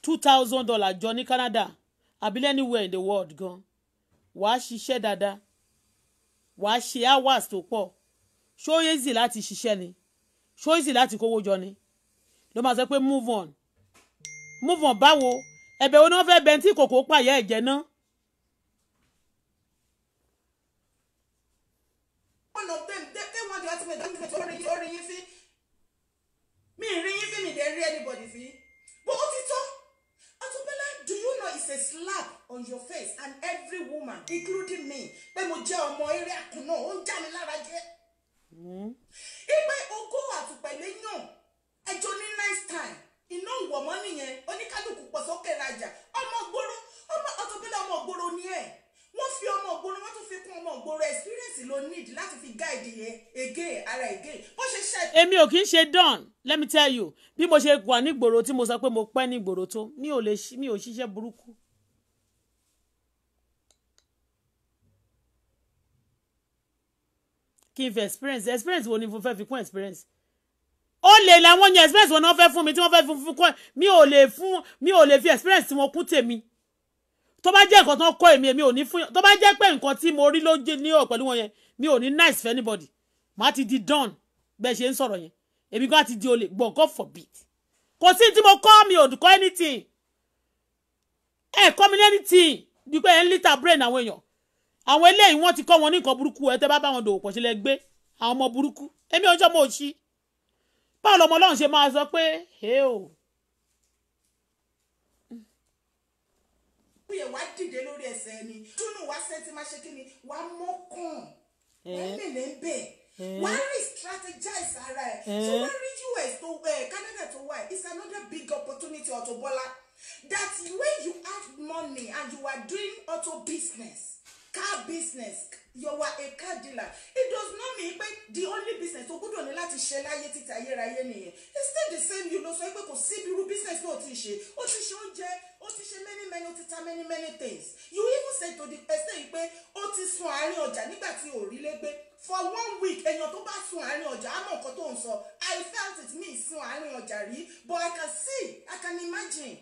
two thousand dollars jọ ní Canada àbí anywhere in the world gan wàá ṣiṣẹ́ dáadáa wàá ṣe hours tó pọ̀ ṣó easy láti ṣiṣẹ́ ni ṣó easy láti kówó jọ ni ló máa sọ pé move on move on báwo ẹ̀bẹ̀ wo ni wọ́n fẹ́ bẹ́ntì kòkó pààyà ẹ̀jẹ̀ náà mi ì rí yín sí mi dẹ̀ rí anybody sí but ó ti tó auto do you know it's a slap on your face and every woman including me pé mo jẹ́ ọmọ eré àkùnà ó ń já mi lára jẹ́ ìpè hmm. ogó àtùpẹ̀lẹ́ yàn ẹjọ́ ní nice time iná ìwọ̀mọ́ nìyẹn oníkálukú pọ̀ sókè rajà ọmọ gbòòrò ọmọ Auto-Bola ọmọ gbòòrò ni ẹ̀ wọ́n fi ọmọ ògbóró wọ́n tún fi kún ọmọ ògbóró experience ló need láti fi guide yẹn again ara again bó ṣe ṣe. èmi ò kì í ṣe don let me tell you bí mo ṣe wà nígboro tí mo sọ pé mo pẹ́ nígboro tó mi ò lè mi ò ṣiṣẹ́ burúkú. kí n fi experience experience wo ni mo fẹ́ fi kún experience ó lè làwọn yẹn experience wo ni wọ́n fẹ́ fún mi tí wọ́n fẹ́ fún mi mi ò lè fún mi ò lè fi experience tí wọ́n kún tèmi tó bá jẹ́ nǹkan tó ń kọ́ èmi èmi ò ní fún yàn tó bá jẹ́ pé nǹkan tí mo rí ló ní ọ̀ pẹ̀lú wọn yẹn mi ò ní nice for anybody màá ti di don bẹ́ẹ̀ ṣe ń sọ̀rọ̀ yẹn èmi gan ti di olè gbọ̀n God forbid kò sí tí mo kọ́ mi ò kọ́ anything ẹ̀ kọ́ mi ní anything bí pé ẹ̀ ń lítà brain àwọn èèyàn àwọn eléyìí wọ́n ti kọ́ wọn ní nǹkan burúkú ẹ̀ tẹ́ bá bá wọn dòwò pọ̀ sílẹ̀ gbé àwọn ọmọ burúkú èmi ọjọ́ mo ṣí báwo lọmọ ọlọ́run ṣe máa sọ pé hey Oh pé ẹ̀ wá dìde lórí ẹsẹ̀ ẹni túnú wá sẹ́ńtì máa ṣe kí ni wá mọ́kàn ẹ̀mìlẹ̀ eh. ń bẹ̀ eh. wá rí strategize ara ẹ̀ eh. so wá rí US tó Canada tó wà it's another big opportunity Auto Bola that when you have money and you are doing auto business car business you are a car dealer it does not mean pé the only business o gbọ́dọ̀ ní lati ṣe láyé títí ayérayé nìyẹn it's still the same you know sọ pé kò sí irú business náà ó ti ṣe ó ti ṣe oúnjẹ ó ti ṣe many many ó ti ta many many things you even say to the person yìí pé ó ti sun àárín ọjà nígbà tí ò rí légbé for one week èèyàn tó bá sun àárín ọjà á mọ̀ nǹkan tó ń sọ i felt it me sun àárín ọjà rí but i can see i can imagine.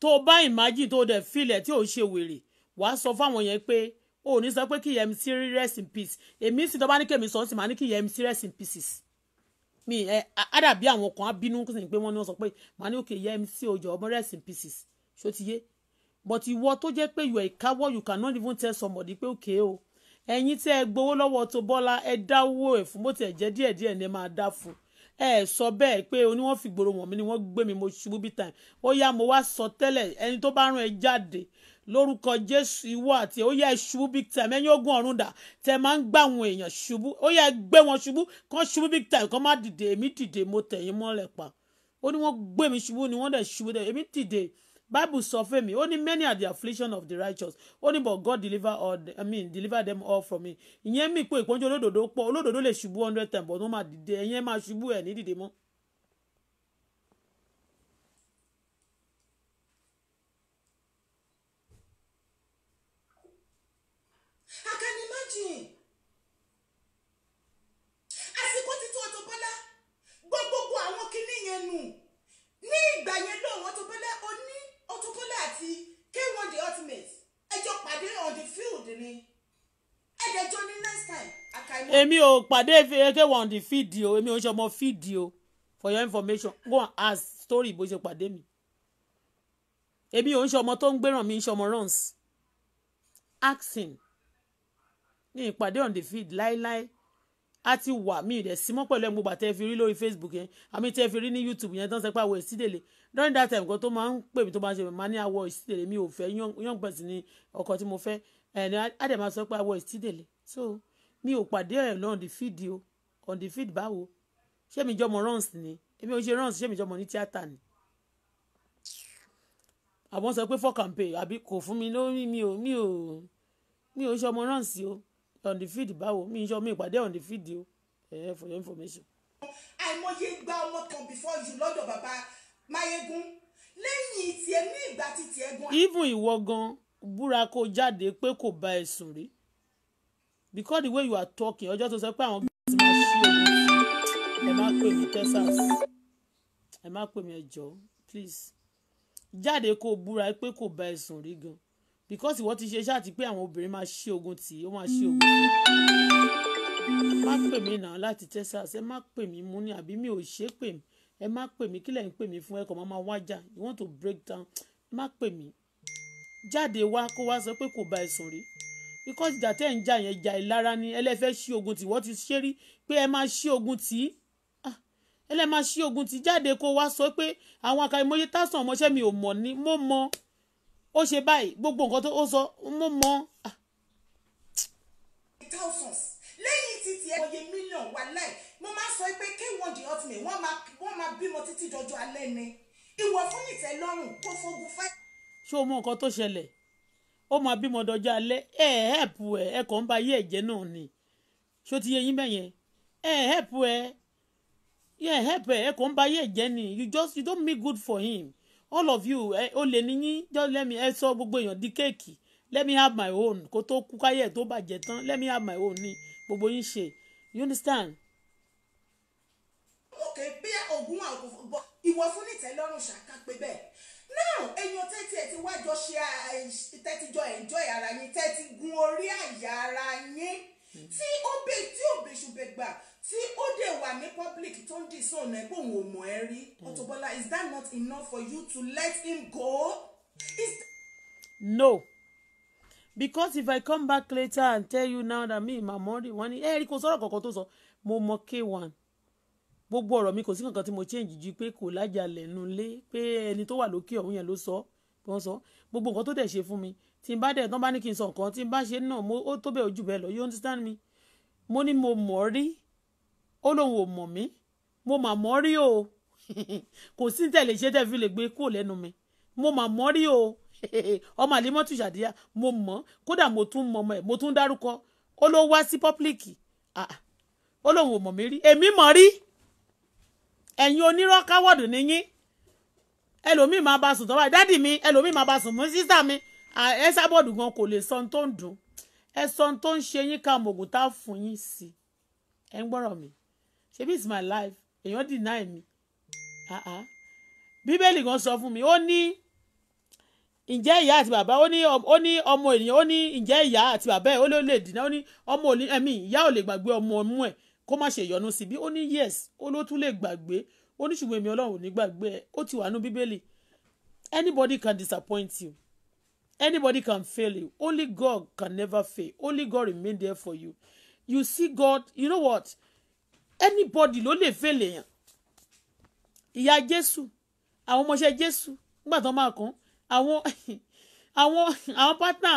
tó o bá imagine tó o dẹ̀ filẹ̀ tí ò ń ṣe wèrè wàá sọ fáwọn yẹn pé o ò ní sọ pé kí yẹn mi sí rest in peace èmi sì tó bá ní kèmí sọ ọ́n sì máa ní kí yẹn mi sí rest in pieces mi ẹ àdàbí àwọn kan á bínú kí n pé wọ́n ní wọ́n sọ pé màá ní òkè yẹn mi sí ọjọ́ ọmọ rest in pieces ṣó ti yé but ìwọ tó jẹ́ pé you are a ìkáwọ́ you cannot even tell somebody pé òkè o ẹ̀yin tẹ́ ẹ gbowó lọ́wọ́ tó bọ́lá ẹ dáwó ẹ̀ fún bó tiẹ̀ jẹ́ díẹ̀díẹ̀ ni ẹ máa dá fún ẹ sọ bẹ́ẹ̀ pé oní wọ́n fi gbòòrò wọ̀n mi ni wọ́n gbé mi mo ṣubú bí time ó yá mo wá sọ tẹ́lẹ̀ ẹni tó bá rán ẹ jáde lórúkọ jésù ìwọ àti ó yá ẹ ṣubú big time ẹ̀yin ogun ọ̀run dà tẹ́ máa ń gbà àwọn èèyàn ṣubú ó yá ẹ gbé wọn ṣubú kán ṣubú big time kán má dìde èmi dìde mo tẹ̀yìn mọ́lẹ̀ pa ó ní wọ́n gbé mi ṣubú ni wọ́n dẹ̀ ṣubú dẹ̀ èmi dìde bible sọ fún mi ó ní many are the affliction of the righteous ó ní but god deliver all the, i mean deliver them all from me. ìyẹn mi pé ìpọ́njú olódodo pọ̀ olódodo lè ṣubú hundred times but no ma, dìde ẹ̀yẹn ma ṣubú ẹ̀ ní dìde mọ́. I can imagine. àsìkò títún Auto Bola gbọ́ gbogbo àwọn kinní yẹn nù ní ìgbà yẹn lọ́wọ́ Auto Bola àti k1 the ultimate ẹjọ́ pàdé on the field ni ẹ̀ẹ́dẹ̀jọ́ ní next time àkàìmọ́. èmi ò pàdé k1 the field o èmi ò ṣe ọmọ field o for your information go and ask story bó ṣe pàdé mi èmi ò ń ṣe ọmọ tó ń gbéràn mi ń ṣe ọmọ runs ask him ní ìpàdé on the field láéláé a ti wà mí ìdẹ̀ símọ́ pẹ̀lú ẹ̀mú gbà tẹ́ fi rí lórí Facebook yẹn àmì tẹ́ fi rí ní YouTube yẹn tán sẹ́ pé àwọ̀ ìsídèlè during that time kan tó máa ń pè mí tó máa ń ṣe mí máa ní àwọ̀ ìsídèlè mi ò fẹ́ young person ni ọkọ tí mo fẹ́ ẹni àdè máa sọ pé àwọ̀ ìsídèlè so mi ò pàdé ẹ̀ lọ́n the feed o on the feed báwo ṣé mi jọmọ runs ni èmi ò ṣe runs ṣé mi jọmọ ní tíátà ni àwọn sọ pé for campaign àbí kò fún mi lórí mi ò mi ò mi ò ṣọmọ runs o on the field báwo mi ń yọ mi ìpàdé on the field o ẹ for your information. àìmọye gba ọmọ kan before you lọ́dọ̀ bàbá Máyégún lẹ́yìn tiẹ̀ ní ìgbà tí tiẹ̀ gan. even ìwọ gan búra kó jáde pé kò bá ẹ sùn rí because the way you are talking ọjọ́ tó sọ pé àwọn gbèsè máa ṣí òun ẹ má pè mí Texas ẹ má pè mí ẹjọ́ please jáde kó búra pé kò bá ẹ sùn rí gan because ìwọ ti ṣe ṣáà ti pé àwọn obìnrin máa ṣí ogun tì í ó máa ṣí ogun tì í má pè mí náà láti Texas ẹ má pè mí mú ní àbí mi ò ṣe pè mí ẹ má pè mí kílẹ̀ ń pè mí fún ẹ̀kọ́ máa wájà you want to break down ẹ má pè mí jáde wá kó wá sọ pé kò bá ẹ sùn rí because ìjà tẹ́ ń jà yẹn jà ìlara ni ẹlẹ́fẹ́ ṣí ogun tì wọ́n ti ṣe rí pé ẹ máa ṣí ogun tì í ah! ẹlẹ́ máa ṣí ogun tì jáde kó wá sọ pé àwọn àkàìmọye tásán ọmọọṣẹ́ mi ò mọ̀ ni mo mọ̀ ó ṣe báyìí gbogbo nǹkan tó ó sọ mo mọ. thousands lẹ́yìn títí ẹ oye mílíọ̀n wà láì mo máa sọ pé k1 the ultimate wọ́n máa bímọ títí dọjọ́ alẹ́ ni ìwọ fún ìtẹ́lọ́rùn kó fogun fẹ́. ṣé o mọ nǹkan tó ṣẹlẹ̀ ó máa bímọ dọjọ́ alẹ́ ẹ ẹ̀pù ẹ ẹ kàn ń ba ayé ẹ̀jẹ̀ náà ni ṣó ti yẹ yín bẹ́yẹn ẹ ẹ̀pù ẹ ẹ ẹ̀pù ẹ ẹ kàn ń ba ayé ẹ̀jẹ̀ ni you just you don't make good for him all of you ẹ eh, ó lè ní yín just let me ẹ sọ gbogbo èèyàn di kéèkì let me have my own kó tó kú káyẹ̀ tó bàjẹ́ tán let me have my own ni gbogbo yín ṣe you understand. ok bí ogun àgùnbọ ìwọ fún nìtẹ́lọ́rùn ṣàkà pé bẹ́ẹ̀ náà èèyàn tẹ́tí ẹ̀ ti wájọ ṣe eh, tẹ́tí jọ enjoy ara yín tẹ́tí gun orí àyà ara yín tí ó bẹ tí ó bẹṣu bẹ gbà tí ó dẹ̀ wà ní public tó ń dìísàn ọ̀nà ẹ̀pọ̀ òun ò mọ̀ rí Auto hmm. Bola is that not enough for you to let him go? no because if I come back later and tell you now that me my money wọ́n ní ẹ̀ẹ́rì eh, kò sọ̀rọ̀ kankan tó sọ mo mọ K1 gbogbo ọ̀rọ̀ mi kò sí kankan tí mo change ju pé kò lájà lẹ́nu lé pé ẹni tó wà lókè ọ̀hún yẹn ló sọ wọ́n sọ gbogbo nǹkan tó dẹ̀ ṣe fún mi tí n bá dẹ̀ tán bá ní kí n sọ nǹkan tí n bá ṣe náà mo ó tó bẹ́ẹ̀ ojú bẹ́ẹ̀ lọ you understand me mo ní mo mọ̀ rí ó lóun ò mọ̀ mí mo mà mọ̀ rí o kò sí tẹ̀lé ṣé tẹ̀ fi lè gbé kúrò lẹ́nu mi mo mà mọ̀ rí o ọmọ àlímọ́tù ṣàdíyà mo mọ̀ kódà mo tún mọ̀ ẹ̀ mo tún dárúkọ ó ló wá sí pọ́pílìkì ah, ó lóun ò mọ̀ mí rí èmi mọ̀ rí ẹ̀yin onírọ́ káwọ́dù níyín ẹlòmíì máa bá sùn tọ́wọ́ dádì mi ẹlòmíì máa bá sùn mú sísà mi Esabod gan kò lè sọ tó ń dùn ẹ tó ń ṣe yín ká mògùn tá fún yín sí ẹ ń gbọ́rọ̀ mi ṣebí it's my life èèyàn deny mi ah, ah. bíbélì gan sọ fún mi ó ní ǹjẹ́ ìyá àti bàbá ó ní ó ní ọmọ ènìyàn ó ní ǹjẹ́ ìyá àti bàbá ẹ̀ ó ló lè dìná ó ní ọmọ òní ẹ̀mí ìyá ò lè gbàgbé ọmọ ọmú ẹ̀ kó má ṣe yọnu sí ó ní yes ó ló tún lè gbàgbé ó ní ṣùgbọ́n èmi ọlọ́run ò ní gbàgbé ẹ̀ ó ti wà nú bíbélì anybody can disappoint you Anybody can fail you. Only God can never fail. Only God remain there for you. You see God, you know what? Anybody ló lè fail èèyàn. Ìyá Jésù, àwọn ọmọọṣẹ́ Jésù, nígbà tó máa kàn, àwọn àwọn partner. pátá,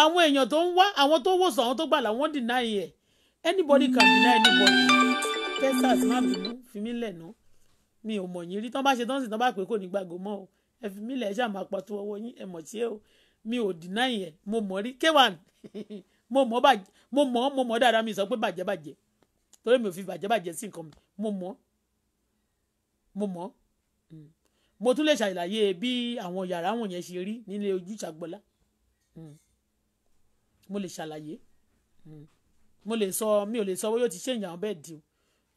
àwọn èèyàn tó ń wá, àwọn tó wòsàn, àwọn tó gbà làwọn deny ẹ̀. Anybody can deny anybody. Texas má bínú, fi mí lẹ̀ náà. Mi ò mọ̀ yín rí. Tán bá ṣe tán sì tán bá pè kò ní gbàgbọ́ mọ́ o. Ẹ fi mí lẹ̀ ẹ ṣáà pa tó ọwọ́ yín, ẹ mọ̀ tí ẹ o mi ò dínà yẹn mo mọ̀ rí k1 mo mọ̀ bàjẹ́ mo mọ̀ mo mọ̀ dáadáa mi sọ pé bàjẹ́ bàjẹ́ torí mi ò fi bàjẹ́ bàjẹ́ sí nǹkan mi mo mọ̀ mo mọ̀ hmm. mo tún lè ṣàlàyé bí àwọn yàrá wọ̀nyẹn ṣe rí nílé Ojúṣàgbọ́lá hmm. mo lè ṣàlàyé hmm. mo lè sọ mi ò lè sọ bóyá o ti ṣe ìyàwó bẹ́ẹ̀dì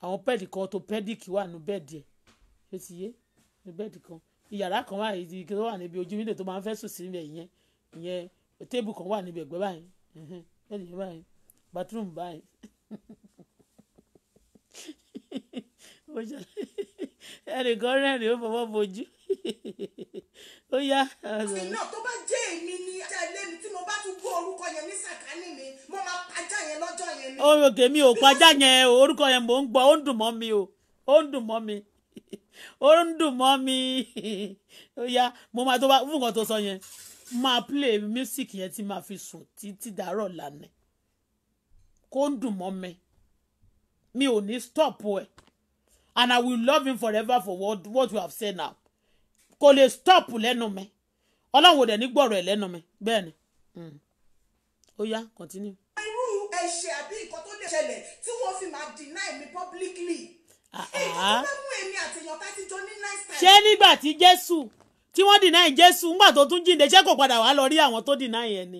o àwọn pẹ́ẹ̀dì kan tó pẹ́ẹ́dìkì wà nù bẹ́ẹ̀dì ẹ̀ ṣé ti yé nù bẹ́ẹ̀dì kan ìyàrá kan wà níbi ojú nílé tó máa ń fẹ́ sùn sí ilẹ̀ yẹn ìyẹn tébù kan wà níbi ẹ̀gbẹ́ báyìí báyìí ẹnìkan ó fọwọ́ bojú ó yá. náà tó bá jẹ́ èmi ni mi tí mo bá tún orúkọ yẹn ní sàkání mi mo máa yẹn lọ́jọ́ yẹn ni. ò yẹn orúkọ yẹn mò o ó ń dùn mọ́ mi ó ń dùn mọ́ mi ó yá mo máa tó bá fún nǹkan máa play music yẹn tí máa fi sùn títí dàárọ̀ lànà kó ń dùn mọ́ mi mi ò ní stop ẹ̀ and I will love him forever for what, what you have said now kò lè stop lẹ́nu mi ọlọ́run ò dẹ̀ ní gbọ́rọ̀ ẹ̀ lẹ́nu mi bẹ́ẹ̀ ni mm. ó yá continue. irú ẹ̀ṣẹ̀ àbí nǹkan tó lè ṣẹlẹ̀ tí wọ́n fi máa deny mi publicly. Ah, èyí tó fẹ́ ah. mú èmi àtẹ̀yàn tá ti jọ ní nice time. ṣé nígbà tí Jésù tí wọ́n deny jésù ńgbà tó tún jíǹde ṣé kò padà wá lọ rí àwọn tó deny ẹ̀ ni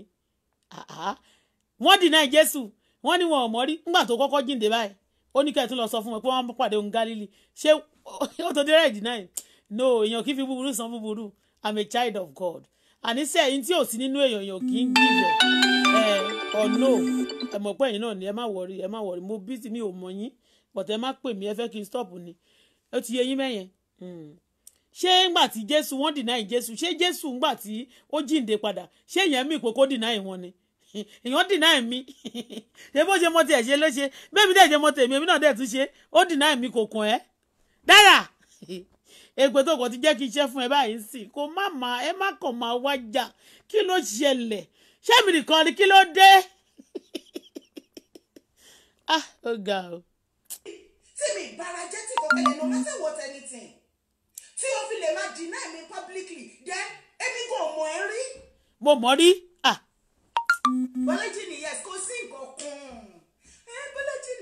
wọ́n deny jésù wọ́n ní wọn ò mọ̀ rí ńgbà tó kọ́kọ́ jíǹde báyìí ó ní kẹ́ẹ̀tún lọ sọ fún wọn pé wọ́n pàdé òun galili ṣé ó tó dẹ́rẹ́ deny no èèyàn kì í fi búburú san búburú i'm a child of god àníṣe ẹ̀yin tí ò sí nínú èèyàn èèyàn kì í gbìyànjú ẹ̀ ọ̀nà ẹ̀ mọ̀ pé ẹ̀yin náà ni ẹ má wọrí ẹ má wọrí mo bí mi ò mọ̀ yín but ẹ má pè mí ẹ fẹ́ kí n stop ni ó ti yẹ yín mẹ́yẹn. Hmm ṣé ńgbà tí jésù wọ́n deny jésù ṣé jésù ńgbà tí ó jíǹde padà ṣé èèyàn mí ìkókó deny wọn ni èèyàn deny mi ṣé bó ṣe mọ tiẹ̀ ṣe ló ṣe bẹ́ẹ̀mi dẹ̀ ṣe mọ tèmi èmi náà dẹ̀ tún ṣe ó deny mi kò kàn ẹ́ dára ègbè tó kò ti jẹ́ kí iṣẹ́ fún ẹ báyìí ń sìn kó má má ẹ má kàn máa wá kí ló ṣẹlẹ̀ ṣé mi nìkan ni kí ló dé ah ó ga o. tí mi ìbára jẹ́ tí kò kẹ́lẹ́ no matter what anything. tí o fi lè deny mi publicly mo mọ rí. Ah. bọ́lájì sí eh, bọ́lájì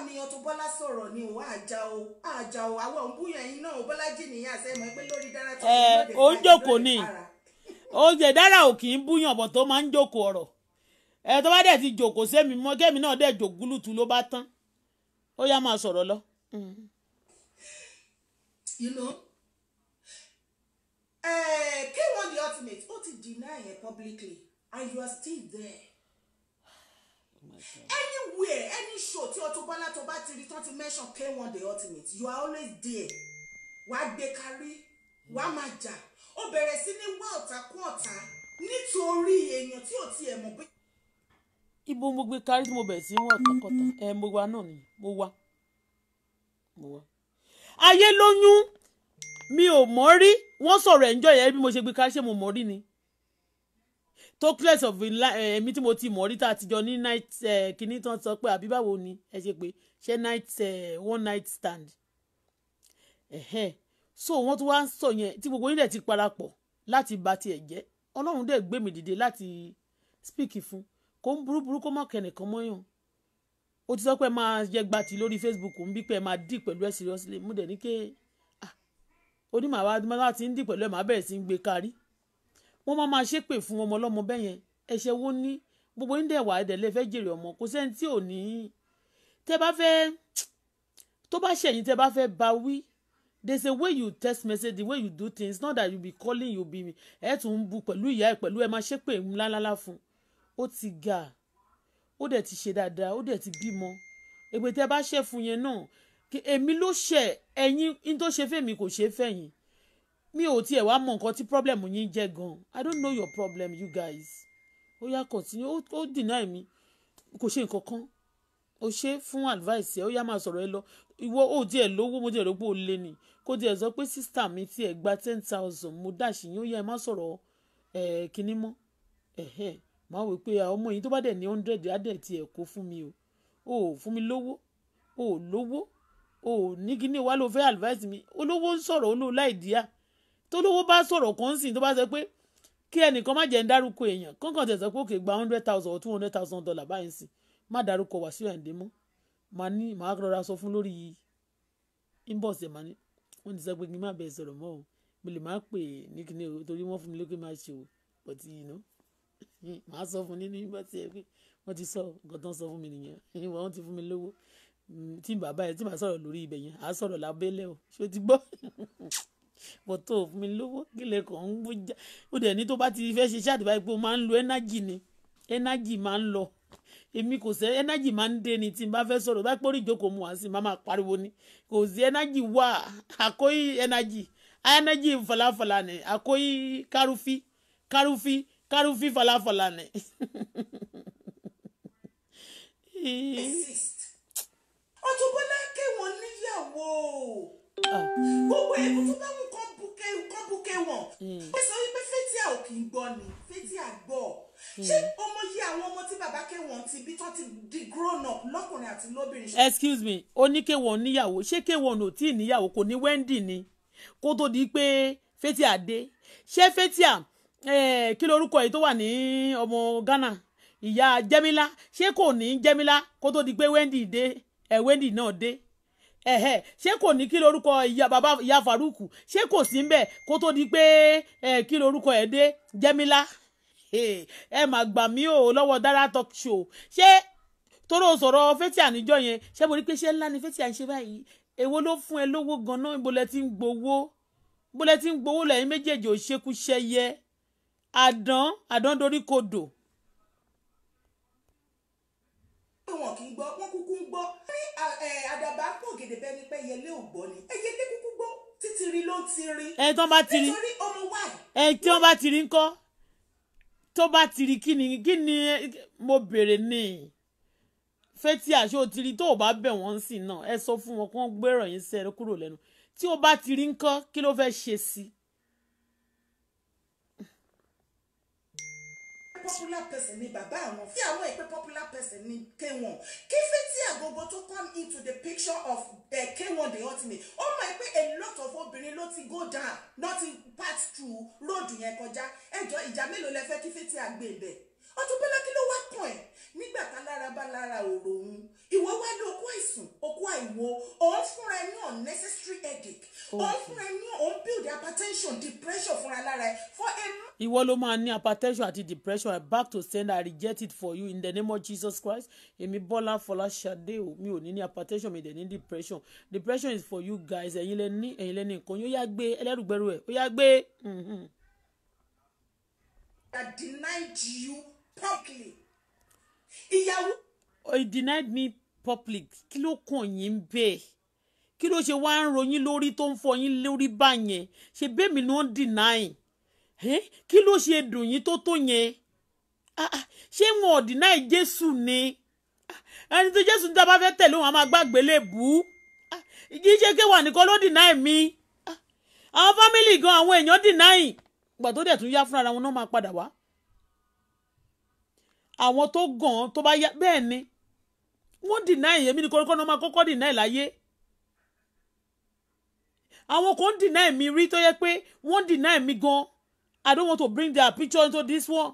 ń bá bọ́lá sọ̀rọ̀ ni eh, ń ọ̀rọ̀ ẹ tó bá dẹ̀ ti jókòó sẹ́mi mọ́ kẹ́mi náà Mm. You know? Uh, eh, K1 the ultimate, ó ti deny it publicly and you are still there. Oh Anywhere, any show tí Auto Bola tó bá ti rí tán ti mention K1 the ultimate, you are always there. Wàá gbé kárí, wàá máa jà. Ó bẹ̀rẹ̀ sí ní wá ọ̀tá kún ọ̀tá nítorí èèyàn tí ò tiẹ̀ mọ̀ pé. Ibo mo gbé kárí tí mo bẹ̀rẹ̀ sí ń wá ẹ̀ eh, mo wá náà ni mo wá ayé lóyún mi ò mọ̀ rí wọ́n sọ̀rọ̀ ẹ̀ ń jọ yẹn bí mo ṣe gbé ká ṣe mo mọ̀ rí ni tokles of ẹ̀mí eh, tí mo ti mọ̀ rí tá a ti jọ ní night eh, kìíní tán sọ pé àbí báwo ni ẹ ṣe pé ṣe night eh, one night stand so wọ́n tún wá ń sọ yẹn tí gbogbo yín dẹ̀ ti parapọ̀ láti bà tiẹ̀ jẹ́ ọlọ́run dẹ̀ gbé mi dìde láti speak fún kó ń burúburú kó má kẹ́nìkan mọ́yàn ó ti sọ pé máa jẹ gbàtì lórí Facebook ń bí pé máa dì pẹ̀lú ẹ̀ seriously mú dẹ̀ ní ké onímọ̀ àwa láti ń dì pẹ̀lú ẹ̀ máa bẹ̀rẹ̀ sí ń gbé kárí wọ́n máa máa ṣépè fún ọmọ ọlọ́mọ bẹ́ẹ̀ yẹn ẹ̀ṣẹ̀ wo ní gbogbo ní dẹ̀wà ẹ̀dẹ̀ lè fẹ́ jèrè ọmọ kò sẹ́ni tí ò ní tẹ́ bá fẹ́ tó bá ṣẹ̀yìn tẹ́ bá fẹ́ bá wí there's a way you text message the way you do things not that you be calling you be ẹ tún ń bu pẹ̀lú ìyá ẹ pẹ̀lú ẹ máa ṣépè ńláńlá fún ó ti ga ó dẹ̀ ti ṣe dáadáa ó dẹ̀ ti bímọ èpè tẹ́ bá ṣe fún yẹn náà èmi ló ṣe ẹ̀yin ní tó ṣe fẹ́mi kò ṣe fẹ́yìn mi ò tiẹ̀ wá mọ nǹkan tí problem yín jẹ́ gan i don't know your problem you guys ó yá continue ó deny mi kò ṣe nǹkan kan o ṣe fún advice ẹ ó yá máa sọ̀rọ̀ ẹ lọ ìwọ ó díẹ̀ lówó mo díẹ̀ lówó lé ni kó díẹ̀ sọ pé sísítà mi tiẹ̀ gba ten thousand mo dáṣì yín ó yá ẹ má sọ̀rọ̀ ẹ̀ kínní mọ́ ẹ̀hẹ́ màá wò pé ọmọ yìí tó bá dẹ̀ ní hundred á dẹ̀ tiẹ̀ kó fún mi o ò fún mi lówó ò lówó ò ní kíní wá ló fẹ́ advice mi olówó ń sọ̀rọ̀ olówó láì díà tó lówó bá sọ̀rọ̀ kan sìn tó bá sọ pé kí ẹnìkan má jẹ́ ń dárúkọ èèyàn kọ́ńkàn tẹ̀sán pé òkè gba hundred thousand or two hundred thousand dollar báyìí sìn má dárúkọ Wàsíù Àyìndé mọ́ màá ní màá rọra sọ fún lórí inbox ẹ̀ màá ní wọ́n ti sọ pé kí n má bẹ̀ẹ́ sọ̀rọ̀ mọ́ o mo lè má pè é ní kíní o torí wọ́n fún mi lókè má ṣe o but you know màá sọ fún nínú ìgbà tí ẹ pé wọ́n ti sọ nǹkan tó ń sọ fún mi nìyẹn wọ́n ti fún mi lówó mm, tí bàbá yẹn tí màá sọ̀rọ̀ lórí ibẹ̀ yẹn àá sọ̀rọ̀ lábẹ́lẹ̀ o ṣé o ti gbọ́ bọ̀ tó o fún mi lówó kí lè kàn ń bójá ó dẹ̀ ní tó bá ti fẹ́ ṣe ṣáàdì báyìí pé o máa ń lo ẹ́nájì ni ẹ́nájì máa ń lọ èmi kò sẹ́ ẹ́nájì máa ń dé ni tí n bá fẹ́ sọ̀rọ̀ báyìí pé orí ìjókòó mu wá sí i máa máa pariwo ni kò sí ẹ́nájì wà àkóyí ẹ́nájì ẹ́nájì fọláfọlá ni àkóyí kárúfí kárúfí kárúfì falafala ni. Auto Bola ké wọn níyàwó ah. gbogbo ẹbí tó bá wù kọ́ bùkẹ́ kọ́ bùkẹ́ wọn pé hmm. sọ wípé fẹ́tíà ò kì í gbọ́ ni fẹ́tíà gbọ́ hmm. ṣé ọmọ yìí àwọn ọmọ tí bàbá kéwọn ti bí tó ti di grown up lọ́kùnrin àti lóbìnrin. excuse me ó ní kéwọn níyàwó ṣé kéwọn ò tí níyàwó kò ní wendy ni kó tó di pé fẹ́tíà dé ṣé fẹ́tíà kí lorúkọ yìí tó wà ní ọmọ Ghana ìyá Jẹ́mílá ṣé kò ní Jẹ́mílá kó tó di pé Wendy dé ẹ̀ Wendy náà dé ẹ̀hẹ́ ṣé kò ní kí lorúkọ ìyá bàbá ìyá Faruku ṣé kò sí mbẹ̀ kó tó di pé ẹ̀ kí lorúkọ ẹ̀ dé Jẹ́mílá ẹ mà gbà mí o lọ́wọ́ Dara talk show ṣé Toro sọ̀rọ̀ fẹ́tì àníjọ́ yẹn ṣé mo rí pé ṣé ńlá ni fẹ́tì à ń ṣe báyìí èwo ló fún ẹ lówó ganan ibo lẹ ti ń gbowó ibo lẹ ń gbowó lẹ́yìn méjèèjì ò àdán àdán dorí kodò. wọn kì í gbọ́ wọn kúkú ń gbọ́ ní àdàbà pọ̀ gèdèbẹ ni pé ẹyẹlé ò gbọ́ ni ẹyẹlé kúkú gbọ́ títìrí ló ti rí. ẹ tí wọn bá ti rí nítorí ọmọ wa yìí. ẹ tí wọn bá ti rí ńkọ́ tó bá ti rí kí ni kí ni mo béèrè ní fẹ́tí àṣẹ òtírí tó o bá bẹ̀ wọ́n sí náà ẹ sọ fún wọn kó wọ́n gbèrò yín sẹ́ẹ̀ kúrò lẹ́nu tí o bá ti rí ńkọ́ kí ló fẹ́ ṣe sí i. popular person ni bàbá àwọn fi àwọn ìpè popular person ni k1 kífé tí àgógó tó come into the picture of uh, eh, k1 the ultimate ó mọ̀ pé a lot of obìnrin ló ti go down Nothing pass through road yẹn kọjá ẹjọ́ ìjà mélòó lẹ fẹ́ kífé tí àgbè bẹ́ẹ̀. Auto Bola kí ló wá kàn ẹ́ nígbà tá lára bá lára òrò òun ìwọ wá ní okó àìsàn okó àìwo òun fúnra ẹ ní unnecessary headache òun fúnra ẹ ní òun build hypertension depression fúnra lára ẹ for a. ìwọ ló máa ní hypertension àti depression I back to send I reject it for you in the name of Jesus Christ èmi Bọ́lá Fọláṣadé o mi ò ní ní hypertension mi dẹ̀ ní depression depression is for you guys ẹ̀yin lẹ ní ẹ̀yin lẹ ní nǹkan yóò yá gbé ẹlẹ́rùgbẹ́rù ẹ̀ ó yá gbé. I denied you public ìyàwó. Oh, he denied me public kí ló kàn yín bẹ́ẹ̀ kí ló ṣe wá ń ròyìn lórí tó ń fọ yín lórí báyẹn ṣe bẹ́ẹ̀mí ló ń deny kí ló ṣe dùn yín tó tó yẹn ah, ah, ṣé wọn ò deny Jésù ni ah, ẹni tó Jésù ní tá a bá fẹ́ tẹ̀lé òun a máa gbàgbé lè bú kì í ṣe kéwà nìkan ló deny mi àwọn fámìlì gan àwọn èèyàn deny gbà tó dẹ̀ tún yá fúnra wọn náà máa padà wá àwọn tó gàn tó bá yá bẹ́ẹ̀ ni wọ́n deny èmi ní kọ́kọ́ náà máa kọ́kọ́ deny láyé àwọn kan deny mi rí tó yẹ pé wọ́n deny mi gan I don't want to bring their picture into this one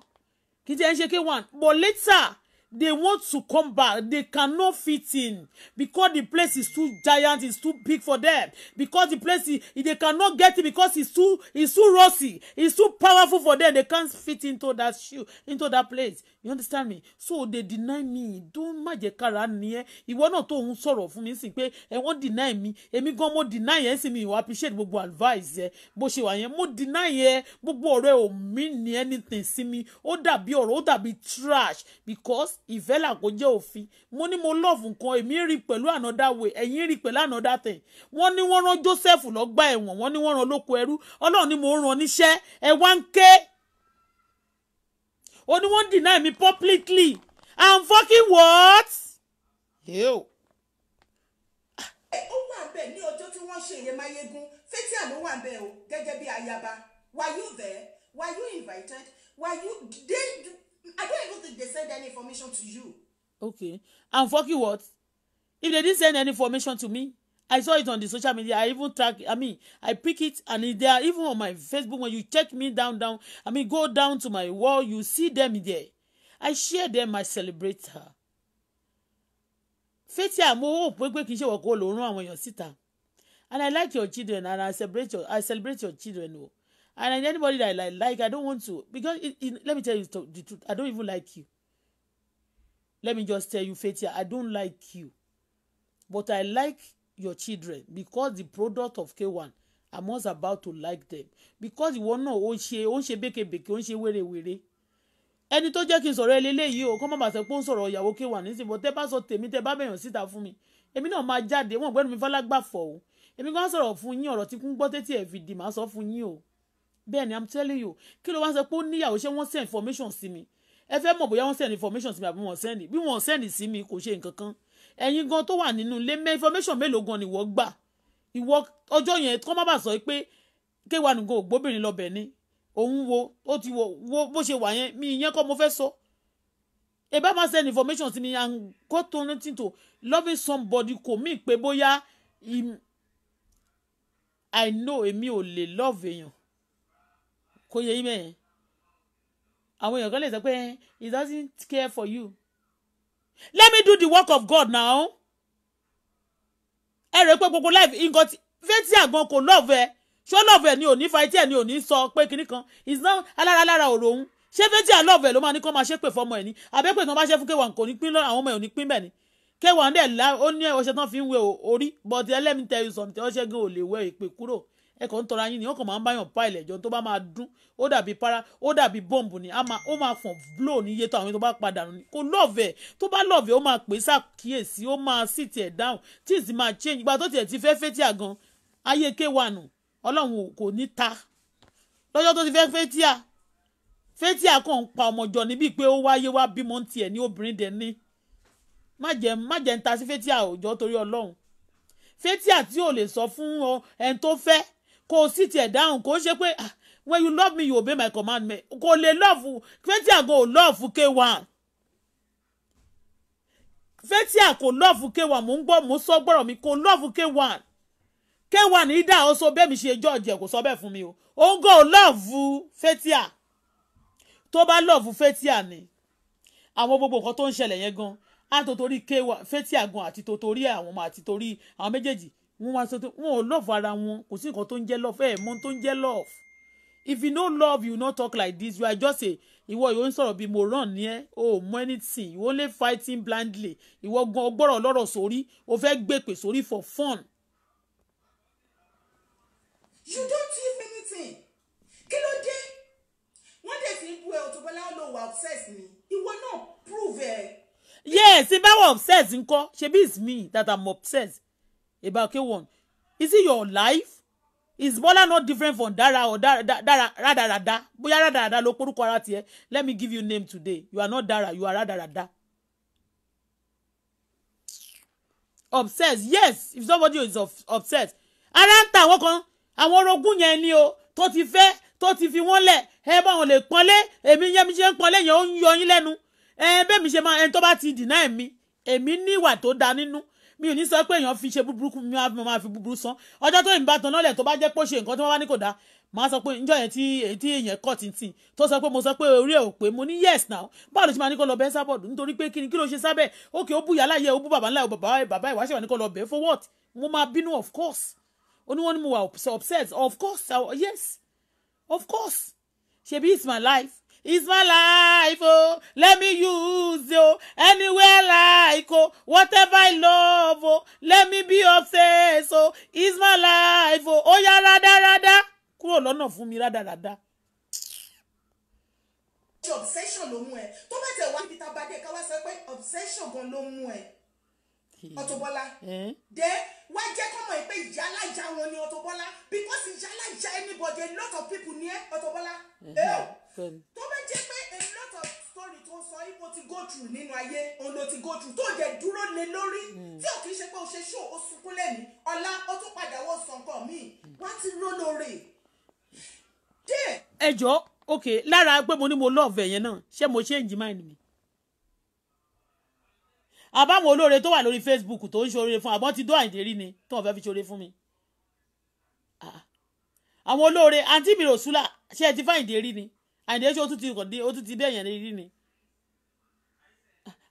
kì í ti ẹ̀ ṣe k1 but later they want to come back they cannot fit in because the place is too giant it's too big for them because the place is, they cannot get it because it's too it's too rusty it's too powerful for them they can't fit into that shoe into that place you understand me so they deny me don't má Kara kára nìyẹn ìwọ náà tó ń sọ̀rọ̀ fún mi sí pé ẹ wọ́n deny mi èmi gan mo deny yẹn sí mi ìwọ appreciate gbogbo advice yẹn bó ṣe wà yẹn mo deny yẹn gbogbo ọ̀rẹ́ ò mí ní anything sí mi ó dàbí ọ̀rọ̀ ó dàbí trash because ìfẹ́ là kò jẹ́ òfin mo ní mo love nǹkan èmi rí pẹ̀lú another way ẹ̀yin rí pẹ̀lú another thing wọ́n ní wọ́n rán Joseph lọ́gbà ẹ̀wọ̀n wọ́n ní wọ́n rán lóko ẹrú ọlọ́run ni mo rán níṣẹ́ ẹ wá ń ké ó ní wọ́n deny me publicly i'm fucking what. Eh, ó wà bẹ́ẹ̀ ní ọjọ́ tí wọ́n ṣe ìyẹn mayegun Fathia ló wà bẹ́ẹ̀ o gẹ́gẹ́ bí ayaba were you there were you invited were you they i don't even think they send any information to you. okay i'm fucking what if they didn't send any information to me I saw it on the social media. I even track. I mean, I pick it and they are Even on my Facebook, when you check me down, down. I mean, go down to my wall. You see them there. I share them. I celebrate her. Faith Amowo pé When you sit ṣe And I like your children and I celebrate your I celebrate your children o. And anybody that I like, like I don't want to because it, it, let me tell you the truth. I don't even like you. Let me just tell you, Faith, I don't like you. But I like your children because the product of K1 I'm just about to like them because ìwọ náà ó ń ṣe ó ń ṣe békebèke ó ń ṣe wérewère ẹni tó jẹ́ kí n sọ̀rọ̀ eléyìí o kọ́ má bàa sọ pé ó ń sọ̀rọ̀ ìyàwó K1 nísìnyí bọ́ tẹ́ bá sọ tèmi tẹ́ bá bẹ̀yàn síta fún mi èmi náà máa jáde wọn gbẹ́nu mi fọlágbà fọ̀ o èmi kan sọ̀rọ̀ fún yín ọ̀rọ̀ tí kún gbọ́ tẹ́tí ẹ̀ fìdí màá sọ fún yín o bẹ́ẹ̀ i'm telling you kí ló wá sọ pé ó níyàwó ṣé wọ́n send information sí mi ẹ fẹ́ mọ̀ bóyá wọ́n send information sí mi àbí wọ́n send bí wọ́n send sí mi kò ṣe nǹkan kan ẹ̀yin gan tó wà nínú ilé mẹ́ information mélòó gan ni wọ́n gbà ìwọ ọjọ́ yẹn kọ́ má bàa sọ pé kéwàá nìkan ògbóbìnrin lọ bẹ̀ ni òun wo ó ti wo wo bó ṣe wà yẹn mi ìyẹn kọ́ mo fẹ́ sọ ẹ máa send information sí mi and go to nothing to loving somebody kò mí pé bóyá i know èmi ò lè love èèyàn kò yẹ yín mẹ́yẹn àwọn èèyàn kan lè sọ pé eh, he doesn't care for you let me do the work of God now ẹ rẹ pé gbogbo life nǹkan tí fẹ́tí àgbọn kò lọ́ọ̀fẹ́ ṣó lọ́ọ̀fẹ́ ni ò ní fa etí ẹ̀ ni ò ní sọ pé kinní kan is not alára alára ọ̀rọ̀ òun ṣé fẹ́tí àlọ́ọ̀fẹ́ ló máa ní kó máa ṣépè fọmọ ẹ̀ ni àbẹ́pẹ́ tí wọ́n bá ṣe fún kéwàá kò ní pín lọ́rọ̀ àwọn ọmọ ẹ̀ ò ní pín bẹ́ẹ̀ ni kéwàá ń dẹ̀ lá ó ní ọṣẹ tán fi ń wé orí but let me tell you something ọṣẹ gan ò lè wẹ ìpè kúrò ẹ kàn ń tọrọ ayín ni wọn kàn máa ń báyàn pa ilẹ̀ jọ tó bá máa dún ó dàbí para ó dàbí bọ́ǹbù ni ó máa fọ̀n bló ní iye tó àwọn tó bá padà nù ni kò lọ́ọ̀vẹ̀ tó bá lọ́ọ̀vẹ̀ ó máa pè sàkíyèsí ó máa sì tiẹ̀ dáhùn tí ì sì máa change ìgbà tó tiẹ̀ ti fẹ́ fẹ́ tí a gan ayé ké wà nù ọlọ́run kò ní ta lọ́jọ́ tó ti fẹ́ fẹ́ tí fẹ́ tí kàn pa ọmọ jọ níbi pé ó wáyé wá bímọ tiẹ̀ ní obìnrin dẹ̀ ní má jẹ́ má jẹ́ ń ta sí fẹ́ tí a òjọ́ torí ọlọ́run fẹ́ tí a tí ò lè sọ fún ẹni tó fẹ́ kò sí tiẹ̀ dáhùn kò ṣe pé ah, when you love me you obey my commandment kò lè love fatia kò lọ́ọ̀fù k1 fatia kò lọ́ọ̀fù k1 mò ń gbọ́ mò ń sọ gbọ́rọ̀ mi kò lọ́ọ̀fù k1 k1 ida ọsọ bẹ́ẹ̀ mi ṣe jọ́ọ̀jì ẹ̀ kò sọ bẹ́ẹ̀ fún mi o òun love lọ́ọ̀fù fatia tó bá lọ́ọ̀fù fatia ni àwọn gbogbo nǹkan tó ń ṣẹlẹ̀ yẹn gan á tòtórí k1 fatia gan àti tòtórí àwọn ọmọ àti torí àwọn méjèèjì wọ́n wá sọ wọn ò love ara wọn kò sí nǹkan tó ń jẹ́ love ẹ̀ mọ́ tó ń jẹ́ love if you no love you no talk like this you are just a ìwọ ìwọ ń sọ̀rọ̀ bíi mo ràn ní ẹ o ò mọ anything you only fighting blindly ìwọ gan ọgbọ́rọ̀ lọ́rọ̀ sórí o fẹ́ gbèpè sórí for fun. you don't give anything kí ló dé wọ́n dẹ̀ fi ń bu ẹ̀ Auto Bola ló wà obsess ni ìwọ náà prove ẹ̀. yes if i were obsessed ńkọ́ ṣebí it's me that i'm obsessed about K1 is it your life is Bola not different from dara or dara dara radarada bóyá radarada ló porúkọ ara tiẹ̀ let me give you name today you are not dara you are radarada obsessed yes if somebody is obsessed ara ń ta àwọn kan àwọn orogún yẹn ni o tó ti fẹ́ tó ti fi wọ́n lẹ̀ ẹ bá wọn lè pọ́nlé èmi yẹn mi ṣe ń pọ́nlé yẹn ó ń yọ yín lẹ́nu ẹ bẹ́ẹ̀ mi ṣe máa ẹni tó bá ti dìná ẹ̀mí èmi ní ìwà tó da nínú mi ò ní sọ pé èèyàn fi ṣe búburú kú mi máa fi búburú san ọjọ́ tó ìbá tan lọ́lẹ̀ tó bá jẹ́ pé ó ṣe nǹkan tí wọ́n bá ní kò dáa màá sọ pé níjọ́ yẹn tí tí èèyàn kọ̀ tìǹtìǹ tó sọ pé mo sọ pé orí ẹ̀ ò pé mo ní yes now báwo ló ṣe máa ní kó lọ bẹ́ẹ̀ sábọ̀dù nítorí pé kí ni kí ló ṣe sábẹ̀ ókè ó bú ìyá láyé ó bú bàbá ńlá bàbá ìwáṣẹ̀ wà ní kó lọ bẹ́ẹ̀ for what mo máa bínú of course oníwọ́n ni mo wà upset of course yes of course ṣebí it's my life is my life oh let me use you oh. anywhere like oh whatever I love oh let me be obsessed oh is my life oh ó oh, yá rada. kúrò lọ́nà fún mi rádaràda. obsession ló mú ẹ tó bá tẹ wá níbi tá a bá dé ká wá sọ pé obsession gan ló mú ẹ ọtọbọlá dé eh? wá jẹ́ kọmọ ẹ pé ìyálàjà wọn ni ọtọbọlá because ìyálàjà anybody a lot of people ni ẹ ọtọbọlá tó bẹ jẹ́ pé a lot of story tó sọ ibo ti go through nínú ayé òun ti go through tó jẹ́ dúró lé lórí hmm. tí ò kì í ṣe pé o ṣe ṣó o sunkún lẹ́nu ọ̀la o tún padà wọ sàn kan wá hmm. ti ró lóore. ẹ jọ ok lára pé mo ní mo love yẹn náà ṣé mo change mind mi àbáwọn olóore tó wà lórí Facebook tó ń ṣoore fún àbọ̀n ti dó àyìndé ni tó ń fẹ́ fi ṣoore fún mi ah. àwọn olóore àǹtí mi rò súlà ṣé ẹ ti fáyìndé ni àǹdí ẹṣin ó tún ti kò dé ó tún ti bẹ́ẹ̀ yẹn rí ni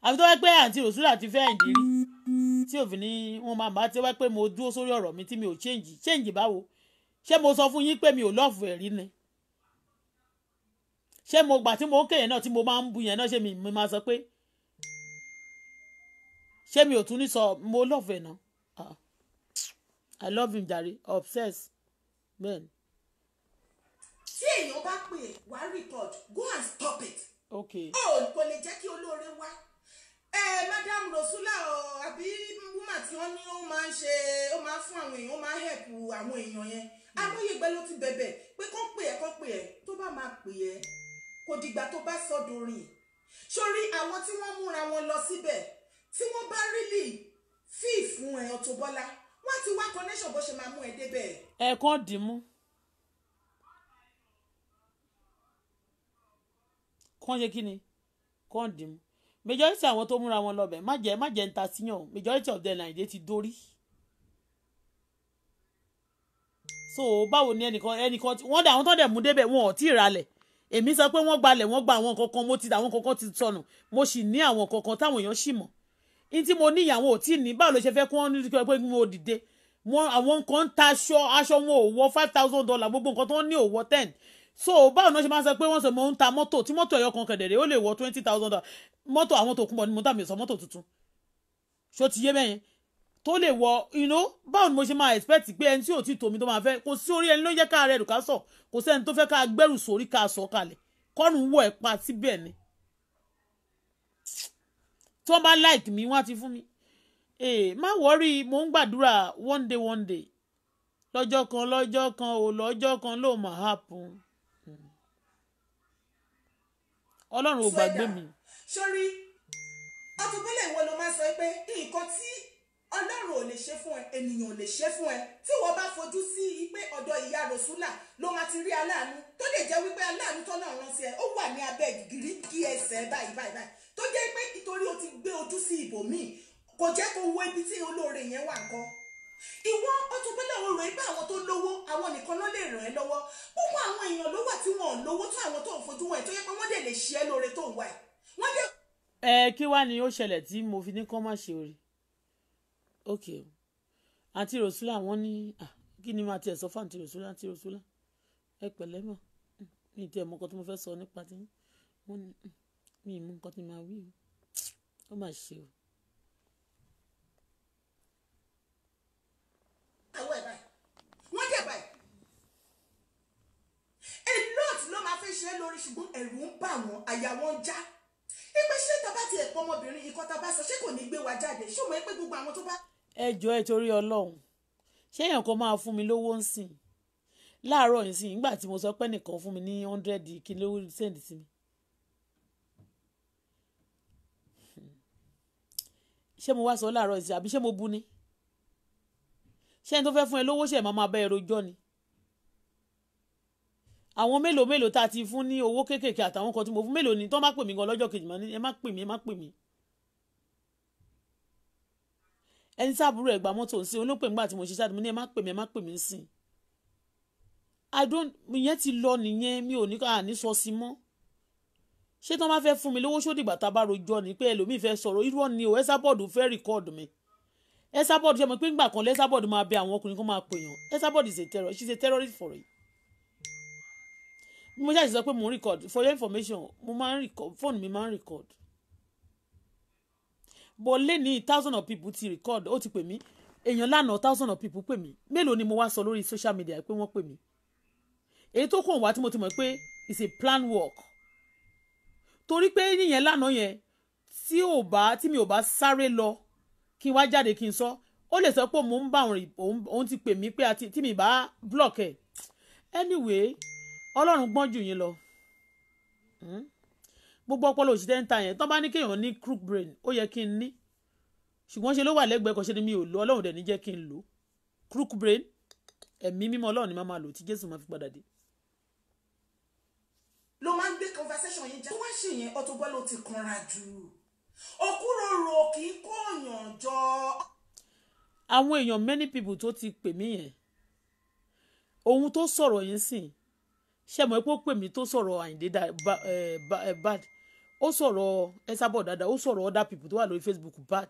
àfi tó wáyé pé àǹtí rosula ti fẹ́ àǹdí rí tí òfin ni wọn máa bá ti wáyé pé mo dúró sórí ọ̀rọ̀ mi tí mi ò change change báwo ṣé mo sọ fún yín pé mi ò lọ́ọ̀fù ẹ̀ rí ni ṣé mo gbà tí mo ń kéyìn náà tí mo máa ń bu yẹn náà ṣé mi mi máa sọ pé ṣé mi ò tún ní sọ mo lọ́ọ̀fù ẹ̀ náà ah, I love him jare obsessed bẹ́ẹ̀ni tí èèyàn bá pè é wá record go and stop it. ok ó kò lè jẹ́ kí olóore wá ẹ madam rosula ọ àbí woman tí wọ́n ní ó máa ń ṣe ó máa ń fún àwọn èèyàn ó máa ń help àwọn èèyàn yẹn hmm. amóye gbẹ ló ti bẹ̀bẹ̀ pé kó pè ẹ́ kó pè ẹ́ tó bá máa pè ẹ́ kò dìgbà tó bá sọ dorin sórí àwọn tí wọ́n múra wọn lọ síbẹ̀ tí wọ́n bá rílì fíìfún ẹ̀ Auto Bola wọ́n ti wá connection bó ṣe máa mú ẹ débẹ̀. ẹ̀ẹ̀kan dì mú. kán ṣe kí ni kán dì mú majority àwọn tó múra wọn lọ́bẹ̀ má jẹ́ má jẹ́ ń ta síyàn majority of them nàìjíríà ti dórí. so báwo ni ẹnìkan ẹnìkan wọ́n dà àwọn tó dẹ̀ mú débẹ̀ wọn ò tí ì ralẹ̀ èmi sọ pé wọ́n gbalẹ̀ wọ́n gba àwọn kankan mo ti àwọn kankan ti sọnù mo sì ní àwọn kankan táwọn èèyàn sì mọ̀ ní tí mo ní ìyàwó ò tí ì ní báwo ló ṣe fẹ́ kí wọ́n ní pé mo dìde àwọn kan ń ta aṣọ aṣọ wọn ò wọ five thousand dollar gbogbo nǹkan tó ń ní ò wọ ten so báwo ni wọ́n ṣe máa ń sọ pé wọ́n sọ mo ń ta mọ́tò tí mọ́tò ẹ̀yọ kan kẹ̀dẹ̀rẹ̀ ó lè wọ twenty thousand dollars mọ́tò àwọn tó kún bọ̀ ni mo tà mí sọ mọ́tò tuntun ṣó ti yé bẹ́yẹn tó lè wọ iná báwo ni mo ṣe máa expect pé ẹni tí ò tí tòmí tó máa fẹ́ kò sí orí ẹni ló yẹ ká rẹ̀ rù ká sọ kò sẹ́ni tó fẹ́ ká gbẹ́rù sórí ká sọ kalẹ̀ kọ́run wọ ẹ̀ pa síbẹ̀ ni tí wọ́n bá like mi wọ́n á ti fún mi ee eh, má wọ́rí mo ń gbàdúrà one day one day lọ́jọ́ kan lọ́jọ́ kan ò lọ́jọ́ kan ló máa happen. ọlọ́run ò gbàgbé mi. sórí ọtúnbílẹ̀ ìwọ ló máa sọ pé nǹkan tí ọlọ́run ò lè ṣe fún ẹ ènìyàn ò lè ṣe fún ẹ tí wọ́n bá fojú sí i pé ọ̀dọ̀ ìyá rosula ló máa ti rí aláàánú tó lè jẹ́ wípé aláàánú tọ́nà rántí ẹ ó wà ní abẹ́ gírígì ẹsẹ̀ báyìí báyìí báyìí tó jẹ́ pé nítorí o ti gbé ojú sí ibòmíì kò jẹ́ kó wo ibi tí olóore yẹn wà ńkọ́ ìwọ ọtún pẹ́lẹ́ òun rẹ̀ pé àwọn tó lówó àwọn nìkan ló lè ràn ẹ́ lọ́wọ́ púpọ̀ àwọn èèyàn ló wà tí wọ́n ò lówó tó àwọn tó ń fojú wọn ẹ̀ tó yẹ pé wọ́n dẹ̀ lè ṣe é lóore tó ń wà ẹ̀ wọ́n dẹ̀. ẹ kí wàá ní ó ṣẹlẹ̀ tí mo fi ní kọ́ má ṣe orí ok àǹtí rosula wọ́n ní kí ni màá tiẹ̀ sọ fún àǹtí rosula àǹtí rosula ẹ pẹ̀lẹ́ hmm, mọ̀ mi ì tiẹ̀ mọ nǹkan tí mo fẹ́ sọ nípa tí wọ́n ní hmm, mi ì mú nǹkan tí màá wí o ó mà ṣe o ṣùgbọ́n ẹ̀rù ń bà wọ́n àyà wọn ń já ẹgbẹ́ ṣé tá a bá ti ẹ̀pọ̀ ọmọbìnrin ikọ́ tá a bá sọ ṣé kò ní gbé wa jáde ṣé òun ẹ pé gbogbo àwọn tó bá. ẹ jọ ẹ torí Ọlọ́run ṣé kan máa fún mi lówó ń sìn láàárọ̀ yìí sìn nígbà tí mo sọ pé nìkan fún mi ní hundred kí ló sí mi. ṣé mo wá sọ láàárọ̀ yìí sí àbí ṣé mo bu ni ṣé ẹni tó fẹ́ fún ẹ lówó ṣe máa máa bá ẹ rojọ́ ni àwọn mélòó mélòó tá a ti fún ní owó kéékèèké àtàwọn kan tí mo fún mélòó ni tó má pè mí gan lọ́jọ́ kejì mọ́ ni ẹ má pè mí ẹ má pè mí. ẹni sábúrò ẹ̀gbà mọ́tò ń sin olópè ńgbà tí mo ṣiṣẹ́ àdúgbò ní ẹ má pè mí ẹ má pè mí ń sìn. I don't ìyẹn ti lọ nìyẹn mi ò ní ká ní sọ sí mọ́. ṣé tó máa fẹ́ fún mi lówó sódì ìgbà tá a bá rojọ́ ni pé ẹlòmíì fẹ́ sọ̀rọ̀ irú ọ̀ni o ẹ́sàbọ̀dù fẹ́ rìkọ́ọ̀dù mi ẹ́sàbọ̀dù ṣe mọ̀ pé ńgbà kan lẹ́sàbọ̀dù máa bẹ àwọn ọkùnrin kan máa pèèyàn ẹ́sàbọ̀dù is a terror she is a terrorist for it mo ṣáà sọ pé mo ń record for your information mo máa ń record fóònù mi máa ń record bó lé ní thousand of people ti record ó ti pè mí èèyàn lánàá thousand of people pè mí mélòó ni mo wá sọ lórí social media pé wọ́n pè mí èyí tó kàn wá tí mo ti mọ̀ pé it's a plan work torí pé níyẹn lánàá yẹn tí ò bá tí mi ò bá sáré lọ kí n wá jáde kí n sọ ó lè sọ pé mò ń bá òun ti pè mí pé tí mi bá block ẹ anyway ọlọ́run gbọ́n jù yín lọ hmm? gbogbo ọpọlọ òṣìṣẹ́ ń ta yẹn tán bá ní kéèyàn ní crook brain ó yẹ kí n ní ṣùgbọ́n ṣe ló wà lẹ́gbẹ̀ẹ́ kan ṣe ni mi ò lo ọlọ́run dẹ̀ ní jẹ́ kí n lò crook brain ẹ̀mí mímọ́ ọlọ́run ni máa máa lò tí jésù máa fi padà dé. ló máa ń gbé conversation yẹn já tó wá ṣe yẹn Auto Bola ti kanra jù òkúròrò kì í kó òyàn jọ. àwọn èèyàn many people tó ti pè mí yẹn ohun tó sọ̀rọ̀ yẹn sìn ṣe mọ̀ pé ó pè mí tó sọ̀rọ̀ àyìndé bad ó sọ̀rọ̀ ẹ̀sàbọ̀ dáadáa ó sọ̀rọ̀ other people tó wà lórí facebook bad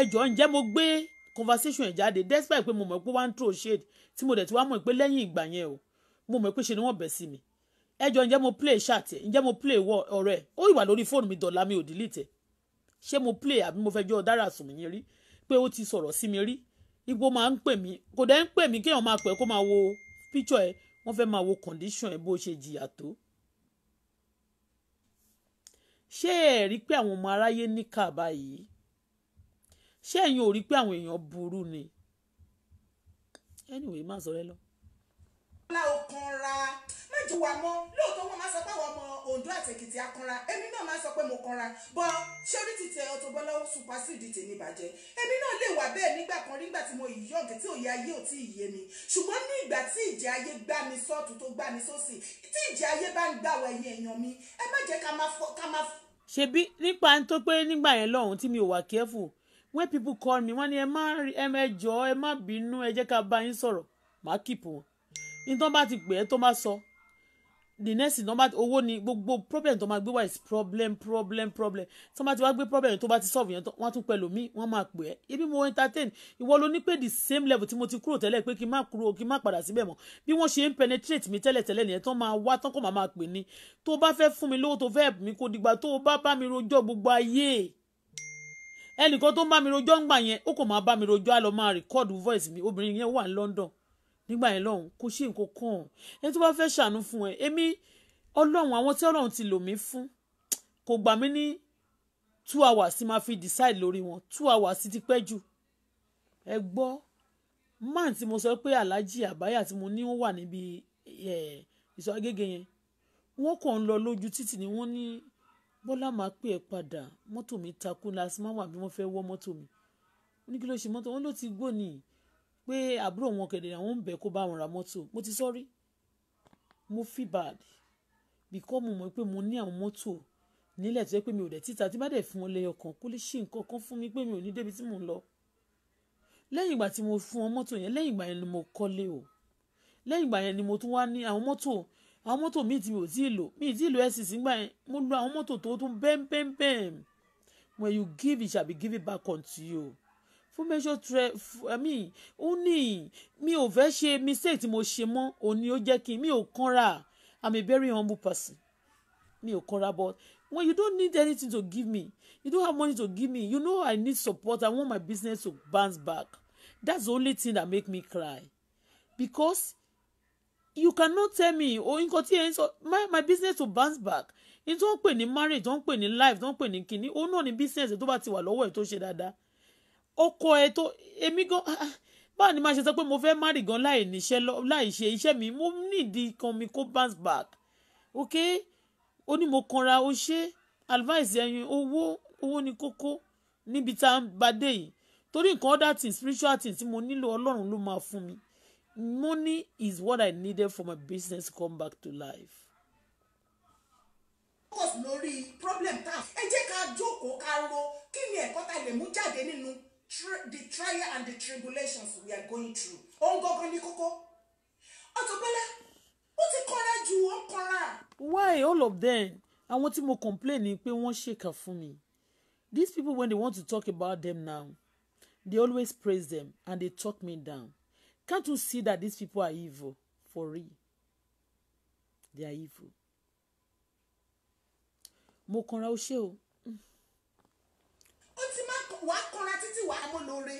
ẹjọ́ ǹjẹ́ mo gbé conversation ẹ̀ jáde despite pé mo mọ̀ pé one throw shade tí mo dẹ̀ ti wá mọ̀ pé lẹ́yìn ìgbà yẹn o mo mọ̀ pé ṣe ni wọ́n bẹ̀ sí mi ẹjọ́ ǹjẹ́ mo play chat ẹ̀ ǹjẹ́ mo play ọ̀rẹ́ ó ìwà lórí fóònù mi dọ̀la mi ò delete ẹ̀ ṣé mo play àbí mo fẹ́ jọ dára sùn mí rí pé ó ti sọ̀rọ̀ sí mi rí ipò máa ń pè mí kò dẹ́ ń pè mí kéèyàn máa pẹ́ kó máa wo picture ẹ̀ wọ́n fẹ́ máa wo condition ẹ̀ bó ṣe jìyà tó ṣé ẹ rí pé àwọn ọmọ aráyé níkà báyìí ṣé ẹ̀yin ò rí pé àwọn èèyàn burú ni anyway má sọ rẹ lọ ọlá okanra méjì wà mọ́ lóòótọ́ wọn máa sọ pé àwọn ọmọ Ondo àti Èkìtì akanra èmi náà máa sọ pé mo kanra bọ́ ṣé orí ti tẹ Auto Bola supersede tèmi bàjẹ́ èmi náà lè wà bẹ́ẹ̀ nígbà kan nígbà tí mo yíyọ̀ ọ̀gẹ̀ tí òye ayé ò tí ì yé mi ṣùgbọ́n ní ìgbà tí ìjẹ́ ayé gbá mi sọ́ọ̀tù tó gbá mi sósì tí ìjẹ́ ayé bá ń gbàwọ̀ ẹ̀yìn èèyàn mi ẹ má jẹ́ ká máa. ṣebí nípa tó pé nígbà yẹn lọ́hùn tí mi ò wà careful when people call me wọ́n ní ẹ má ẹ jọ ẹ má bínú ẹ jẹ́ ká bá yín sọ̀rọ̀ màá kìpọ̀ wọn ní tó bá ti gbé tó bá sọ the next thing nọ́mbà owó ni gbogbo problem tó máa gbé wá is problem problem problem tó máa ti wá gbé problem tó bá ti solve yẹn wọ́n tún pẹ̀lú mi wọ́n máa pè é ebi mo entertain ìwọ ló ní pé the same level tí mo ti kúrò tẹ́lẹ̀ pé kí n má kúrò kí n má padà síbẹ̀ mọ́ bí wọ́n ṣe ń penetrate mi tẹ́lẹ̀ tẹ́lẹ̀ nìyẹn tó máa wá tán kó máa máa pè ní tó bá fẹ́ fún mi lówó tó fẹ́ mi kó dìgbà tó bá bá mi rojọ́ gbogbo ayé ẹnìkan tó ń bá mi rojọ́ ń gbà yẹn ó kò máa bá mi rojọ́ á lọ máa record voice mi obìnrin yẹn wà ní London nígbà yẹn lọ́hùn kò ṣe nǹkan kan ẹni tó bá fẹ́ ṣàánú fún ẹ èmi ọlọ́run àwọn tí ọlọ́run ti lò mí fún kò gbà mí ní two hours tí máa fi decide lórí wọn two hours ti pẹ́ jù ẹ gbọ́ man tí mo sọ pé aláàjì àbáyà tí mo ní wọ́n wà níbi ìsọ agége yẹn wọ́n kàn ń lọ lójú títì ni wọ́n ní bọ́lá máa pè é padà mọ́tò mi takú lásìmọ́ wà bí wọ́n fẹ́ wọ́ mọ́tò mi oníkìlọ́ṣe mọ́tò wọn ló ti gbó nìyí pé àbúrò wọn kẹ̀dẹ̀ àwọn ń bẹ̀ kó bá wọn ra mọ́tò mo ti sọ́rí mo feel bad because mo mọ̀ pé mo ní àwọn mọ́tò nílẹ̀ tó yẹ pé mi ò dẹ̀ títa tí bá dẹ̀ fún wọn lẹ́yọ kan kó lè ṣe nǹkan kan fún mi pé mi ò ní débi tí mò ń lọ lẹ́yìn ìgbà tí mo fún wọn mọ́tò yẹn lẹ́yìn ìgbà yẹn ni mo kọ́lé o lẹ́yìn ìgbà yẹn ni mo tún wá ní àwọn mọ́tò àwọn mọ́tò míì tí mi ò tíì lò míì tíì lò ẹ̀ sì sígbà yẹn mo lo àwọn mọ́tò tó tún bẹ́ẹ̀m bẹ́ẹ̀m bẹ́ẹ̀m when you give it shall be given back unto you fún major tre i mean ó ní mi ò fẹ́ ṣe mistake tí mo ṣe mọ́ òní ó jẹ́ kí mi ò kanra i'm a very humble person mi ò kanra but when you don't need anything to give me you don't have money to give me you know i need support i want my business to bounce back that's the only thing that make me cry because you cannot tell me o oh, nǹkan tí ẹ ń my my business to bounce back ní tó ń pè ní marriage tó ń pè ní life tó ń pè ní kinní òun náà ní business tó bá ti wà lọ́wọ́ ẹ̀ tó ṣe dáadáa ó kọ́ ẹ tó èmi gan ah, ah, báwo ni máa ṣe sọ pé mo fẹ́ márì gan láì níṣẹ́ láì ṣe iṣẹ́ mi mo nídìí kan mi kó bounce back ok ó ní mo kanra ó ṣe advice ẹyin owó owó ni kókó níbi tá à ń bá dé yìí torí nǹkan other thing spiritual things. tí mo nílò ọlọ́run ló máa fún mi money is what I needed for my business to come back to life focus lórí problem tá ẹ jẹ́ ká jókòó ká ro kí ni ẹ̀kọ́ ta lè mú jáde nínú the trial and the tribulations we are going through òun gangan ní kókó Auto-Bola ó ti kọ́ra ju ó kọ́ra. why all of them àwọn tí mo complain ni pé wọ́n ṣèkà fún mi these people when they want to talk about them now they always praise them and they talk me down can't you see that these people are evil for real they are evil mo kanra o ṣe o. ó ti má wàá kanra títí wàá mú lóore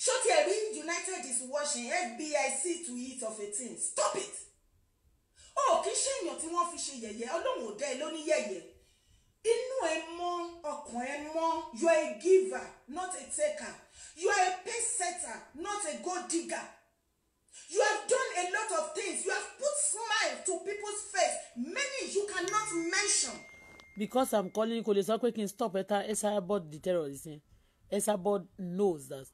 ṣó tiẹ̀ rí united is watching FBI see to it of a thing stop it ó kì í ṣèyàn tí wọ́n fi ṣe yẹ̀yẹ́ ọlọ́run ò dá ẹ lóní yẹ̀yẹ́ inú ẹ mọ́ ọkàn ẹ mọ́ you are a giver not a taker you are a pace setter not a gold digger you have done a lot of things you have put smile to people's face many you cannot mention because i'm calling you, lè sọ pé kí n stop ẹta Esabod the terrorist yẹn Esabod knows that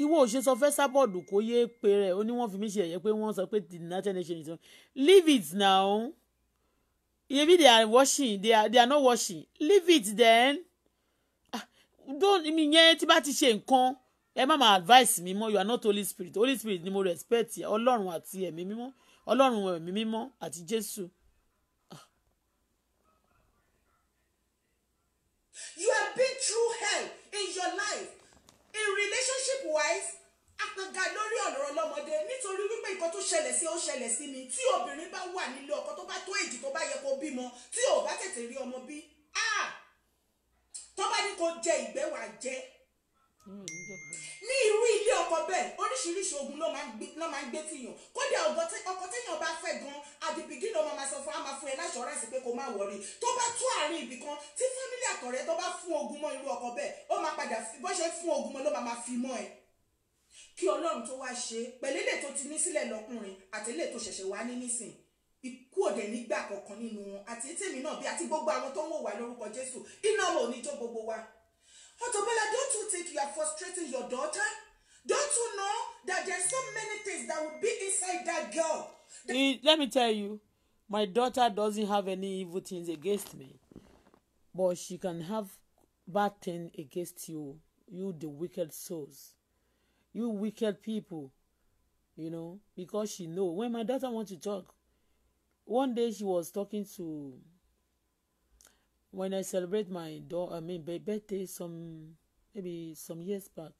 ìwọ ò ṣe sọ fẹ́ Esabod kó yé pé rẹ̀ ó ní wọ́n fi mí ṣe ẹ̀yẹ́ pé wọ́n sọ pé the united nations is leave it now maybe they are watching they are, they are not watching leave it then ah, don't mi yẹn tí bá ti ṣe nǹkan ẹ má máa advice mi mọ́ you are not holy spirit holy spirit ni mo respect ọlọ́run àti ẹ̀mí mímọ́ ọlọ́run ẹ̀mí mímọ́ àti jésù you have been through hell in your life in relationship wise apẹ̀gà lórí ọ̀rọ̀ ọlọ́mọdé nítorí wípé nǹkan tó ṣẹlẹ̀ sí ó ṣẹlẹ̀ sí mi tí obìnrin bá wà nílé ọkọ tó bá tó èjì tó bá yẹ kó bímọ tí ò bá tètè rí ọmọ bí ah! tó ni ní kó jẹ ìgbẹ́ wàá jẹ mm, ní irú ilé ọkọ bẹ́ẹ̀ oríṣiríṣi ogun ló máa ń gbé tìyàn kódà ọkọ téèyàn bá fẹ́ gan àdìbìgì ló máa sọ fún àmà fún ẹ láṣọránsì pé kó má wọrí tó bá tó àárín ibì kan tí fámílì àtọ̀rẹ́ tó bá fún ogun mọ́ irú ọkọ bẹ́ẹ̀ ó máa padà bó ṣe fún ogun mọ́ ló máa fi mọ́ ẹ kí ọlọ́run tó wá ṣe pẹ̀lẹ́lẹ̀ tó ti ní sílẹ̀ lọ́kùnrin àtẹ́lẹ̀ tó ṣẹ̀ṣẹ̀ wá ní nísìn ikú òde nígbà kọ̀ọ̀kan nínú wọn àti tèmi náà bí àti gbogbo àwọn tó ń wò wá lórúkọ Jésù iná ọmọ òní jó gbogbo wa Otobola, don't you think you are frustrating your daughter? Don't you know that there's so many things that will be inside that girl? That it, let me tell you, my daughter doesn't have any evil things against me, but she can have bad things against you, you the wicked souls, you wicked people, you know, because she know when my daughter want to talk. One day she was talking to when I celebrate my daughter, I mean birthday some maybe some years back,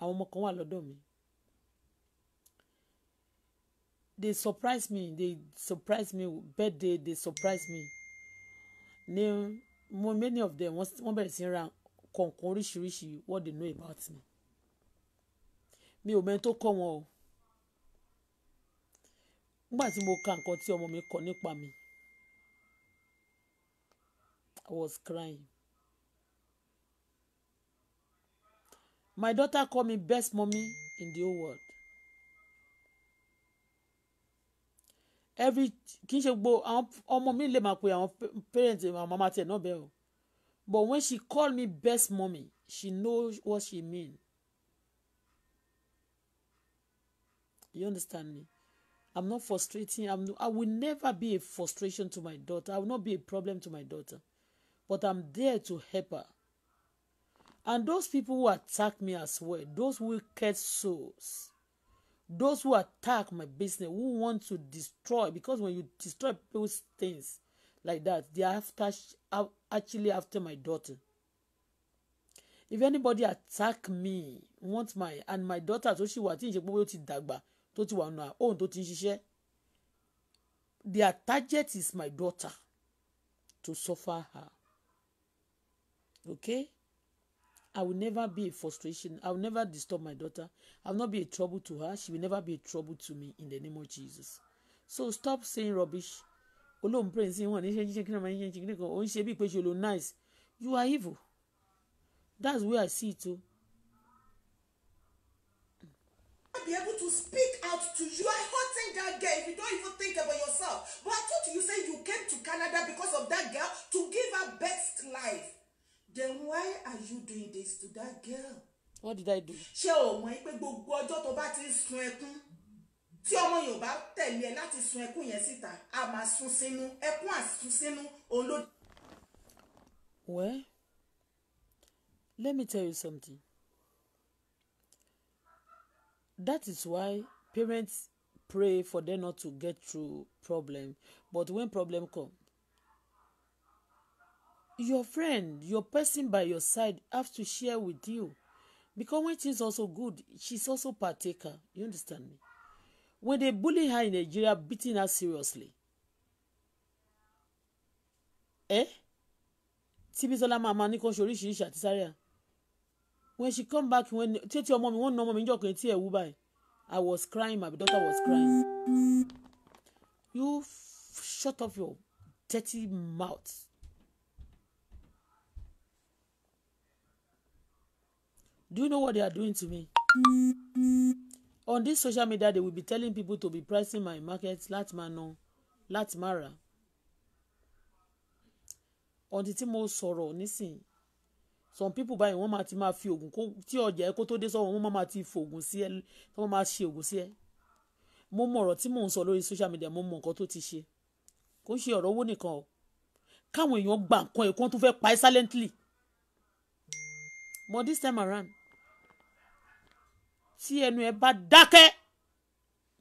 àwọn ọmọ kan wà lọ́dọ̀ mi. They surprise me, they surprise me birthday, they surprise me. Ní mo many of them wọ́n bẹ̀rẹ̀ sí ra kọ̀ọ̀kan oríṣiríṣi what they know about me. Mi ò mẹ́ni tó kọ́ wọn o. Nígbà tí mo ka nǹkan tí ọmọ mi kọ nípa mi. I was crying. My daughter called me best mommy in the whole world. every kì í ṣe gbogbo àwọn ọmọ mi lè máa pe àwọn parents àwọn mama tiẹ̀ náà bẹ́ẹ̀ o but when she called me best mommy she know what she mean you understand me i'm not frustrating i'm i will never be a frustration to my daughter i will not be a problem to my daughter but I'm there to help her. And those people who attack me as well, those wicked souls, those who attack my business, who want to destroy, because when you destroy people's things like that, they are after, actually after my daughter. If anybody attack me, want my, and my daughter so she wà tí ń ṣe pé ó ti dàgbà to ti wà nù òun tó ti ń their target is my daughter to suffer her. Okay? I will never be a frustration. I will never disturb my daughter. I will not be a trouble to her. She will never be a trouble to me in the name of Jesus. So stop saying rubbish. Olóhùn pray sí wọn ní ṣe jíjẹ kíni ọmọ yín ṣe kíni kan òun ṣe bí pé ṣe lo nice. You are evil. That's where I see it o. Be able to speak out to you. I hurting that girl if you don't even think about yourself. But I thought you say you came to Canada because of that girl to give her best life then why are you doing this to that girl. what did I do. ṣé o mọ̀ pé gbogbo ọjọ́ tó bá ti ń sun ẹkún tí ọmọ yorùbá tẹ̀lé ẹ láti sun ẹkún yẹn síta a máa sun sínú ẹkún àsun sínú òun well let me tell you something that is why parents pray for them not to get through problem but when problem come your friend your person by your side have to share with you because when things also good she's also partaker you understand me when they bully her in Nigeria beating her seriously eh tí Bísọ́lá máa ma ní kó ṣe oríṣiríṣi when she come back when tètè ọmọ mi wọ́n na ọmọ mi níjọ́ kan tí ẹ̀ I was crying my daughter was crying you shut up your dirty mouth. Do you know what they are doing to me? On this social media, they will be telling people to be pricing my market láti máa ná láti máa rà. Ọ̀dì tí mo sọ̀rọ̀ nísìn, some people báyìí wọ́n máa ti máa fi oògùn kó tí ọjà ẹ kó tó dé sọ́wọ́ wọ́n máa ti fòògùn sí ẹ tí wọ́n máa ṣe oògùn sí ẹ. Mo mọ ọ̀rọ̀ tí mò ń sọ lórí social media mo mọ nǹkan tó ti ṣe. Kò ń ṣe ọ̀rọ̀ owó nìkan o. Káwọn èèyàn gba nǹkan ẹ̀ kí wọ́n tún pa ẹ́ silently. But this time around tí ẹnu ẹ bá dákẹ́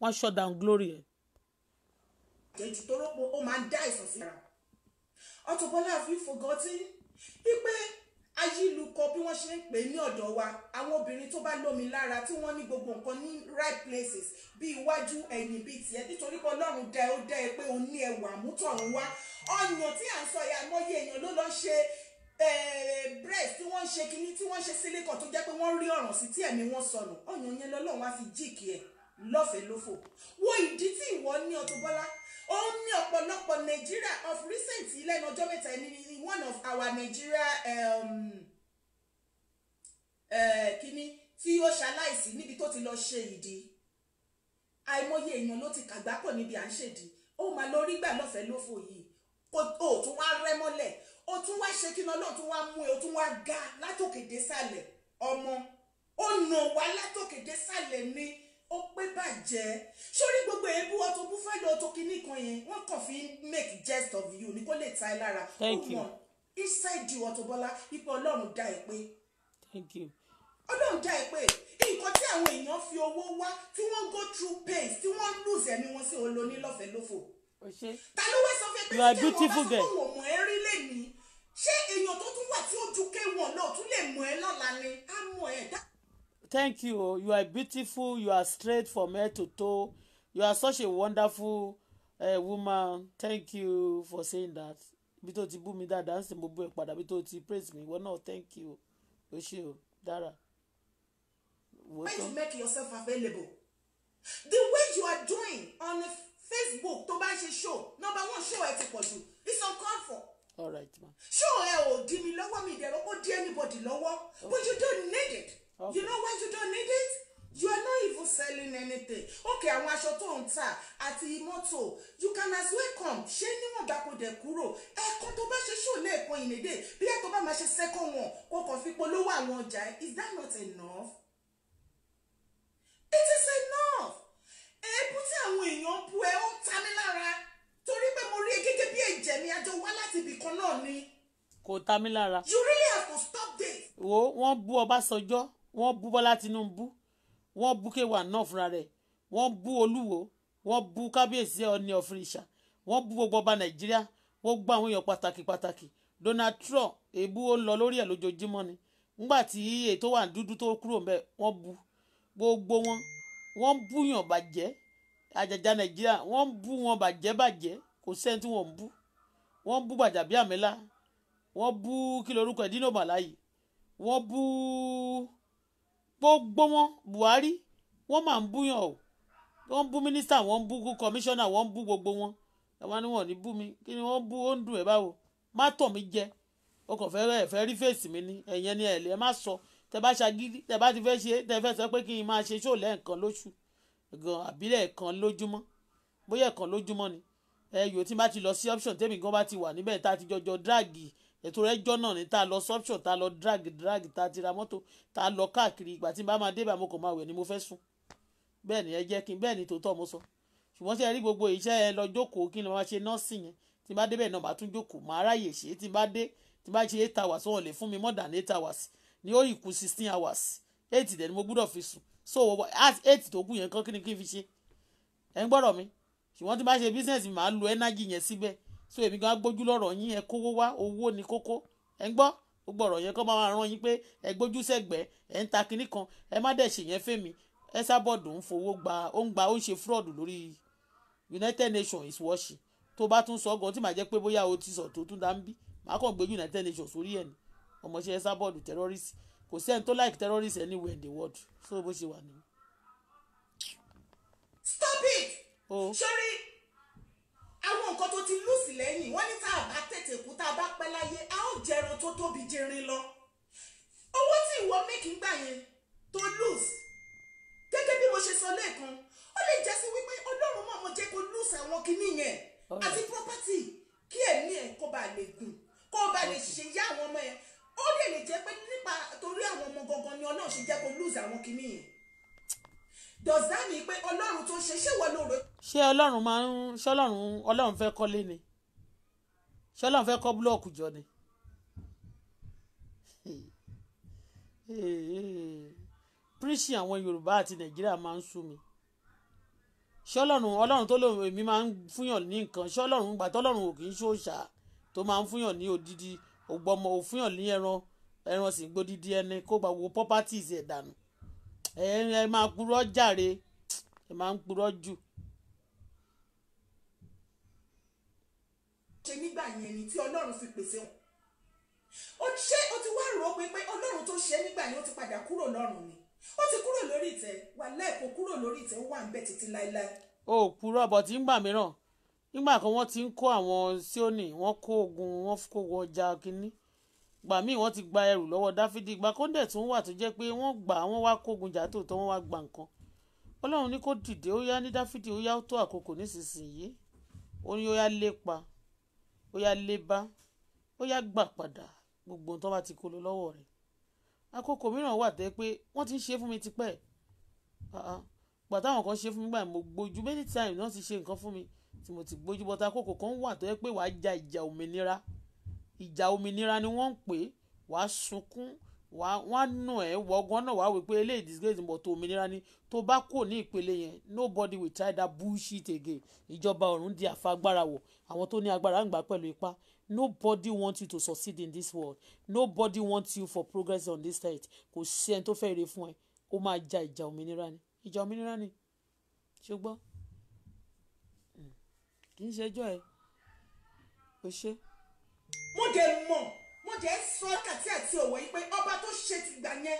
wọ́n shut down glory ẹ. ìjẹ́jú tó rọ́pò ó máa ń dá ìsàn síra Auto Bola have you ayílukọ bí wọ́n ṣe ń pè ní ọ̀dọ̀ wa àwọn obìnrin tó bá lómi lára tí wọ́n ní gbogbo nǹkan ní right places bí iwájú ẹ̀yìn bíi tiẹ̀ nítorí pé ọlọ́run dá ó dá ẹ pé òun ní ẹwà àmútọ̀run wá ọ̀yàn tí à ń sọ ìyá mọ́yé èèyàn ló lọ́ọ́ ṣe breast tí wọ́n ń ṣe kinní tí wọ́n ń ṣe silicon tó jẹ́ pé wọ́n rí ọ̀ràn sí tí ẹ̀mí wọn sọnù ọ̀yàn yẹn lọ́lọ́run wá fi jíìkì ẹ̀ lọ́fẹ̀ẹ́ lófò wo ìdí tí ìwọ ní Auto ó ní ọ̀pọ̀lọpọ̀ Nigeria of recent lẹ́nu ọjọ́ mẹ́ta ní one of our Nigeria um, uh, kinní tí ó ṣaláìsí níbi tó ti lọ ṣe ìdí àìmọye èèyàn ló ti kàgbákò níbi à ń ṣèdí ó máa lọ rí gbà lọ́fẹ̀ẹ́ lófò yìí kò tó wá rẹ́ mọ́lẹ̀ ó tún wá ṣe kí ni ọlọ́run tún wá mú ẹ ó tún wá ga látòkè désàlẹ̀ ọmọ ó nà wá látòkè désàlẹ̀ ni ó pé bàjẹ́ sórí gbogbo èébú ọtọ bú fẹ́ lọ ọtọ kìíní kan yẹn wọ́n kàn fi make jest of you ni kó lè ta ẹ lára ó mọ inside you Auto Bola ipò ọlọ́run dá ẹ pé ọlọ́run dá ẹ pé nǹkan tí àwọn èèyàn fi owó wá tí wọ́n go through pains tí wọ́n lose ẹni wọn sí olóní lọ́fẹ̀ẹ́ lófò ta ló wá sọ fẹ́ pé kí àwọn ọmọ sọ fún òun ẹ rí lẹ́nìí ṣé èèyàn tó tún wà tí ó ju kéwọn náà tún lè mọ̀ ẹ́ lọ́la ni á mọ̀ ẹ́ dá. thank you you are beautiful you are straight from head to toe you are such a wonderful uh, woman thank you for saying that bí tó ti bú mi dáadáa ń sì mo bú ẹ padà bí tó ti praise me. ìwọ náà thank you o ṣe o dára. when you make yourself available the way you are doing on facebook tó bá ń ṣe show number one show ẹ ti pọ̀ jù it's uncalled for all right ma. ṣó ẹ ò di mi lọ́wọ́ mi ìdẹ̀rọ kó di anybody lọ́wọ́ but you don't need it okay. you know why you don't need it you are not even selling anything okay àwọn aṣọ tó ń tà àti mọ́tò you can as well come ṣé níwọ̀n gbàkúndẹ̀ kúrò ẹ̀ẹ̀kan tó bá ṣe ṣó lẹ́ẹ̀kan ìnédè bí ẹ̀kọ́ bá máa ṣe second one kó kàn fi polówó àwọn ọjà ẹ̀ is that not enough? it is enough èébú tí àwọn èèyàn ń pu ẹ ó dẹ̀ ni wá láti ibì kan náà ni. kò ta mí lára. you really have to stop this. wo wọ́n bú Ọbásanjọ́ wọ́n bú Bọ́lá Tinubu wọ́n bú kéwà náà fúnra rẹ̀ wọ́n bú Olúwo wọ́n bú kábíyèsí Ọọ̀ni ọ̀fìrìṣà wọ́n bú gbogbo ọba Nàìjíríà wọ́n gbọ́ àwọn èèyàn pàtàkì pàtàkì Donald Trump èébú ó ń lọ lórí ẹ̀ lójoojúmọ́ ni ńgbà tí ètò wà dúdú tó kúrò mbẹ wọ́n bu gbogbo wọn wọ́n búyàn bàjẹ́ àjàjà Nàìjíríà wọ́n bú wọn bàjẹ́ bàjẹ́ kò sẹ́ni tí wọ́n ń wọ́n bú Gbajabiamila wọ́n bú kí lorúkọ ẹ̀ Dino Malayi wọ́n bú gbogbo wọn Buhari wọ́n máa ń búyàn o wọ́n bú mínísítà wọ́n bú kọmíṣánná wọ́n bú gbogbo wọn àwọn ni wọ́n ní bú mi kí ni wọ́n bú ó ń dùn ẹ̀ báwo má tọ̀ mí jẹ o kàn fẹ́ ẹ̀ fẹ́ rí fèsì mi ni ẹ̀yẹn ni ẹ̀ lè má sọ tẹ bá ṣagídí tẹ bá ti fẹ́ ṣe tẹ fẹ́ sọ pé kí n máa ṣe ṣó lẹ́ẹ̀kan lóṣù gan àbí lẹ́ẹ̀kan lójúmọ́ bóyá ẹ̀kan lójúmọ́ ni ẹyọ tí n bá ti lọ sí option tẹ́mi gan bá ti wà níbẹ̀ tá a ti jọjọ dragi ètò rẹ̀ jọ́nà ní tá a lọ sí option tá a lọ drag drag tá a ti ra mọ́tò tá a lọ káàkiri ìgbà tí n bá máa dé bàmú kò máa wẹ̀ ni mo fẹ́ sùn bẹ́ẹ̀ ni ẹ jẹ́ kí n bẹ́ẹ̀ ni tòótọ́ mo sọ ṣùgbọ́n tí ẹ rí gbogbo iṣẹ́ ẹ lọ jókòó kí n lọ máa ṣe nọ́ọ̀sì yẹn tí n bá débẹ̀ náà màá tún jókòó màá ráyè ṣe tí n bá dé tí n bá ṣe eight hours wọn lè fún mi more than eight hours ní ó ìkú sixteen hours eight dẹ̀ ni mo gbúdọ̀ fi sùn so eight tó kù yẹn kán kí ni kí n fi ṣe ẹ ń gbọ́dọ̀ mi ṣùgbọ́n tí bá ṣe business mi màá lo energy yẹn síbẹ̀ so èmi gan gbójú lọ́rọ̀ yín ẹ kówó wá owó ni kókó ẹ ń gbọ́ gbogbo ọ̀rọ̀ yẹn kọ́ máa ran yín pé ẹ gbójú sẹ́gbẹ̀ẹ́ ẹ ń ta kinní kan ẹ má dẹ̀ ṣe yẹn fẹ́mi ẹ sábọ̀dù ń fowó gba ó ń gba ó ń ṣe fraud lórí United Nations is washing tó bá tún sọ gan tí màá jẹ́ pé bóyá o ti sọ tó tún dá ń bí màá kàn gbé United Nations sórí ẹ̀ ní ọmọọṣẹ́ ẹ sábọ̀dù terrorist kò sẹ́ni tó like terrorist anywhere in the world so bó ṣe wà nìyẹn. ṣẹ́rí àwọn nǹkan tó ti lùsì lẹ́yìn wọ́n ní tá a bá tètè kú tá a bá pẹ́ láyé a ó jẹran tó tóbi jẹrin lọ owó tí ìwọ mẹ́kì ń gbà yẹn tó lùsì gẹ́gẹ́ bí mo ṣe sọ lẹ́ẹ̀kan ó lè jẹ́ sí wípé ọlọ́run mọ̀ mo jẹ́ kó lùsì àwọn kinní yẹn àti property kí ẹ̀mí ẹ̀ kó ba lè gùn kó ba lè ṣe yá àwọn ọmọ yẹn ó lè lè jẹ́ pé nípa torí àwọn ọmọ gangan ni ọlọ́run ṣe jẹ́ kó lùsì àwọn kinní yẹn does that mean pé ọlọ́run tó ṣe ṣé wọ́n ló rẹ. ṣé ọlọ́run máa ń ṣé ọlọ́run ọlọ́run fẹ́ kọ́lé ni ṣé ọlọ́run fẹ́ kọ́ búlọ́ọ̀kù jọ ni. píríṣì àwọn yorùbá àti nàìjíríà máa ń sú mi ṣé ọlọ́run ọlọ́run tó lòun èmi máa ń fúnyàn ní nǹkan ṣé ọlọ́run gbà tọ́lọ́run ò kì í ṣòòṣà tó máa ń fúnyàn ní odidi ògbọ́mọ òfúnyàn ní ẹran ẹran sì gbódidi ẹni kó gbàgbó properties ẹ̀ dànù ẹ ẹ máa purọ́ jàre ẹ máa ń purọ́ jù. ṣe nígbà yẹn ni tí ọlọ́run fi pèsè wọn o ṣe ó ti wá rò ó pé ọlọ́run tó ṣe nígbà yẹn ó ti padà kúrò lọ́run ni ó ti kúrò lórí ìtẹ́ wà lẹ́ẹ̀kọ́ kúrò lórí ìtẹ́ ó wà ń bẹ̀ títí láéláé. o ò purọ́ bọ̀ tí mìíràn nígbà kan wọ́n ti ń kó àwọn síónì wọ́n kó ogun wọ́n kó ogun ọjà kínní gbà míì wọ́n ti gba ẹrù lọ́wọ́ dáfídì ìgbà kan dẹ̀ tún wà tó jẹ́ pé wọ́n gbà wọ́n wá kógun jà tòótọ́ wọ́n wá gba nǹkan ọlọ́run ní kó dìde ó yá ní dáfídì ó yá tó àkókò nísinsìnyí ó ní ó yá lépa ó yá lébá ó yá gbà padà gbogbo ohun tó bá ti kó lọ lọ́wọ́ rẹ̀ àkókò mìíràn wà tẹ́ pé wọ́n ti ń ṣe fún mi tipẹ́ gbà táwọn kan ṣe fún mi gbà mo gbójú many times náà ti ṣe nǹkan fún mi tí mo ti gbójú bọ́ta àkókò kan wà tó yẹ pé wàá ja ìjà òmìnira ìjà òmìnira ni wọ́n ń pè wàá sunkún wàá nù ẹ́ wọ́gán náà wàá wí pé eléyìí disgrace but òmìnira ni tó bá kò ní ìpele yẹn nobody will try that bullshit again ìjọba ọ̀run di àfagbára wọ̀ àwọn tó ní agbára ń pẹ̀lú ipá nobody wants you to succeed in this world nobody wants you for progress on this side kò sí ẹni tó fẹ́ ire fún ẹ ó máa ja ìjà òmìnira ni ìjà òmìnira ni ṣùgbọ́n hmm. kì í ṣẹjọ́ ẹ o ṣe mo dẹ̀ mọ̀ mo dẹ̀ sọ kàtí àti òwe yìí pé ọba tó ṣe ti gbà yẹn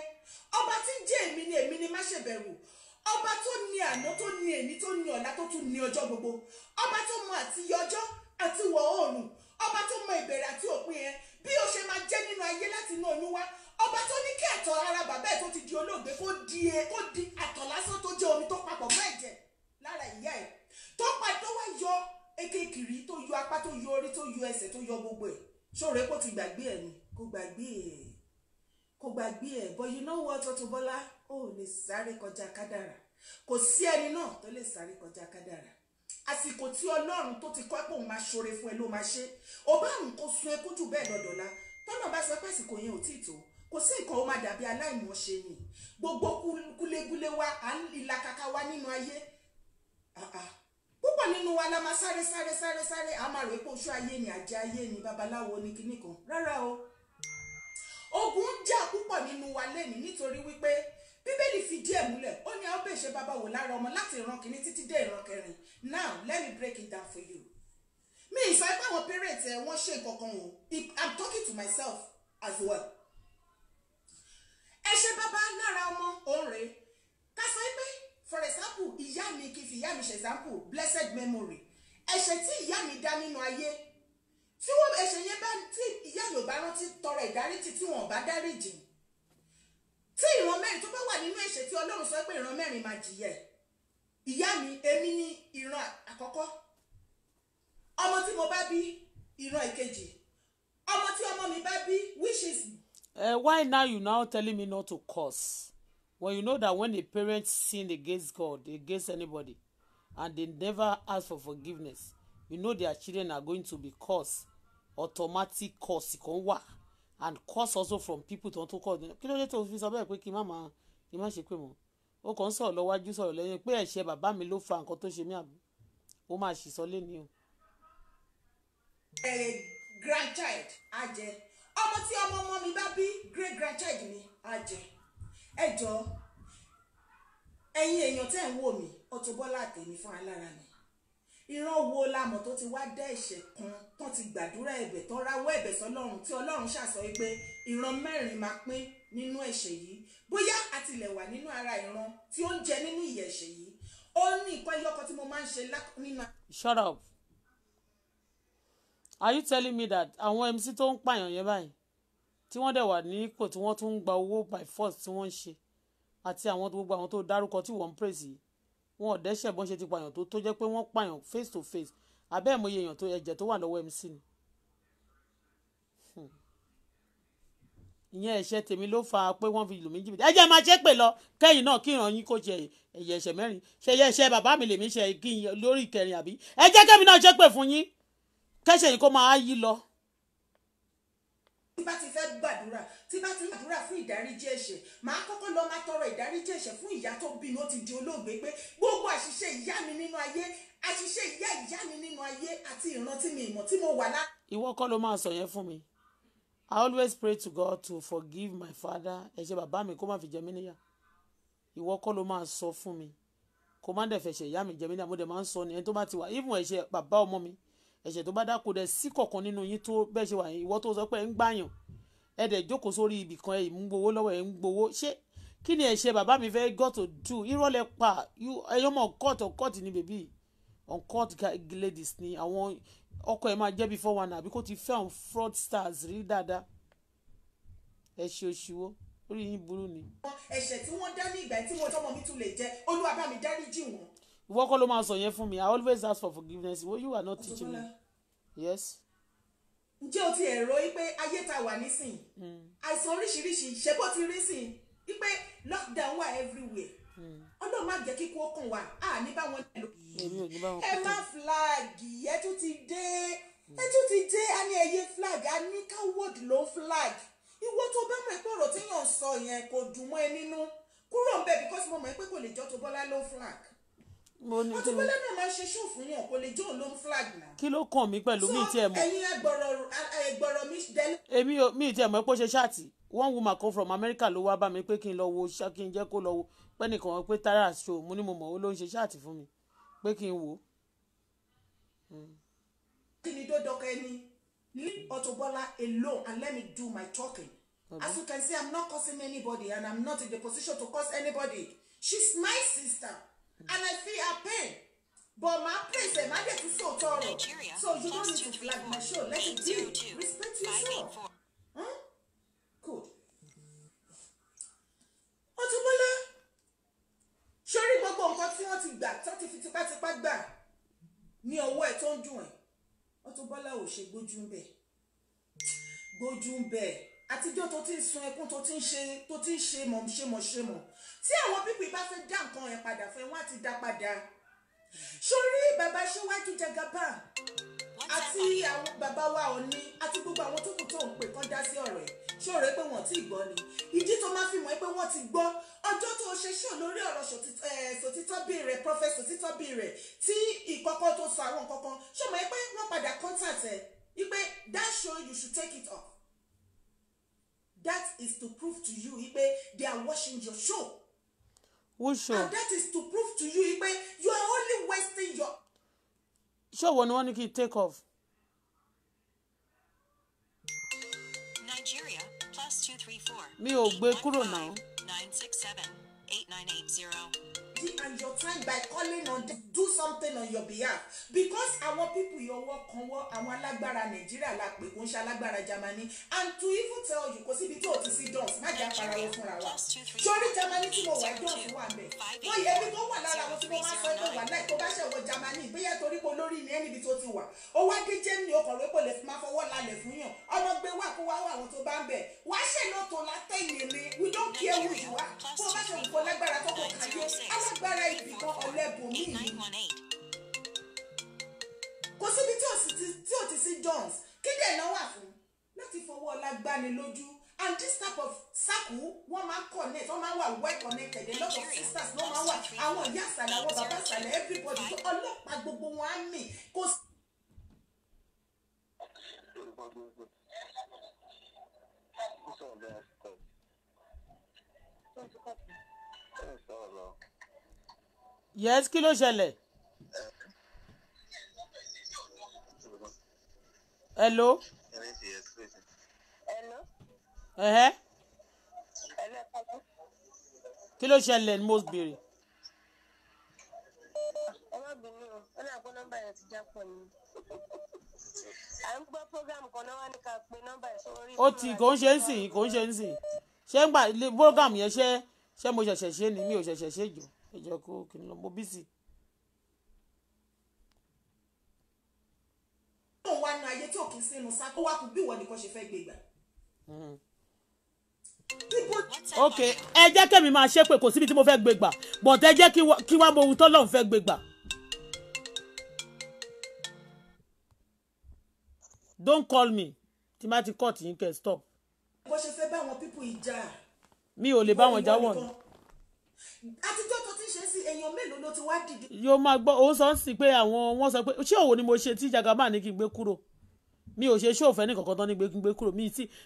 ọba tí ń jẹ́ èmi ni èmi ni má ṣe bẹ̀rù ọba tó ní àná tó ní èmi tó ní ọ̀la tó tún ní ọjọ́ gbogbo ọba tó mọ àti yọjọ́ àti wọ̀ oòrùn ọba tó mọ ìbẹ̀rẹ̀ àti òpin yẹn bí ó ṣe máa jẹ́ nínú ayé láti inú oyún wá ọba tó ní kí ẹ̀tọ́ ara bàbá ẹ̀ tó ti di olóògbé kó di e kó di àtọ̀ lásán tó jẹ́ omi tó papọ̀ mọ́ ẹ̀jẹ̀ lára ìyá ẹ̀ tó pa tó wá yọ èkékiri tó yọ apá tó yọ orí tó yọ ẹsẹ̀ tó yọ gbogbo ẹ̀ ṣòro kó ti gbàgbé ẹ̀ ni kó gbàgbé ẹ̀ kó gbàgbé ẹ̀ but you know what Auto Bola ó lè sáré kọjá kádàrà kò sí ẹni náà tó lè sáré kọjá kádàrà àsìkò tí ọlọ́run tó ti kọ́ pé òun máa ṣoore fún ẹ ló máa ṣe ó bá òun kó sun ẹkú jù bẹ́ẹ̀ lọ́dọ̀ọ́lá tọ́nà bá sọ pé àsìkò yẹn ò tí ì tó kò sí nǹkan ó máa dàbí aláìmọ̀ọ́ṣe ni gbogbo kúlegúle wa à ń ìlàkàkà wa nínú ayé púpọ̀ nínú wa la máa sáré sáré sáré sáré a máa rò pé oṣù ayé ni àjẹ ayé ni babaláwo ni kinní kan rárá o ogun jà púpọ̀ nínú wa lẹ́nìí nítorí wípé bíbélì fìdí ẹ̀ múlẹ̀ ó ní a ó bèṣe bàbá wò lára ọmọ láti ìran kìíní títí dé ìran kẹrin now let me break it down for you mi ì sọ pé àwọn parents ẹ wọ́n ṣe nǹkan kan o i'm talking to myself as well ẹ ṣe bàbá lára ọmọ òun rèé ká pé for example ìyá mi kì í fi ìyá mi ṣe example blessed memory ẹ̀ṣẹ̀ tí ìyá mi dá nínú ayé tí wọ́n ẹ̀ṣẹ̀ yẹn bá tí ìyá mi ò bá rántí tọrọ ìdáríjì tí wọ́n ò bá dáríjì tí ìran mẹ́rin tó bá wà nínú ẹ̀ṣẹ̀ tí Ọlọ́run sọ pé ìran mẹ́rin máa jìyẹ ìyá mi èmi ni ìran àkọ́kọ́ ọmọ tí mo bá bí ìran ìkejì ọmọ tí ọmọ mi bá bí which is. Uh, why now you now telling me not to curse when you know that when a parent sin against God against anybody and they never ask for forgiveness you know their children are going to be cursed automatic curse kan wà and curse also from people tó ń tó kọ́ ọdún kí ló dé tó fi sọ bẹ́ẹ̀ pé kí má máa kí má ṣe pé mọ́ ó kàn ń sọ̀rọ̀ lọ́wájú sọ̀rọ̀ lẹ́yìn pé ẹ̀ṣẹ̀ bàbá mi ló fa nǹkan tó ṣe mí àbí ó máa ṣì sọ lé ní o. ẹ eh, grandchild ajẹ ọmọ tí ọmọ ọmọ mi bá bí great grandchild mi ajẹ ẹ jọ èèyàn tẹ́ ń wò mí Auto Bola tèmi fún alára mi ìran wo lamọ̀ tó ti wá dẹ́ ẹ̀ṣẹ̀ kan tán ti gbàdúrà ẹ̀bẹ̀ tán ráwọ́ ẹ̀bẹ̀ sọlọ́run tí ọlọ́run ṣàsọ pé ìran mẹ́rin máa pín nínú ẹ̀ṣẹ̀ yìí bóyá àtìlẹ̀ nínú ara ìran tí ó ń jẹ nínú ìyẹ̀ ẹ̀ṣẹ̀ yìí ó ní nǹkan ẹyọkọ tí mo máa ń ṣe nínú. shut up are you telling me that àwọn MC tó ń pààyàn yẹn báyìí tí wọ́n dẹ̀ wà nípò tí wọ́n tún ń gba owó by force tí wọ́n ń ṣe àti àwọn gbogbo àwọn tó dárúkọ tí wọ́n ń praise wọn ò dẹ́ṣẹ̀ bọ́n ṣe ti pààyàn tó tó jẹ́ pé wọ́n pààyàn face to face abẹ́ ìmọye èèyàn tó ẹ̀jẹ̀ tó wà lọ́wọ́ MC ni. Hmm. ìyẹn ẹ̀ṣẹ̀ tèmi ló fa pé wọ́n fi lù mí jìbìtì ẹ̀jẹ̀ máa ṣe pè lọ kẹ́yìn náà kí ìrànyìn kò ṣe ẹ̀yẹ ẹ̀ṣẹ̀ mẹ́rin ṣe ẹ̀yẹ ẹ̀ṣẹ̀ bàbá mi lèmi ṣe lórí ìkẹrin àbí ẹ̀jẹ̀ kẹ́mi náà ṣe pè fún yín kẹ́ṣẹ̀ yìí kó máa yí lọ tí bá ti fẹ́ gbàdúrà tí bá ti ń gbàdúrà fún ìdáríjì ẹ̀ṣẹ̀ màá kọ́kọ́ lọ máa tọrọ ìdáríjì ẹ̀ṣẹ̀ fún ìyá tó bí ó ti di olóògbé pé gbogbo àṣìṣe ìyá mi nínú ayé àṣìṣe ìyá ìyá mi nínú ayé àti ìran mi ìmọ̀ tí mo wà lá. ìwọ kọ́ ló máa sọ yẹn fún mi I always pray to God to forgive my father ẹ̀ṣẹ̀ bàbá mi kó má fi jẹ mí níyà ìwọ kọ́ ló máa sọ fún mi kó má dẹ̀ fẹ̀ṣẹ̀ ìyá mi jẹ mí níyà mo dẹ̀ máa ń sọ nìyẹn tó bá ti wà even ẹ̀ṣẹ̀ bàbá ọmọ mi ẹ̀ṣẹ̀ tó bá dá dẹ̀ sí kọ̀ọ̀kan nínú yín tó bẹ́ẹ̀ ṣe wà ìwọ tó sọ pé ń gbàyàn ẹ̀ dẹ̀ jókòó sórí ibì ẹ̀ ń gbowó lọ́wọ́ ẹ̀ ń gbowó ṣé kí ni ẹ̀ṣẹ̀ bàbá mi fẹ́ got to do irọ́ pa ẹ̀yọ́ mọ̀ court on court ni bèbí on court ladies ni àwọn ọkọ ẹ̀ máa jẹ́ before one àbí kó ti fẹ́ àwọn fraudsters rí dáadáa ẹ ṣe oṣuwó orí yín burú ni. ẹ̀ṣẹ̀ tí wọ́n dá ní ìgbà tí wọ́n tọ́mọ mi tún lè jẹ́ olúwa bá mi dáríjì wọ́n. ìwọ ló máa sọ yẹn fún mi i always ask for forgiveness but you are not teaching me yes. ǹjẹ́ o ti ẹ̀rọ pé ayé ta wà nísìn hmm. àìsàn oríṣiríṣi ṣe bó ti rí sìn pé lockdown wà everywhere hmm. ọlọ́run má jẹ́ kíkú ọkàn wa a ní báwọn ẹ̀ lò. ẹ má flagi ẹ tún ti dé hmm. ẹ tún ti dé a ní ẹyẹ flag a ní coward ló flag ìwọ tó bá mọ̀ pé ọ̀rọ̀ téèyàn sọ yẹn kò dùn mọ́ ẹ nínú kúrò ń bẹ̀ because mo mọ̀ pé kò lè jọ́ tó bọ́lá ló flag mo ní tí mo. ọtúnbọ̀lẹ́ náà máa ṣe ṣùn fún kò lè jẹ́ òun flag náà. kí ló kàn mí pẹ̀lú mi tí ẹ ẹ̀yin ẹgbọ̀rọ̀ ẹgbọ̀rọ̀ mi dẹ́lẹ̀. èmi ò mi tí ẹ pé ó ṣe ṣáàtì one woman come from America ló wá bá mi pé kí n lọ wo kí n jẹ́ kó lọ wo pé nìkan pé tara ṣo mo ní mo mọ̀ ó ló ń ṣe ṣáàtì fún mi pé kí n wò. Hmm. kí ni dọ́dọ̀kẹ́ ni leave Auto alone and let me do my talking. As you can see, I'm not cursing anybody and I'm not in the position to curse anybody. She's my sister. Mm. and I feel her pain. But my place, my get is so tall. So you don't need to flag my show. Let it be. Respect yourself. Huh? Cool. Ọtúbọ́lá, sórí gbogbo nǹkan tí wọ́n ti gbà tó ti fi tipátipá gbà ní ọwọ́ ẹ̀ tó ń dùn ẹ̀. Ọtúbọ́lá ò ṣe gbójú ń go Gbójú ń bẹ̀. Àtijọ́ tó ti ń sun ẹkún tó ti ń ṣe mọ̀ ṣe mọ̀ ṣe mọ̀ tí àwọn pípì bá fẹ́ dá nǹkan yẹn padà fún ẹ wọ́n á ti dá padà sórí bàbá Ṣíwájú Jagaba àti àwọn bàbá wa Ọọ̀ni àti gbogbo àwọn tó kù tó ń pè kán dá sí ọ̀rọ̀ ẹ̀ ṣó rẹ pé wọ́n ti gbọ́ ni ìdí tó máa fi mọ̀ pé wọ́n ti gbọ́ ọjọ́ tó ṣe ṣó lórí ọ̀rọ̀ sòtítọ́bì rẹ̀ prọfẹ̀sì sòtítọ́bì rẹ̀ tí ìkọ́kọ́ tó sọ àwọn kọ̀ọ̀kan ṣó mọ̀ pé wọ́n padà contact ẹ̀ wípé that show you should take it off that is to prove to you wípé they are watching your show wúṣọ. and that is to prove to you pé you are only wasting your. ṣòwò ni wọ́n ní kí n take off. Nigeria plus two three four. mi ò gbé kúrò náà. nine six seven your time by calling on them do something on your behalf because àwọn people your work kan wọ́ àwọn alágbára nàìjíríà la pè kó ń ṣe alágbára germany and to even tell you kò síbi tó o ti sí dance má jẹ́ aparawo fúnra wa sórí germany tí mo wà dance wà mẹ́ wọ́n yẹ ẹni tó wà lára àwọn tí mo máa sọ pé wà láì tó bá ṣe wọ germany bóyá torí pé olórí ni ẹni ibi tó ti wà ó wá dé germany ó kọ̀wé pò lè fi máa fọwọ́ lálẹ̀ fún yàn ọmọ gbé wà kó wá wà àwọn tó bá ń bẹ̀ wá ṣe náà tó látẹ̀yìn mi we don't care who you are bó o bá ṣe òkò lágbára tó kò káyé búrẹ́dì kọ́ ọlẹ́bùn mí yìí kò síbi tí ò ti sí Jones kí dẹ̀ náà wà fún láti fọwọ́ ọlá lójú and this type of circle wọ́n máa connect wọ́n máa wà well connected a lot of sisters ló máa wà àwọn ìyá àsàlẹ̀ àwọn bàbá àsàlẹ̀ everybody tó ọlọ́pàá gbogbo wọn á mì kò sí. It's yes kí ló ṣẹlẹ̀. hello. hello. ẹ̀hẹ́. kí ló ṣẹlẹ̀ ni mo béèrè. o ó ní àpò nọ́mbà yẹn ti já pọ̀ ni à ń gbọ́ program kan náà wá ní ká pe ó ti kò ń ṣe ń sìn kò ń ṣe ń sìn ṣé ń gbà program yẹn ṣé ṣé mo ṣẹ̀ṣẹ̀ ṣe ni mi ò ṣẹ̀ṣẹ̀ ṣe jù ẹ jẹ́ kó kìnnì lọ mo bísí. ó wà nù ayé tí òkè sínú sá ó wà kú bí ìwọ nìkan ṣe fẹ́ gbé gbà. Hmm. ok ẹ jẹ́ kẹ́mi máa ṣépè kò síbi tí mo fẹ́ gbé gbà but ẹ jẹ́ kí wá mo ohun tó lọ́n fẹ́ gbé gbà. don't call me tí má ti kọ́ tí yín kẹ́ stop. bó ṣe fẹ́ bá àwọn pípọ̀ ìjà. mi ò lè bá wọn já wọn àtijọ́ tó ti ṣe sí èèyàn mélòó ló ti wá dìde. yóò máa gbọ́ òun sọ ń sìn pé àwọn wọ́n sọ pé ṣé òun ni mo ṣe tí jagaba ní kí n gbé kúrò mi ò ṣe ṣóòfẹ́ ní kankan tán ní gbé kúrò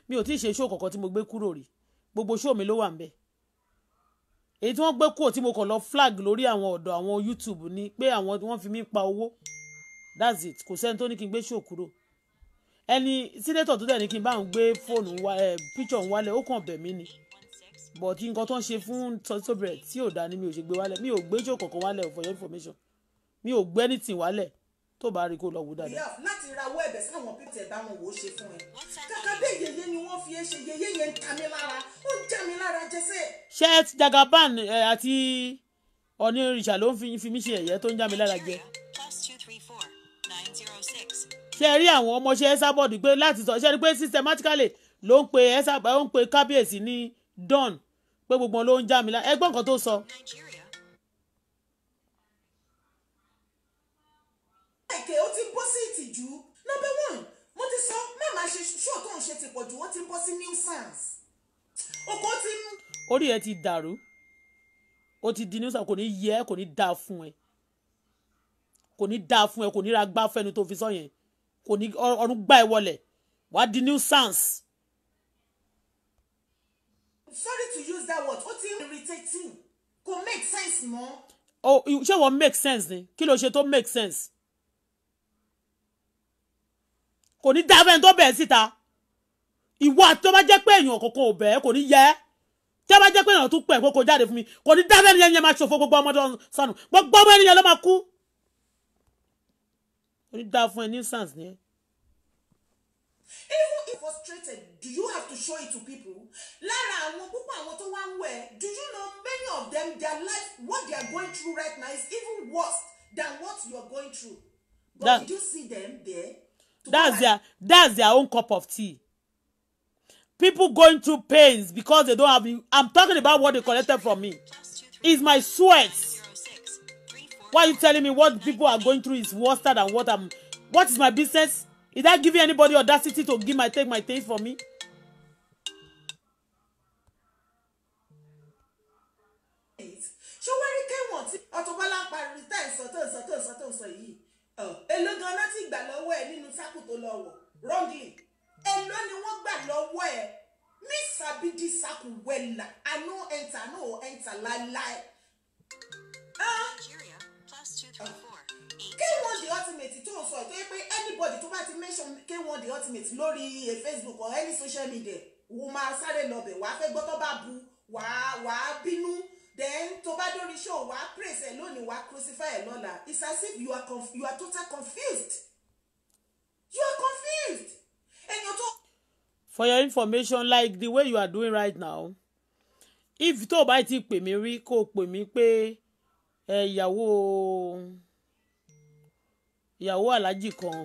mi ò tí ì ṣe ṣóò kankan tí mo gbé kúrò rí gbogbo ṣóò mi ló wà ń bẹ̀ èyí tí wọ́n gbé kúrò tí mo kàn lọ flag lórí àwọn ọ̀dọ̀ àwọn YouTube ni pé àwọn wọ́n fi mí pa owó that's it kò sẹ́ni tó ní kí n gbé ṣóò kúrò ẹni sínétọ̀ tó dẹ̀ ní kí n bá ń gbé fóònù wa ẹ̀ píṣọ̀ ń wálẹ̀ ó kàn bẹ̀ mí ni but nǹkan tó ń ṣe fún tọ́sọ́bẹ̀rẹ̀ tí ò dá ni mi ò ṣe gbé wálẹ̀ mi ò gbé jò kankan wálẹ̀ for your information mi ò gbé anything wálẹ̀ tó bá rí kó lọ wò dáadáa. láti rawọ́ ẹ̀bẹ̀ sáwọn pété ẹ̀ bá wọn wò ó ṣe fún ẹ kàkà bẹ́ẹ̀ yẹyẹ ni wọ́n fi ẹ ṣe yẹyẹ yẹn ń ta mi lára ó ń já mi lára jẹsẹ̀. ṣé Jagaban àti ọ̀ní ìrìṣà ló ń fi mí ṣe ẹ̀yẹ tó ń já mi lára jẹ ṣe rí àwọn ọmọọṣẹ́ sábọ̀dù pé láti sọ ṣe rí pé systematically ló ń pe kábíyèsí ní Don pé gbogbo wọn ló ń já mi lá ẹgbọ́n nǹkan tó sọ. ẹ̀kẹ́ ó ti ń bọ́ sí ìtìjú nọ́mbà one mo ti sọ mẹ́ẹ̀má ṣe ṣó tó ń ṣe ti pọ̀jù ó ti bọ́ sí nuisance oko ti ń. orí ẹ ti dàrú ó ti di nuisance kò ní yẹ kò ní dáa fún ẹ kò ní dáa fún ẹ kò ní ra gbá fẹnu tó fi sọ yẹn kò ní ọrùn gbá ẹ wọlẹ̀ wàá di nuisance sorry to use that word ó ti ń irritating kò make sense mọ́. o ṣé wọ́n make sense ni kí ló ṣe tó make sense kò ní dábẹ́ tó bẹ̀ síta ìwà tó bá jẹ́ pé èèyàn kọ̀ọ̀kan ò bẹ́ẹ̀ kò ní yẹ ẹ́ tí a bá jẹ́ pé èèyàn tún pẹ̀ kó kó jáde fún mi kò ní dábẹ́ nìyẹn yẹn máa ṣòfò gbogbo ọmọdé sọnù gbogbo ọmọ ènìyàn ló máa kú kò ní dá fún ẹ nuisance ni ẹ. even frustrated do you have to show it to people lára àwọn púpọ̀ àwọn tó wá ń wẹ̀ do you know many of them their life what they are going through right now is even worse than what you are going through but that, did you see them there. that's their that's their own cup of tea people going through pains because they don't have i'm talking about what they collected from me Is my sweat why you telling me what people are going through is worse than what i'm what is my business Is that giving anybody audacity to give my take my take for me? ṣé wọ́n rí kéwọ̀n tí ọ̀tọ̀bọ́lá ń parí tá ìsọ tó ìsọ tó yìí èló ganan ti gbà lọ́wọ́ ẹ̀ nínú sákò tó lọ wọ̀ wrongly èló ni wọ́n gbà lọ́wọ́ ẹ̀ mi sabi sákò wẹ̀là àánú ẹ̀ǹtà náà ẹ̀ǹtà láéláé. k1 the ultimate tó ń sọ tó yẹ pé anybody tó bá ti mention k1 the ultimate lórí eh, facebook or any social media wò máa sáré lọbẹ̀ wàá fẹ́ gbọ́ tó bá bu wàá wàá bínú then tó bá dórí show wàá praise ẹ̀ lónìí wàá crucify ẹ̀ lọ́la it's as if you are, you are total confused you are confused èèyàn tó. for your information like the way you are doing right now if tó o bá ti pè mí rí kó o pè mí pé eh, ìyàwó. Eh, ìyàwó aláàjì kan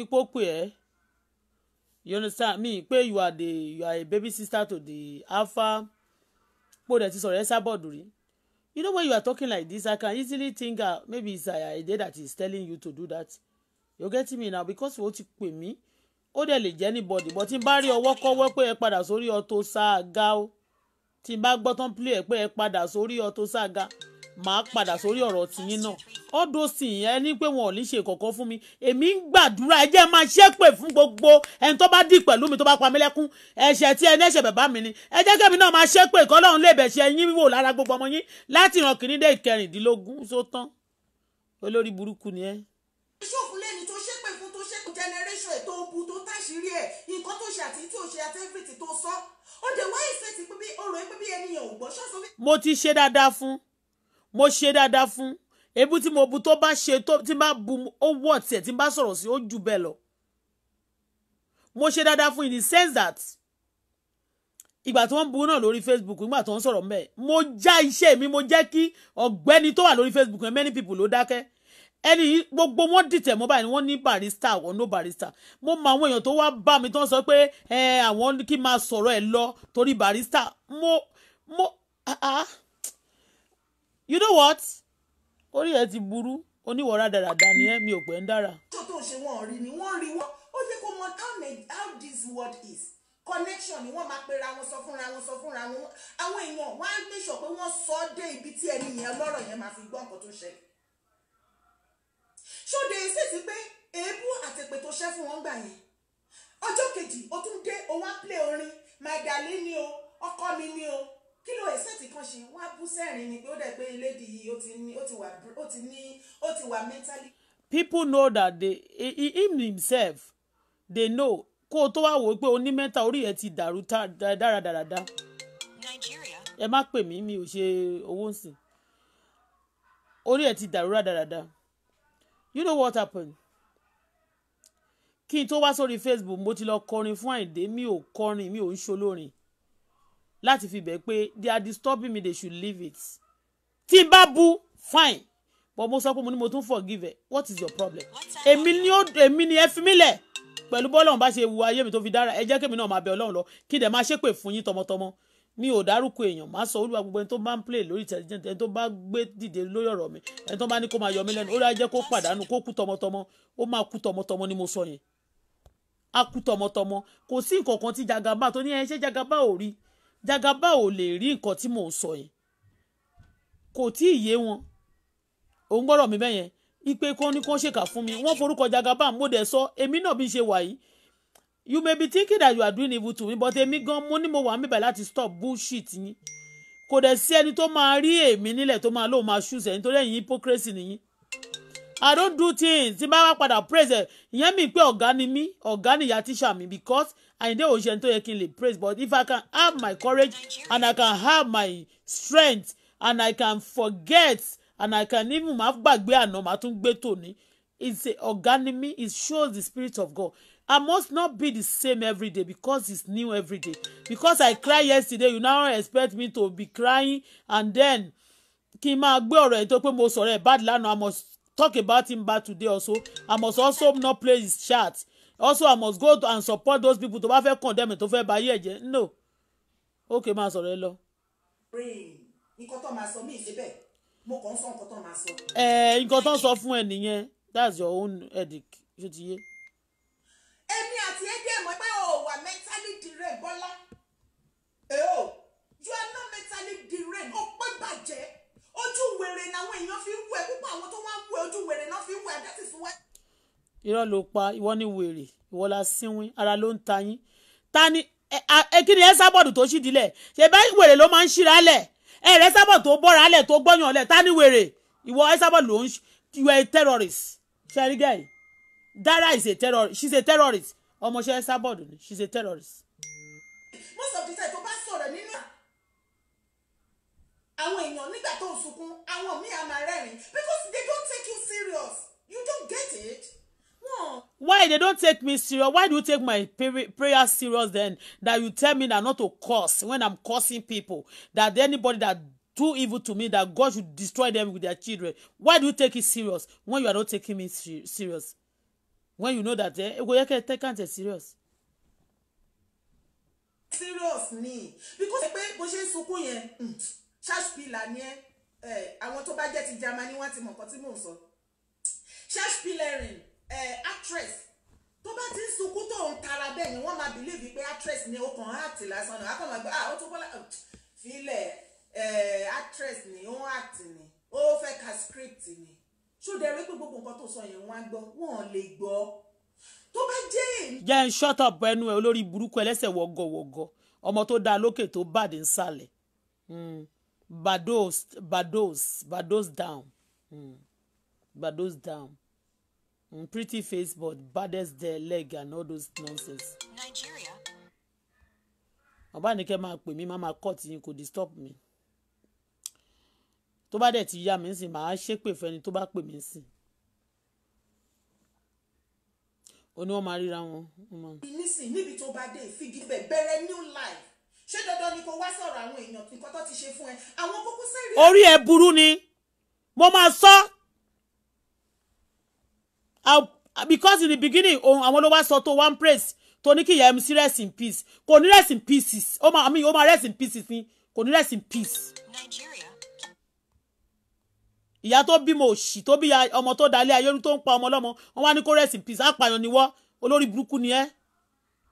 ipò pè ẹ́ you understand me pé you are the you are a baby sister to the alpha kó dẹ̀ ti sọ̀rọ̀ ẹ́ sábọ̀dù rí you know when you are talking like this I can easily think ah maybe it's ah a day that is telling you to do that you get me now because o ti pè mí ó dẹ̀ lè jẹ́ anybody but tí n bá rí ọwọ́ kọ́wọ́ pé ẹ padà sórí Auto Sàgá o tí n bá gbọ́ tán play ẹ pé ẹ padà sórí Auto Sàgá màá padà sórí ọ̀rọ̀ tìyín náà ọdún sì yẹn ní pé wọn ò ní ṣe kọ̀ọ̀kan fún mi èmi ń gbàdúrà ẹ jẹ́ máa ṣépè fún gbogbo ẹni tó bá dì pẹ̀lú mi tó bá pa mí lẹ́kún ẹ̀ṣẹ̀ tí ẹni ẹ̀ṣẹ̀ bàbá mi ni ẹ jẹ́ kẹ́mi náà máa ṣépè kọ́lọ́run lè bẹ̀ṣẹ̀ yín wò lára gbogbo ọmọ yín láti ìran kìíní dé ìkẹrìndínlógún só tán olórí burúkú ni ẹ. ṣòfin lẹ́ni generation ètò ogun tó táṣìírí ẹ̀ nǹkan tó ṣe àti tí ò everything tó sọ ó dẹ̀ wáyé ṣe ti pé bí ọ̀rọ̀ ẹ pé bí ẹni yẹn ò gbọ́ ṣọ́ọ̀ṣọ́. mo ti ṣe dáadáa fún mo ṣe dáadáa fún ebú tí mo bu tó bá ṣe tó tí bá bu ó wọ̀ tiẹ̀ tí bá sọ̀rọ̀ sí ó jù bẹ́ẹ̀ lọ mo ṣe dáadáa fún in the sense that ìgbà tí wọ́n ń bu náà lórí Facebook nígbà tó ń sọ̀rọ̀ mẹ́ẹ̀ mo já iṣẹ́ mi mo jẹ́ kí ọ̀gbẹ́ni tó wà lórí Facebook yẹn many people ló dákẹ́ ẹni gbogbo wọn dìtẹ̀ mọ́ báyìí ni wọ́n ní barista or no barista mo mọ àwọn èèyàn tó wá bá mi tó ń sọ pé ẹ àwọn kí n máa sọ̀rọ̀ ẹ lọ torí barista mo mo ah ah you know what orí ẹ ti burú oníwọ̀ra dáradára ni ẹ mi ò pẹ́ ń dára. tó tó ṣe wọn rí ni wọn rí wọn ó jẹ́ kó mọ how this word is connection ni wọ́n máa pera wọn sọ fúnra wọn sọ fúnra wọn àwọn èèyàn wọ́n á gbé sọ pé wọ́n sọ ọ́ dé ibi tí ẹni yẹn lọ́rọ̀ yẹn máa fi gbọ́ nǹkan tó ṣẹlẹ̀ ṣóde ṣe sí pé èébú àtẹ̀pẹ̀ tó ṣẹ́ fún wọn gbà yẹn ọjọ́ kejì ó tún dé ó wá play orin my darling ni o ọkọ mi ni o kí ló ẹ̀sẹ̀tì kan ṣe wá bú sẹ́rìn ni pé ó dẹ̀ pé lady yìí ó ti ní ó ti wà ó ti ní ó ti wà mentally. people know that they him himself they know kó o tó wá wò ó pé onímẹ́ta orí ẹ̀ ti dàrú dáradára. ẹ má pè mí mi ò ṣe owó nsìn orí ẹ̀ ti dàrú dáradára. you know what happened? kí n tó wá sórí Facebook mo ti lọ kọrin fún Àyìndé mi ò kọrin mi ò ń ṣolórin láti fi bẹ̀ pé they are disturbing me they should leave it tí n bá bu fine but mo sọ pé mo ní mo tún forgive ẹ what is your problem èmi ni ó èmi ni ẹ fi mí lẹ̀ pẹ̀lú bọ́lọ́run bá ṣe wu ayé mi tó fi dára ẹ jẹ́ kémi náà máa bẹ ọlọ́run lọ kí n dẹ̀ máa ṣépè fún yín tọmọtọmọ mi ò dárúkọ èèyàn máa sọ olúwa gbogbo ẹni tó bá ń play lórí intelligent ẹni tó bá gbé dìde lórí ọ̀rọ̀ mi ẹni tó bá ní kó máa yọ mí lẹ́nu ó lọ jẹ́ kó pàdánù kó kú tọmọtọmọ ó máa kú tọmọtọmọ ni mo sọ yẹn á kú tọmọtọmọ kò sí nǹkan kan tí jagaba tó ní ẹ ṣe jagaba ò rí jagaba ò lè rí nǹkan tí mò ń sọ yẹn kò tí ì yé wọn òun gbọ́dọ̀ mi bẹ́yẹn ipe kan ní kan ṣèkà fún mi wọ́n forúkọ jagaba mo dẹ̀ sọ èmi náà bí ṣe wà yìí you may be thinking that you are doing evil to me but èmi gan mo ní mo wà níbẹ̀ láti stop bullshit yín kò dẹ̀ sí ẹni tó máa rí èmi nílẹ̀ tó máa lóun máa ṣùṣẹ̀ nítorí ẹ̀yin hypocrisy nìyí i don't do things tí bá wá padà praise ẹ̀ ìyẹn mi pé ọ̀gá ni mí ọ̀gá nìyá tíṣà mi because I Òṣèǹ tó yẹ kí n praise but if I can have my courage and I can have my strength and I can forget and I can even máa gbàgbé àná máa tún gbé tòní it's a organic it shows the spirit of God I must not be the same every day because it's new every day because I cry yesterday you now expect me to be crying and then kí n máa gbé ọ̀rọ̀ ẹ̀ tó pé mo sọ̀rọ̀ ẹ̀ bad lánàá I must talk about him bad today also I must also not play his chart also i must go and support those people to bá fẹ́ condemn tó fẹ́ bayé ẹ̀jẹ̀ no ok máa sọ̀rọ̀ ẹ lọ. nǹkan tó máa sọ mí ìṣebẹ̀ mo kàn ń sọ nǹkan tó máa sọ. ẹ eh, nǹkan tó ń sọ fún ẹ nìyẹn that's your own edic ṣó ti yé. èmi àti ẹgbẹ́ ẹ̀mọ́ pé o wà mentally deranged bọ́lá èèó eh, you are not mentally deranged ó pẹ́ bàjẹ́ ojú wèrè làwọn èèyàn fi ń wẹ̀ púpọ̀ àwọn tó wá ń wẹ̀ ojú wèrè náà fi ń wẹ̀ that is why irọ́ ló pa ìwọ ni wèrè ìwọ la sínwín ara ló ń ta yín ta ni kí ni ẹ sábọ̀dù tó ṣì dílẹ̀ ṣe bá wèrè ló máa ń ṣíra lẹ̀ ẹ rẹ sábọ̀dù tó bọ́ra lẹ̀ tó gbọ́yàn lẹ̀ ta ni wèrè ìwọ ẹ sábọ̀dù ló ń you are a terrorist ṣẹ́rí gẹ̀ Dara is a terrorist she is a terrorist ọmọọṣẹ́ ẹ sábọ̀dù ni she is a terrorist. most of the time tó bá sọ̀rọ̀ nínú àwọn èèyàn nígbà tó ń sunkún àwọn míì àmà rẹ́rìn because they don't take you serious you don't get it why they don't take me serious why do you take my prayer serious then that you tell me that not to curse when i'm cursing people that anybody that do evil to me that god should destroy them with their children why do you take it serious when you are not taking me serious when you know that eh egoyeke take am serious. serious ni because pé bó ṣe ń sunkún yẹn ṣáṣpìlà hmm, ni ẹ eh, àwọn tó bá jẹ́ ti Germany wọ́n ti mọ̀ nǹkan tí mò ń sọ ṣáṣpìlẹ̀rìn Eh, actress tó bá ti ń sunkún tó ń tara bẹ́ẹ̀ ni wọ́n máa believe pé actress ni ó kàn áàtì lásán náà akọ́nà gbọ́ ah ó tún bọ́lá filẹ̀ eh, actress ni ó ń áàtì ni ó fẹ́ ka script ni ṣùgbọ́n ẹ̀rí pé gbogbo nǹkan tó sọ yẹn wọ́n á gbọ́ wọ́n lè gbọ́ tó bá jẹ́ èmi. jẹ́ ń shut up ẹnu ẹ̀ olórí burúkú ẹlẹ́sẹ̀ wọ̀gọ̀wọ̀gọ̀ ọmọ tó dáa lókè tó bàdé nsàlẹ̀ bados hmm. bados bados down mm. bados down. Mm, pretty face, but baddest their leg and all those nonsense. Nigeria. Ọbánikẹ́ máa pè mí máa máa cut yín kò disturb mi. Tó bá dẹ̀ ti yá mi sìn màá ṣépè fẹ́ni tó bá pè mí sìn. ó ní wọ́n máa ríra wọn. nísìnyí níbi tó bá dé ìfigi bẹ̀ bẹ̀rẹ̀ new life ṣé dandan ni kò wá sọ̀rọ̀ àwọn èèyàn nǹkan tó ti ṣe fún ẹ àwọn kókó sẹ́rìí. orí ẹ burú ni mo máa sọ because in the beginning òun àwọn ló wá sọ tó one praise tó ní kí ìyá mc rest in peace kò ní rest in pieces ó máa I mean ó máa rest in pieces ni kò ní rest in peace. ìyá tó bímọ òṣì tó bí ọmọ tó dalé ayé orú tó ń pa ọmọ lọ́mọ wọn wá ní kó rest in peace apààyàn ni wọ́ olórí burúkú ni ẹ́.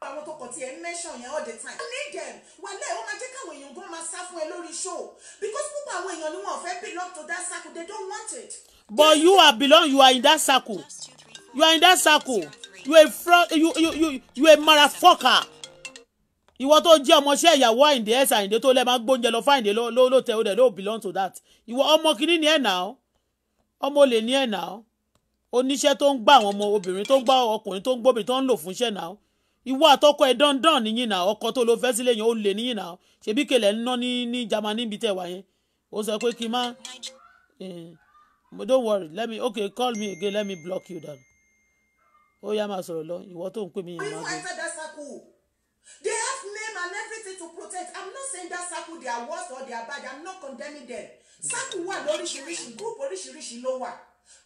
àwọn tó kọ̀ tí ẹ ń mention yẹn all the time. I need them wàlẹ́ ó máa jẹ́ káwọn èèyàn gan máa sá fún ẹ lórí show because púpọ̀ àwọn èèyàn ni wọn ò fẹ́ belong to that circle they don't want it. But you are belong, you are in that circle. You are in that circle. You a front, you you you you a motherfucker. Ìwọ tó jẹ́ ọmọọṣẹ́ ìyàwó Àyìndé ẹ̀sà Àyìndé tó lẹ́ máa gbóúnjẹ lọ fáyìndé ló ló tẹ ó dẹ̀ ló belong to that. Ìwọ ọmọ kìíní ni ẹ̀ nà ọ́. Ọmọ olè ni ẹ̀ nà ọ́. Oníṣẹ́ tó ń gbà àwọn ọmọ obìnrin tó ń gbà ọkùnrin tó ń gbóbìnrin tó ń lò fúnṣẹ́ nà ọ́. Ìwọ àtọkọ ẹ̀ dandan nìyí nà ọkọ tó lo fẹ́ sílé yẹn ó lè níyìn nà ọ́. Ṣèbí kele ń ná ní ní Germany níbi tẹ̀ wá Ó sọ pé kí n má. Eh, don't worry let me okay call me again let me block you down ó yá máa sọ̀rọ̀ lọ ìwọ tó ń pè mí yẹn máa gbé. They have name and everything to protect. I'm not saying that circle they are worse or they are bad. I'm not condemning them. Circle wà lóríṣiríṣi group oríṣiríṣi ló wà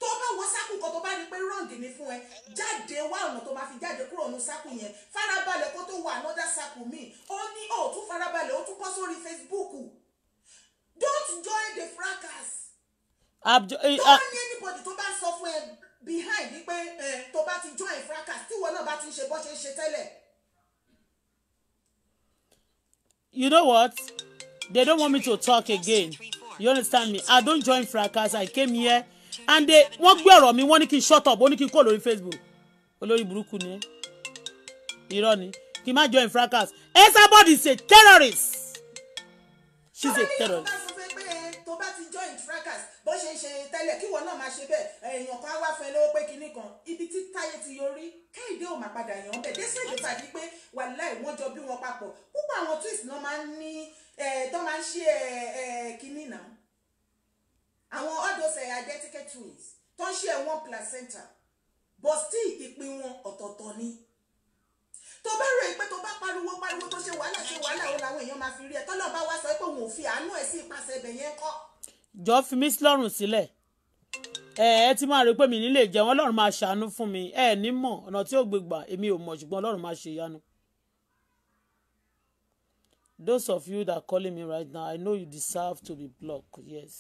tó bá wọ sákù kan tó bá rí pé rọ́ǹdì ni fún ẹ jáde wá ọ̀nà tó máa fi jáde kúrò ní sákù yẹn farabalẹ̀ kó tó wà anọ́dá sákù míì ó ní ó oh, tún farabalẹ̀ ó tún kọ́ sórí Facebook don't join the fracas abjọ. Eh, tó bá ah. ní anybody tó bá sọ fún ẹ behind wípé eh, tó bá ti join fracas tí ìwọ náà bá ti ń ṣe bó ṣe ń ṣe tẹ́lẹ̀. you know what they don't want me to talk again you understand me i don't join fracas i came here and they wọ́n gbé ọ̀rọ̀ mi wọ́n ní kí n shut up wọ́n ní kí n kó lórí facebook olórí burúkú ni ẹ irọ́ ni kí n má join fracas everybody is a terrorist she's a terrorist ṣe ṣe tẹ́lẹ̀ kí wọn náà máa ṣe bẹ́ẹ̀ èèyàn kan á wá fẹ́ lówó pé kinní kan ibi tí táyé ti yorí kẹ́hìndé ò máa padà yàn bẹ́ẹ̀ dẹ́sẹ̀ ló tàbí pé wàláì wọ́n jọ bí wọn papọ̀ púpọ̀ àwọn twist náà máa ń ní tó máa ń ṣe kinní náà àwọn ọdọọsẹ identical twins tó ń ṣe wọn placenta but still ìpín wọn ọ̀tọ̀ọ̀tọ̀ ni tó bá rò pé tó bá pariwo pariwo tó ṣe wàhálà ṣe wàhálà òun làwọn èèyàn máa fi rí ẹ tọ́lọ́ bá wá sọ pé òun ò fi àánú ẹ̀ sí ipasẹ̀ ibẹ̀ yẹn kọ́ jọ fi mí lọ́rùn sílẹ̀ ẹ ẹ ti máa rí pé mi nílé jẹun ọlọ́run máa ṣàánú fún mi ẹ ní mọ̀ ọ̀nà tí ó gbégbà èmi ò mọ̀ ṣùgbọ́n ọlọ́run máa ṣe ìyanu. Those of you that calling me right now, I know you deserve to be blocked. Yes.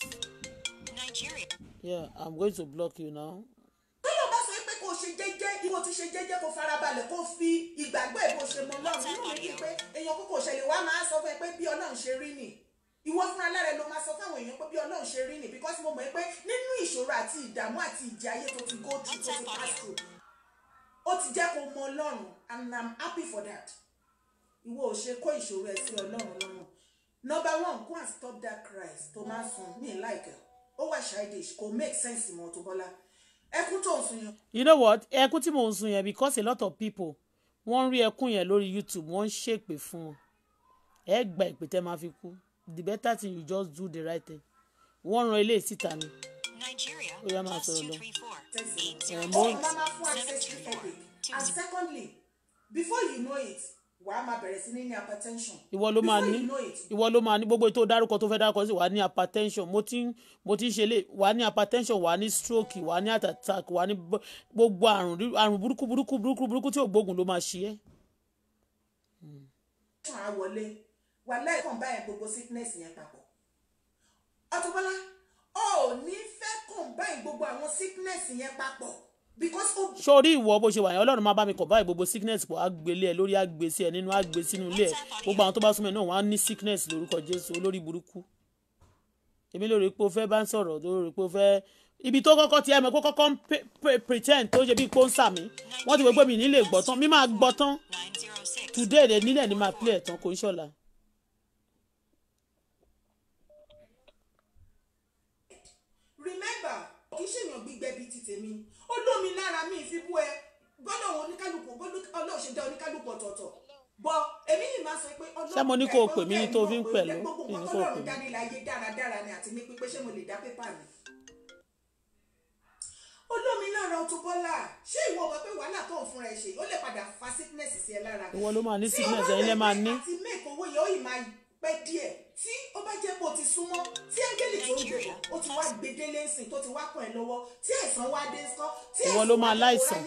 Yeah, I'm going to block you now. Tọ́lọ̀ bá sọ pé kò ṣe jẹ́jẹ́ ìwọ ti ṣe jẹ́jẹ́ kó farabalẹ̀ kó fi ìgbàgbọ́ ẹ̀ bó ṣe mọ lọ́rùn nínú mi pé èèyàn kókò ṣẹlẹ̀ wá máa sọ fún ẹ pé bí ọlọ́run ṣe rí nìyí ìwọ fúnra lára ló máa sọ fáwọn èèyàn pé bí ọlọ́run ṣe rí ni because mo mọ̀ pé nínú ìṣòro àti ìdààmú àti ìjì ayé tó ti go through tó ti pass through ó ti jẹ́ kó mọ ọlọ́run and i'm happy for that ìwọ ò ṣe kó ìṣòro ẹ sí ọlọ́run lọ́rùn number one go and stop that cries tó máa ń sun mí láìka ó wà ṣáìdèṣ kò make sense mọ́ tó bọ́lá ẹkún tó ń sun yẹn. you know what ẹkún tí mò ń sun yẹn because a lot of people wọ́n rí ẹkún yẹn lórí youtube wọ́n ń ṣèpè fún wọn ẹ gba ìpè tẹ́ máa fi kú the better thing you just do the right thing wọ́n ran ilé síta ni ó yá máa sọ̀rọ̀ lọ ẹ̀mọ́. and secondly before you know it wàá máa bẹ̀rẹ̀ sí ní ní hypertension. ìwọ ló máa ní ìwọ ló máa ní gbogbo ètò dárúkọ tó fẹ́ dárúkọ sí wàá ní hypertension mo ti mo ti ń ṣe lé wàá ní hypertension wàá ní stroke wàá ní heart attack wàá ní gbogbo àrùn àrùn burúkú burúkú burúkú burúkú tí ò gbógun ló máa ṣe é. wọlé wà láì combine gbogbo sickness yẹn papọ̀ Auto Bola ó ní fẹ́ combine gbogbo àwọn sickness yẹn papọ̀ because ó. sórí ìwọ bó ṣe wà yẹn ọlọ́run máa bá mi combine gbogbo sickness pọ̀ àgbélé ẹ lórí àgbèsí ẹ nínú àgbè sínú ilé ẹ gbogbo àwọn tó bá súnmọ́ ẹ náà wọ́n á ní sickness lórúkọ Jésù olórí burúkú èmi lórí pé o fẹ́ bá ń sọ̀rọ̀ lórí pé o fẹ́ ibi tó kọ́kọ́ ti ẹ mọ̀ pé kọ́kọ́ ń pretend tó ṣe bí pọ́ńsà mi wọ́n ti wọ́n gbé mi nílé gbọ́tán mi máa gbọ́tán today nílẹ̀ ni máa play tán kò ń ṣọ̀la. kì í ṣèyàn gbígbẹ bíi ti tèmi ó lára mi fi bú ẹ gbọ́dọ̀ wọn oníkálukú ọlọ́run ṣe dá oníkálukú ọ̀tọ̀ọ̀tọ̀ bọ èmi yìí máa sọ pé ọlọ́run ṣé mo ní kó o pè mí tó fi ń pẹ̀lú ní kó o pè mí. dáradára ni àti ní pípé ṣé mo lè dá pépà mi. olómi lára ọtún bọ́lá ṣé ìwọ ọmọ pé wàhálà tó ń fún ẹ ṣe ó lè padà fa sickness sí ẹ lára. ìwọ ló máa ní sickness ẹ̀yin lè máa ní. tí ó bá mẹ́kọ̀ọ́ tí ó bá jẹ́ pé o ti súnmọ́ tí áńgẹ́lì tó ń jẹ o ti wá gbedele ńsìn tó ti wá pọ̀ ẹ́ lọ́wọ́ tí àìsàn wá dé ńsọ́ tí ló máa láìsàn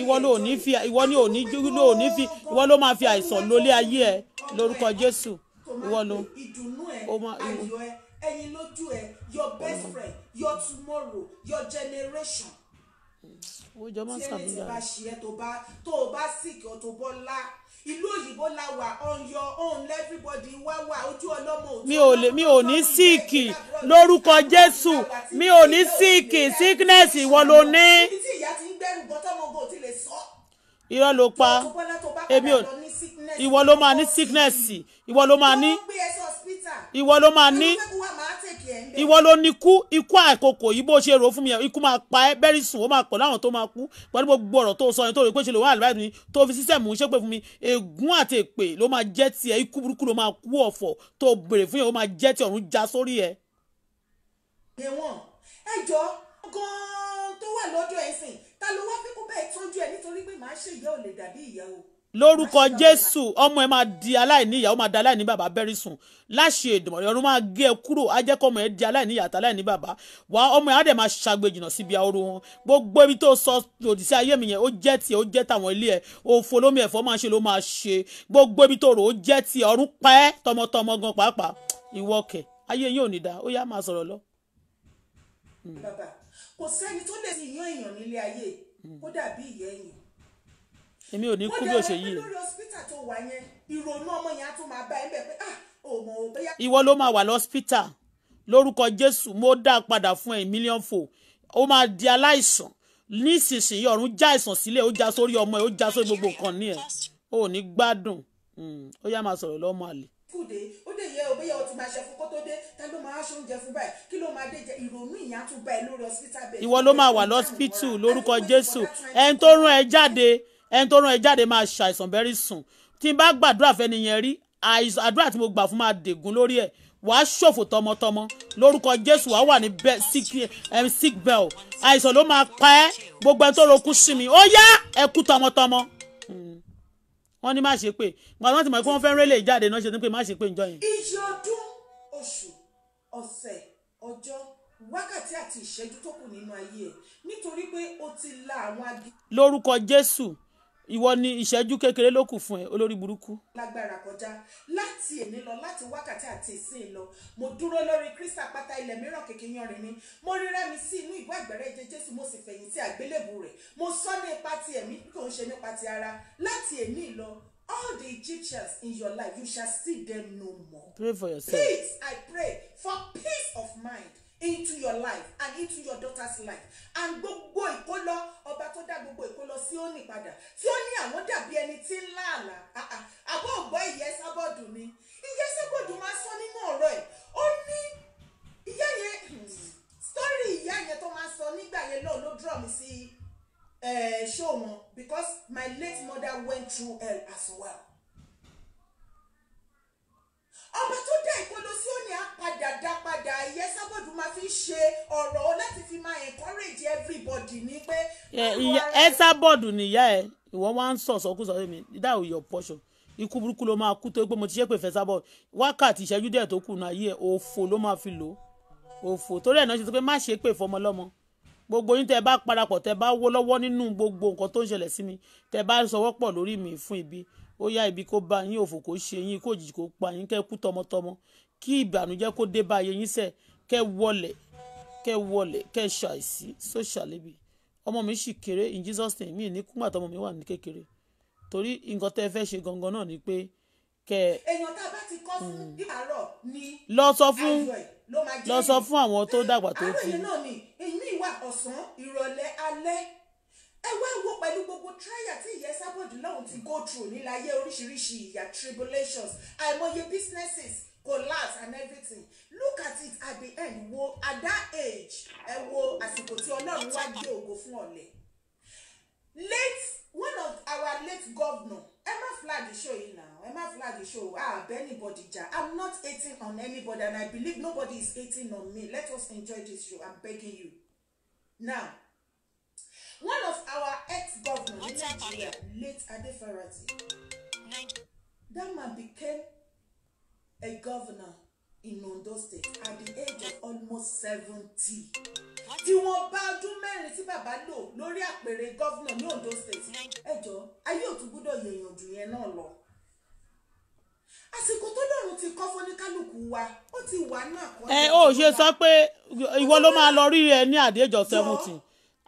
ìwọ ló ní fi ìwọ ní òní ló ní fi ìwọ ló máa fi àìsàn lólé ayé ẹ lórúkọ Jésù ìwọ ló ó máa ìwọ ẹyin lójú ẹ your best friend your tomorrow your generation tí ẹni tí bá ṣe ẹ tó bá tó o bá sìkì ọ tó bọ́ lá ìlú òyìnbó la wà on your own wá wà ojú ọlọ́mọ òtún. mi ò lè mi ò ní síìkì lórúkọ jésù mi ò ní síìkì sickness ìwọ ló ní. ibi tí ìyá ti irọ́ ló pa èmi ìwọ ló máa ní sickness ìwọ ló máa ní ìwọ ló máa ní ìwọ ló ní kú ikú àkókò yìí bó ṣe rò fún mi ikú máa pa ẹ bẹ́rí sùn ó máa pọ̀ láwọn tó máa kú pẹ̀lú gbogbo ọ̀rọ̀ tó sọ yẹn tó rí pé ṣe lè wá àlùbáyé mi tó fi sísẹ̀mù ń ṣépè fún mi ègún àti èpè ló máa jẹ́ tiẹ̀ ikú burúkú ló máa kú ọ̀fọ̀ tó béèrè fún yẹn ó máa jẹ́ ti ọ̀run já sórí ẹ. ẹ̀wọ̀n ẹjọ́ gan-an tó wà lọ́dọ̀ ẹ̀sìn ta ló wá fẹ́ bẹ́ẹ̀ tọ́jú ẹ nítorí pé màá ṣèyẹ́ ò lè dàbí ìyá lórúkọ jésù ọmọ ẹ máa di aláìní ìyá ó máa di aláìní bàbá bẹ́rí sùn láṣẹ Èdùmàrè ọ̀run máa gé ẹ kúrò á jẹ́ kọ́ ọmọ ẹ di aláìní ìyá àtàláìní bàbá wà ọmọ ẹ á dẹ̀ máa ṣàgbé jìnnà síbi ahoro wọn gbogbo ibi tó sọ lòdì sí ayé mi yẹn ó jẹ́ tiẹ̀ ó jẹ́ tàwọn ilé ẹ òfò lómi ẹ̀fọ́ máa ṣe ló máa ṣe gbogbo ibi tó rò ó jẹ́ tiẹ̀ ọ̀run kò sẹ́ni tó lè yan èèyàn nílé ayé hmm. kó dàbí ìyá èèyàn èmi ò ní kú bí òṣè yìí. Ah, ìwọ ló máa wà lọ́spítà lórúkọ jésù mo dá a padà fún ẹ mílíọ̀n fò ó máa di aláìsàn nísinsìnyí ọ̀run já àìsàn sílẹ̀ ó já sórí ọmọ ẹ ó já sórí gbogbo nǹkan ní ẹ ó ní gbádùn hmm, ó yá máa sọ̀rọ̀ lọ́mọ àlè ó dè yẹ o bóyá o ti máa ṣe fún kó tó dé ta ló máa ṣe oúnjẹ fún báyìí kí ló máa dé jẹ ìrònú ìyá tún bá ẹ lórí ọsítà bẹ́ẹ̀. ìwọ ló máa wà lọ́sípítù lórúkọ jésù ẹni tó rán ẹ jáde ẹni tó rán ẹ jáde máa ṣàìsàn very soon tí n bá gbàdúrà fẹ́ni yẹn rí àdúrà tí mo gbà fún máa dègún lórí ẹ̀ wàá ṣòfò tọmọtọmọ lórúkọ jésù wàá wà ní sick bell àìsàn ló máa pa ẹ́ gbogbo ẹni tó ro kú sí mi ó yá ẹ kú tọmọtọmọ hmm. wọ́n ní má ṣe pé gbàdúrà wọn ti mọ̀ pé wọ́n fẹ́ rẹ́lẹ̀ jáde náà ṣe ní pé má ṣe pé ǹjọ́ yẹn. iye ọdún oṣù ọ̀sẹ̀ ọjọ́ wákàtí àti ìṣẹ́jú tó kù nínú ayé ẹ̀ nítorí pé o ti la àwọn agi. lórúkọ jésù ìwọ ni ìṣẹ́jú kékeré ló kù fún ẹ olórí burúkú. lágbára kọjá láti èmi lọ láti wákàtí àti ìsìn lọ mo dúró lórí kristi àpáta ilẹ̀ mìíràn kékeré yanrìn mi mo ríra mi sí inú ìgbọ́ àgbẹ̀rẹ̀ ẹ̀jẹ̀ mo sì fẹ̀yìn sí àgbélébù rẹ̀ mo sọ nípa ti ẹ̀mí kò ń ṣe nípa ti ara láti èmi lọ all the egyptians in your life you shall see them no more. pray for yourself. peace i pray for peace of mind into your life and into your daughter's life and gbogbo ìkólọ ọba tó dá gbogbo ìkólọ sí ó nì padà tí ó ní àwọn dàbí ẹni tí ń láàlà àbọ̀ ògbọ́ ìyẹ́ sábọ́ọ̀dù ni ìyẹ́ sábọ́ọ̀dù máa sọ nínú ọ̀rọ̀ ẹ̀ ó ní ìyá yẹn sítórì ìyá yẹn tó máa sọ nígbà yẹn náà ló draw mi sí show wọn because my late mother went through hell as well ọba tó dá ìkólọ sí ó ní padà dá padà ìyẹn sábòdù máa fi ṣe ọ̀rọ̀ láti fi máa encourage everybody ni pé. ẹ sábòdù nìyá ẹ ìwọ wá ń sọ sọkúsọ mi that will your portion ikú burúkú ló máa kú tó pé mo ti ṣe pé fẹsà bọ wákàtí ìṣẹ́jú díẹ̀ tó kù náà yí ẹ òfò ló máa fi lò òfò torí ẹ̀ náà ṣe sọ pé má ṣe pé fọmọ lọ́mọ gbogbo yín tẹ bá parapọ̀ tẹ bá wó lọ́wọ́ nínú gbogbo nǹkan tó ń ṣẹlẹ̀ sí mi tẹ bá sọwọ́ pọ̀ lórí mi fún ibi ó yá ibi kó bá yín òfò kó ṣe yín kó jìjì kó pa yín kẹ́ kú tọmọtọmọ kí ìbànújẹ́ kó dé bá ayé yín sẹ́ kẹ́ wọlẹ̀ kẹ́ wọlẹ̀ kẹ́ ṣàìsí so shall ọmọ mi sì kéré in Jesus name mi ní kúgbà tọmọ mi wà ní kékeré torí nǹkan tẹ́ fẹ́ ṣe gangan náà ni pé kẹ́ ẹ. èèyàn tá a bá ti kọ́ fún ìbàrọ̀ hmm. ni àjọ ẹ̀ ló máa jẹ́ lọ sọ fún àwọn tó dàgbà tó ti. àwọn náà ni ìní ìwà ọ̀sán ìrọ̀lẹ́ alẹ́ ẹ wá wo pẹ̀lú gbogbo trial tí ìyẹn sábọ̀dù lọ́hùn ti go through níláyé oríṣiríṣi ìyà tribulations àìmọye businesses collapse and everything look at it at the end wo at that age ẹ wo àsìkò tí ọlọ́run wá gbé ògo fún ọ̀lẹ late one of our late governor ẹ má flag show yìí now ẹ má flag show ah bẹ anybody ja i'm not hating on anybody and i believe nobody is hating on me let us enjoy this show i'm begging you now one of our ex-governor in nigeria late adefarati that man became a governor in Ondo State at the age of almost seventy tí wọ́n bá ọdún mẹ́rin tí bàbá lò lórí àpèrè gọ́vnà ní Ondo State ẹjọ́ ayé òtún gbúdọ̀ yèèyàn jù yẹn náà lọ. àsìkò tó dọ̀rùn ti kọ́ fọ́níkálùkù wa ó ti wà ní àkọọ́lẹ̀. ẹ ó ṣe sọ pé ìwọ ló máa lọ rí ẹ ní àdéjọ seventy.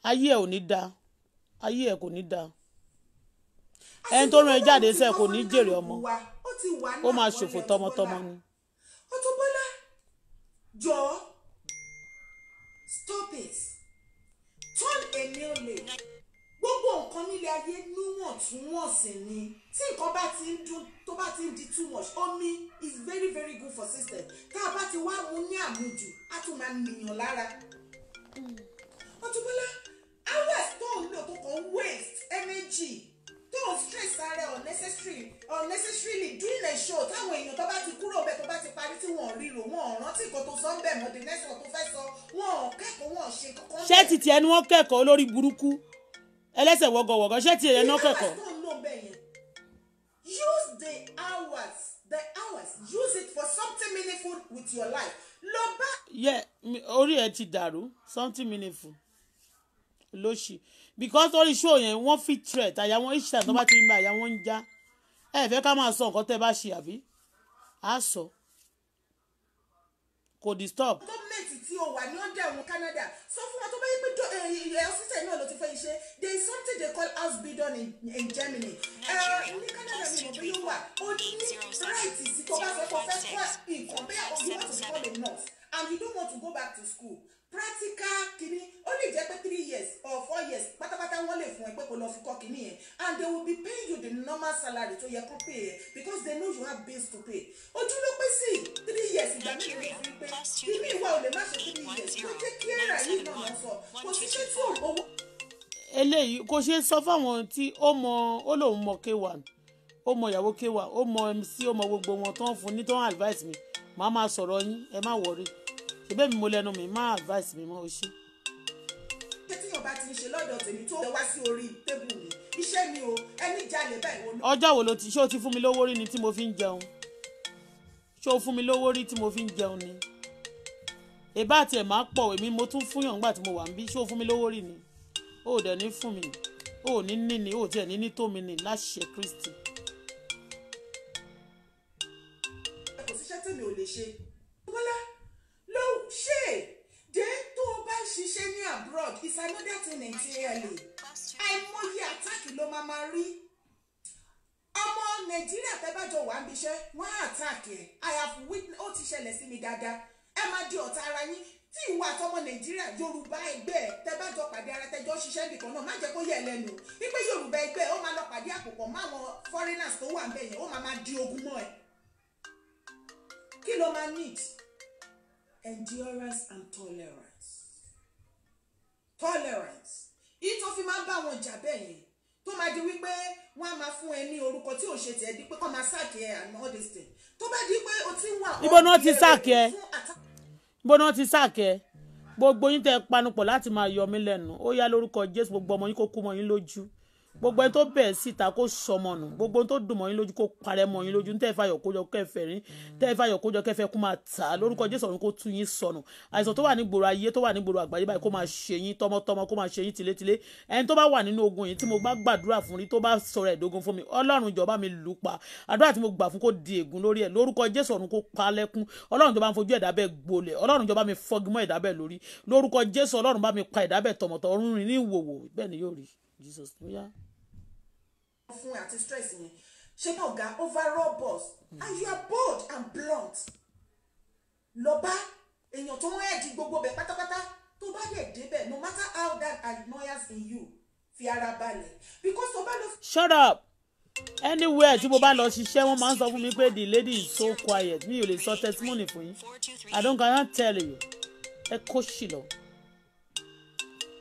ayé ẹ ò ní da? ayé ẹ kò ní dáa ẹni tó rán jáde sẹ kò ní jèrè ọmọ ó máa ṣòfò tọmọtọmọ ni. stop it turn a male lake gbogbo nǹkan nílé ayé níwọ̀ntúnwọ̀nsì ni tí nǹkan bá ti ń dùn tó bá ti ń di too much omi is very very good for system tá a bá ti wá mu ní àmujù á tún máa nìyàn lára. Auto hmm. Bola hours tó ń lò tó kàn waste energy tó ń stress ara unnecessarily unnecessarily doing a show táwọn èèyàn tó bá ti kúrò bẹ́ẹ̀ tó bá ti parí tí wọ́n ríro wọ́n rántí nǹkan tó sọ ń bẹ̀ mọ́ the next one tó fẹ́ sọ wọ́n kẹ́kọ̀ọ́ wọ́n ṣe kọ́kọ́. ṣé ti tiẹ̀ ni wọ́n olórí burúkú ẹlẹ́sẹ̀ wọ́gọ̀wọ́gọ̀ ṣé ti tiẹ̀ ni wọ́n kẹ́kọ̀ọ́. use the hours the hours use it for something meaningful with your life lọ bá. yẹ orí ẹ ti dàrú something meaningful lóṣì because ó rí show yẹn wọ́n fi threat àyà wọn each time tó bá ti ń bá àyà wọn ń já ẹ fẹ́ ká máa sọ nǹkan tẹ́ bá ṣe àbí á sọ kò disturb. gọ́ọ̀mẹ̀ntì tí o wà ní ọ̀dẹ̀ ọ̀hún Canada sọ fún wọn tó bá yẹ pé ọ̀sísẹ̀ eh, eh, eh, náà ló ti fẹ́ iṣẹ́ there is something they call house bill done in, in Germany ní Canada mi ò bí yóò wà ó ní right sí tó bá fẹ́ kọ́ fẹ́ kọ́ nǹkan bẹ́ẹ̀ o you want to become a nurse and you don't want to go back to school practical kini ó lè jẹ́ pé three years or four years pátápátá wọ́n lè fún ẹ pé kò lọ fi kọ́ kini, yẹn and they will be paying you the normal salary tó yẹ kó pay ẹ because they know you have bills to pay ojú ló pé sí three years ìgbà mélòó ló fi pé kìíní ìwà ò lè má ṣe three years kó jẹ́ kí ẹ̀rà yìí náà sọ kò sí ṣé tí ò gbowó. eléyìí kò ṣeé sọ fáwọn tí ó mọ ó lóun mọ k1 ó mọ ìyàwó k1 ó mọ mc ó mọ gbogbo wọn tó ń fún ní tó ń advice mi màá máa sọ̀rọ̀ yín ẹ má wọrí ṣùgbọ́n mi mo lẹ́nu mi má advice mi mọ́ o ṣe. ṣé tíyàn bá ti ń ṣe lọ́dọ̀ o ẹni jalè bẹ́ẹ̀ wo. ọjọ́ wo ló ti ṣé o ti fún mi lówó rí ni tí mo fi ń jẹun ṣé o fún mi lówó rí tí mo fi ń jẹun ni èbá àti ẹ̀ máa pọ̀ èmi mo tún fún yàn nígbà tí mo wà ń bí ṣé o fún mi lówó rí ni o ò dẹ̀ ní fún mi o ò ní ní ni o ò tiẹ̀ ní ní tó mi ni láṣẹ Kristi. kò síṣẹ́ tèmi ò lè ṣe ń ṣiṣẹ́ ní abroad is another thing in TLA àìmọye àtàkì ló máa máa rí ọmọ nàìjíríà tẹ́ bá jọ wà ń bíṣẹ́ wọ́n á àtàkì ẹ̀ i have witness ó ti ṣẹlẹ̀ sí mi dáadáa ẹ má di ọ̀tá ara yín tí ìwà àtọmọ nàìjíríà yorùbá ẹgbẹ́ ẹ̀ tẹ́ bá jọ pàdé ara tẹ́jọ́ ṣiṣẹ́ nìkan náà má jẹ́ kó yẹ lẹ́nu wípé yorùbá ẹgbẹ́ ẹ̀ ó máa lọ pàdé àpòpọ̀ mọ́ àwọn foreigners tó wà ń bẹ̀ yẹn ó máa máa di ogun mọ́ ẹ̀ kí ló máa need endurance and tolerance tolerance yìí tó fi máa ń bá wọn jà bẹ́ẹ̀ yẹn tó máa di wípé wọ́n á máa fún ẹ ní orúkọ tí ò ń ṣe tẹ̀ di pé kọ́ máa sáàkì ẹ and all this thing tó bá di pé o ti ń wà. ibo náà ti sáàkì ẹ ibo náà ti sáàkì ẹ gbogbo yín tẹ́ panupọ̀ láti máa yọ mí lẹ́nu ó yá lórúkọ Jésù gbogbo ọmọ yín kó kú mọ́ yín lójú gbogbo ẹni tó bẹ̀ síta kó sọmọ nù gbogbo ẹni tó dùn mọ́ yín lójú kó parẹ́ mọ́ yín lójú ní tẹ́ẹ̀fà yọ̀ kójọ kẹfẹ́ rí tẹ́ẹ̀fà yọ̀ kójọ kẹfẹ́ kó máa tà á lórúkọ jésù ọ̀run kó tú yín sọnù àìsàn tó wà ní gbòòrò ayé tó wà ní gbòòrò àgbáyé báyìí kó máa ṣe yín tọmọtọmọ kó máa ṣe yín tilétilé ẹni tó bá wà nínú ogun yìí tí mo bá gbàdúrà fún rí tó bá sọ̀rọ̀ ẹ̀dógún fún mi ọlọ́run ìjọba mi lù pa àdúrà tí mo gbà fún kó di ègún lórí ẹ̀ lórúkọ jésù ọ̀run kó pa lẹ́kún ọlọ́run ìjọba mi fojú ẹ̀dá mi fọgimọ́ ẹ̀dá bẹ́ẹ̀ lórí lórúkọ jésù ọlọ́run bá mi pa ẹ̀dá bẹ́ẹ̀ tọmọtọ ọ̀run rìn ní Jesus bóyá. fún àti stress yẹn ṣé náà ga overall boss hmm. and you are bold and blunt lọ bá èèyàn tó ń ẹ̀dí gbogbo bẹ̀ pátápátá tó bá dẹ̀ débẹ̀ no matter how that annoyance in you fi ara balẹ̀ because tó bá lọ. shut up anywhere tí mo bá lọ ṣiṣẹ́ wọ́n máa ń sọ fún mi pé the lady is so quiet mi ò lè sọ testimony fún yín i don't gonna tell you ẹ kó ṣì lọ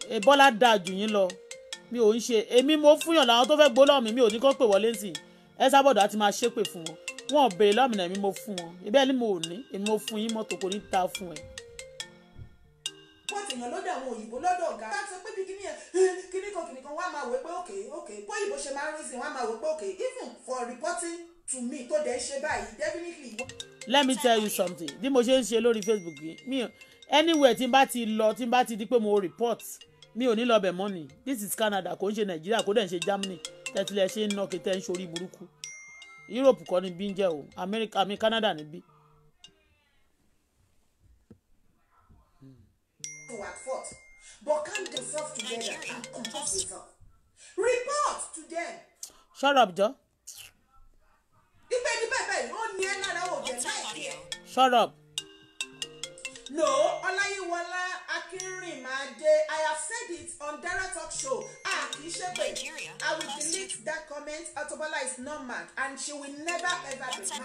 ẹ bọ́lá dáa jù yín lọ mi ò ń ṣe èmi mo fúnyàn làwọn tó fẹ́ gbó lọ́mì mi ò ní kó pè wọlé sí i ẹ sábọ̀dọ̀ á ti máa ṣépè fún wọn wọn ò béèrè lọ́mìnà èmi mo fún wọn ibẹ̀ ni mo ní èmi mo fún yín mọ́tò kò ní ta fún ẹ. wọ́n ti yàn lọ́dọ̀ àwọn òyìnbó lọ́dọ̀ ọ̀gá bá sọ pé bí kíní eh, kíní kan kìnìkan wọ́n á máa wò pé òkè òkè bó òyìnbó ṣe máa ń rí sí wọ́n máa wò pé òkè even for reporting to me tó dẹ̀ ṣe báyìí definitely. let me tell you something bí mo ṣe ń ṣe lórí Facebook yìí mi anywhere tí n bá ti lọ tí n bá ti di pé mo report mi ò ní lọ bẹ̀ mọ́ ni this is Canada kò ń ṣe Nàìjíríà kò dẹ̀ ń ṣe Germany tẹ́tílẹ̀ ṣe ń ná kí tẹ́ ń ṣorí burúkú Europe kọ́ ni bí ń jẹ́ o America àmì Canada ni bí. Hmm. But calm themselves Shut up, Joe. Ibẹ̀ ni bẹ́ẹ̀ bẹ́ẹ̀ ó ní ẹ No, Ọláyíwọlá Akinrin Made. I have said it on Dara Talk Show. Ah, Ishepe. I will delete that comment. Autobola is not mad and she will never ever be mad.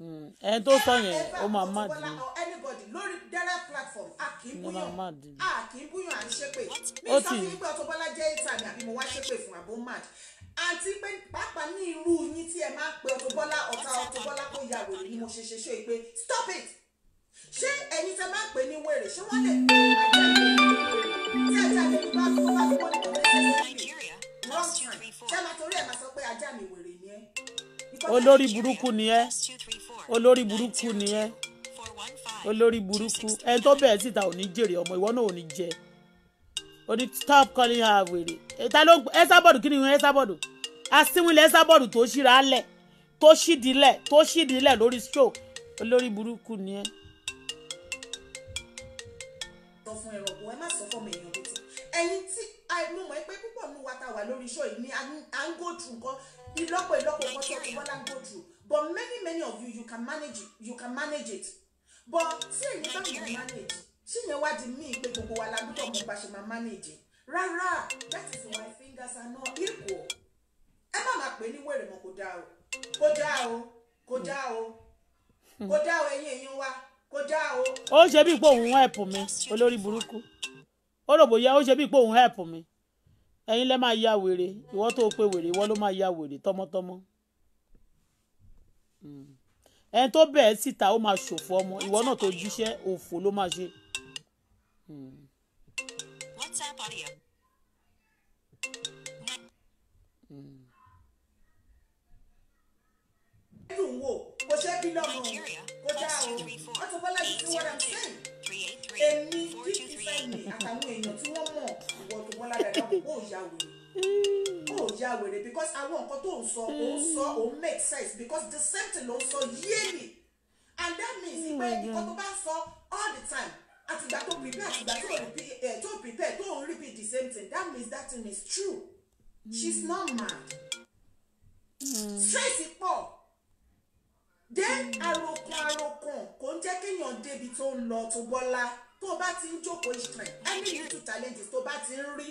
Hmm, ẹni tó sọ yẹn ó máa má di lórí dara platform a kì í búyàn a kì í búyàn à ń ṣépè mi sọ fún yín pé Auto jẹ́ ìtàgé àbí mo wá ṣépè fún àbó mad àti pé pàápàá ní irú yín tí ẹ máa pe Auto ọ̀tá Auto kó yàgò ni mo ṣe ṣe ṣó pé stop it ṣé ẹni tẹ máa ń pè ní wèrè ṣé wọ́n lè pè é ajá mi e tí ajá mi e bá tó bá tó wọ́n ní kò ṣe máa torí ẹ̀ máa sọ pé ajá mi wèrè ni ẹ́. olórí burúkú ni ẹ́ olórí burúkú ni ẹ́ olórí burúkú ẹni tó bẹ̀rẹ̀ síta ò ní jèrè ọmọ ìwọ náà ò ní jẹ o ní stop calling her wèrè ẹ̀ta e, ló ẹ́sàbọ̀dù kí ni ẹ́sàbọ̀dù asínwìlẹ̀ ẹ́sàbọ̀dù tó ṣíra lẹ̀ tó ṣídìílẹ̀ tó ṣídìílẹ̀ lórí show olórí burúkú ni ẹ́ tán fún ẹranko ẹ má sọ fọmọ èèyàn létí ẹ̀yin tí mo mọ̀ pé púpọ̀ nínú wa ta wà lórí iṣọ́ yìí ni à ń go nǹkan ìlọ́pọ̀ ìlọ́pọ̀ nǹkan tí Auto Bola ń go but many many of you you can manage it you can manage it but tí èyí bá mi manage tí yẹn wá di mí pé gbogbo wa la gbọ́dọ̀ mọ̀ bá ṣe máa manage rárá that is why fingers are not equal ẹ má máa pè é ní wèrè mọ́ kó dáa o kó dáa o kó dáa o kó ẹ̀yin wa ó ṣe bí pé òun help mi olórí burúkú ó rò bóyá ó ṣe bí pé òun help mi ẹ̀yin lẹ́ máa ya wèrè ìwọ tó pe wèrè ìwọ ló máa ya wèrè tọmọtọmọ hmm. ẹni tó bẹ̀ẹ́ síta ó máa ṣòfò ọmọ ìwọ náà tó jíṣẹ́ òfò ló máa ṣe. WhatsApp audio. Mm kò ṣe é bí lọ́mọ kò dáa o wọ́n ti bọ́lá ti wọ́n dà sí. èmi kí ti fẹ́ mi àtàwọn èèyàn tí wọ́n mọ̀ ìwọ tó wọ́n lára ẹ̀ kò yá wèrè kò yá wèrè because àwọn nǹkan tó ń sọ òun sọ òun make sense because the same thing ló ń sọ yéèlì and that means oh pé nǹkan tó bá ń sọ all the time àtìgbà tó prepare àtìgbà tó prepare eh, tó prepare tó ń repeat the same thing that means that thing is true she's not mad hmm. stress pọ̀ then àròkùn àròkùn kò ń jẹ́ kéèyàn débi tó ń lọ tó bọ́lá tó bá ti ń jókòó strength any little challenges tó bá ti ń rí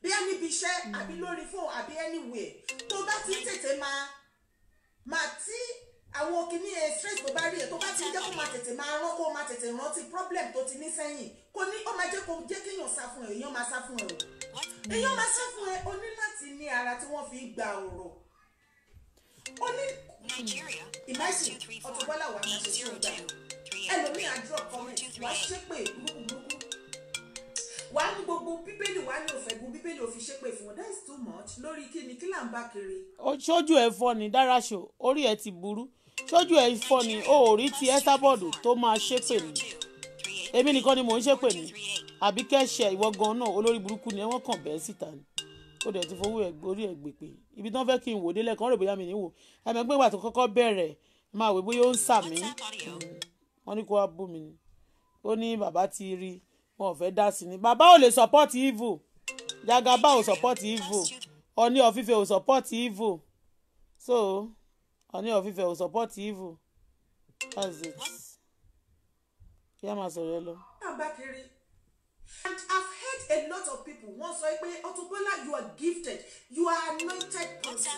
bí ẹ níbi iṣẹ́ àbí lórí fóònù àbí anywhere tó bá ti ń tètè máa máa tí àwọn kìíní ẹ stress tó bá rí ẹ tó bá ti ń jẹ́ kó máa tètè máa rán kó máa tètè rántí problem tó ti ní sẹ́yìn kò ní ó máa jẹ́ kó jẹ́ kéèyàn sá fún ẹ èèyàn máa sá fún ẹ o èèyàn máa sá fún ẹ o ní láti ní ara tí wọ́n fi gba ọ̀rọ̀ ó ní ìmẹ́sì Auto Bola wà máa ṣe sí ọgbà ẹlòmíì àdúrà kọrin wà á ṣépè múkúmúkú wà á ní gbogbo bíbélì wà á ní òfẹ́ gun bíbélì ò fi ṣépè fún wọn that's too much lórí kí ni kí là ń bá kiri. ojú ẹ fọ́ ni dárasọ orí ẹ ti burú sójú ẹ fọ́ ni o ò rí ti ẹsàbọọdù tó máa ṣépè ni èmi nìkan ni mò ń ṣépè ni àbíkẹ́ ṣe ìwọ gan náà olórí burúkú ni ẹ wọ́n kàn bẹ́ẹ̀ síta ni ó dẹ̀ ti fowó orí ẹ̀ gbèpè ibi tí wọ́n fẹ́ kí n wò délẹ̀ kan rè bóyá mi níwò ẹ̀mí pé ìgbà tó kọ́kọ́ bẹ̀rẹ̀ máa wò bóyá ó ń sà wọ́n ní kó wá bú mi ni ó ní bàbá ti rí wọn ò fẹ́ dá sí ni bàbá ò lè support evil jagaba ò support evil ọní ọ̀fífẹ́ ò support evil so ọní ọ̀fífẹ́ ò support evil that's it kí á máa sọ̀rọ̀ ẹ lọ and I've heard a lot of people once say, pé Auto you are gifted you are anointed person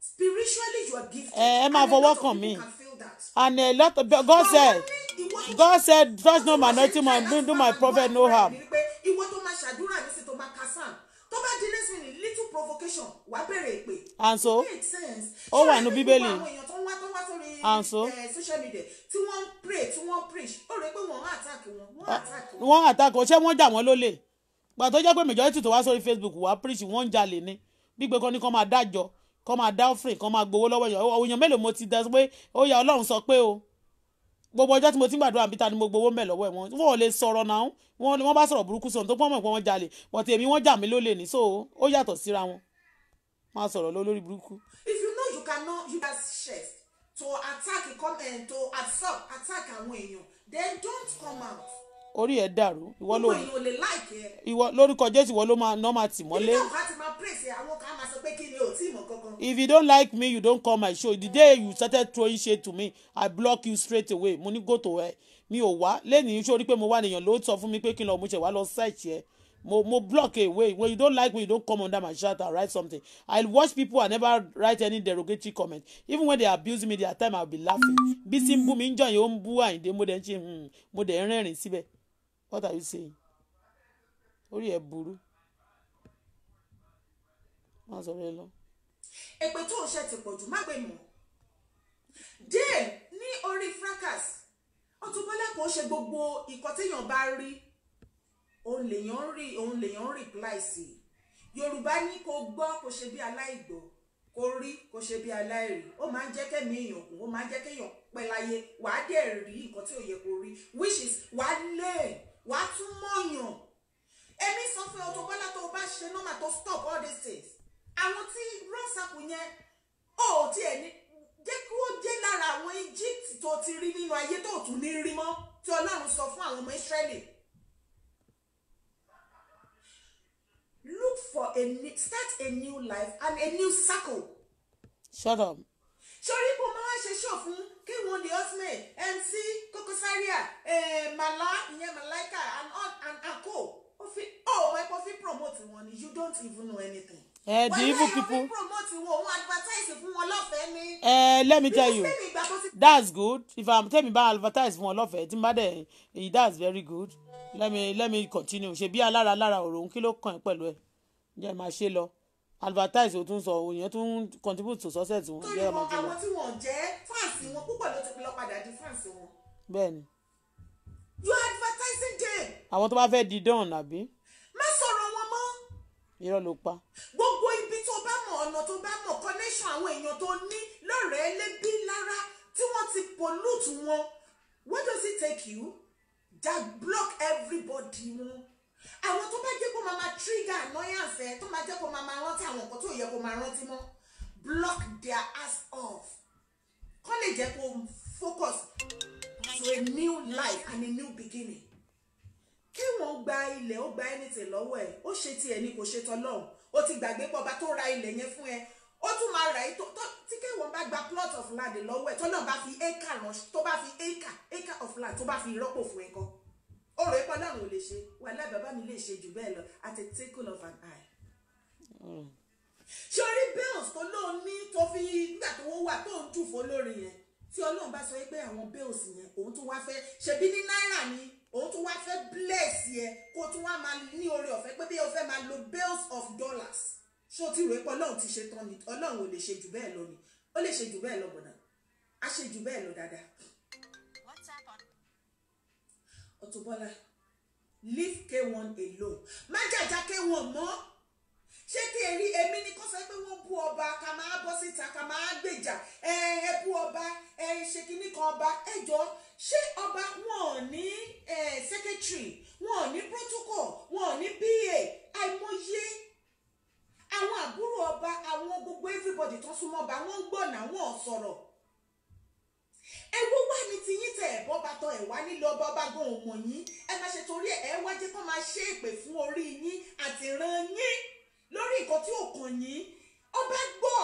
spiritually you are gifted eh, ẹ máa fọwọ́ kàn mí and a lot of God said God said trust no man nothing man do my prophet no harm tó bá di next minute little provocation wà á bẹ̀rẹ̀ ìpè. and so ó wà ní bíbélì. ṣé àwọn èèyàn tó ń wá tó ń wá sórí eh, social media tí wọ́n ń pray tí wọ́n preach ó rẹ pé wọ́n ń attack wọn wọ́n ń attack wọn. wọ́n ń attack wọn ṣé wọ́n jà wọ́n lólè gbà tó jẹ́ pé majority tó wá sórí facebook wà á preach wọ́n ń jalè ni gbígbé kan ní kan máa dájọ́ kan máa dá offering kan máa gbowó lọ́wọ́ èèyàn mélòó mo ti dá pé ó yá ọlọ́run sọ pé o gbogbo ọjọ́ tí mo ti ń gbàdúrà níbi ta ni mo gbowó mẹ́ lọ́wọ́ ẹ̀ wọ́n wọ́n lè sọ̀rọ̀ náà wọ́n wọ́n bá sọ̀rọ̀ burúkú sọ̀rọ̀ tó pọ́nmọ̀ pé wọ́n jalè but èmi wọ́n jà mí lólè ní so ó yàtọ̀ síra wọn máa sọ̀rọ̀ lórí burúkú. if you know you cannot you can chest to attack come, uh, to absorb, attack àwọn èèyàn then don't come out orí ẹ dàrú ìwọ ló ìwọ lórúkọ jésù ìwọ ló máa ná máa tì mọ́lé. if you don't like me you don't come my show the day you started throwing shade to me i block you straight away mo ní go to hell mi ò wá lẹ́nìí sórí pé mo wà nìyàn ló sọ fún mi pé kí n lọ mo ṣe wá lọ search ẹ mo mo block away when you don't like me you don't come under my shirt write something i watch people and never write any derogatory comment even when they abuse me their time i be laughing bí sí ń bú mi ń jọyìn ó ń bú àyìndé mo dẹ̀ ń ṣe hmm, mo dẹ̀ ń rẹ́rìn síbẹ̀. What are you saying? Orí ẹ burú. Má sọ rẹ lọ. Èpè tó ń ṣe ti pọ̀ jù má gbé mọ́. Díẹ̀ ní orí fracas, Ọ̀túnbọ́lá kò ṣe gbogbo ìkọ́ téèyàn bá rí. Òun lèèyàn rí òun lèèyàn rìpláì sí. Yorùbá ní kó gbọ́ kó ṣe bí aláìgbọ́ kó rí kó ṣe bí aláìrí ó máa ń jẹ́ kẹ́mi èèyàn kù ó máa ń jẹ́ kéèyàn pẹ́ wàá dẹ̀ rí nǹkan tí ò yẹ kó rí which is wàá lẹ́ẹ̀ wà á tún mọ̀yàn èmi sọ fún Auto Bola tó o bá ṣe nọ́mà tó stop all these things àwọn tí rọ́ọ̀sàpù yẹn ò tiẹ̀ ní jẹ́ kí ó jẹ́ lára àwọn Egypt tó ti rí nínú ayé tó tún ní rí mọ́ tí Ọlọ́run sọ fún àwọn ọmọ Israẹli look for a new start a new life and a new circle. shut up. sori kò máa ń ṣe ṣọ́ fún kí wọn the osme? mc Kokosaria, Zaria eh, mala ìyẹn malaika and all and ako ó fi oh, ó ẹ̀pọ̀ fi promote wọn ni you don't even know anything. ẹ eh, di evil people. wọ́n promote wọn òun advertise fún wọn eh, let me tell you that's good if i'm tell me about advertise fún love it. tí n bá dẹ̀ eh, that's very good let me let me continue ṣe bí alára alára òròhún kí ló kàn ẹ́ pẹ̀lú ẹ̀ jẹ́ máa ṣe advertise o tún sọ òyìn tún contribute to success wọn. tó ní wọn àwọn tí wọn jẹ fáǹsì wọn púpọ̀ ló ti lọ padà di fáǹsì wọn. bẹ́ẹ̀ni. you are advertising them. àwọn tó bá fẹ́ di dán àbí. má sọ̀rọ̀ wọn mọ́. irọ́ ló pa. gbogbo ibi tó bá mọ̀ ọ̀nà tó bá mọ̀ connection àwọn èèyàn tó ní lọ́rẹ̀ẹ́ lébí lára tí wọ́n ti pollute wọn what does it take you that block everybody wọn àwọn tó bá jẹ́ kó máa máa trigger annoyance ẹ̀ tó máa jẹ́ kó máa máa rántí àwọn nǹkan tó yẹ kó máa rántí mọ́ block their ass off kọ́ lè jẹ́ kó focus to a new life and a new beginning kí wọ́n gba ilẹ̀ ó gba anything lọ́wọ́ ẹ̀ ó ṣe tiẹ̀ ni kò ṣe tọ́lọ́hùn ó ti gbàgbé pọ̀ bá tó ra ilẹ̀ yẹn fún ẹ ó tún máa rà yìí tí kéwọn bá gba plot of land lọ́wọ́ ẹ̀ tọ́lọ́hùn bá fi acre ránṣẹ́ tó bá fi acre acre of land tó bá fi rọ́pò fún ẹ kan ọ̀rọ̀ ipa náà ò lè ṣe wàhálà bàbá mi lè ṣe jù bẹ́ẹ̀ lọ at a tickle of an eye. Mm. ṣé orí bills tó lóun ní tó fi nígbà tó wọ́n wà tó ń jù fún olórin yẹn tí ọlọ́run bá sọ pé àwọn bills yẹn òun tó wá fẹ́ ṣebí ní náírà ni òun tó wá fẹ́ bless yẹn kó tó wá máa ní oore ọ̀fẹ́ pé bí o fẹ́ máa lo bills of dollars ṣó ti rò pé ọlọ́run ti ṣe tán ni ọlọ́run ò lè ṣe jù bẹ́ẹ̀ lọ ni ó lè ṣe jù bẹ́ẹ̀ lọ bọ̀dà á ṣe jù bẹ́ẹ̀ lọ dáadáa Auto leave K1 alone má jàjà K1 mọ́ ṣé kí eri èmi ni kó sọ pé wọ́n bú ọba ká máa bọ́ síta ká máa gbèjà ẹ ẹ bú ọba ẹ ṣe kinní kan ọba ẹ jọ ṣé ọba wọn ò ní secretary wọn ò ní protocol wọn ò ní PA àìmọye àwọn àbúrò ọba àwọn gbogbo everybody tó súnmọ́ ọba wọ́n ń gbọ̀nà wọn ò sọ̀rọ̀ ewu wá ní tiyín tẹ ẹ bọ́ bàtọ̀ ẹ wá nílò ọba ọba e gan ọmọ yín ẹ má ṣe torí ẹ wá jẹ́ kó máa ṣe èpè fún orí yín àti ran yín lórí nǹkan tí ò kàn yín ọba gbọ́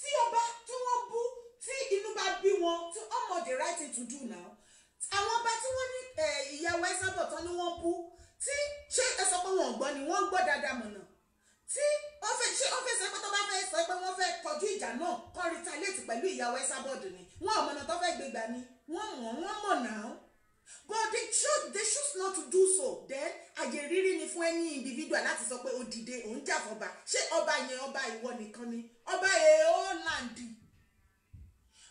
tí ọba tí wọ́n bú tí inú bá bí wọn tí ọmọ the right thing to do now àwọn ọba tí wọ́n ní ìyàwó ẹ̀sán bọ̀ tán ni wọ́n bú tí ṣé ẹ sọ pé wọ́n gbọ́ ni wọ́n gbọ́ dáadáa mọ̀nà tí wọ́n fẹ́ sọ pé tó bá fẹ́ sọ pé wọ́n fẹ́ kọjú ìjà náà kọ́ retaliate pẹ̀lú ìyàwó Esabod ni wọ́n ọ̀mọ̀nà tó fẹ́ gbégbá ni wọ́n mọ̀ wọ́n mọ̀ náà but they choose they choose not to do so then àyè rírí ni fún ẹni individual láti sọ pé ó dìde òun jà fọba ṣé ọba yẹn ọba ìwọ nìkan ni ọba èèó làǹdì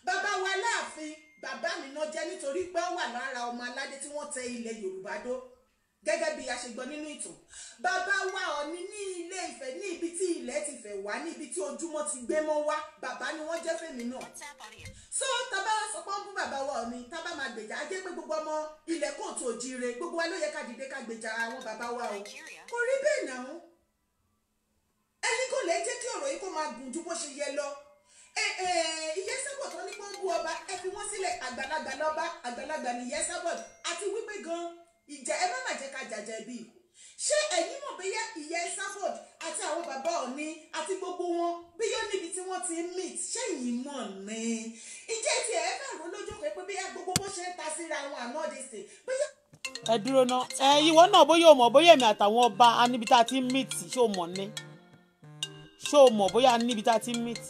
bàbá wa láàfin bàbá mi náà jẹ́ nítorí pé ó wà lára ọmọ aládé tí wọ́n tẹ ilẹ̀ Yorùbá dó gẹ́gẹ́ bí a ṣe gbọ́ nínú ìtàn bàbá wa ọ̀ni ní ilé ìfẹ́ ní ibi tí ilẹ̀ ti fẹ̀ wá ní ibi tí ojúmọ́ ti gbé mọ́ wá bàbá ni wọ́n jẹ́ fèmí náà so tábà wá sọ pé ó ń bú bàbá wa ọ̀ni tábà máa gbèjà á jẹ́ pé gbogbo ọmọ ilẹ̀ kò tó jíire gbogbo wa ló yẹ ká dìde ká gbèjà àwọn bàbá wa o kò rí bẹ́ẹ̀ náà ẹni kò lè jẹ́ kí ọ̀rọ̀ yìí kó máa gùn ju bó ṣe yẹ lọ ìyẹ́sàbọ̀ tó ní pọ́ńbù ọba ẹ fi wọ́n sílẹ̀ àgbàlagbà lọ́ba àgbàlagbà ni ìyẹ́sàbọ̀ àti wípé gan-an ìjà ẹ má má jẹ́ ká jàjà ẹbí ṣé ẹ̀yin mọ̀ bí ìyá Esabod àti àwọn bàbá Ọọ̀ni àti gbogbo wọn bí yóò níbi tí wọ́n ti meet ṣé ẹ̀yin mọ̀ ni ìjẹ́ ti ẹ̀ bá rò lójú pé bí gbogbo bó ṣe ń ta síra wọn àná ọ̀dẹ̀sẹ̀ bóyá. ẹ dúró ná ẹ ìwọ náà bóyá o mọ̀ bóyá èmi àtàwọn ọba a níbi tá a ti meet ṣé o mọ̀ ni ṣé o mọ̀ bóyá a níbi tá a ti meet.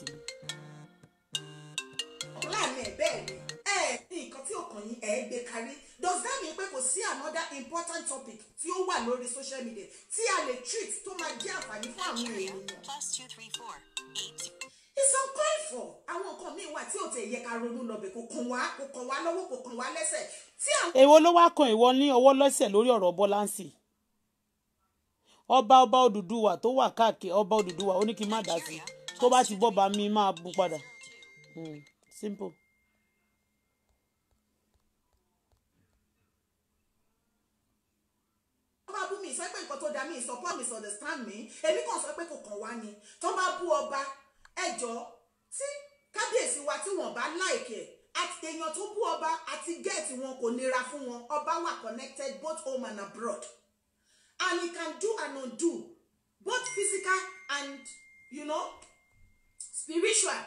láàrin ẹ̀ bẹ́ẹ̀ ni ẹ̀ẹ́dín nǹkan does that mean pé kò sí another important topic tí ó wà lórí social media tí a lè treat tó máa jẹ́ àǹfààní fún àwọn èèyàn. it's uncalled for àwọn nǹkan míì wà tí ò tẹ̀ yẹ ká ronú lọ́bẹ̀ kò kàn wá kò kàn wá lọ́wọ́ kò kàn wá lẹ́sẹ̀ tí àwọn. èwo ló wá kan ìwọ ní ọwọ́ lọ́sẹ̀ lórí ọ̀rọ̀ bọ́láǹsì ọba ọba Odùduwà tó wà káàkiri ọba Odùduwà ó ní kí n má dá sí tó bá ti bọ́ bá mi máa bú padà hmm, simple. tó dá mi support misunderstand mi èmi kàn sọ pé kò kàn wá ni tó bá bú ọba ẹjọ́ tí kábíyèsí wa tí wọ́n bá láìkẹ àti èèyàn tó bú ọba àti gẹẹtì wọn kò nira fún wọn ọba wà connected both home and abroad and he can do and undo both physical and you know spiritual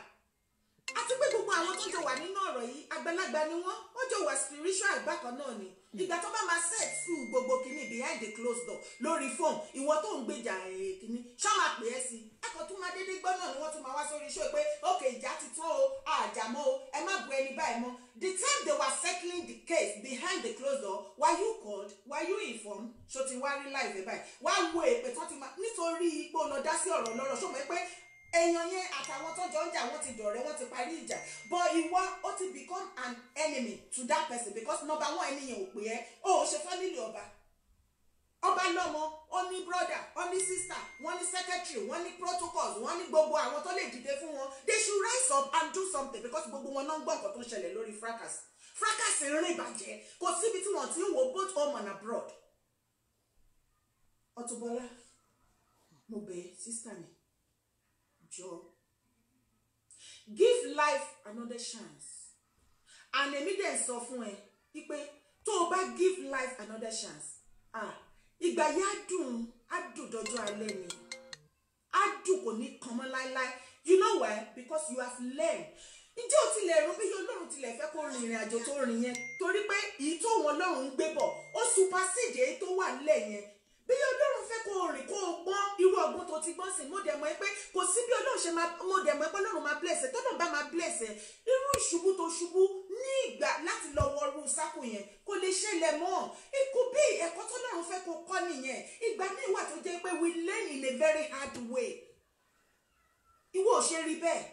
àti pé gbogbo àwọn tó jọ wà nínú ọ̀rọ̀ yìí àgbàlagbà ni wọ́n ó jọ wà spiritual bákan náà ni ìgbà tó bá máa set through gbogbo kìíní behind the closed door lórí fóònù ìwọ tó ń gbèjà eh, kìíní ṣá máa pè é sí ẹkọ tó máa dédé gbọ́ náà ni wọ́n tún máa wá sórí iṣẹ́ pé okay ìjà ti tán o àjàmọ́ o ẹ má bu ẹni báyìí mọ́ the time they were settling the case behind the closed door why you called Why you informed So ti wá rí láìpẹ́ báyìí wá wo èpè tó ti máa nítorí ipò lọ dá sí ọ̀rọ̀ lọ́rọ̀ ṣó mọ̀ pé èèyàn yẹn àtàwọn tó jọ ń jà wọ́n ti dọ̀rẹ́ wọ́n ti parí ìjà but ìwọ ó ti become an enemy to that person because number one ẹni yẹn ò pè ẹ́ o ò ṣe family ọba ọba lọ́mọ ó ní brother ó ní sister wọ́n ní secretary wọ́n ní protocols wọ́n ní gbogbo àwọn tó lè dìde fún wọn they should rise up and do something because gbogbo wọn náà ń gbọ́ nǹkan tó ń ṣẹlẹ̀ lórí fracas fracas rìn bàjẹ́ kò síbi tí wọ́n ti ń wo both home and abroad Ọ̀túnbọ̀lá mo bẹ̀ sister mi àwùjọ give life another chance and èmi dẹ̀ sọ fún ẹ wípé tó o bá give life another chance Ah, yẹn á dùn á dùn dojo alẹ́ ni á dùn kò ní kan mọ́ láéláé you know why because you have learned ǹjẹ́ o tilẹ̀ rò pé ọlọ́run tilẹ̀ fẹ́ kó rin ìrìn àjò tó rìn yẹn torí pé èyí tó wọn ọlọ́run ń gbé bọ̀ ó supersede èyí tó wà nílẹ̀ yẹn bí ọlọ́run fẹ́ kó rìn kó gbọ́ irú ọgbọ́n tó ti gbọ́n sí mo dẹ̀ mọ̀ pé kò sí bí ọlọ́run ṣe máa mo dẹ̀ mọ̀ pé ọlọ́run máa bless ẹ tọ́lọ́run bá máa bless ẹ irú ìṣubú tó ṣubú ní ìgbà láti lọ wọ ọrùn sáko yẹn kò lè ṣẹlẹ̀ mọ́ ikú bí ẹ̀kọ́ tọ́lọ́run fẹ́ kó kọ́ nìyẹn ìgbà míì wà tó jẹ́ pé we learn in a very hard way ìwọ ò ṣe rí bẹ́ẹ̀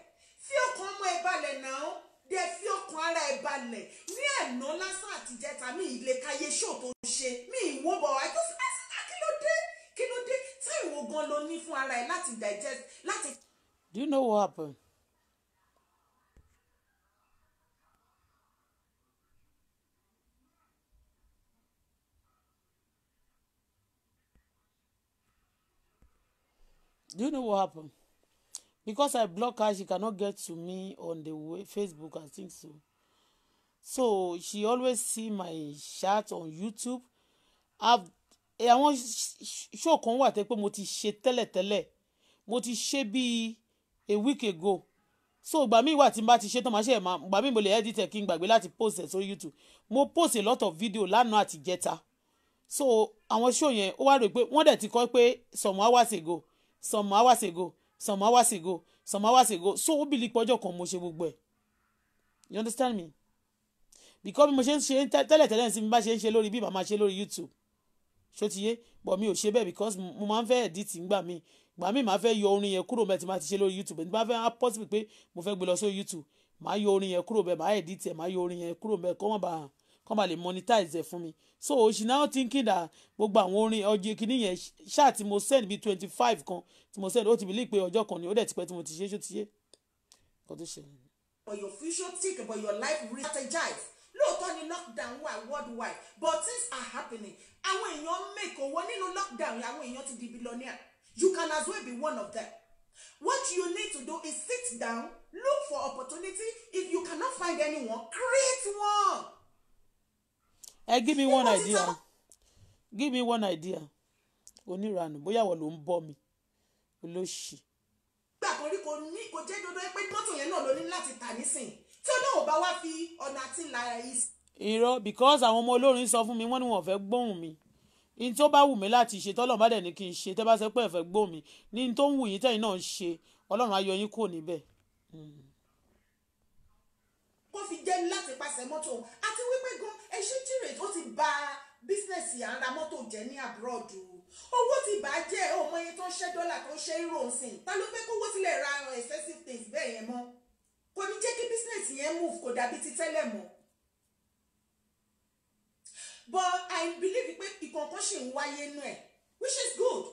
fi ọkàn ọmọ ẹ balẹ̀ náà dẹ̀ fi ọkàn ara ẹ balẹ̀ ní ẹ̀nà lásán àtijẹ́ta mi ìlẹ̀kayé ṣòtò ṣe mi ìwọ́bọ̀ I just gan ló fún ara ẹ láti digest láti. do you know what happened? do you know what happened? because i block her she cannot get to me on the way facebook i think so so she always see my chat on youtube have Eh, àwọn show kan wà tẹ́ pé mo ti ṣe tẹ́lẹ̀tẹ́lẹ̀ mo ti ṣe bíi a week ago so ìgbà míì wà tí n bá ti ṣe tán màá ṣe máa ìgbà míì mo lè edit ẹ̀ kí n gbàgbé láti post ẹ̀ sórí YouTube mo post a lot of video lánàá àti jẹta so àwọn show yẹn ó wá rò pé wọ́n dẹ̀ ti kọ́ pé some hours ago some hours ago some hours ago some hours ago so ó bìlí pọ́jọ́ kan mo ṣe gbogbo ẹ̀ you understand me because bí mo ṣe ń ṣe tẹ́lẹ̀tẹ́lẹ̀ sí mi bá ṣe ń ṣe lórí bí màá máa ṣe lórí YouTube ṣó ti but mi ò ṣe bẹ́ẹ̀ because mo máa ń fẹ́ edit ngbà mi ìgbà mi máa fẹ́ yọ orin yẹn kúrò bẹ́ẹ̀ tí máa ti ṣe lórí YouTube nígbà fẹ́ possible pé mo fẹ́ gbé lọ sórí YouTube máa yọ orin yẹn kúrò bẹ́ẹ̀ máa edit ẹ̀ máa yọ orin yẹn kúrò bẹ́ẹ̀ kọ́ mọ̀ kọ́ máa lè monetize ẹ̀ fún mi so she now thinking that gbogbo àwọn orin ọjọ́ kìíní yẹn ṣáà tí mo send bíi twenty five kan tí mo send ó ti believe pé ọjọ́ kan ni ó dẹ̀ ti pẹ́ tí mo ti ṣe but your future take about your life strategize lóòótọ́ ni lockdown wà worldwide but things are happening àwọn èèyàn make owó nínú lockdown àwọn èèyàn ti di billionaire you can as well be one of them what you need to do is sit down look for opportunity if you cannot find anyone create one. ẹ hey, give me one idea give me one idea oníranù bóyá wọ́n ló ń bọ́ mi olóṣì. gbàgbọ́ rí kò ní kò jẹ́ dandan pé mọ́tò yẹn náà ló ní láti tà nísìnyí tí ọlọ́run bá wá fi ọ̀nà àti ìlànà yìí. irọ́ because àwọn ọmọ olórin sọ fún mi wọ́n ní wọn ò fẹ́ gbóhùn mi ní tó bá wù mí láti ṣe tọ́lọ̀ bá dẹ̀ ní kí n ṣe tẹ́ bá sọ pé ẹ fẹ́ gbóhùn mi ní tó ń wù yín tẹ́yìn náà ń ṣe ọlọ́run á yọ yín kúrò níbẹ̀. kó fi jẹ́ láti pàṣẹ mọ́tò àti wípé gan exchange rate ó ti ba bísínẹ́sì à ń ra mọ́tò jẹ́ ní abroad owó ti bàá jẹ́ ọmọ yẹn tó ń ṣẹ́ dọ́là tó ń ṣẹ́ euro ń sìn ta ló fẹ́ kówó tilẹ̀ ra excessive things bẹ́ẹ̀ yẹn mọ́ kò ní jẹ́ kí business yẹn move kò dàbí ti tẹ́lẹ̀ mọ́ but I believe pé ìkọ̀ọ̀kan ṣì ń wáyé nú ẹ̀ which is good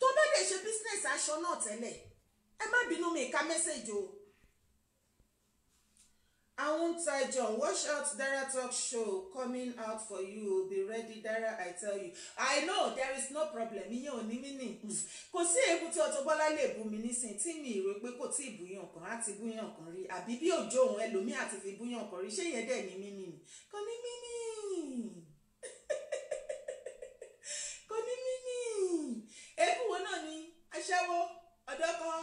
tó bá dẹ̀ ṣe business aṣọ náà tẹ́lẹ̀ ẹ má bínú mi ká mẹ́sẹ̀jì o. I John. Watch out, Dara Talk Show coming out for you. Be ready, Dara, I tell you. I know there is no problem. Ìyẹn ò ní mí nì. Kò sí èébú tí Auto Bola lè bú mi nísìn tí mi rò pé kò tí ì búyàn kan láti búyàn kan rí. Àbí bí òjò òun ẹlòmíì àti fi búyàn kan rí. Ṣé ìyẹn dẹ̀ ní mí nì? Kò ní mí nì. Kò ní mí nì. Èébú wo náà ni? Aṣẹ́wó, ọ̀dọ́ kan,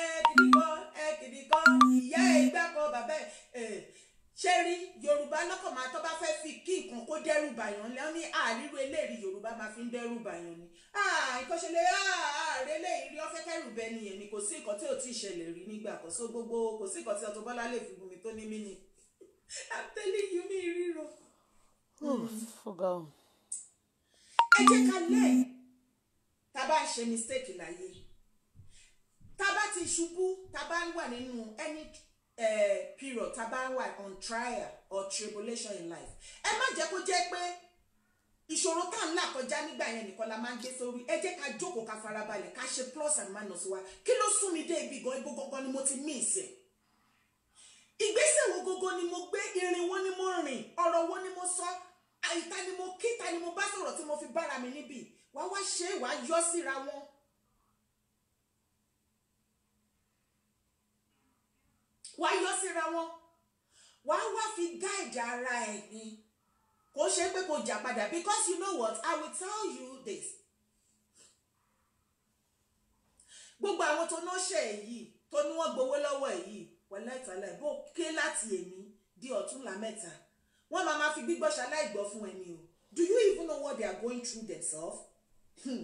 ẹ̀ẹ́dìdì kan, ẹ̀ẹ́dìdì kan, ìyá ìgbà kan, bàbá ẹ̀. Eh, ṣé rí yorùbá lọ́kàn máa tọ́ bá fẹ́ fi kí nǹkan kó dẹ́rù bàyàn ni ní àríro eléyìí yorùbá máa fi ń dẹ́rù bàyàn ni ìkọ́ṣẹ́lẹ̀ ààrẹ eléyìí rí ọ́fẹ́ kẹ́rù bẹ́ẹ̀ ni kò sí nǹkan tí ò tí ì ṣẹlẹ̀ rí nígbà kan so gbogbo kò sí nǹkan tí Auto Bola lè fi gùnmi tó ní mí ni I'm telling you mi ríro. Hmm, ẹ jẹ́ ká lẹ̀ tá a bá ṣe mistake láyé tá a bá ti ṣubú tá a bá wà nínú ẹni eh, period tá bá wà on trial or tribulation in life ẹ má jẹ́ kó jẹ́ pé ìṣòro tá à ń là kọjá nígbà yẹn nìkan la máa ń gbé sórí ẹ jẹ́ ká jókòó ká farabalẹ̀ ká ṣe plus and minus wa kí ló sún mi dé ibi gan ibo gangan ni mo ti mí ìsìn ìgbésẹ̀ wo gógó ni mo gbé irin wo ni mo rìn ọ̀rọ̀ wo ni mo sọ àìta ni mo kí ni mo bá sọ̀rọ̀ tí mo fi bára mi níbi wàá wá ṣe é wàá yọ síra wọn wá yọ síra wọn wá wá fi guide ara ẹ ni kò ṣe pé kò jà padà because you know what I will tell you this gbogbo àwọn tó náà ṣe èyí tó ní wọ́n gbowó lọ́wọ́ èyí wọlé ìtàlẹ bó ké láti èmi di ọ̀túnla mẹ́ta wọ́n máa fi gbígbọ́ ṣaláìgbọ́ fún ẹni o do you even know what they are going through themselves hmm.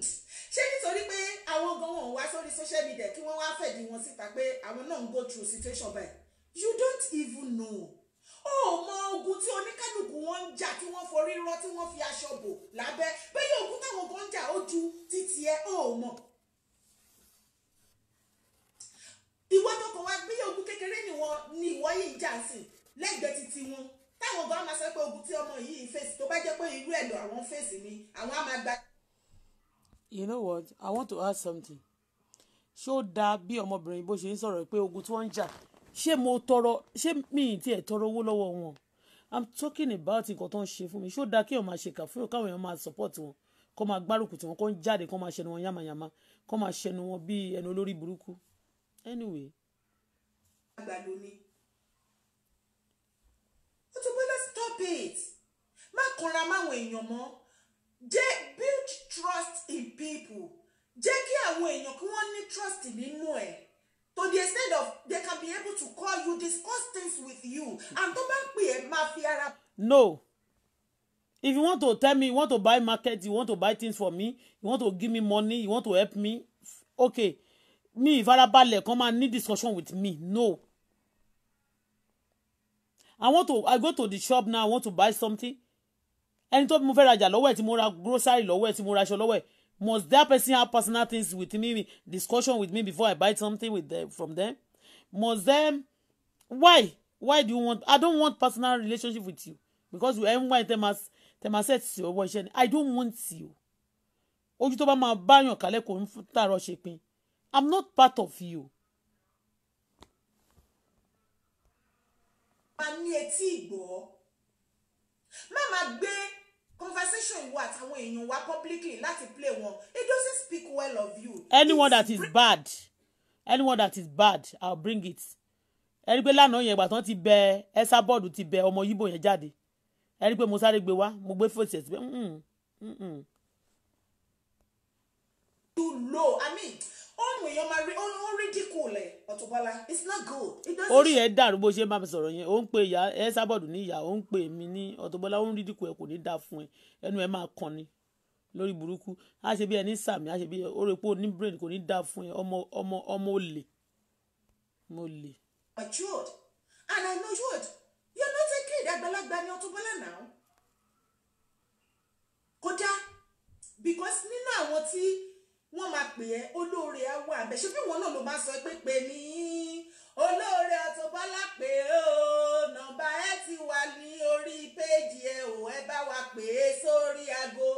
ṣé nítorí pé àwọn gan wọn wá sórí social media kí wọ́n wá fẹ̀dí wọn síta pé àwọn náà ń go through situation báyìí you don't even know ó mọ ogun tí oníkálukú wọn ń jà tí wọ́n forí rọ́ tí wọ́n fi aṣọ bò lábẹ́ bẹ́ẹ̀ ogun táwọn kan ń jà ó ju títí ẹ ó mọ̀ ìwọ tó kàn wá bẹ́ẹ̀ ogun kékeré ni ìwọ yìí ń jà sí lẹ́gbẹ̀ẹ́ títí wọn táwọn bá máa sọ pé ogun tí ọmọ yìí fèsì tó bá jẹ́ pé irú ẹ̀ lọ àwọn fèsì ni àwọn á máa gba. you know what i want to ask something ṣó dáa bí ọmọbìnrin bó ṣe ń sọ̀rọ̀ pé ogun tí wọ́n ń jà ṣé mo tọrọ ṣé mi ì tiẹ̀ tọrọ owó lọ́wọ́ wọn i'm talking about nǹkan tó ń ṣe fún mi ṣó dáa kí èèyàn máa ṣe kà fún káwọn èèyàn máa support wọn kó máa gbárùkù tí wọn kó ń jáde kó máa ṣẹnu wọn yàmàyàmà kó máa ṣẹnu wọn bíi ẹnu olórí burúkú anyway. àgbàdo ni ó ti gbọ́dọ̀ stop it má kanra máwọn èèyàn mọ́ jẹ́ build trust in people jẹ́ kí àwọn èèyàn kí wọ́n ní trust nínú ẹ̀. E to the extent of they can be able to call you discuss things with you and tó bá pè é máa no if you want to tell me you want to buy market you want to buy things for me you want to give me money you want to help me okay Me ìfarabalẹ̀ come and need discussion with me no i want to i go to the shop now i want to buy something ẹni tó mo fẹ́ rajà lọ́wọ́ ẹ̀ tí mo ra grocery lọ́wọ́ ẹ̀ tí mo ra aṣọ lọ́wọ́ ẹ̀ Must that person have personal things with me, discussion with me before I buy something with them, from them? Must them? Why? Why do you want? I don't want personal relationship with you because we everyone why them as them as to your boy share. I don't want you. Ojú tó bá máa báyàn kálẹ̀ kò ń fún tààrọ̀ ṣe pin. I'm not part of you. Màá ní etí ìgbọ́. Má máa gbé conversation ìwọ àtàwọn èèyàn wa publicly láti play wọn it doesn't speak well of you. anyone that is bad anyone that is bad i'll bring it ẹni pé lánàá yẹn ìgbà tán ti bẹ ẹsà bọ́ọ̀dù ti bẹ ọmọ yíbò yẹn jáde ẹni pé mo sáré gbé wá mo gbé fòsì ẹ̀ pé. too low i mean it's not good. orí ẹ dàrú bó ṣe máa sọ̀rọ̀ yẹn ó ń pe ìyá ẹ sábọ̀dù ní ìyá ó ń pe èmi ní ọ̀túnbọ́lá ó ń rí dínkù ẹ kò ní dáa fún ẹ ẹnu ẹ máa kàn ni lórí burúkú á ṣe bí ẹni sàmì á ṣe bí ó rẹ ní brain kò ní dáa fún ẹ ọmọ ọmọ ọmọ olè mo lè. matured and I know you would you're not a ni ọ̀túnbọ́lá now kódà because nínú àwọn tí wọ́n máa pè ẹ́ olóore á wà bẹ́ẹ̀ ṣé bí wọn náà ló máa sọ pé pè mí olóore Auto Bola ó nọ́mbà ẹ ti wà ní orí péèjì ẹ ò ẹ bá wa pè é sórí aago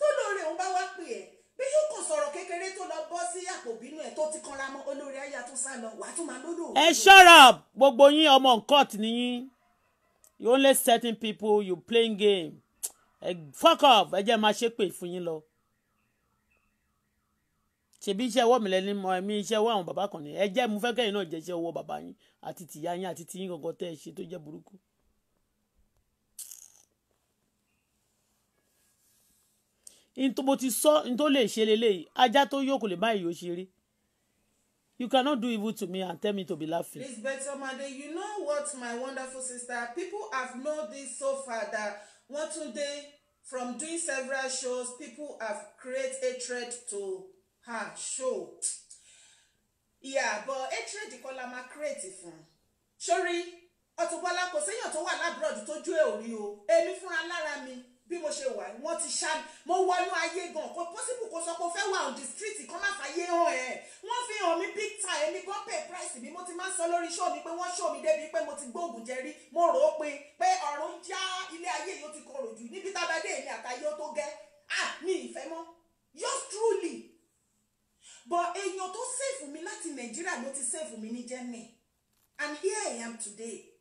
tó lóore òun bá wá pè ẹ́ bí yóò kàn sọ̀rọ̀ kékeré tó lọ bọ́ sí àpò ẹ̀ tó ti kanra mọ́ olóore ayé tó lọ wàá tún máa lódò. ẹ ṣọ́ra gbogbo yín ọmọ nǹkan tì you only certain people you playing game fuck off ẹ jẹ́ máa ṣépè fún yín lọ ṣebí iṣẹ́ ọwọ́ mi lẹ́ni mọ ẹ̀mí iṣẹ́ ọwọ́ àwọn bàbá kan ni ẹ jẹ́ mo fẹ́ kẹ́yìn náà jẹ́ iṣẹ́ ọwọ́ bàbá yín àti tìyá yín àti tìyín gangan tẹ́ ẹ ṣe tó jẹ́ burúkú. mo ti sọ tó lè ṣe leléyìí ajá tó yóò kò lè má ìyó ṣeré you cannot do evil to me and tell me to be laughing. Lisbeth Omade you know what my wonderful sister people have known this so far that Yetunde from doing several shows people have created hatred to ah show ìyá àbọ̀ hatred kọ́ la máa create fún sórí ọ̀túnbọ́lá kò séèyàn tó wà lábúrọ̀dù tójú ẹ̀ ò rí o èmi fúnra lára mi bí mo ṣe wà wọ́n ti ṣá mo wọnú ayé gan kò possible kò sọ pé o fẹ́ on the street kan má fàyè hàn ẹ̀ wọ́n fi hàn mí big time èmi gan pay price bí mo ti máa ń sọ lórí show mi pé wọ́n show mi débi pé mo ti gbóògùn jẹ rí mo rò ó pé pé ọ̀run já ilé ayé yìí ó ti korò jù níbi tábàdé èmi àtayé ó tó gẹ́ ah mi ìfẹ́ mọ́ Just truly but èèyàn tó sèfù mi láti nàìjíríà ló ti sèfù mi ní germany and here i am today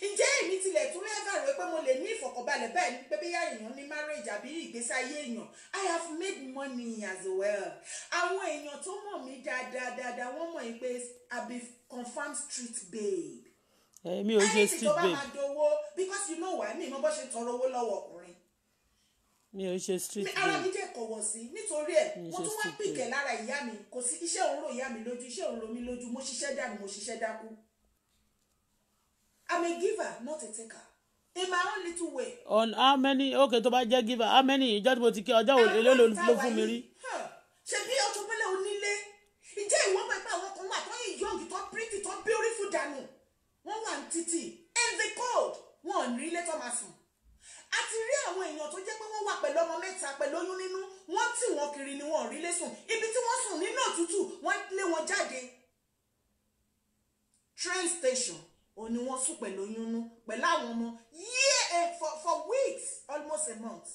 ǹjẹ́ èmi tilẹ̀ tún rẹ́ẹ̀fà rẹ pé mo lè ní ìfọ̀kànbalẹ̀ bẹ́ẹ̀ ni pé bóyá èèyàn ní marriage àbí ìgbésí ayé èèyàn i have made money as well àwọn èèyàn tó mọ̀ mí dáadáa dáadáa wọ́n mọ̀ pé i be confirmed street babe èmi ò ṣe street babe ẹni tí ìjọba máa dowó because you know why mi ìmọ̀ bó ṣe tọrọ owó lọ́wọ́ ọkùnrin mi ò ṣe street babe ara mi jẹ́ kọ̀wọ̀ sí nítorí ẹ̀ mo tún wá pìkẹ̀ lára ìyá mi kò sí iṣẹ́ òun rò ìyá mi lójú iṣẹ́ òun rò mí lójú mo ṣiṣẹ́ dànù mo ṣiṣẹ́ dákú I'm a giver not a taker in my own little way. on how many okay tó bá jẹ́ giver how many ìjọ́ tí mo ti kí ọjọ́ wo ló ló fún mi rí. ṣe bí ọtún pẹ́lẹ́ onílé ìjẹ́ ìwọ́n máa gbà àwọn kan wà tó yìí yọ̀ǹgì tó pretty tó beautiful dànù wọ́n wà ní títì in the cold wọn ò ní ilé tó máa sùn a ti rí àwọn èèyàn tó jẹ́ pé wọ́n wà pẹ̀lú ọmọ mẹ́ta pẹ̀lú oyún nínú wọ́n tì wọ́n kiri ni wọ́n rí lé ibi tí wọ́n sùn nínú òtútù wọ́n lé wọn jáde train station ò ní wọ́n sùn pẹ̀lú oyún nú pẹ̀lú àwọn ọmọ yíyẹ eh, for for weeks almost a month.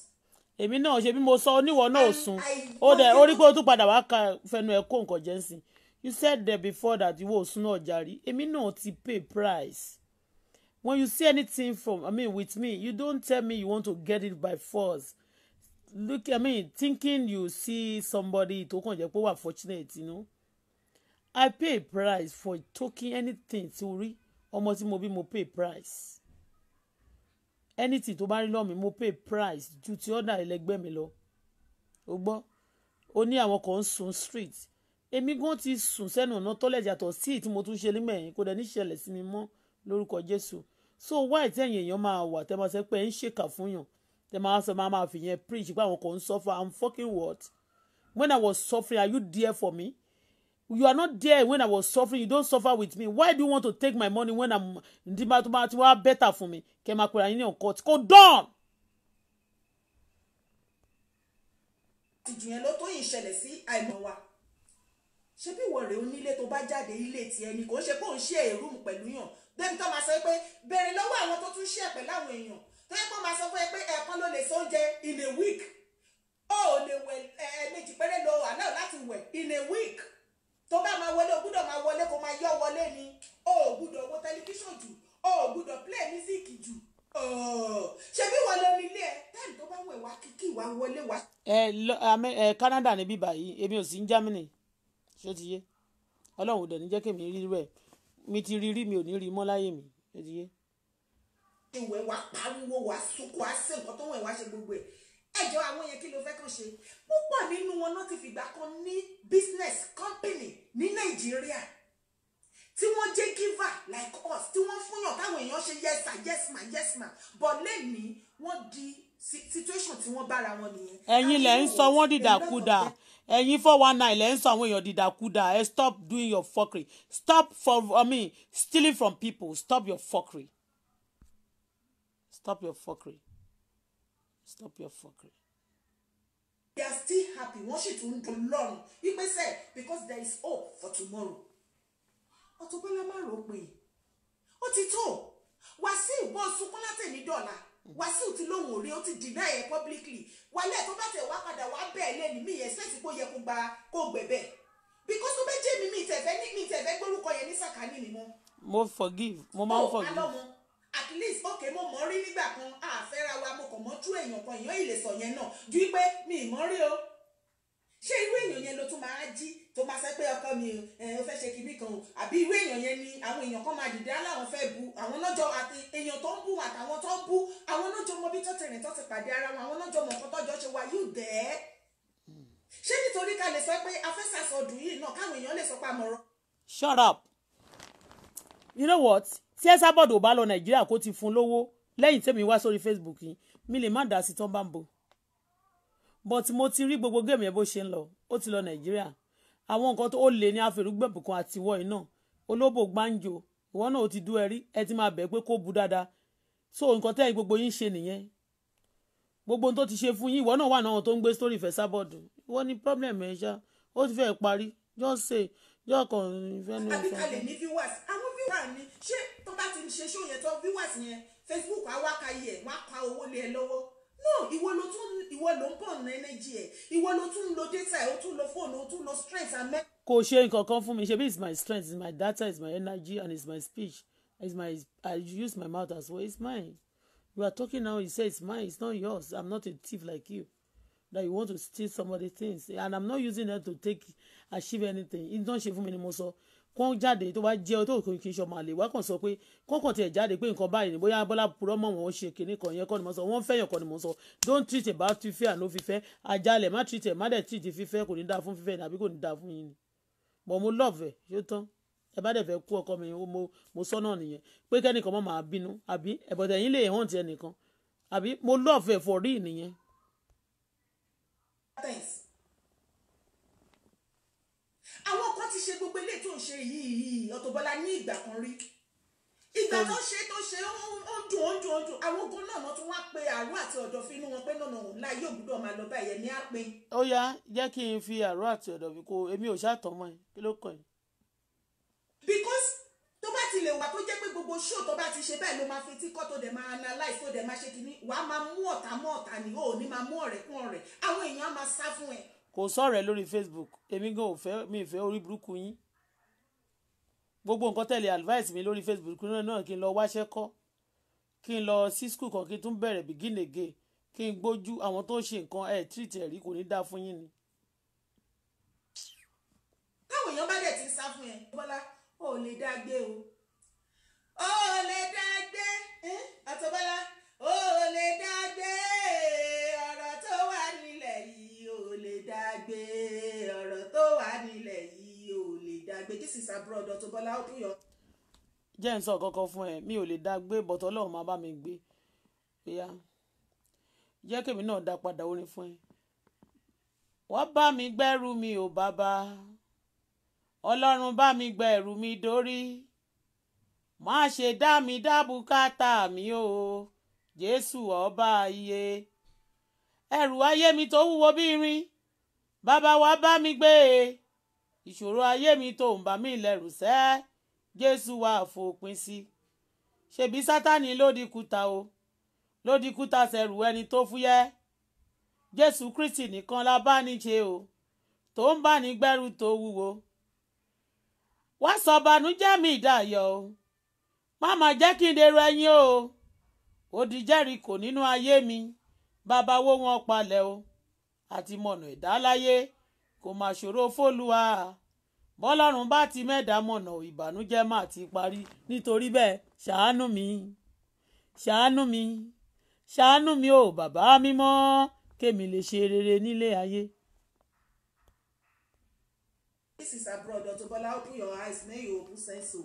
èmi náà ṣe bí mo sọ oníwọ náà ò sùn ó dẹ ó rí pé ó tún padà wá ka fẹnu ẹ kó nǹkan jẹ sí you said there before that you ò sùn náà jàrí èmi náà ti pay price when you see anything from i mean with me you don't tell me you want to get it by force look i mean thinking you see somebody tó kàn jẹ́ pé wà fortunate you know i pay price for talking anything tí o rí mo bí mo pay price anything tó bá rí lọ́mí mo pay price ju ti ọ̀dà ẹlẹgbẹ́ mi lo. o gbọ́ o ní àwọn kan ń sun street èmi gan ti sun sẹ́nu ọ̀nà tole yàtọ̀ sí tí mo tún ṣe nígbà yẹn kò dẹ̀ ní ṣẹlẹ̀ sí mi mọ́ lórúkọ jésù so why tẹ̀yìn èèyàn máa wà tẹ́ máa sọ pé ẹ̀ ń ṣèkà fún yàn tẹ́ máa sọ máa máa fìyẹn preach pé àwọn kan ń suffer i'm fucking what when i was suffering are you there for me you are not there when i was suffering you don't suffer with me why do you want to take my money when i'm ndimba tó bá ti wá better fún mi kẹ́ máa pèrè àyínyàn court kò dán. ìjìyàn ló tó yìí ṣẹlẹ̀ sí àìmọ̀ wa ṣé bí wọ̀rẹ́ onílé tó bá jáde ilé tiẹ̀ ni kò ń ṣe kó ń ṣe èrú pẹ̀lú yàn débi tó máa sọ pé béèrè lọ́wọ́ àwọn tó tún ṣe pẹ̀lú àwọn èèyàn tó yẹ kó máa sọ fún ẹ pé ẹ̀ẹ̀kan ló lè sóúnjẹ in a week ó lè wẹ̀ ẹ̀ẹ̀mejì péré lo àná láti wẹ̀ in a week tó bá máa wọlé o gbúdọ̀ máa wọlé kó máa yọ wọlé ni o ò gbúdọ̀ wo tẹlifíṣàn jù o ò gbúdọ̀ play music jù ṣebí wọn lọ nílé ẹ táìmù tó bá wẹ̀ wá kíkì wá wọlé wá. ẹ lọ ẹ Canada ní bíbá yìí èmi ò sí ní Germany ṣó ti yé Ọlọ́run ò dẹ̀ ní jẹ́ kémi rí rẹ̀ mi ti rí rí mi ò ní rí mọ́ láyé mi ìwẹ̀ wa pariwo wa sunkún wa sí nǹkan tó wọ̀ wá ṣe gbogbo ẹ̀ ẹjọ́ àwọn yẹn kí ló fẹ́ kàn ṣe púpọ̀ nínú wọn náà ti fìgbà kan ní business company ní nàìjíríà tí wọ́n jẹ́ giver like us tí wọ́n fúnyàn táwọn èèyàn ṣe yes ma yes ma yes ma but lẹ́ẹ̀ni wọ́n di situation tí wọ́n bára wọn nìyẹn. ẹ̀yin lẹ ń sọ wọ́n dìdàkudà ẹ̀yin four one nine lẹ́ ń sọ àwọn èèyàn dìdàkudà ẹ stop doing your fuckery stop for i mean stealing from people stop your fuckery stop your fuckery stop your fuckery. they are still happy wọ́n sì tún dùn lọ́rùn wípé sẹ́ because there is hope for tomorrow. Auto Bola má rò pé ó ti tó Wàsíù ìwọ sunkún látẹ̀ ní dọ́là. Wàsíù ti lóhùn òre ó ti dìná ẹ̀ publicly wálẹ̀ tó bá tẹ̀ wá padà wá bẹ́ẹ̀ lẹ́nu mí yẹn sẹ́ẹ̀tì kó yẹ kó gba kó gbẹ̀bẹ̀ because tó bẹ́ jẹ́ mi mi tẹ̀fẹ́ ní mi tẹ̀fẹ́ gbórúkọ yẹn ní sàkání mi mọ́. mo forgive mo máa oh, forgive. mo at least ok mo mọ̀ rí nígbà kan àfẹ́ra wa mo kàn mọ́ tú èèyàn kan èèyàn ìlẹ̀sọ̀ yẹn náà ju pé mi ì mọ́ rí o ṣé irú èèyàn yẹn ló tún máa jí tó máa sẹ́ pé ọkọ mi ó fẹ́ ṣe kinní kan o àbí irú èèyàn yẹn ni àwọn èèyàn kan máa dìde aláwọ̀ fẹ́ bu àwọn lọ́jọ́ àti èèyàn tó ń bú àtàwọn tó ń bú àwọn lọ́jọ́ mọ bí tọ́tẹ̀ tọ́tẹ̀ pàdé ara wọn àwọn lọ́jọ́ mọ̀ nǹkan ṣe wá yóò dẹ́ ṣé nítorí ká lè sọ pé afẹ́sàsọdùn yìí náà káwọn èèyàn lè sọ pé àmọ̀ràn. shut up you know what tí ẹ sábọ̀dọ̀ bá lọ nàìjíríà kó ti fún lówó lẹ́yìn tèmi wá sórí facebook yìí mi lè má dá sí tán bá ń bo but mo ti rí gbogbo géèmù yẹn bó ṣe ń lọ ó ti lọ nàìjíríà àwọn nǹkan tó lè ní àfẹrúgbẹ̀bùkún àti ìwọ iná olóbò gbáǹjo ìwọ náà ó ti dú ẹrí ẹ ti máa bẹ̀ pé kó bu dáadáa so nǹkan tẹ́yìn gbogbo yín ṣe nìyẹn gbogbo ohun tó ti ṣe fún yín ìwọ náà wà náà àwọn tó ń gbé sítórì fẹ́ sábọ̀dù ìwọ ni problem ẹ̀ ṣá ó ti fẹ́ parí just say yóò kàn fẹ́ ní ọ̀sán. àbíkalẹ̀ ní viewers àwọn viewers ni ṣé tó bá ti ṣe ṣó tó viewers yẹn Facebook á ẹ̀ wọ́n á pa owó lé ẹ lọ́wọ́ no ìwọ ló tún ìwọ ló ń bọ̀ ní energy ẹ̀ ìwọ ló tún lo data ẹ̀ ó tún lo fóònù ó tún lo strength and me. kò ṣe nǹkan kan fún mi ṣebí it's my strength it's my data it's my energy and it's my speech it's my i use my mouth as well it's mine you are talking now you say it's mine it's not yours i'm not a thief like you that you want to steal somebody things and i'm not using that to take achieve anything it's not ṣe fún mi ni mo sọ. So kán jáde tó bá jẹ́ tó kì í ṣọmọ àlè wá kàn sọ pé kọ́kàn tiẹ̀ jáde pé nǹkan báyìí ni bóyá bọ́lá purọ́ mọ̀ wọ́n ṣe kinní kan yẹn kọ́ ni mo sọ wọ́n fẹ́yàn kọ́ ni mo sọ don't treat ẹ̀ bá ti fẹ́ àná fífẹ́ ajálẹ̀ má treat ẹ̀ má dẹ̀ treat fífẹ́ kò ní dáa fún fífẹ́ àbí kò ní dáa fún yín ni bọ̀ mo love ẹ̀ yóò tán ẹ bá dẹ̀ fẹ́ kú ọkọ mi mo mo sọ náà nìyẹn pé kẹ́nìkan mọ̀ máa bínú àbí ẹ̀bọ̀tẹ̀ yín lè hàn tiẹ̀ nìkan àbí mo love for real nìyẹn. ṣe gbogbo ilé tó ń ṣe yìí Auto Bola ní ìgbà kan rí ìgbà tó ṣe tó ṣe ó ń dùn ó ń dùn ó ń dùn àwọn ogun náà wọn tún wá pe àrò àti ọ̀dọ̀ fínú wọn pé nànà ńlá yóò gbúdọ̀ máa lọ báyẹn ní àpín. ó yá jẹ́ kí n fi àrò àti ọ̀dọ̀ fi kó èmi ò ṣàtọ̀mọ́ ẹ kí ló kàn yín. because tó bá ti lè wà tó jẹ́ pé gbogbo show tó bá ti ṣe báyìí ló máa fi tíkọ́ tó dẹ̀ máa analyse tó dẹ̀ máa ṣe kínní wàá máa mú ọ̀tá mọ́ ọ̀tá ni ó ní máa mú ọ̀rẹ́ kún ọ̀rẹ́ àwọn èèyàn máa sá fún ẹ kò sọ̀rọ̀ ẹ lórí facebook èmi gan ò fẹ́ mi ì fẹ́ orí burúkú yín gbogbo nǹkan tẹ̀lé advice mi lórí facebook náà náà kí n lọ wáṣẹ́ kọ́ kí n lọ sí school kan kí n tún bẹ̀rẹ̀ begin again kí n gbójú àwọn tó ṣe nǹkan ẹ̀ treat ẹ̀rí kò ní dáa fún yín ni. táwọn èèyàn bá dẹ̀ ti ń sá fún ẹ bọ́lá ò lè dá gbé o ò lè dá gbé àtọ́bọ́lá ò lè dá gbé. pé this is abroad Auto Bola open your. jẹ́ ń sọ kankan fún ẹ mi ò lè dá gbé bọ̀tọ̀ ọlọ́run máa bá mi gbé ìyá jẹ́ kèmi náà dá padà orin fún ẹ. wọ́n bá mi gbẹ́rù mi ò bàbá ọlọ́run bá mi gbẹ́rù mi dórí má ṣe dá mi dá mi o jésù ọba iye ẹrù ayé mi tó wúwo bí irin bàbá wa bá mi gbé e ìṣòro ayé mi tó ń bà mí lẹ́rù sẹ́ jésù wá fòpin sí ṣebí sátani ló di kúta o ló di kúta sẹ̀rù ẹni tó fúyẹ́ jésù kristi nìkan la bá ní ṣe o tó ń bá ní gbẹ́rù tó wúwo wá sọ bànújẹ́ mi dayọ̀ o má má jẹ́ kí n dèrò ẹ̀yìn o odi jẹ́ríkò nínú ayé mi bàbá wo wọn palẹ̀ o àti mọ̀nà ìdáláyé kò má ṣòro fólúwa bọ́lọ́run bá ti mẹ́ẹ̀dá mọ̀nà ìbànújẹ́ máa ti parí nítorí bẹ́ẹ̀ ṣàánú mi ṣàánú mi ṣàánú mi o bàbá mímọ́ kémi lè ṣe rere nílé ayé. This is abroad Auto Bola open your eyes may you open sense o.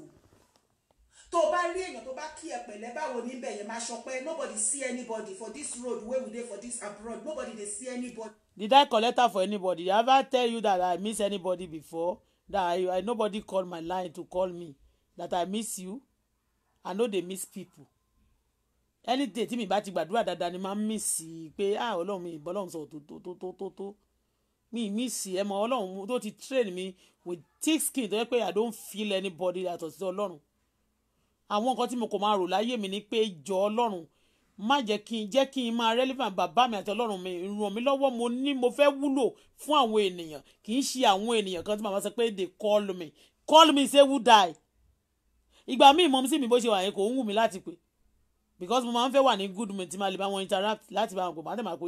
tó o bá rí èèyàn tó bá kí ẹ pẹ̀lẹ́ báwo níbẹ̀ yẹn máa ṣọpẹ́ nobody see anybody for this road wey we dey for this abroad nobody dey see anybody. Did I collect her for anybody? I ever tell you that I miss anybody before? that I, I nobody call my line to call me that I miss you I no dey miss people any day tí mi bá ti gbàdúrà dáadáa ni máa ń miss pé ah ọlọ́run mi ìbọn ọlọ́run sọ̀rọ̀ tó tó tó tó tó mi miss ẹ mọ ọlọ́run tó ti train me with thick skin tó yẹ pé I don't feel anybody yàtọ̀ sí ọlọ́run àwọn nǹkan tí mo kò máa rò láyé mi ni pé jọ ọlọ́run má jẹ́ kí n jẹ́ kí n máa relevant bàbá mi àti ọlọ́run mi ràn mí lọ́wọ́ mo ní mo fẹ́ wúlò fún àwọn ènìyàn kì í ṣe àwọn ènìyàn kan tí màmá sọ pé they call me call me say who die ìgbà míì mọ̀ sí mi bó ṣe wà yẹn kò ń wù mí láti pè because mo máa ń fẹ́ wà ní good mood tí máa lè bá wọn interact láti bá wọn pè máa tẹ̀ máa pè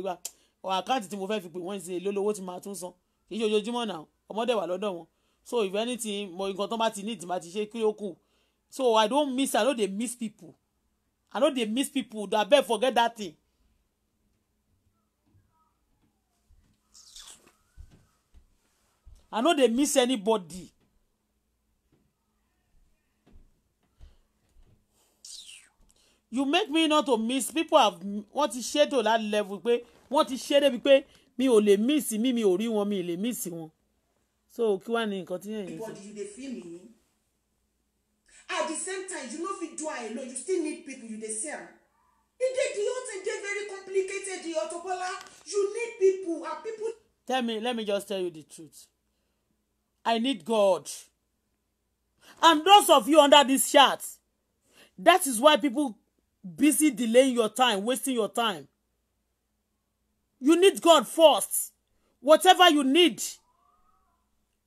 àkáǹtì oh, tí mo fẹ́ fi pè wọ́n ṣe lólówó tí máa tún san kì í ṣe ojoojúmọ́ náà ọmọdé wà lọ́dọ̀ wọn so if anything mo nǹkan tó bá ti ní ìtìmá ti ṣe kí ó kù so I don't miss I no dey miss people i no dey miss pipo i beg forget dat thing i no dey miss anybody you make me not to miss people have wọ́n ti ṣe to that level pé wọ́n ti ṣe débi pé mi ò lè miss mi mi ò rí wọn mi ì miss wọn so kí wàá ní nǹkan tí yẹn yẹn sọ at the same time you no fit do am alone you still need people you dey see e dey the whole thing dey very complicated the Auto you need people and people. tell me let me just tell you the truth i need god and those of you under this chat that is why people busy delaying your time wasting your time you need god first whatever you need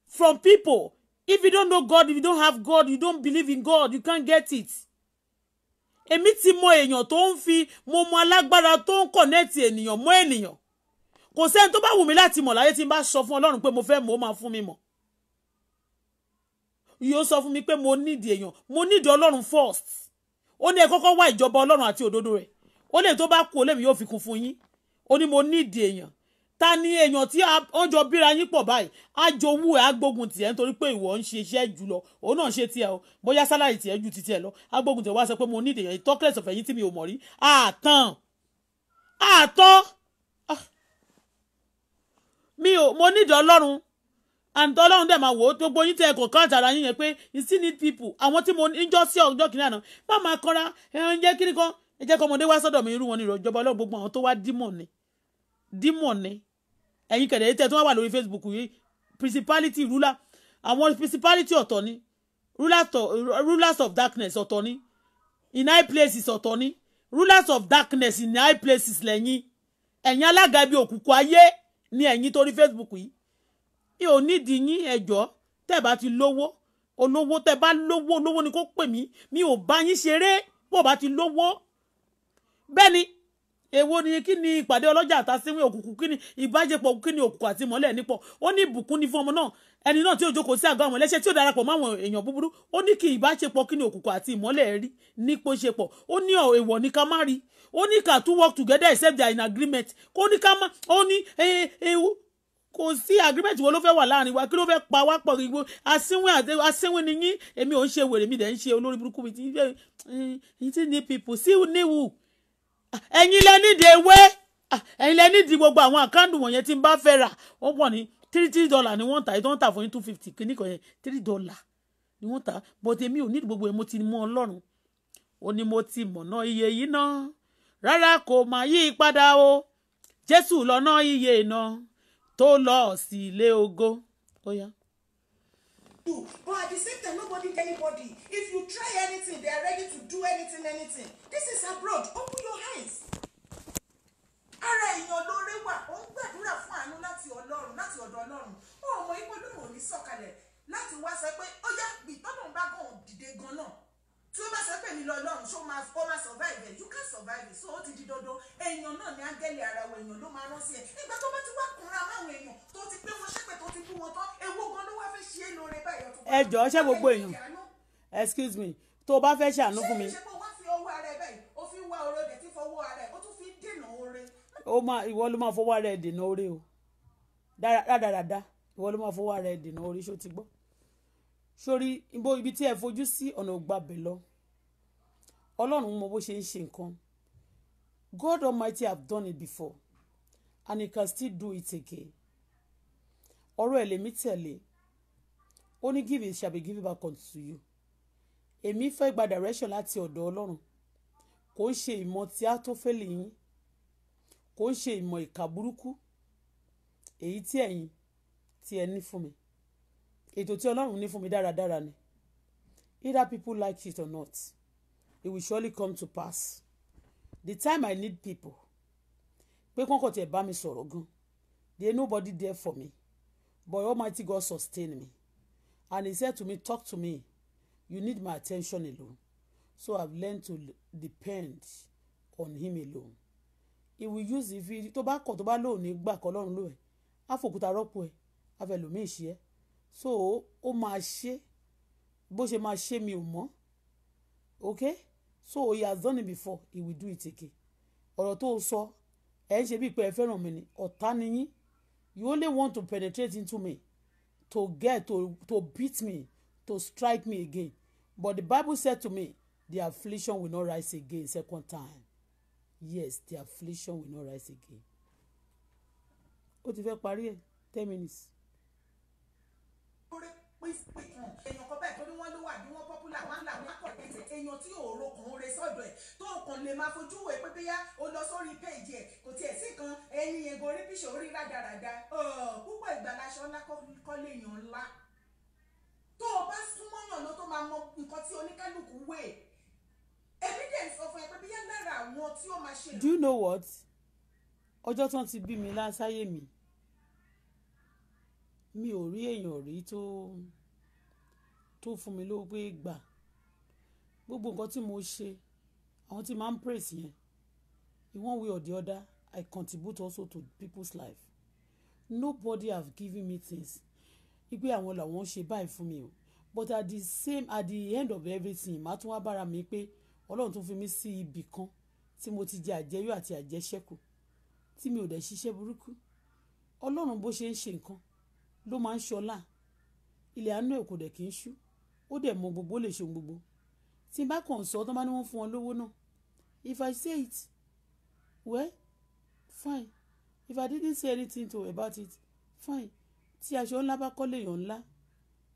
from people if you don't know God if you don't have God you don't believe in God you can't get it èmi ti mọ èèyàn tó ń fi mo mọ alágbára tó ń kọ̀nẹ́ẹ̀tì ènìyàn mọ́ ènìyàn kò sẹ́ni tó bá wù mí láti mọ̀ láyé tí n bá sọ fún Ọlọ́run pé mo fẹ́ mọ̀ ó máa fún mi mọ̀ yóò sọ fún mi pé mo nídìí èèyàn mo nídìí Ọlọ́run first ó ní ẹ kọ́kọ́ wá ìjọba Ọlọ́run àti òdodo rẹ̀ ó lè tó bá kú ó lèmi yóò fi kún fún yín ó ní mo nídìí èèyàn ta ni èèyàn tí ó jọ bíra yín pọ̀ báyìí á jowú ẹ̀ á gbógun tiẹ̀ nítorí pé ìwọ ń ṣe iṣẹ́ jù òun náà ṣe tiẹ̀ o bóyá sálárì tiẹ̀ ju ti tiẹ̀ lọ á gbógun tiẹ̀ wá sọ pé mo ní ìdèyàn ìtọ́kẹ́lẹ̀ sọ̀fẹ̀ yín tí mi ò mọ̀ rí àtàn àtọ́ ah. mi ò mo ní ìdọ̀ ọlọ́run àǹtọ́ ọlọ́run dẹ̀ máa wò ó gbogbo yín tẹ ẹ̀kọ́ káàtà ara yín yẹn pé you still need people àwọn tí mo níjọ́ sí ọjọ́ kìnìún àná má máa kanra ẹ̀rọ ń jẹ́ kíríkan ẹ jẹ́ kọ́mọdé wá sọ́dọ̀ mi irú wọn ni ìrọ̀jọba ọlọ́run gbogbo àwọn tó wá dímọ̀ ni dímọ̀ ni ẹ̀yin kẹ̀dẹ̀ tẹ́ tó wà lórí Facebook yìí principality ruler àwọn principality ọ̀tọ̀ ni rulers of darkness ọ̀tọ̀ ni in high places ọ̀tọ̀ ni rulers of darkness in high places lẹ́yìn ẹ̀yin alága ibi òkùnkùn ayé ni ẹ̀yin torí Facebook yìí mi ò nídìí yín ẹjọ́ tẹ́ bá ti lówó olówó tẹ́ bá lówó olówó ni kó pè mí mi ò bá yín ṣeré bó bá ti lówó bẹ́ẹ̀ ni èwo ni kí ni ìpàdé ọlọ́jà àtàsíwìn òkùnkùn kí ni ìbájẹpọ̀ kí ni òkùnkùn àti ìmọ́lẹ̀ nípọ̀ ó ní ìbùkún ni fún ọmọ náà ẹni náà tí ó jókòó sí àgọ́ àwọn ẹlẹ́ṣẹ̀ tí ó darapọ̀ mọ́ àwọn èèyàn búburú ó ní kí ìbájẹpọ̀ kí ni òkùnkùn àti ìmọ́lẹ̀ rí nípò ṣe pọ̀ ó ní èèwọ̀ ní ká má rí ó ní ká tún work together except they are in agreement kó ní ká má ó ní kò sí agreement wo ló fẹ́ wà láàrin wa kí ló fẹ́ pa wá pọ̀ gbogbo asínwìn àti asínwìn ni yín èmi ò ń ṣe wèrè mi dẹ̀ ń ṣe olórí burúkú mi ti ní people sí níwù ẹ̀yin lẹ nídìí ewé ah, ẹ̀yin lẹ nídìí gbogbo àwọn àkáǹdù wọ̀nyẹn tí n bá fẹ́ rà wọ́n pọ̀ ní three three dollar ni wọ́n ń tà yìí tó ń fún yín two fifty kíní kan yẹn three dollar ni wọ́n ń tà but èmi ò nídìí gbogbo ẹ̀ mo ti mọ ọlọ́run ó ní mo ti mọ̀nà iye yìí ná rárá kò máa yí padà o jésù lọ́nà iye iná tó lọ sí ilé ògo ó yá. Oh, yeah do but at the same time nobody anybody if you try anything they are ready to do anything anything this is abroad open your eyes ara èèyàn lóore wà ó ń gbàdúrà fún àánú láti ọlọ́run láti ọ̀dọ̀ ọlọ́run ó mọ ipò lóun ò ní sọ̀kalẹ̀ láti wá sọ pé ó yá gbìtọ́nà bá gàn dìde gan náà tí ó bá sọ pé mi lọ lọ́run ṣó máa ó máa survive ẹ̀ you can survive so ó ti di dandan èèyàn náà ni áńgẹ́lì ara wa èèyàn ló máa rán ẹ nígbà tó bá ti wá kúnra máwọn èèyàn tó ti pé wọn ṣépè tó ti bú wọn tán ewu gan ló wá fẹ́ ṣe é lóore báyọ̀ tó ẹ jọ ṣé gbogbo èèyàn excuse me tó o bá fẹ́ ṣàánú fún mi. ṣé kò wá fi ọwọ́ ara ẹ báyìí ó fi wá oore dẹ̀ tí fọwọ́ ara ẹ ó tún fi dènà oore. ó máa ìwọ ló máa fọwọ́ ara ẹ dènà oore o sórí ibo ibi tí ẹ fojú sí ọ̀nà ògbàbẹ̀ lọ ọlọ́run mọ bó ṣe ń ṣe nǹkan God Almighty have done it before and he can still do it again ọ̀rọ̀ ẹ̀ lèmi tẹ̀lé ó ní give it shall be given back unto you èmi fẹ́ gba direction láti ọ̀dọ̀ ọlọ́run kò ń ṣe ìmọ̀ tí a tó fẹ́ lè yín kò ń ṣe ìmọ̀ ìka burúkú èyí tí ẹ̀yin tí ẹ ní fún mi ètò tí ọlọ́run ní fún mi dáradára ni either people like it or not it will surely come to pass the time I need people pé kọ́kọ́ tiẹ̀ bá mi sọ̀rọ̀ gan there nobody there for me but Almighty God sustain me and he said to me talk to me you need my attention alone so I've learned to depend on him alone he will use if he tó bá kọ̀ tó bá lóun ní gbà kọ́ lọ́run lóun ẹ̀ á fòkúta rọ́pò ẹ̀ á fẹ́ lòmíì ṣe ẹ́ so ó máa ṣe bó ṣe máa ṣe mi ò mọ̀ okay so he has done it before he will do it again ọ̀rọ̀ tó sọ ẹ̀ ń ṣe bí pé ẹ fẹ́ràn mi ni ọ̀tá ni yín you only want to penetrate into me to get to to beat me to strike me again but the Bible said to me the affliction will not rise again second time yes the affliction will not rise again ó ti fẹ́ parí ẹ̀ ten minutes lórí pínpín èèyàn kan bẹ́ẹ̀ tó wọ́n ló wà ní wọ́n popular wọ́n là wọ́n pọ̀ tètè èèyàn tí òòrò kan ń re sọ́dọ̀ ẹ̀ tó nǹkan lè máa fojú wẹ̀ pé bóyá o lọ sórí péèjì ẹ̀ kò tiẹ̀ sí kan ẹni yẹn gan orí orí rádaràda púpọ̀ ìgbàlaṣọ ńlá kọ́lé èèyàn ńlá tó o bá súnmọ́ yàn lọ tó máa mọ nǹkan tí oníkálukú wẹ̀ èmi dẹ̀ sọ fún ẹ pé bóyá lára àwọn tí ó máa ṣe. Do you know what? ọjọ́ tán ti bí mi lásáyé mi mi ò rí èèyàn rí tó tó fún mi lówó pé gbà gbogbo nǹkan tí mo ṣe àwọn tí máa ń praise yẹn in one way or the other I contribute also to people's life nobody have given me things wípé àwọn làwọn ṣe báyìí fún mi o but at the same at the end of everything màá tún wá bára mi pé ọlọ́run tún fi mí sí ibì kan tí mo ti jẹ àjẹyó àti àjẹṣẹ́kù tí mi ò dẹ̀ ṣiṣẹ́ burúkú ọlọ́run bó ṣe ń ṣe nǹkan ló máa ń ṣọlá ilẹ̀ àánú ẹ̀ kò dẹ̀ kí ń ṣú ó dẹ̀ mọ gbogbo lè ṣe gbogbo tí n bá kàn sọ tó bá ní wọ́n fún ọ lówó náà if I say it well fine if I didn't say anything to about it fine tí aṣọ ńlá bá kọ́ lèèyàn ńlá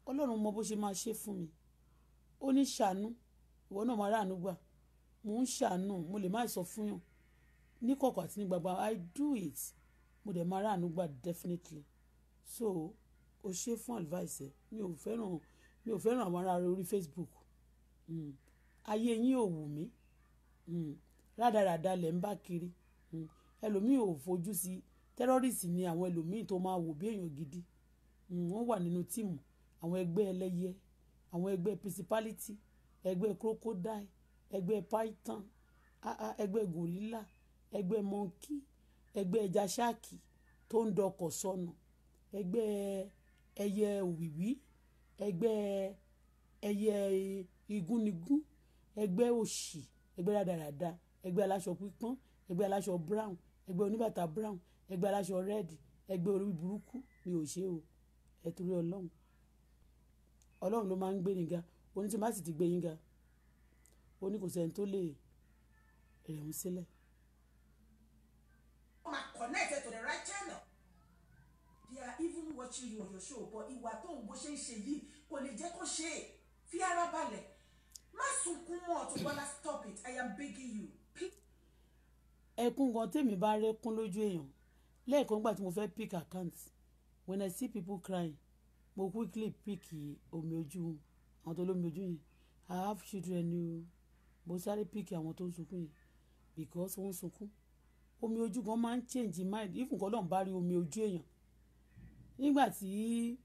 ọlọ́run mọ bó ṣe máa ṣe fún mi ó ní ṣàánú ìwọ náà máa ráàánú gbà mò ń ṣàánú mo lè má sọ fún yàn ní kọ̀kọ̀ àti ní gbàgbà I do it mo dẹ̀ máa ráàánú gbà definitely so o ṣe fún advice ẹ mi ò fẹ́ràn mi ò fẹ́ràn àwọn ará rẹ orí Facebook hmm. ayé yín ò wù mí hmm. rádaràda lẹ̀ ń bá kiri hmm. ẹlòmíì ò fojú sí tẹ́rọ́rìsì ni àwọn ẹlòmíì tó máa wò bí èèyàn gidi wọ́n wà nínú tíìmù àwọn ẹgbẹ́ ẹlẹ́yẹ àwọn ẹgbẹ́ principality ẹgbẹ́ crocodile ẹgbẹ́ python ẹgbẹ́ gorilla ẹgbẹ́ monkey ẹgbẹ́ ẹja ṣáàkì tó ń dọkọ̀ sọnù ẹgbẹ́ ẹyẹ òwìwí, ẹgbẹ́ ẹyẹ igúnigún, ẹgbẹ́ òṣì, ẹgbẹ́ rádaràda, ẹgbẹ́ aláṣọ pípọ́n, ẹgbẹ́ aláṣọ brown, ẹgbẹ́ oníbàtà brown, ẹgbẹ́ aláṣọ red, ẹgbẹ́ olórí burúkú. Mi ò ṣe o. Ẹ torí Ọlọ́run. Ọlọ́run ló máa ń gbé ni ga. Ó ní tí má sì ti gbé yín ga, ó ní kò sí ẹni tó lè rẹ̀ yín sílẹ̀. Ó máa connect ṣe yòyò ṣe ò bọ ìwà tó ń bó ṣe ń ṣe yìí kò lè jẹ́ kó ṣe é fi ara balẹ̀ má sunkún mọ́ Auto Bola stop it I am begging you. ẹkún gan tèmi bá rẹ́kún lójú èèyàn lẹ́ẹ̀kan gbà tí mo fẹ́ pick account when I see people crying mo quickly pick omi ojú àwọn tó lómi ojú yìí I have children ni o mo sáré pick àwọn tó ń sunkún yìí because wọ́n ń sunkún omi ojú gan máa ń change mind if nǹkan náà bá rí omi ojú èèyàn nígbà tí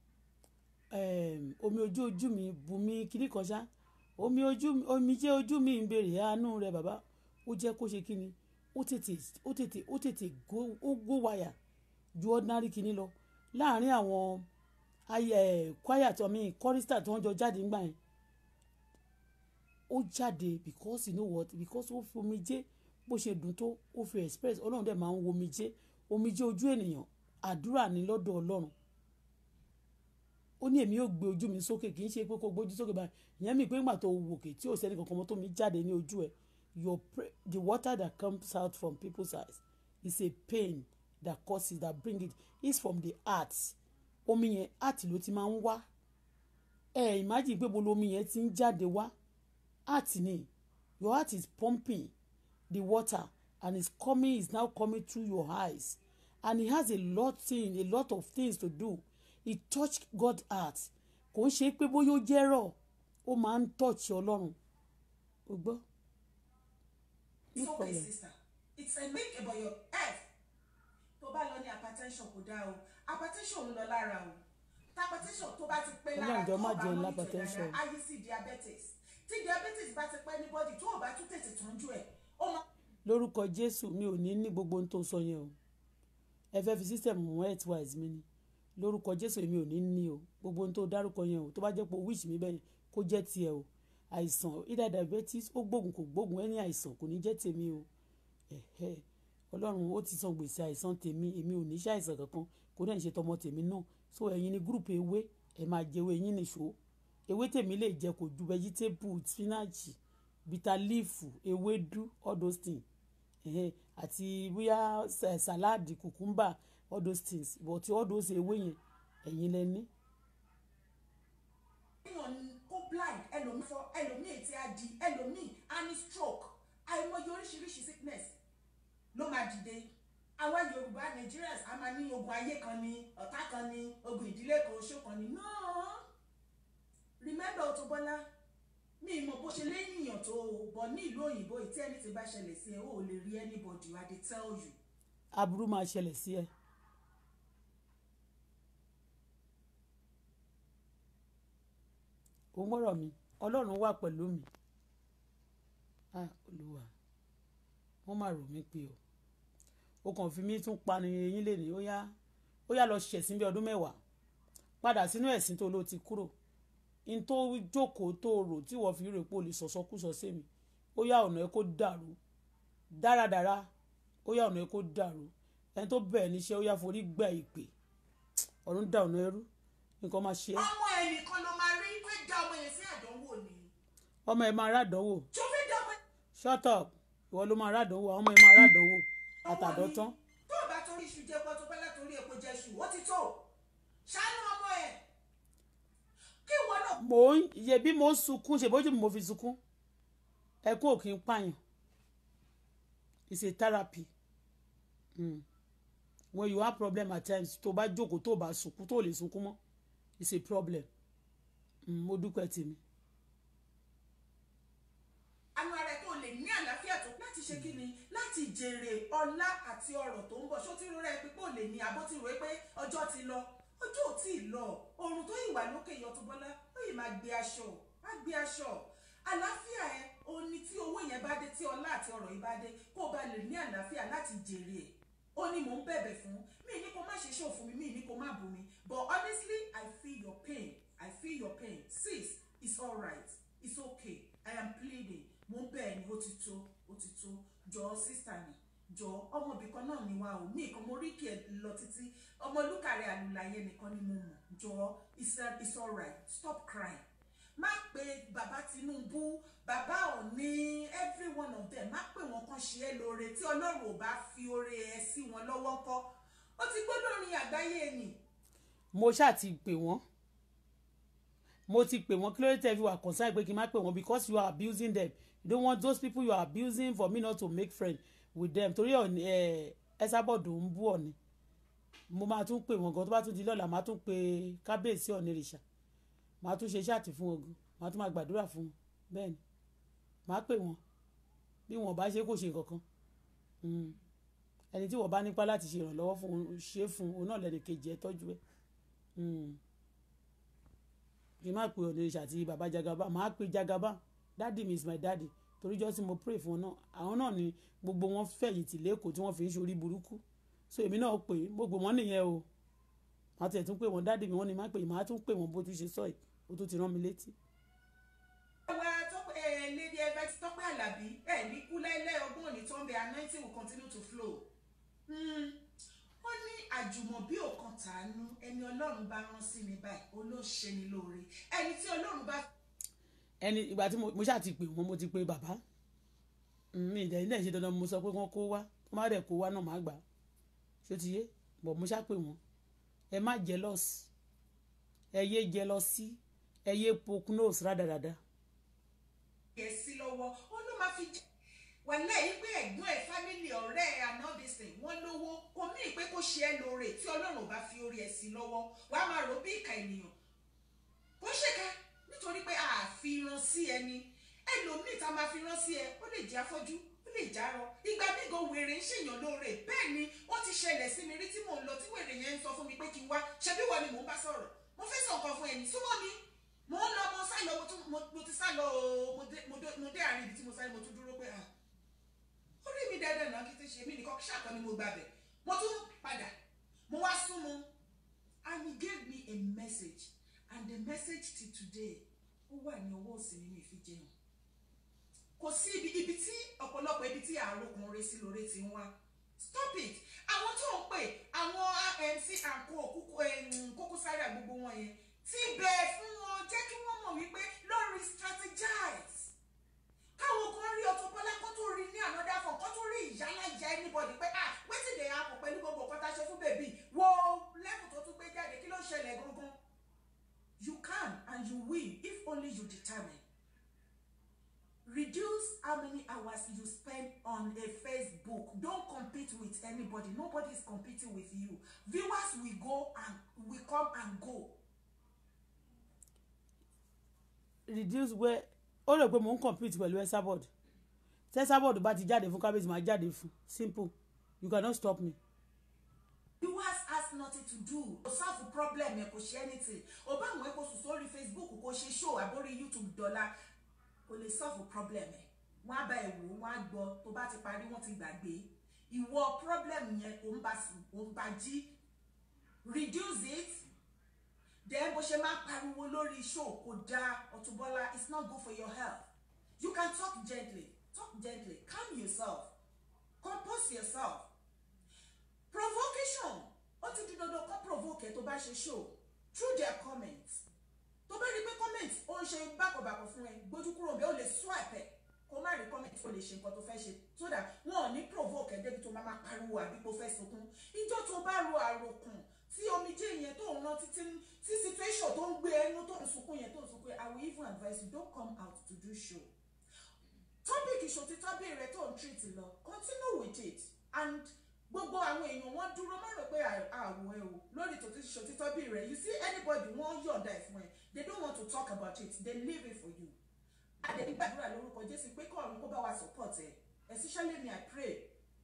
eh, omi ojú ojú mi bu mi kíní kan ṣá omi ojú omi jẹ́ ojú mi ń béèrè àánú rẹ bàbá ó jẹ́ kó ṣe kíni ó tètè ó tètè ó tètè ó gó wáyà ju ordinary kíní lọ láàárín àwọn kwaya tó mi kọ́rísítà tó ń jọ jáde ńgbà yẹn ó jáde because you know what because ó fi omi jẹ́ bó ṣe dùn tó ó fi express ọlọ́run dẹ̀ máa ń wo omijé omijé ojú ènìyàn àdúrà ní lọ́dọ̀ ọlọ́run ó ní èmi yóò gbé ojú mi sókè kì í ṣe pé kó gbójú sókè báyìí ìyẹn mi pé ńgbà tó wòkè tí ò sẹ́ni kankan mọ́ tó mi jáde ní ojú ẹ̀ the water that comes out from people's eyes is a pain that causes that bring it is from the heart omi yẹn heart ló ti máa ń wá ẹ imagine pé bolo omi yẹn ti ń jáde wá heart ni your heart is pumping the water and it's coming It's now coming through your eyes and it has a lot thing a lot of things to do it touched God's heart kò ń ṣe pé bóyá ó jẹ́ rọ̀ ó máa ń touch ọlọ́run o gbọ́. it's okay sister it's a make about your health tó bá lọ ní hypertension kò dáa o hypertension ń lọ lára o hypertension tó bá ti pẹ́ lára tó bá lọ ní ìtẹ̀lára ayé diabetes tí diabetes bá ti pẹ́ ní bọ́dì tó o bá tún tètè tọ́jú ẹ̀ ó máa. lórúkọ jésù mi ò ní ní gbogbo ohun tó sọ yẹn o ẹ fẹ́ fi system mú health wise mi ni lórúkọ jésù èmi ò ní ní o gbogbo ohun tó dárúkọ yẹn o tó bá jẹ́ pé o wíṣì mi bẹ́ẹ̀ kó jẹ́ tiẹ̀ o àìsàn either diabetes ó gbógun kò gbógun ẹni àìsàn kò ní jẹ́ tèmi o ẹ̀hẹ́ ọlọ́run ó ti san gbèsè àìsàn tèmi èmi ò ní ṣe àìsàn kankan kò dẹ̀ ń tọmọ tèmi náà so ẹ̀yin ni gúrùpù ewé ẹ̀ máa jẹ́wọ́ ẹ̀yin nìṣó ewé tèmi lè jẹ kò ju vegetable spinach bitter leaf ewédú all those things ẹ̀hẹ́ àti bóyá sàláàdì kùkúmbà all those things but all those ewé yẹn ẹ̀yin lẹ ní. èèyàn kó blind ẹlòmíì sọ ẹlòmíì ètí adi ẹlòmíì á ní stroke àìmọye oríṣiríṣi sickness ló máa dìde àwa Yorùbá Nigerians a máa ní ogun ayé kan ni ọ̀tá kan ni ogun ìdílé kan oṣù kan ni náà remember Auto Bola mi ìmọ̀ bó ṣe lẹ́yìn èèyàn tó o bọ̀ ní ìlú òyìnbó ìtí ẹni tí bá ṣẹlẹ̀ sí ẹ o ò lè rí anybody I dey tell you. aburú máa ṣẹlẹ̀ sí ẹ. ò ń gbọ́rọ̀ mi ọlọ́run wà pẹ̀lú mi Ah olúwa wọ́n máa rò mí pé o o kàn fi mí tún pani eyín lè ní ó yá ó yá lọ ṣẹ̀sìn bí ọdún mẹ́wàá padà sínú ẹ̀sìn tó ló ti kúrò n tó jókòó tó rò tí wọ́n fi rò pé o lè sọ̀sọ́kúsọ sí mi ó yá ọ̀nà ẹ kó dàrú dáradára ó yá ọ̀nà ẹ kó dàrú ẹni tó bẹ̀rẹ̀ níṣẹ́ ó yá forí gbà ìpè ọ̀run dà ọ̀nà ẹrú nǹkan máa ṣe é. ọmọ ẹnìkan ló máa ọmọ yẹn sí àdánwò ni. ọmọ ẹ máa ràdánwò. tó fi shut up ìwọ ló máa ràdánwò ọmọ ẹ máa ràdánwò àtàdọ́ tán. tó o bá torí iṣu jẹ pọ́ tó pẹ́ látòrí èpo jẹ iṣu ó ti tó ṣàánú ọmọ ẹ kí ìwọ náà. mò ń yẹ bí mo ń sunkún ṣe bójú mi mo fi sunkún ẹkún ò kí ń pààyàn it's a hmm. when you have problem at times tó bá jókòó tó bá sunkún tó lè sunkún mọ́ it's a problem Mm, mo dúpẹ́ tèmi. àwọn ará tó lè ní àlàáfíà tó láti ṣe kí ni láti jèrè ọlá àti ọrọ̀ tó ń bọ̀ ṣó tí ń pípò lè ní abó pé ọjọ́ ti lọ ọjọ́ ò tí ì lọ oorun tó ìwà lókè yọtú bọ́lá ó yìí máa gbé aṣọ á gbé aṣọ àlàáfíà ẹ o tí owó yẹn bá dé tí ọlá àti ọrọ̀ yìí bá dé kó o bá lè ní àlàáfíà láti jèrè ẹ̀ ó ní mò ń bẹ̀bẹ̀ fún mi ní kó má ṣe ṣòfò mi mi ní kó má bù mi but honestly I feel your pain I feel your pain sis it's all right. it's okay I am pleading mo ń bẹ̀ ẹ́ ní ó ti tó ó ti tó jọ sísá ni jọ ọmọbìnrin kan náà ni wa ò mí nǹkan mo rí kí ẹ lọ títí ọmọlúkàrẹ̀ àlùláyé nìkan ni mo mọ̀ jọ it's alright stop crying má pe bàbá Tinubu bàbá Ọ̀ọ̀ni every one of them má pe wọn kan ṣe é lóore tí Ọlọ́run ò bá fi oore ẹ sí wọn lọ́wọ́ kọ́ ó ti gbọ́dọ̀ rin àgbáyé ni. mo ṣáà ti pè wọ́n mo ti pè wọ́n kí ló dé tẹ́ fi wà concerned pé kí n má pè wọ́n because you are abusing them you don't want those people you are abusing for me not to make friend with them torí ọ̀ni ẹ ẹ sábọ̀dọ̀ ń bú ọ̀ni mo máa tún pè wọ́n gan tó bá tún di lọ́la máa tún pe kábíyèsí ọ̀nìrìṣà máa tún ṣe ṣáàtì fún wọn gan máa tún máa gbàdúrà fún wọn bẹ́ẹ̀ ni máa pè wọ́n bí wọn bá ṣe kò ṣe kankan hmm. ẹni tí wọn bá nípa láti ṣe ìrànlọ́wọ́ fún ṣe fún òun náà lẹ́nu kejì ẹ tọ́jú ẹ. Hmm kí n má pe ọ̀nà ìṣà àti bàbá jagaba màá pe jagaba daddy mi is my daddy torí jọ́ sí mo pray fún náà àwọn náà ni gbogbo wọn fẹ̀yìntì lẹ́kọ̀ọ́ tí wọ́n fi ń ṣorí burúkú so èmi náà pè mo gbò wọ́n nìyẹn o màá tẹ̀ tún pè wọ́n dáàdì mi wọ́n ni màá pè màá tún pè wọ́n bó tún ṣe sọ yìí ó tún ti rán mi létí. ìwà tó pé lady ẹgbẹ́ ti tọ́pẹ́ àlàbí ẹ̀ ní kú lẹ́lẹ́ ọgbọ́n ní tó ń bẹ anointing will continue to flow. ó hmm, ní àjùmọ̀ tàánú ẹni ọlọ́run bá rán sí mi báyìí olóṣè ni lóore ẹni tí ọlọ́run bá. ẹni ìgbà tí mo ṣáà ti pè wọn mo ti pè bàbá mi ìdẹ̀ ilé ìṣe dandan mo sọ pé wọ́n kó wá wọ́n má rẹ̀ kó wá náà má gbà ṣó ti yé bọ̀ mo ṣáà pè wọ́n ẹ má jealous ẹ yé jealousy ẹ yé poke nose rádaràda. ẹ sí lọ́wọ́ ó ló máa fi jẹ́ pẹ̀lú èyí pé ẹ̀gbọ́n ẹ̀ fámìlì ọ̀rẹ́ ẹ̀ anọ́bìsìn wọ́n lówó kò ní ìpé kó ṣe ẹ́ lóore tí ọlọ́run bá fi orí ẹ̀ sí lọ́wọ́ wàá máa rò bí ìkà ènìyàn kó ṣèkà nítorí pé àfihàn sí ẹni ẹlòmíì tá a máa fi rán sí ẹ ó lè jẹ́ afọ́jú ó lè járọ ìgbà mígan wèrè ń ṣèyàn lóore bẹ́ẹ̀ ni ó ti ṣẹlẹ̀ sí mi rí tí mò ń lọ tí wèrè yẹn ń sọ fún mi pé kí n wá ṣebí wọ ni mò ń bá sọ̀rọ̀ mo fẹ́ sọ nǹkan fún ẹni súnmọ́ mi mò ń lọ mo sá mo ti sá lọ mo dé àárín ibi tí mo sáré mo tún dúró pé ah ó rí mi dandan náà kí ti ṣe mí nìkan ṣàkọ ni mo gbàbẹ̀ mo tún padà mo wá sún mu and he gave me a message and the message till today ó wà ní ọwọ́ òsì mi mi fi kò sí ibi ibi tí ọ̀pọ̀lọpọ̀ ibi tí àròkùn rẹ̀ sí lóore ti ń wá stop it àwọn tó ń pè àwọn mc àǹkó kókó eh, sáré àgbogbo wọn yẹn ti bẹ̀ fún wọn jẹ́ kí wọ́n mọ̀ wípé lórí strategize káwọn kan rí Auto Bola kó tún rí ní ànádá fọ kó tún rí ìyá láìjà anybody pé ah wetin dey happen pẹ̀lú gbogbo nǹkan ṣe fún bèbí wo lẹ́kùn tó tún gbé jáde kí ló ṣẹlẹ̀ gangan you can and you will if only you determine reduce how many hours you spend on a Facebook don't compete with anybody nobody is competing with you viewers will go and will come and go. reduce where ó rò pé mò ń compete pẹ̀lú Esabod tẹ́sàbọ̀d bá ti jáde fún kábíyèsí máa jáde fún simple you cannot stop me. you has has nothing to do o sáfù problem ẹ kò ṣe anything o bá àwọn epo sùn sórí Facebook kò ṣe show àbórí YouTube dọ́là o lè sáfù problem ẹ wọn á bá ẹ wò wọn á gbọ́ tó bá ti parí wọn ti gbàgbé ìwọ problem yẹn ò ń bá jí reduce it then bó ṣe máa pariwo lórí iṣẹ́ òkò dá Ọ̀túnbọ́lá it's not good for your health you can talk gently talk gently calm yourself compose yourself provocation ó ti di dandan kó provoke tó bá ṣe show through their comments tó bá rí pé comment ó ń ṣe bákọ̀bàkọ̀ fún ẹ gbójú kúrò bí ó lè swipe ẹ kó má rí comment ó lè ṣe nǹkan tó fẹ́ ṣe so that wọn ò ní provoke ẹ débi tó máa máa pariwo àbí kó fẹ́ sunkún ìjọ tó bá ro àròkùn tí omijé yẹn tó ń lọ títí tí situation tó ń gbé ẹnu tó ń sunkún yẹn tó ń sunkún yẹn i will even advise you don't come out to do show topic ìṣòtítọ́ béèrè tó ń treat lọ continue with it and gbogbo àwọn èèyàn wọn dúró má rò pé àwọ̀ ẹ o lórí ìṣòtítọ́ béèrè you see anybody wọ́n yọ̀ǹda ẹ̀ fún ẹ they don't want to talk about it they leave it for you àdẹ̀gbàdúrà lórúkọ jésù pé kọ́ ọ̀run kó bá wa support ẹ especially me i pray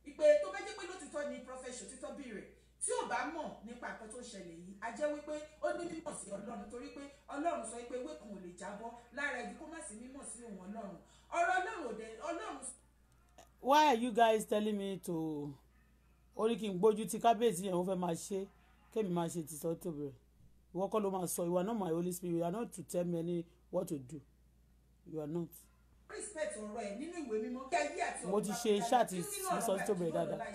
ìpè tó bá jẹ́ pé lótìtọ́ ni prophet ìṣòtítọ́ béèrè tí ò bá mọ̀ nípa nǹkan tó ṣẹlẹ̀ yìí a jẹ́ wípé ó ní mímọ̀ sí ọlọ́run torí pé ọlọ́run sọ pé ewé ò lè jábọ́ lára igi kó má sí mímọ̀ sí òun ọlọ́run ọ̀rọ̀ ọlọ́run ò ọlọ́run. why are you guys telling me to orí kí n gbójú ti kábíyèsí yẹn wọ́n fẹ́ máa ṣe kémi máa ṣe ti sọ tó bẹ̀rẹ̀ ìwọ kọ́ ló máa sọ you are not my holy spirit you are not to tell me any what to do you are not respect ọ̀rọ̀ ẹ̀ nínú ìwé mímọ́ kí ayé àti ọ̀rọ̀ bá kọjá nínú ọ̀rọ̀ bá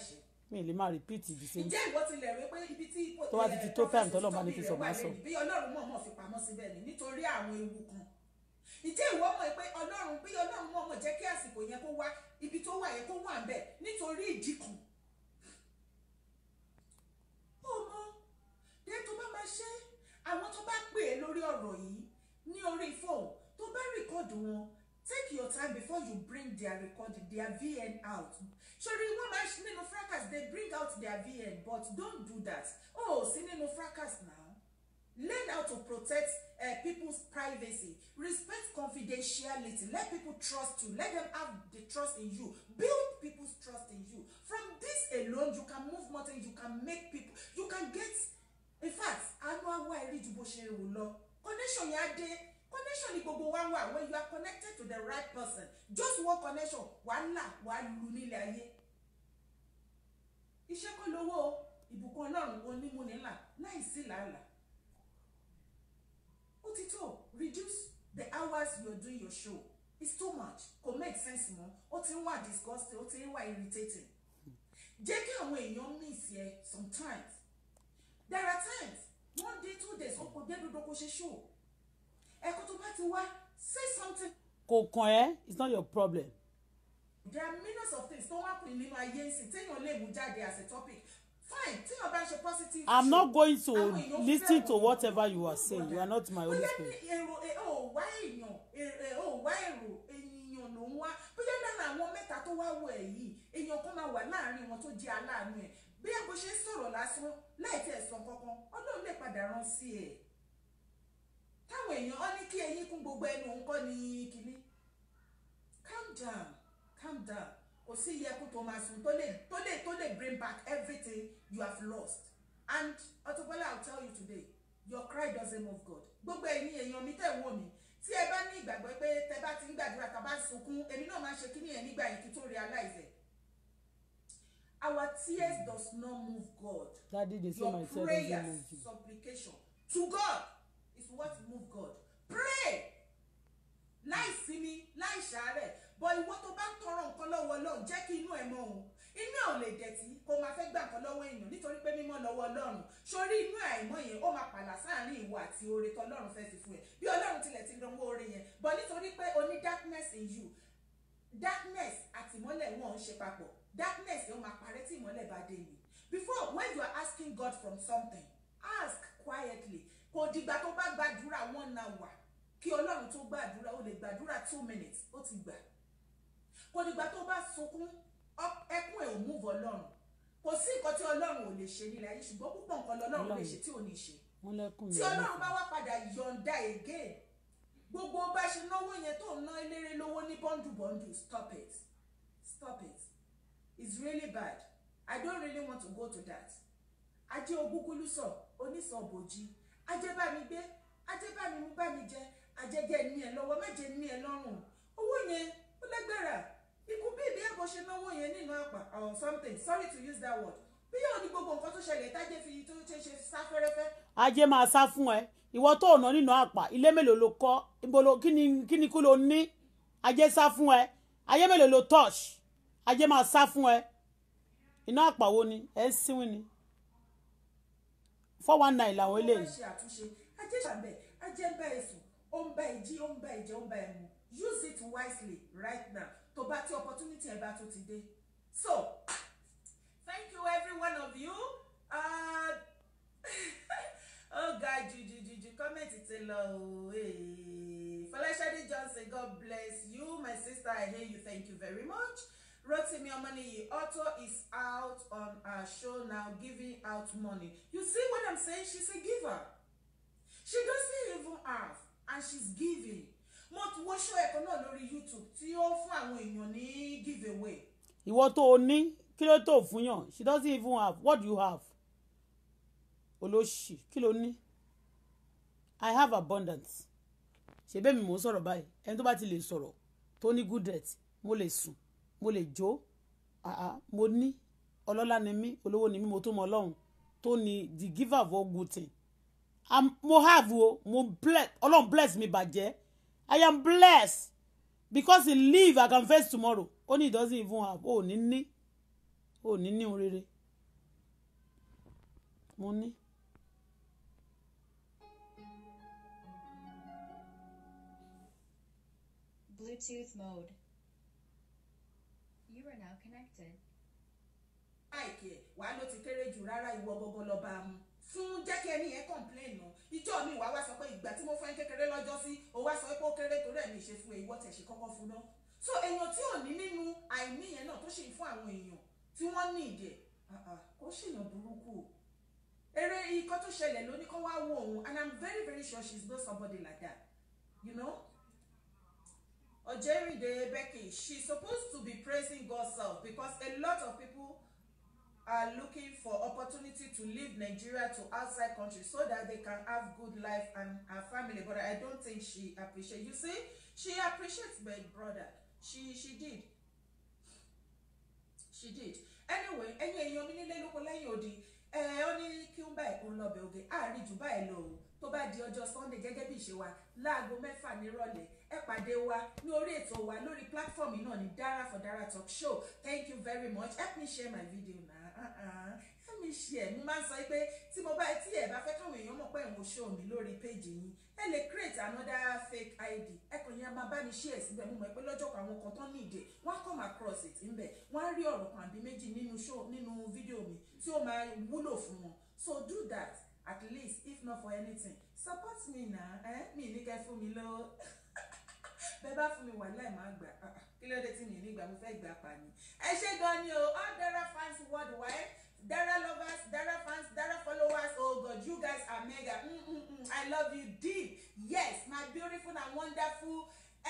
mi lè máa repeat the same. ǹjẹ́ ìwọ ti lẹ̀ rí pé ibi tí ipò tó wá ti eh, ti tó time tọ́lọ́ máa ní kí sọ máa sọ. bí ọlọ́run mọ̀ọ́mọ̀ fi pamọ́ síbẹ̀ ni nítorí àwọn ewu kan ǹjẹ́ ìwọ mọ̀ pé ọlọ́run bí ọlọ́run mọ̀ọ́mọ̀ jẹ́ kí àsìkò yẹn kó wá ibi tó wà yẹn kó wà ń bẹ̀ nítorí ìdí kan. ọmọ dé tó bá máa ṣe àwọn tó bá pè é lórí ọ̀rọ̀ yìí ní orí fóònù tó bá rìkọ́ọ̀dù wọn take your time before you bring their recording their vn out sori wọn máa ṣe nínú fracas they bring out their vn but don't do that oh sí nínú fracas now learn how to protect uh, people's privacy respect confidentiality let people trust you let them have the trust in you build people's trust in you from this alone you can move mountain you can make people you can get in fact anu awa eri ju bó ṣe rò lọ connection yẹn á dé connection ni gbogbo wa wà when you are connected to the right person just one connection wàhálà wà lù nílé ayé iṣẹ́ kọ́ lówó ìbùkún ọlọ́run onímúnilà láìsí làálàá ó ti tó reduce the hours you are doing your show it's too much kò make sense mọ́ ó ti ń wà disgusting ó ti ń wà irritating jẹ́ kí àwọn èèyàn miss ẹ sometimes there are times one day two days ó kò dé dodo kó ṣe show ẹ̀kọ́ tó bá ti wá say something. kò kàn ẹ́ it's not your problem. there are millions of things tó wá pè nínú ayé ń sìn téèyàn lè mú jáde as a topic fine téèyàn bá ń ṣe positive. i'm not going to listen to whatever you are saying you are not my only friend. bóyá èrò ò wá èèyàn èrò e, e, oh, wá èrò èèyàn ló ń wá bóyá lára àwọn mẹ́ta tó wá wọ ẹ̀ èèyàn kan máa wà láàárín wọn tó jẹ́ aláàánú ẹ̀ bí ẹ̀ bó ṣe sọ̀rọ̀ lásán láì tẹ̀ sọ kankan ọlọ́run lè padà rán sí ẹ̀ táwọn èèyàn ọ ní kí eyín kún gbogbo ẹnu òun ní kínní calm down calm down kò sí iyẹ̀kú tó máa sùn tó lè tó lè tó lè bring back everything you have lost and Auto i will tell you today your cry doesn't move God gbogbo ẹ̀yin èèyàn mi tẹ̀ wọ̀ mí tí ẹ bá ní ìgbàgbọ́ pé tẹ bá ti ń gbàdúrà tá a bá sunkún èmi náà máa ṣe kí nìyẹn nígbà yìí kí tó realize it. our tears does not move God Daddy, your prayers supplication to God to what move God pray láì sinmi láì ṣàárẹ̀ bọ ìwọ tó bá ń tọrọ nǹkan lọ́wọ́ Ọlọ́run jẹ́ kí inú ẹ̀ mọ́ o inú ẹ̀ ò lè dẹ̀tí kó máa fẹ́ gbà nǹkan lọ́wọ́ èèyàn nítorí pé mímọ́ lọ́wọ́ Ọlọ́run sórí inú ẹ̀ àìmọ́ yẹn ó máa pàlà sáàrin ìwọ àti oore tọ́lọ́run fẹ́ fi fún ẹ bí Ọlọ́run tilẹ̀ ti dánwó oore yẹn bọ nítorí pé o ní darkness in you darkness àti ìmọ́lẹ̀ wọn ò ń ṣe papọ̀ darkness ó máa parẹ́ tí ìmọ́lẹ̀ before when you are asking God from something ask quietly kò dìgbà tó bá gbàdúrà one hour kí ọlọ́run tó gbàdúrà ó lè gbàdúrà two minutes ó ti gbà kò dìgbà tó bá sunkún ẹkún ẹ̀ ò move ọlọ́run kò sí nǹkan tí ọlọ́run ò lè ṣe nílẹ̀ ayé ṣùgbọ́n púpọ̀ nǹkan lọ́lọ́run lè ṣe tí ò ní ṣe tí ọlọ́run bá wá padà yọ̀ǹda again gbogbo bá ṣe náwó yẹn tó ná eléré lówó ní bọ́ndù bọ́ndù stop it stop it it's really bad i don't really want to go to that ajé ogúngúlú sọ onísọ̀bòjì ajẹ́ bá mi gbé ajẹ́ mú bá jẹ ajẹ́jẹ́ ní ẹ lọ́wọ́ méje ní ẹ lọ́rùn owó yẹn ó lágbára ikú bí ìbí ẹ̀kọ́ ṣe náwó yẹn nínú àpà or something sorry to use that word bí yóò ní gbogbo nǹkan tó ṣẹlẹ̀ tájé fi tó ṣe ṣe sá fẹ́rẹ́fẹ́. ajé máa sá fún ẹ ìwọ tó ọ̀nà nínú àpà ilé mélòó ló kọ́ ìbolo kí ni kú ló ní ajé sá fún ẹ ayé mélòó ló touch ajé máa sá fún ẹ iná àpàwo ni ẹ ń sínwìn ni four one nine làwọn eléyìí. ọmọ ṣe àtúnṣe ajé ṣàbẹ̀ ajé ń bá ẹ sùn ó ń bá ẹ jí ó ń bá ẹ ó ń bá ẹ use it wisely right now tó bá tí opportunity ẹ bá tó ti dé. so thank you every one of you. Uh, oh God ju ju ju ju comment ti lọ o Fọláṣadé Johnson God bless you my sister I hear you thank you very much. Rotimi Omaniyi, Otto is out on her show now giving out money. You see what I'm saying? She's a giver. She doesn't even have, and she's giving. Mo ti wo show ẹ̀kọ́ náà lórí YouTube tí ó fún àwọn èèyàn ní giveaway. Ìwọ tó o ní kí ló tó fún yàn? She doesn't even have. What do you have? Olóṣì kí ló ní? I have abundance. Ṣé bẹ́ẹ̀ mi mò ń sọ̀rọ̀ báyìí? Ẹni tó bá ti lè sọ̀rọ̀ tó ní good debt mo lè sùn mo lè jó mo ní ọlọ́lá ni mí olówó ni mí mo tún mọ ọlọ́run tó ni the giver of all good thing mo have o mo bless ọlọ́run bless mi bàjẹ́ i am blessed because he live i can face tomorrow ó ní he doesn't even have ó ní ní ó ní ní rere mo ní. Bluetooth mode. You are now connected. láìkí ẹ̀ wàá ló ti kéré jù rárá ìwọ gbogbo lọ bá a mú fún jẹ́ kí ẹni yẹn complain nù ìjọ mi wàá wá sọ pé ìgbà tí mo fẹ́ kékeré lọ́jọ́ sí o wá sọ pé ó kéré torí ẹ̀mí ṣe fún ìwọ tẹ̀ ṣe kọ́kọ́ fún náà so èèyàn tí ò ní nínú àìní yẹn náà tó ṣe fún àwọn èèyàn tí wọ́n ní ìdẹ̀ ó ṣèyàn burúkú eré ikọ́ tó ṣẹlẹ̀ lóní kó wá wo òun and I'm very very sure she's not somebody like that you know Ojerinde Becky, she's supposed to be praising God's self because a lot of people are looking for opportunity to leave Nigeria to outside country so that they can have good life and her family. But I don't think she appreciates. You see, she appreciates my brother. She she did. She did. Anyway, ẹ̀yin èèyàn mi nílé lóko lẹ́yìn odi ẹ ọ ní kí n báyìí òun lọbẹ oge a jù báyìí lọ o tó bá di ọjọ́ Sunday gẹ́gẹ́ bí ìṣe wa láago mẹ́fà nírọ̀lẹ́ ẹ pàdé wa ní orí ètò wa lórí platform náà ní Dara for Dara Talk Show thank you very much help me share my video na uh uh-uh. help me share mo máa ń sọ pé tí mo bá tí ẹ bá fẹ́ káwọn èèyàn mọ̀ pé ìwọ̀n show mi lórí page yín ẹ lè create another fake ID ẹ kàn yẹn máa bá mi share síbẹ̀ mo mọ̀ pé lọ́jọ́ kan àwọn kan tán ní ìdè wọ́n á come across it ńbẹ̀ wọ́n á rí ọ̀rọ̀ kan àbí méjì nínú show nínú fídíò mi tí ó máa wúlò fún wọn so do that at least if not for anything support me na eh? mi ní kẹ́ fún mi lọ́wọ́ bẹ́ẹ̀ bá fún mi wà láì máa gbà ah, ah, kí ló dé tí mi nígbà mo fẹ́ gbà pa ni. ẹ ṣe gan ni o all Dara fans worldwide Dara lovers Dara fans Dara followers oh God you guys are mega mm -mm -mm. I love you deep yes my beautiful and wonderful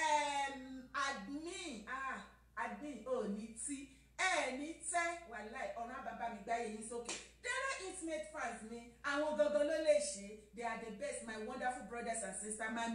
um, admin ah admin ò ní tí ẹ̀ẹ́ni tẹ́ wàláì ọ̀run àbábá mi gbáyé yín sókè tẹ́lẹ̀ intimate fans mi àwọn gangan ló lè ṣe they are the best my wonderful brothers and sisters my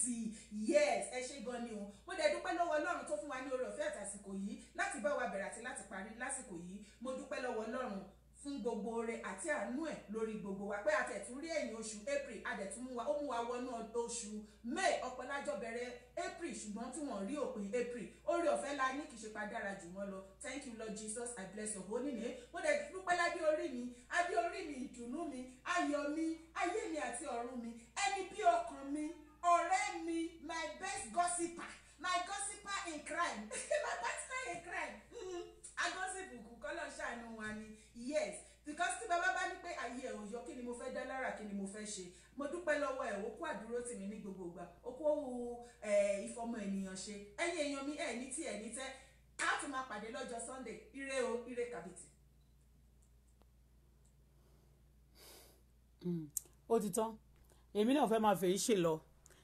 see yes ẹ ṣé gan ni o mo dẹ̀ dúpẹ́ lọ́wọ́ ọlọ́run tó fún wa ní oore ọ̀fẹ́ àtàsìkò yìí láti bá wa bẹ̀rẹ̀ àti láti parí lásìkò yìí mo dúpẹ́ lọ́wọ́ ọlọ́run fún gbogbo oore àti àánú ẹ̀ lórí gbogbo wa pé àtẹ̀tún rí ẹ̀yìn oṣù april àdẹ̀tún mú wa ó mú wa wọnú oṣù may ọ̀pọ̀lájọ́ bẹ̀rẹ̀ april ṣùgbọ́n tí wọ́n rí òpin april oore ọ̀fẹ́ la ní kì í ṣe pa dára jù wọ́n lọ thank you lord jesus i bless your holy name mo dẹ̀ dúpẹ́ lábí orí mi abí orí mi ìdùnnú mi ayọ̀ mi ayé mi àti ọ̀run mi ẹni bí ọkàn mi ọ̀rẹ́ mi my best gossiper my gossiper in crime my partner in crime. Mm-hmm agọ́sìbùkù kọ́lọ̀ ṣàánú wa ni yes because tí bàbá bá ní pé ayé ẹ̀ òyọ́ kí ni mo fẹ́ dá lára kí ni mo fẹ́ ṣe mo dúpẹ́ lọ́wọ́ ẹ̀ ó kú àdúró tì mí ní gbogbo ìgbà ó kú ìfọmọ ènìyàn ṣe ẹ̀yin èèyàn mi ẹ̀ ní tí ẹ̀ ní tẹ́ á tún máa pàdé lọ́jọ́ Sunday ire o ire kàbìtì. Hmm, ó ti tán èmi náà fẹ́ máa fèyí ṣe lọ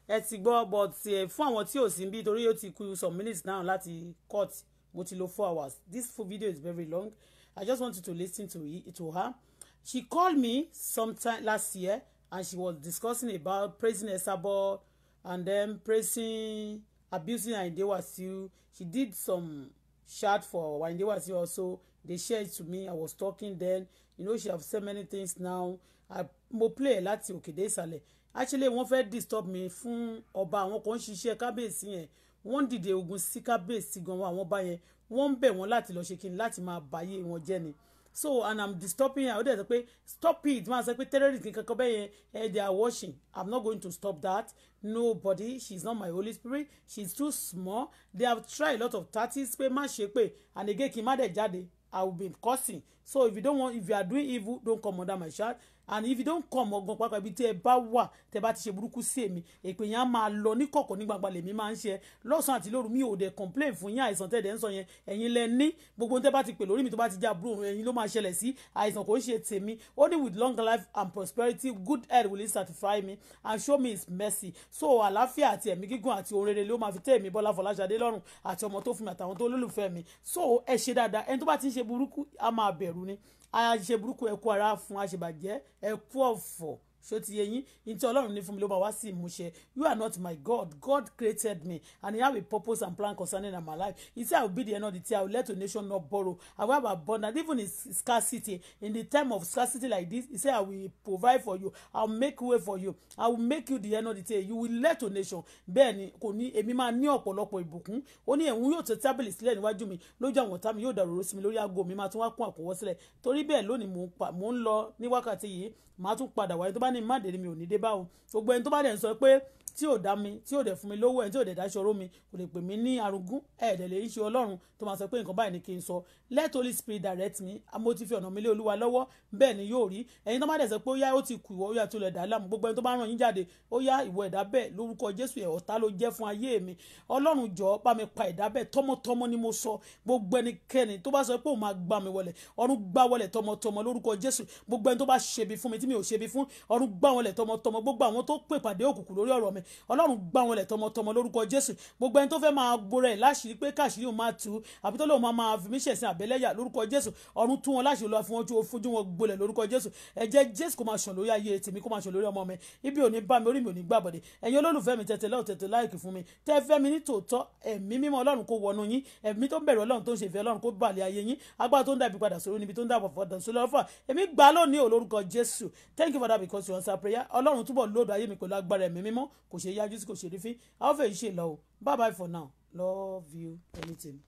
ẹ ti gbọ́ but fún àwọn tí ò sí níbí torí ó ti kú some minutes now láti court mo ti lo four hours this full video is very long i just wanted to listen to it to her she called me sometime last year and she was discussing about praising Esabod and then praising abusing Ayinde Wasiu she did some chat for Ayinde Wasiu also they shared to me i was talking then you know she have said many things now i mo play láti òkè dé ìsàlẹ̀ actually wọ́n fẹ́ disturb me fún ọba àwọn kan ń ṣiṣẹ́ kábíyèsí yẹn wọ́n ń dìde ogun sí kábíyèsí gan wọn àwọn bá yẹn wọ́n ń bẹ̀ wọ́n láti lọ ṣe kíni láti máa báyé wọn jẹ́ ni so and i'm disturbing her ó dẹ̀ sọ pé stop it máa sọ pé terrorist kankan bẹ́ẹ̀ yẹn eh, they are watching i'm not going to stop that nobody she's not my holy spirit she's too small they have tried a lot of tactics pé má ṣe pé and again kí n má dẹ̀ jáde i will be cursing so if you don't want if you are doing evil don't come under my shadow and if you don't come ọgbọ̀n pàápàá ibi tí ẹ bá wà tẹ bá ti ṣe burúkú sí èmi èpè yẹn á máa lọ ní kọ̀kọ̀ ní gbangba lèmi máa ń ṣe lọ́sàn-án àti lóru mi ò dẹ̀ complain fún yín àìsàn tẹ̀dẹ̀ ń sọ yẹn ẹ̀yin lẹ ní gbogbo tẹ bá ti pè lórí mi tó bá ti já burú ẹ̀yin ló máa ṣẹlẹ̀ sí àìsàn kò ń ṣe tèmi ó ní with long life and prosperity good health will satisfy me and show me his mercy so àlàáfíà àti ẹ̀mí gígùn àti ohun rere ló máa fi tẹ́ èmi Bọ́lá Fọláṣadé lọ́rùn àti ọmọ tó fún mi àtàwọn tó lólùfẹ́ mi so ẹ ṣe dáadáa ẹni tó bá ti ń ṣe burúkú á máa bẹ̀rù ni àṣìṣe burúkú ẹ̀kú ara fún àṣebàjẹ́ ẹ̀kú ọ̀fọ̀ ṣó ti yé yín yín tí ọlọ́run mi ló máa wá sí ìmúṣẹ you are not my God God created me and he have a purpose and plan concerning my life he say I will be the end of the day I will let the nation not borrow I will have abundance even in scarcity in the time of scarcity like this he say I will provide for you I will make way for you I will make you the end of the day you will let the nation bẹ́ẹ̀ ni kò ní èmi máa ní ọ̀pọ̀lọpọ̀ ìbùkún ó ní ẹ̀hún yóò tẹ tábìlì sílẹ̀ níwájú mi lójú àwọn ọ̀tá mi yóò dàrú sí mi lórí aago mi máa tún wá kún àkọwọ́ sílẹ̀ torí bẹ́ẹ̀ lónìí mò ń lọ ní wákàtí yìí màá tún padà wáyé tó bá ní ni má dé ni mi ò ní dé bá o gbogbo ẹni tó bá dẹ̀ ń sọ pé tí ò dá mi tí ò dẹ̀ fún mi lówó ẹ̀ tí ò dẹ̀ dáṣọró mi kò lè pè mí ní arúgún ẹ̀ẹ́dẹ̀ lè ọlọ́run tó máa sọ pé nǹkan báyìí ni kí n sọ let holy spirit direct me mo ti fi ọ̀nà mi lé olúwa lọ́wọ́ bẹ́ẹ̀ ni yóò rí ẹ̀yin tó má dẹ̀ sọ pé ó yá ó ti kù ìwọ ó yá tó lẹ̀ dá láàmú gbogbo ẹni tó bá ràn yín jáde ó yá ìwọ ẹ̀dá bẹ́ẹ̀ lórúkọ jésù ẹ̀ ọ̀tá ló jẹ́ fún ayé mi ọlọ́run jọ bá mi pa ẹ̀dá bẹ́ẹ̀ tọmọtọmọ ni mo sọ gbogbo ẹnikẹ́ni tó bá sọ pé òun máa gbà mí wọlẹ̀ ọ̀run gbà wọlẹ̀ tọmọtọmọ lórúkọ jésù gbogbo ẹni tó bá ṣebi fún mi tí mi ò ṣebi fún ọ̀run gbà wọlẹ̀ tọmọtọmọ gbogbo àwọn tó pè pàdé òkùnkùn lórí ọ̀rọ̀ mi ọlọ́run gbá wọn lẹ̀ tọmọtọmọ lórúkọ jésù gbogbo ẹni tó fẹ́ máa gbóra ẹ̀ láṣìírí pé káṣírí òun máa tù ú àbí tó lóun máa máa fi mí ṣẹ̀sìn àbẹ́lẹ́yà lórúkọ jésù ọ̀run tú wọn láṣìírí lọ́wọ́ fún wọn fojú wọn gbolẹ̀ lórúkọ jésù ẹ̀jẹ̀ jésù kó máa ṣàn lórí ayé tèmi kó máa ṣàn lórí ọmọ mi ibi ò ní bá mi orí mi ò ní gbàbọ̀dẹ̀ ẹ̀yin olólùfẹ́ mi tètè lọ́ọ̀ tètè láìkì fún mi tẹ́ fẹ́ mi ní tòótọ́ ẹ̀mí mímọ́ ọlọ́run kó wọnú yín ẹ̀mí tó ń bẹ̀rù ọlọ́run tó ń ṣe ìfẹ́ thank you for that because you answer prayer ọlọ́run túbọ̀ lóòdù ayé mi pẹ̀lú agbára ẹ̀mí kò ṣe yájú sí kò ṣe rí fín how far you ṣe lọ o bye bye for now love you anything.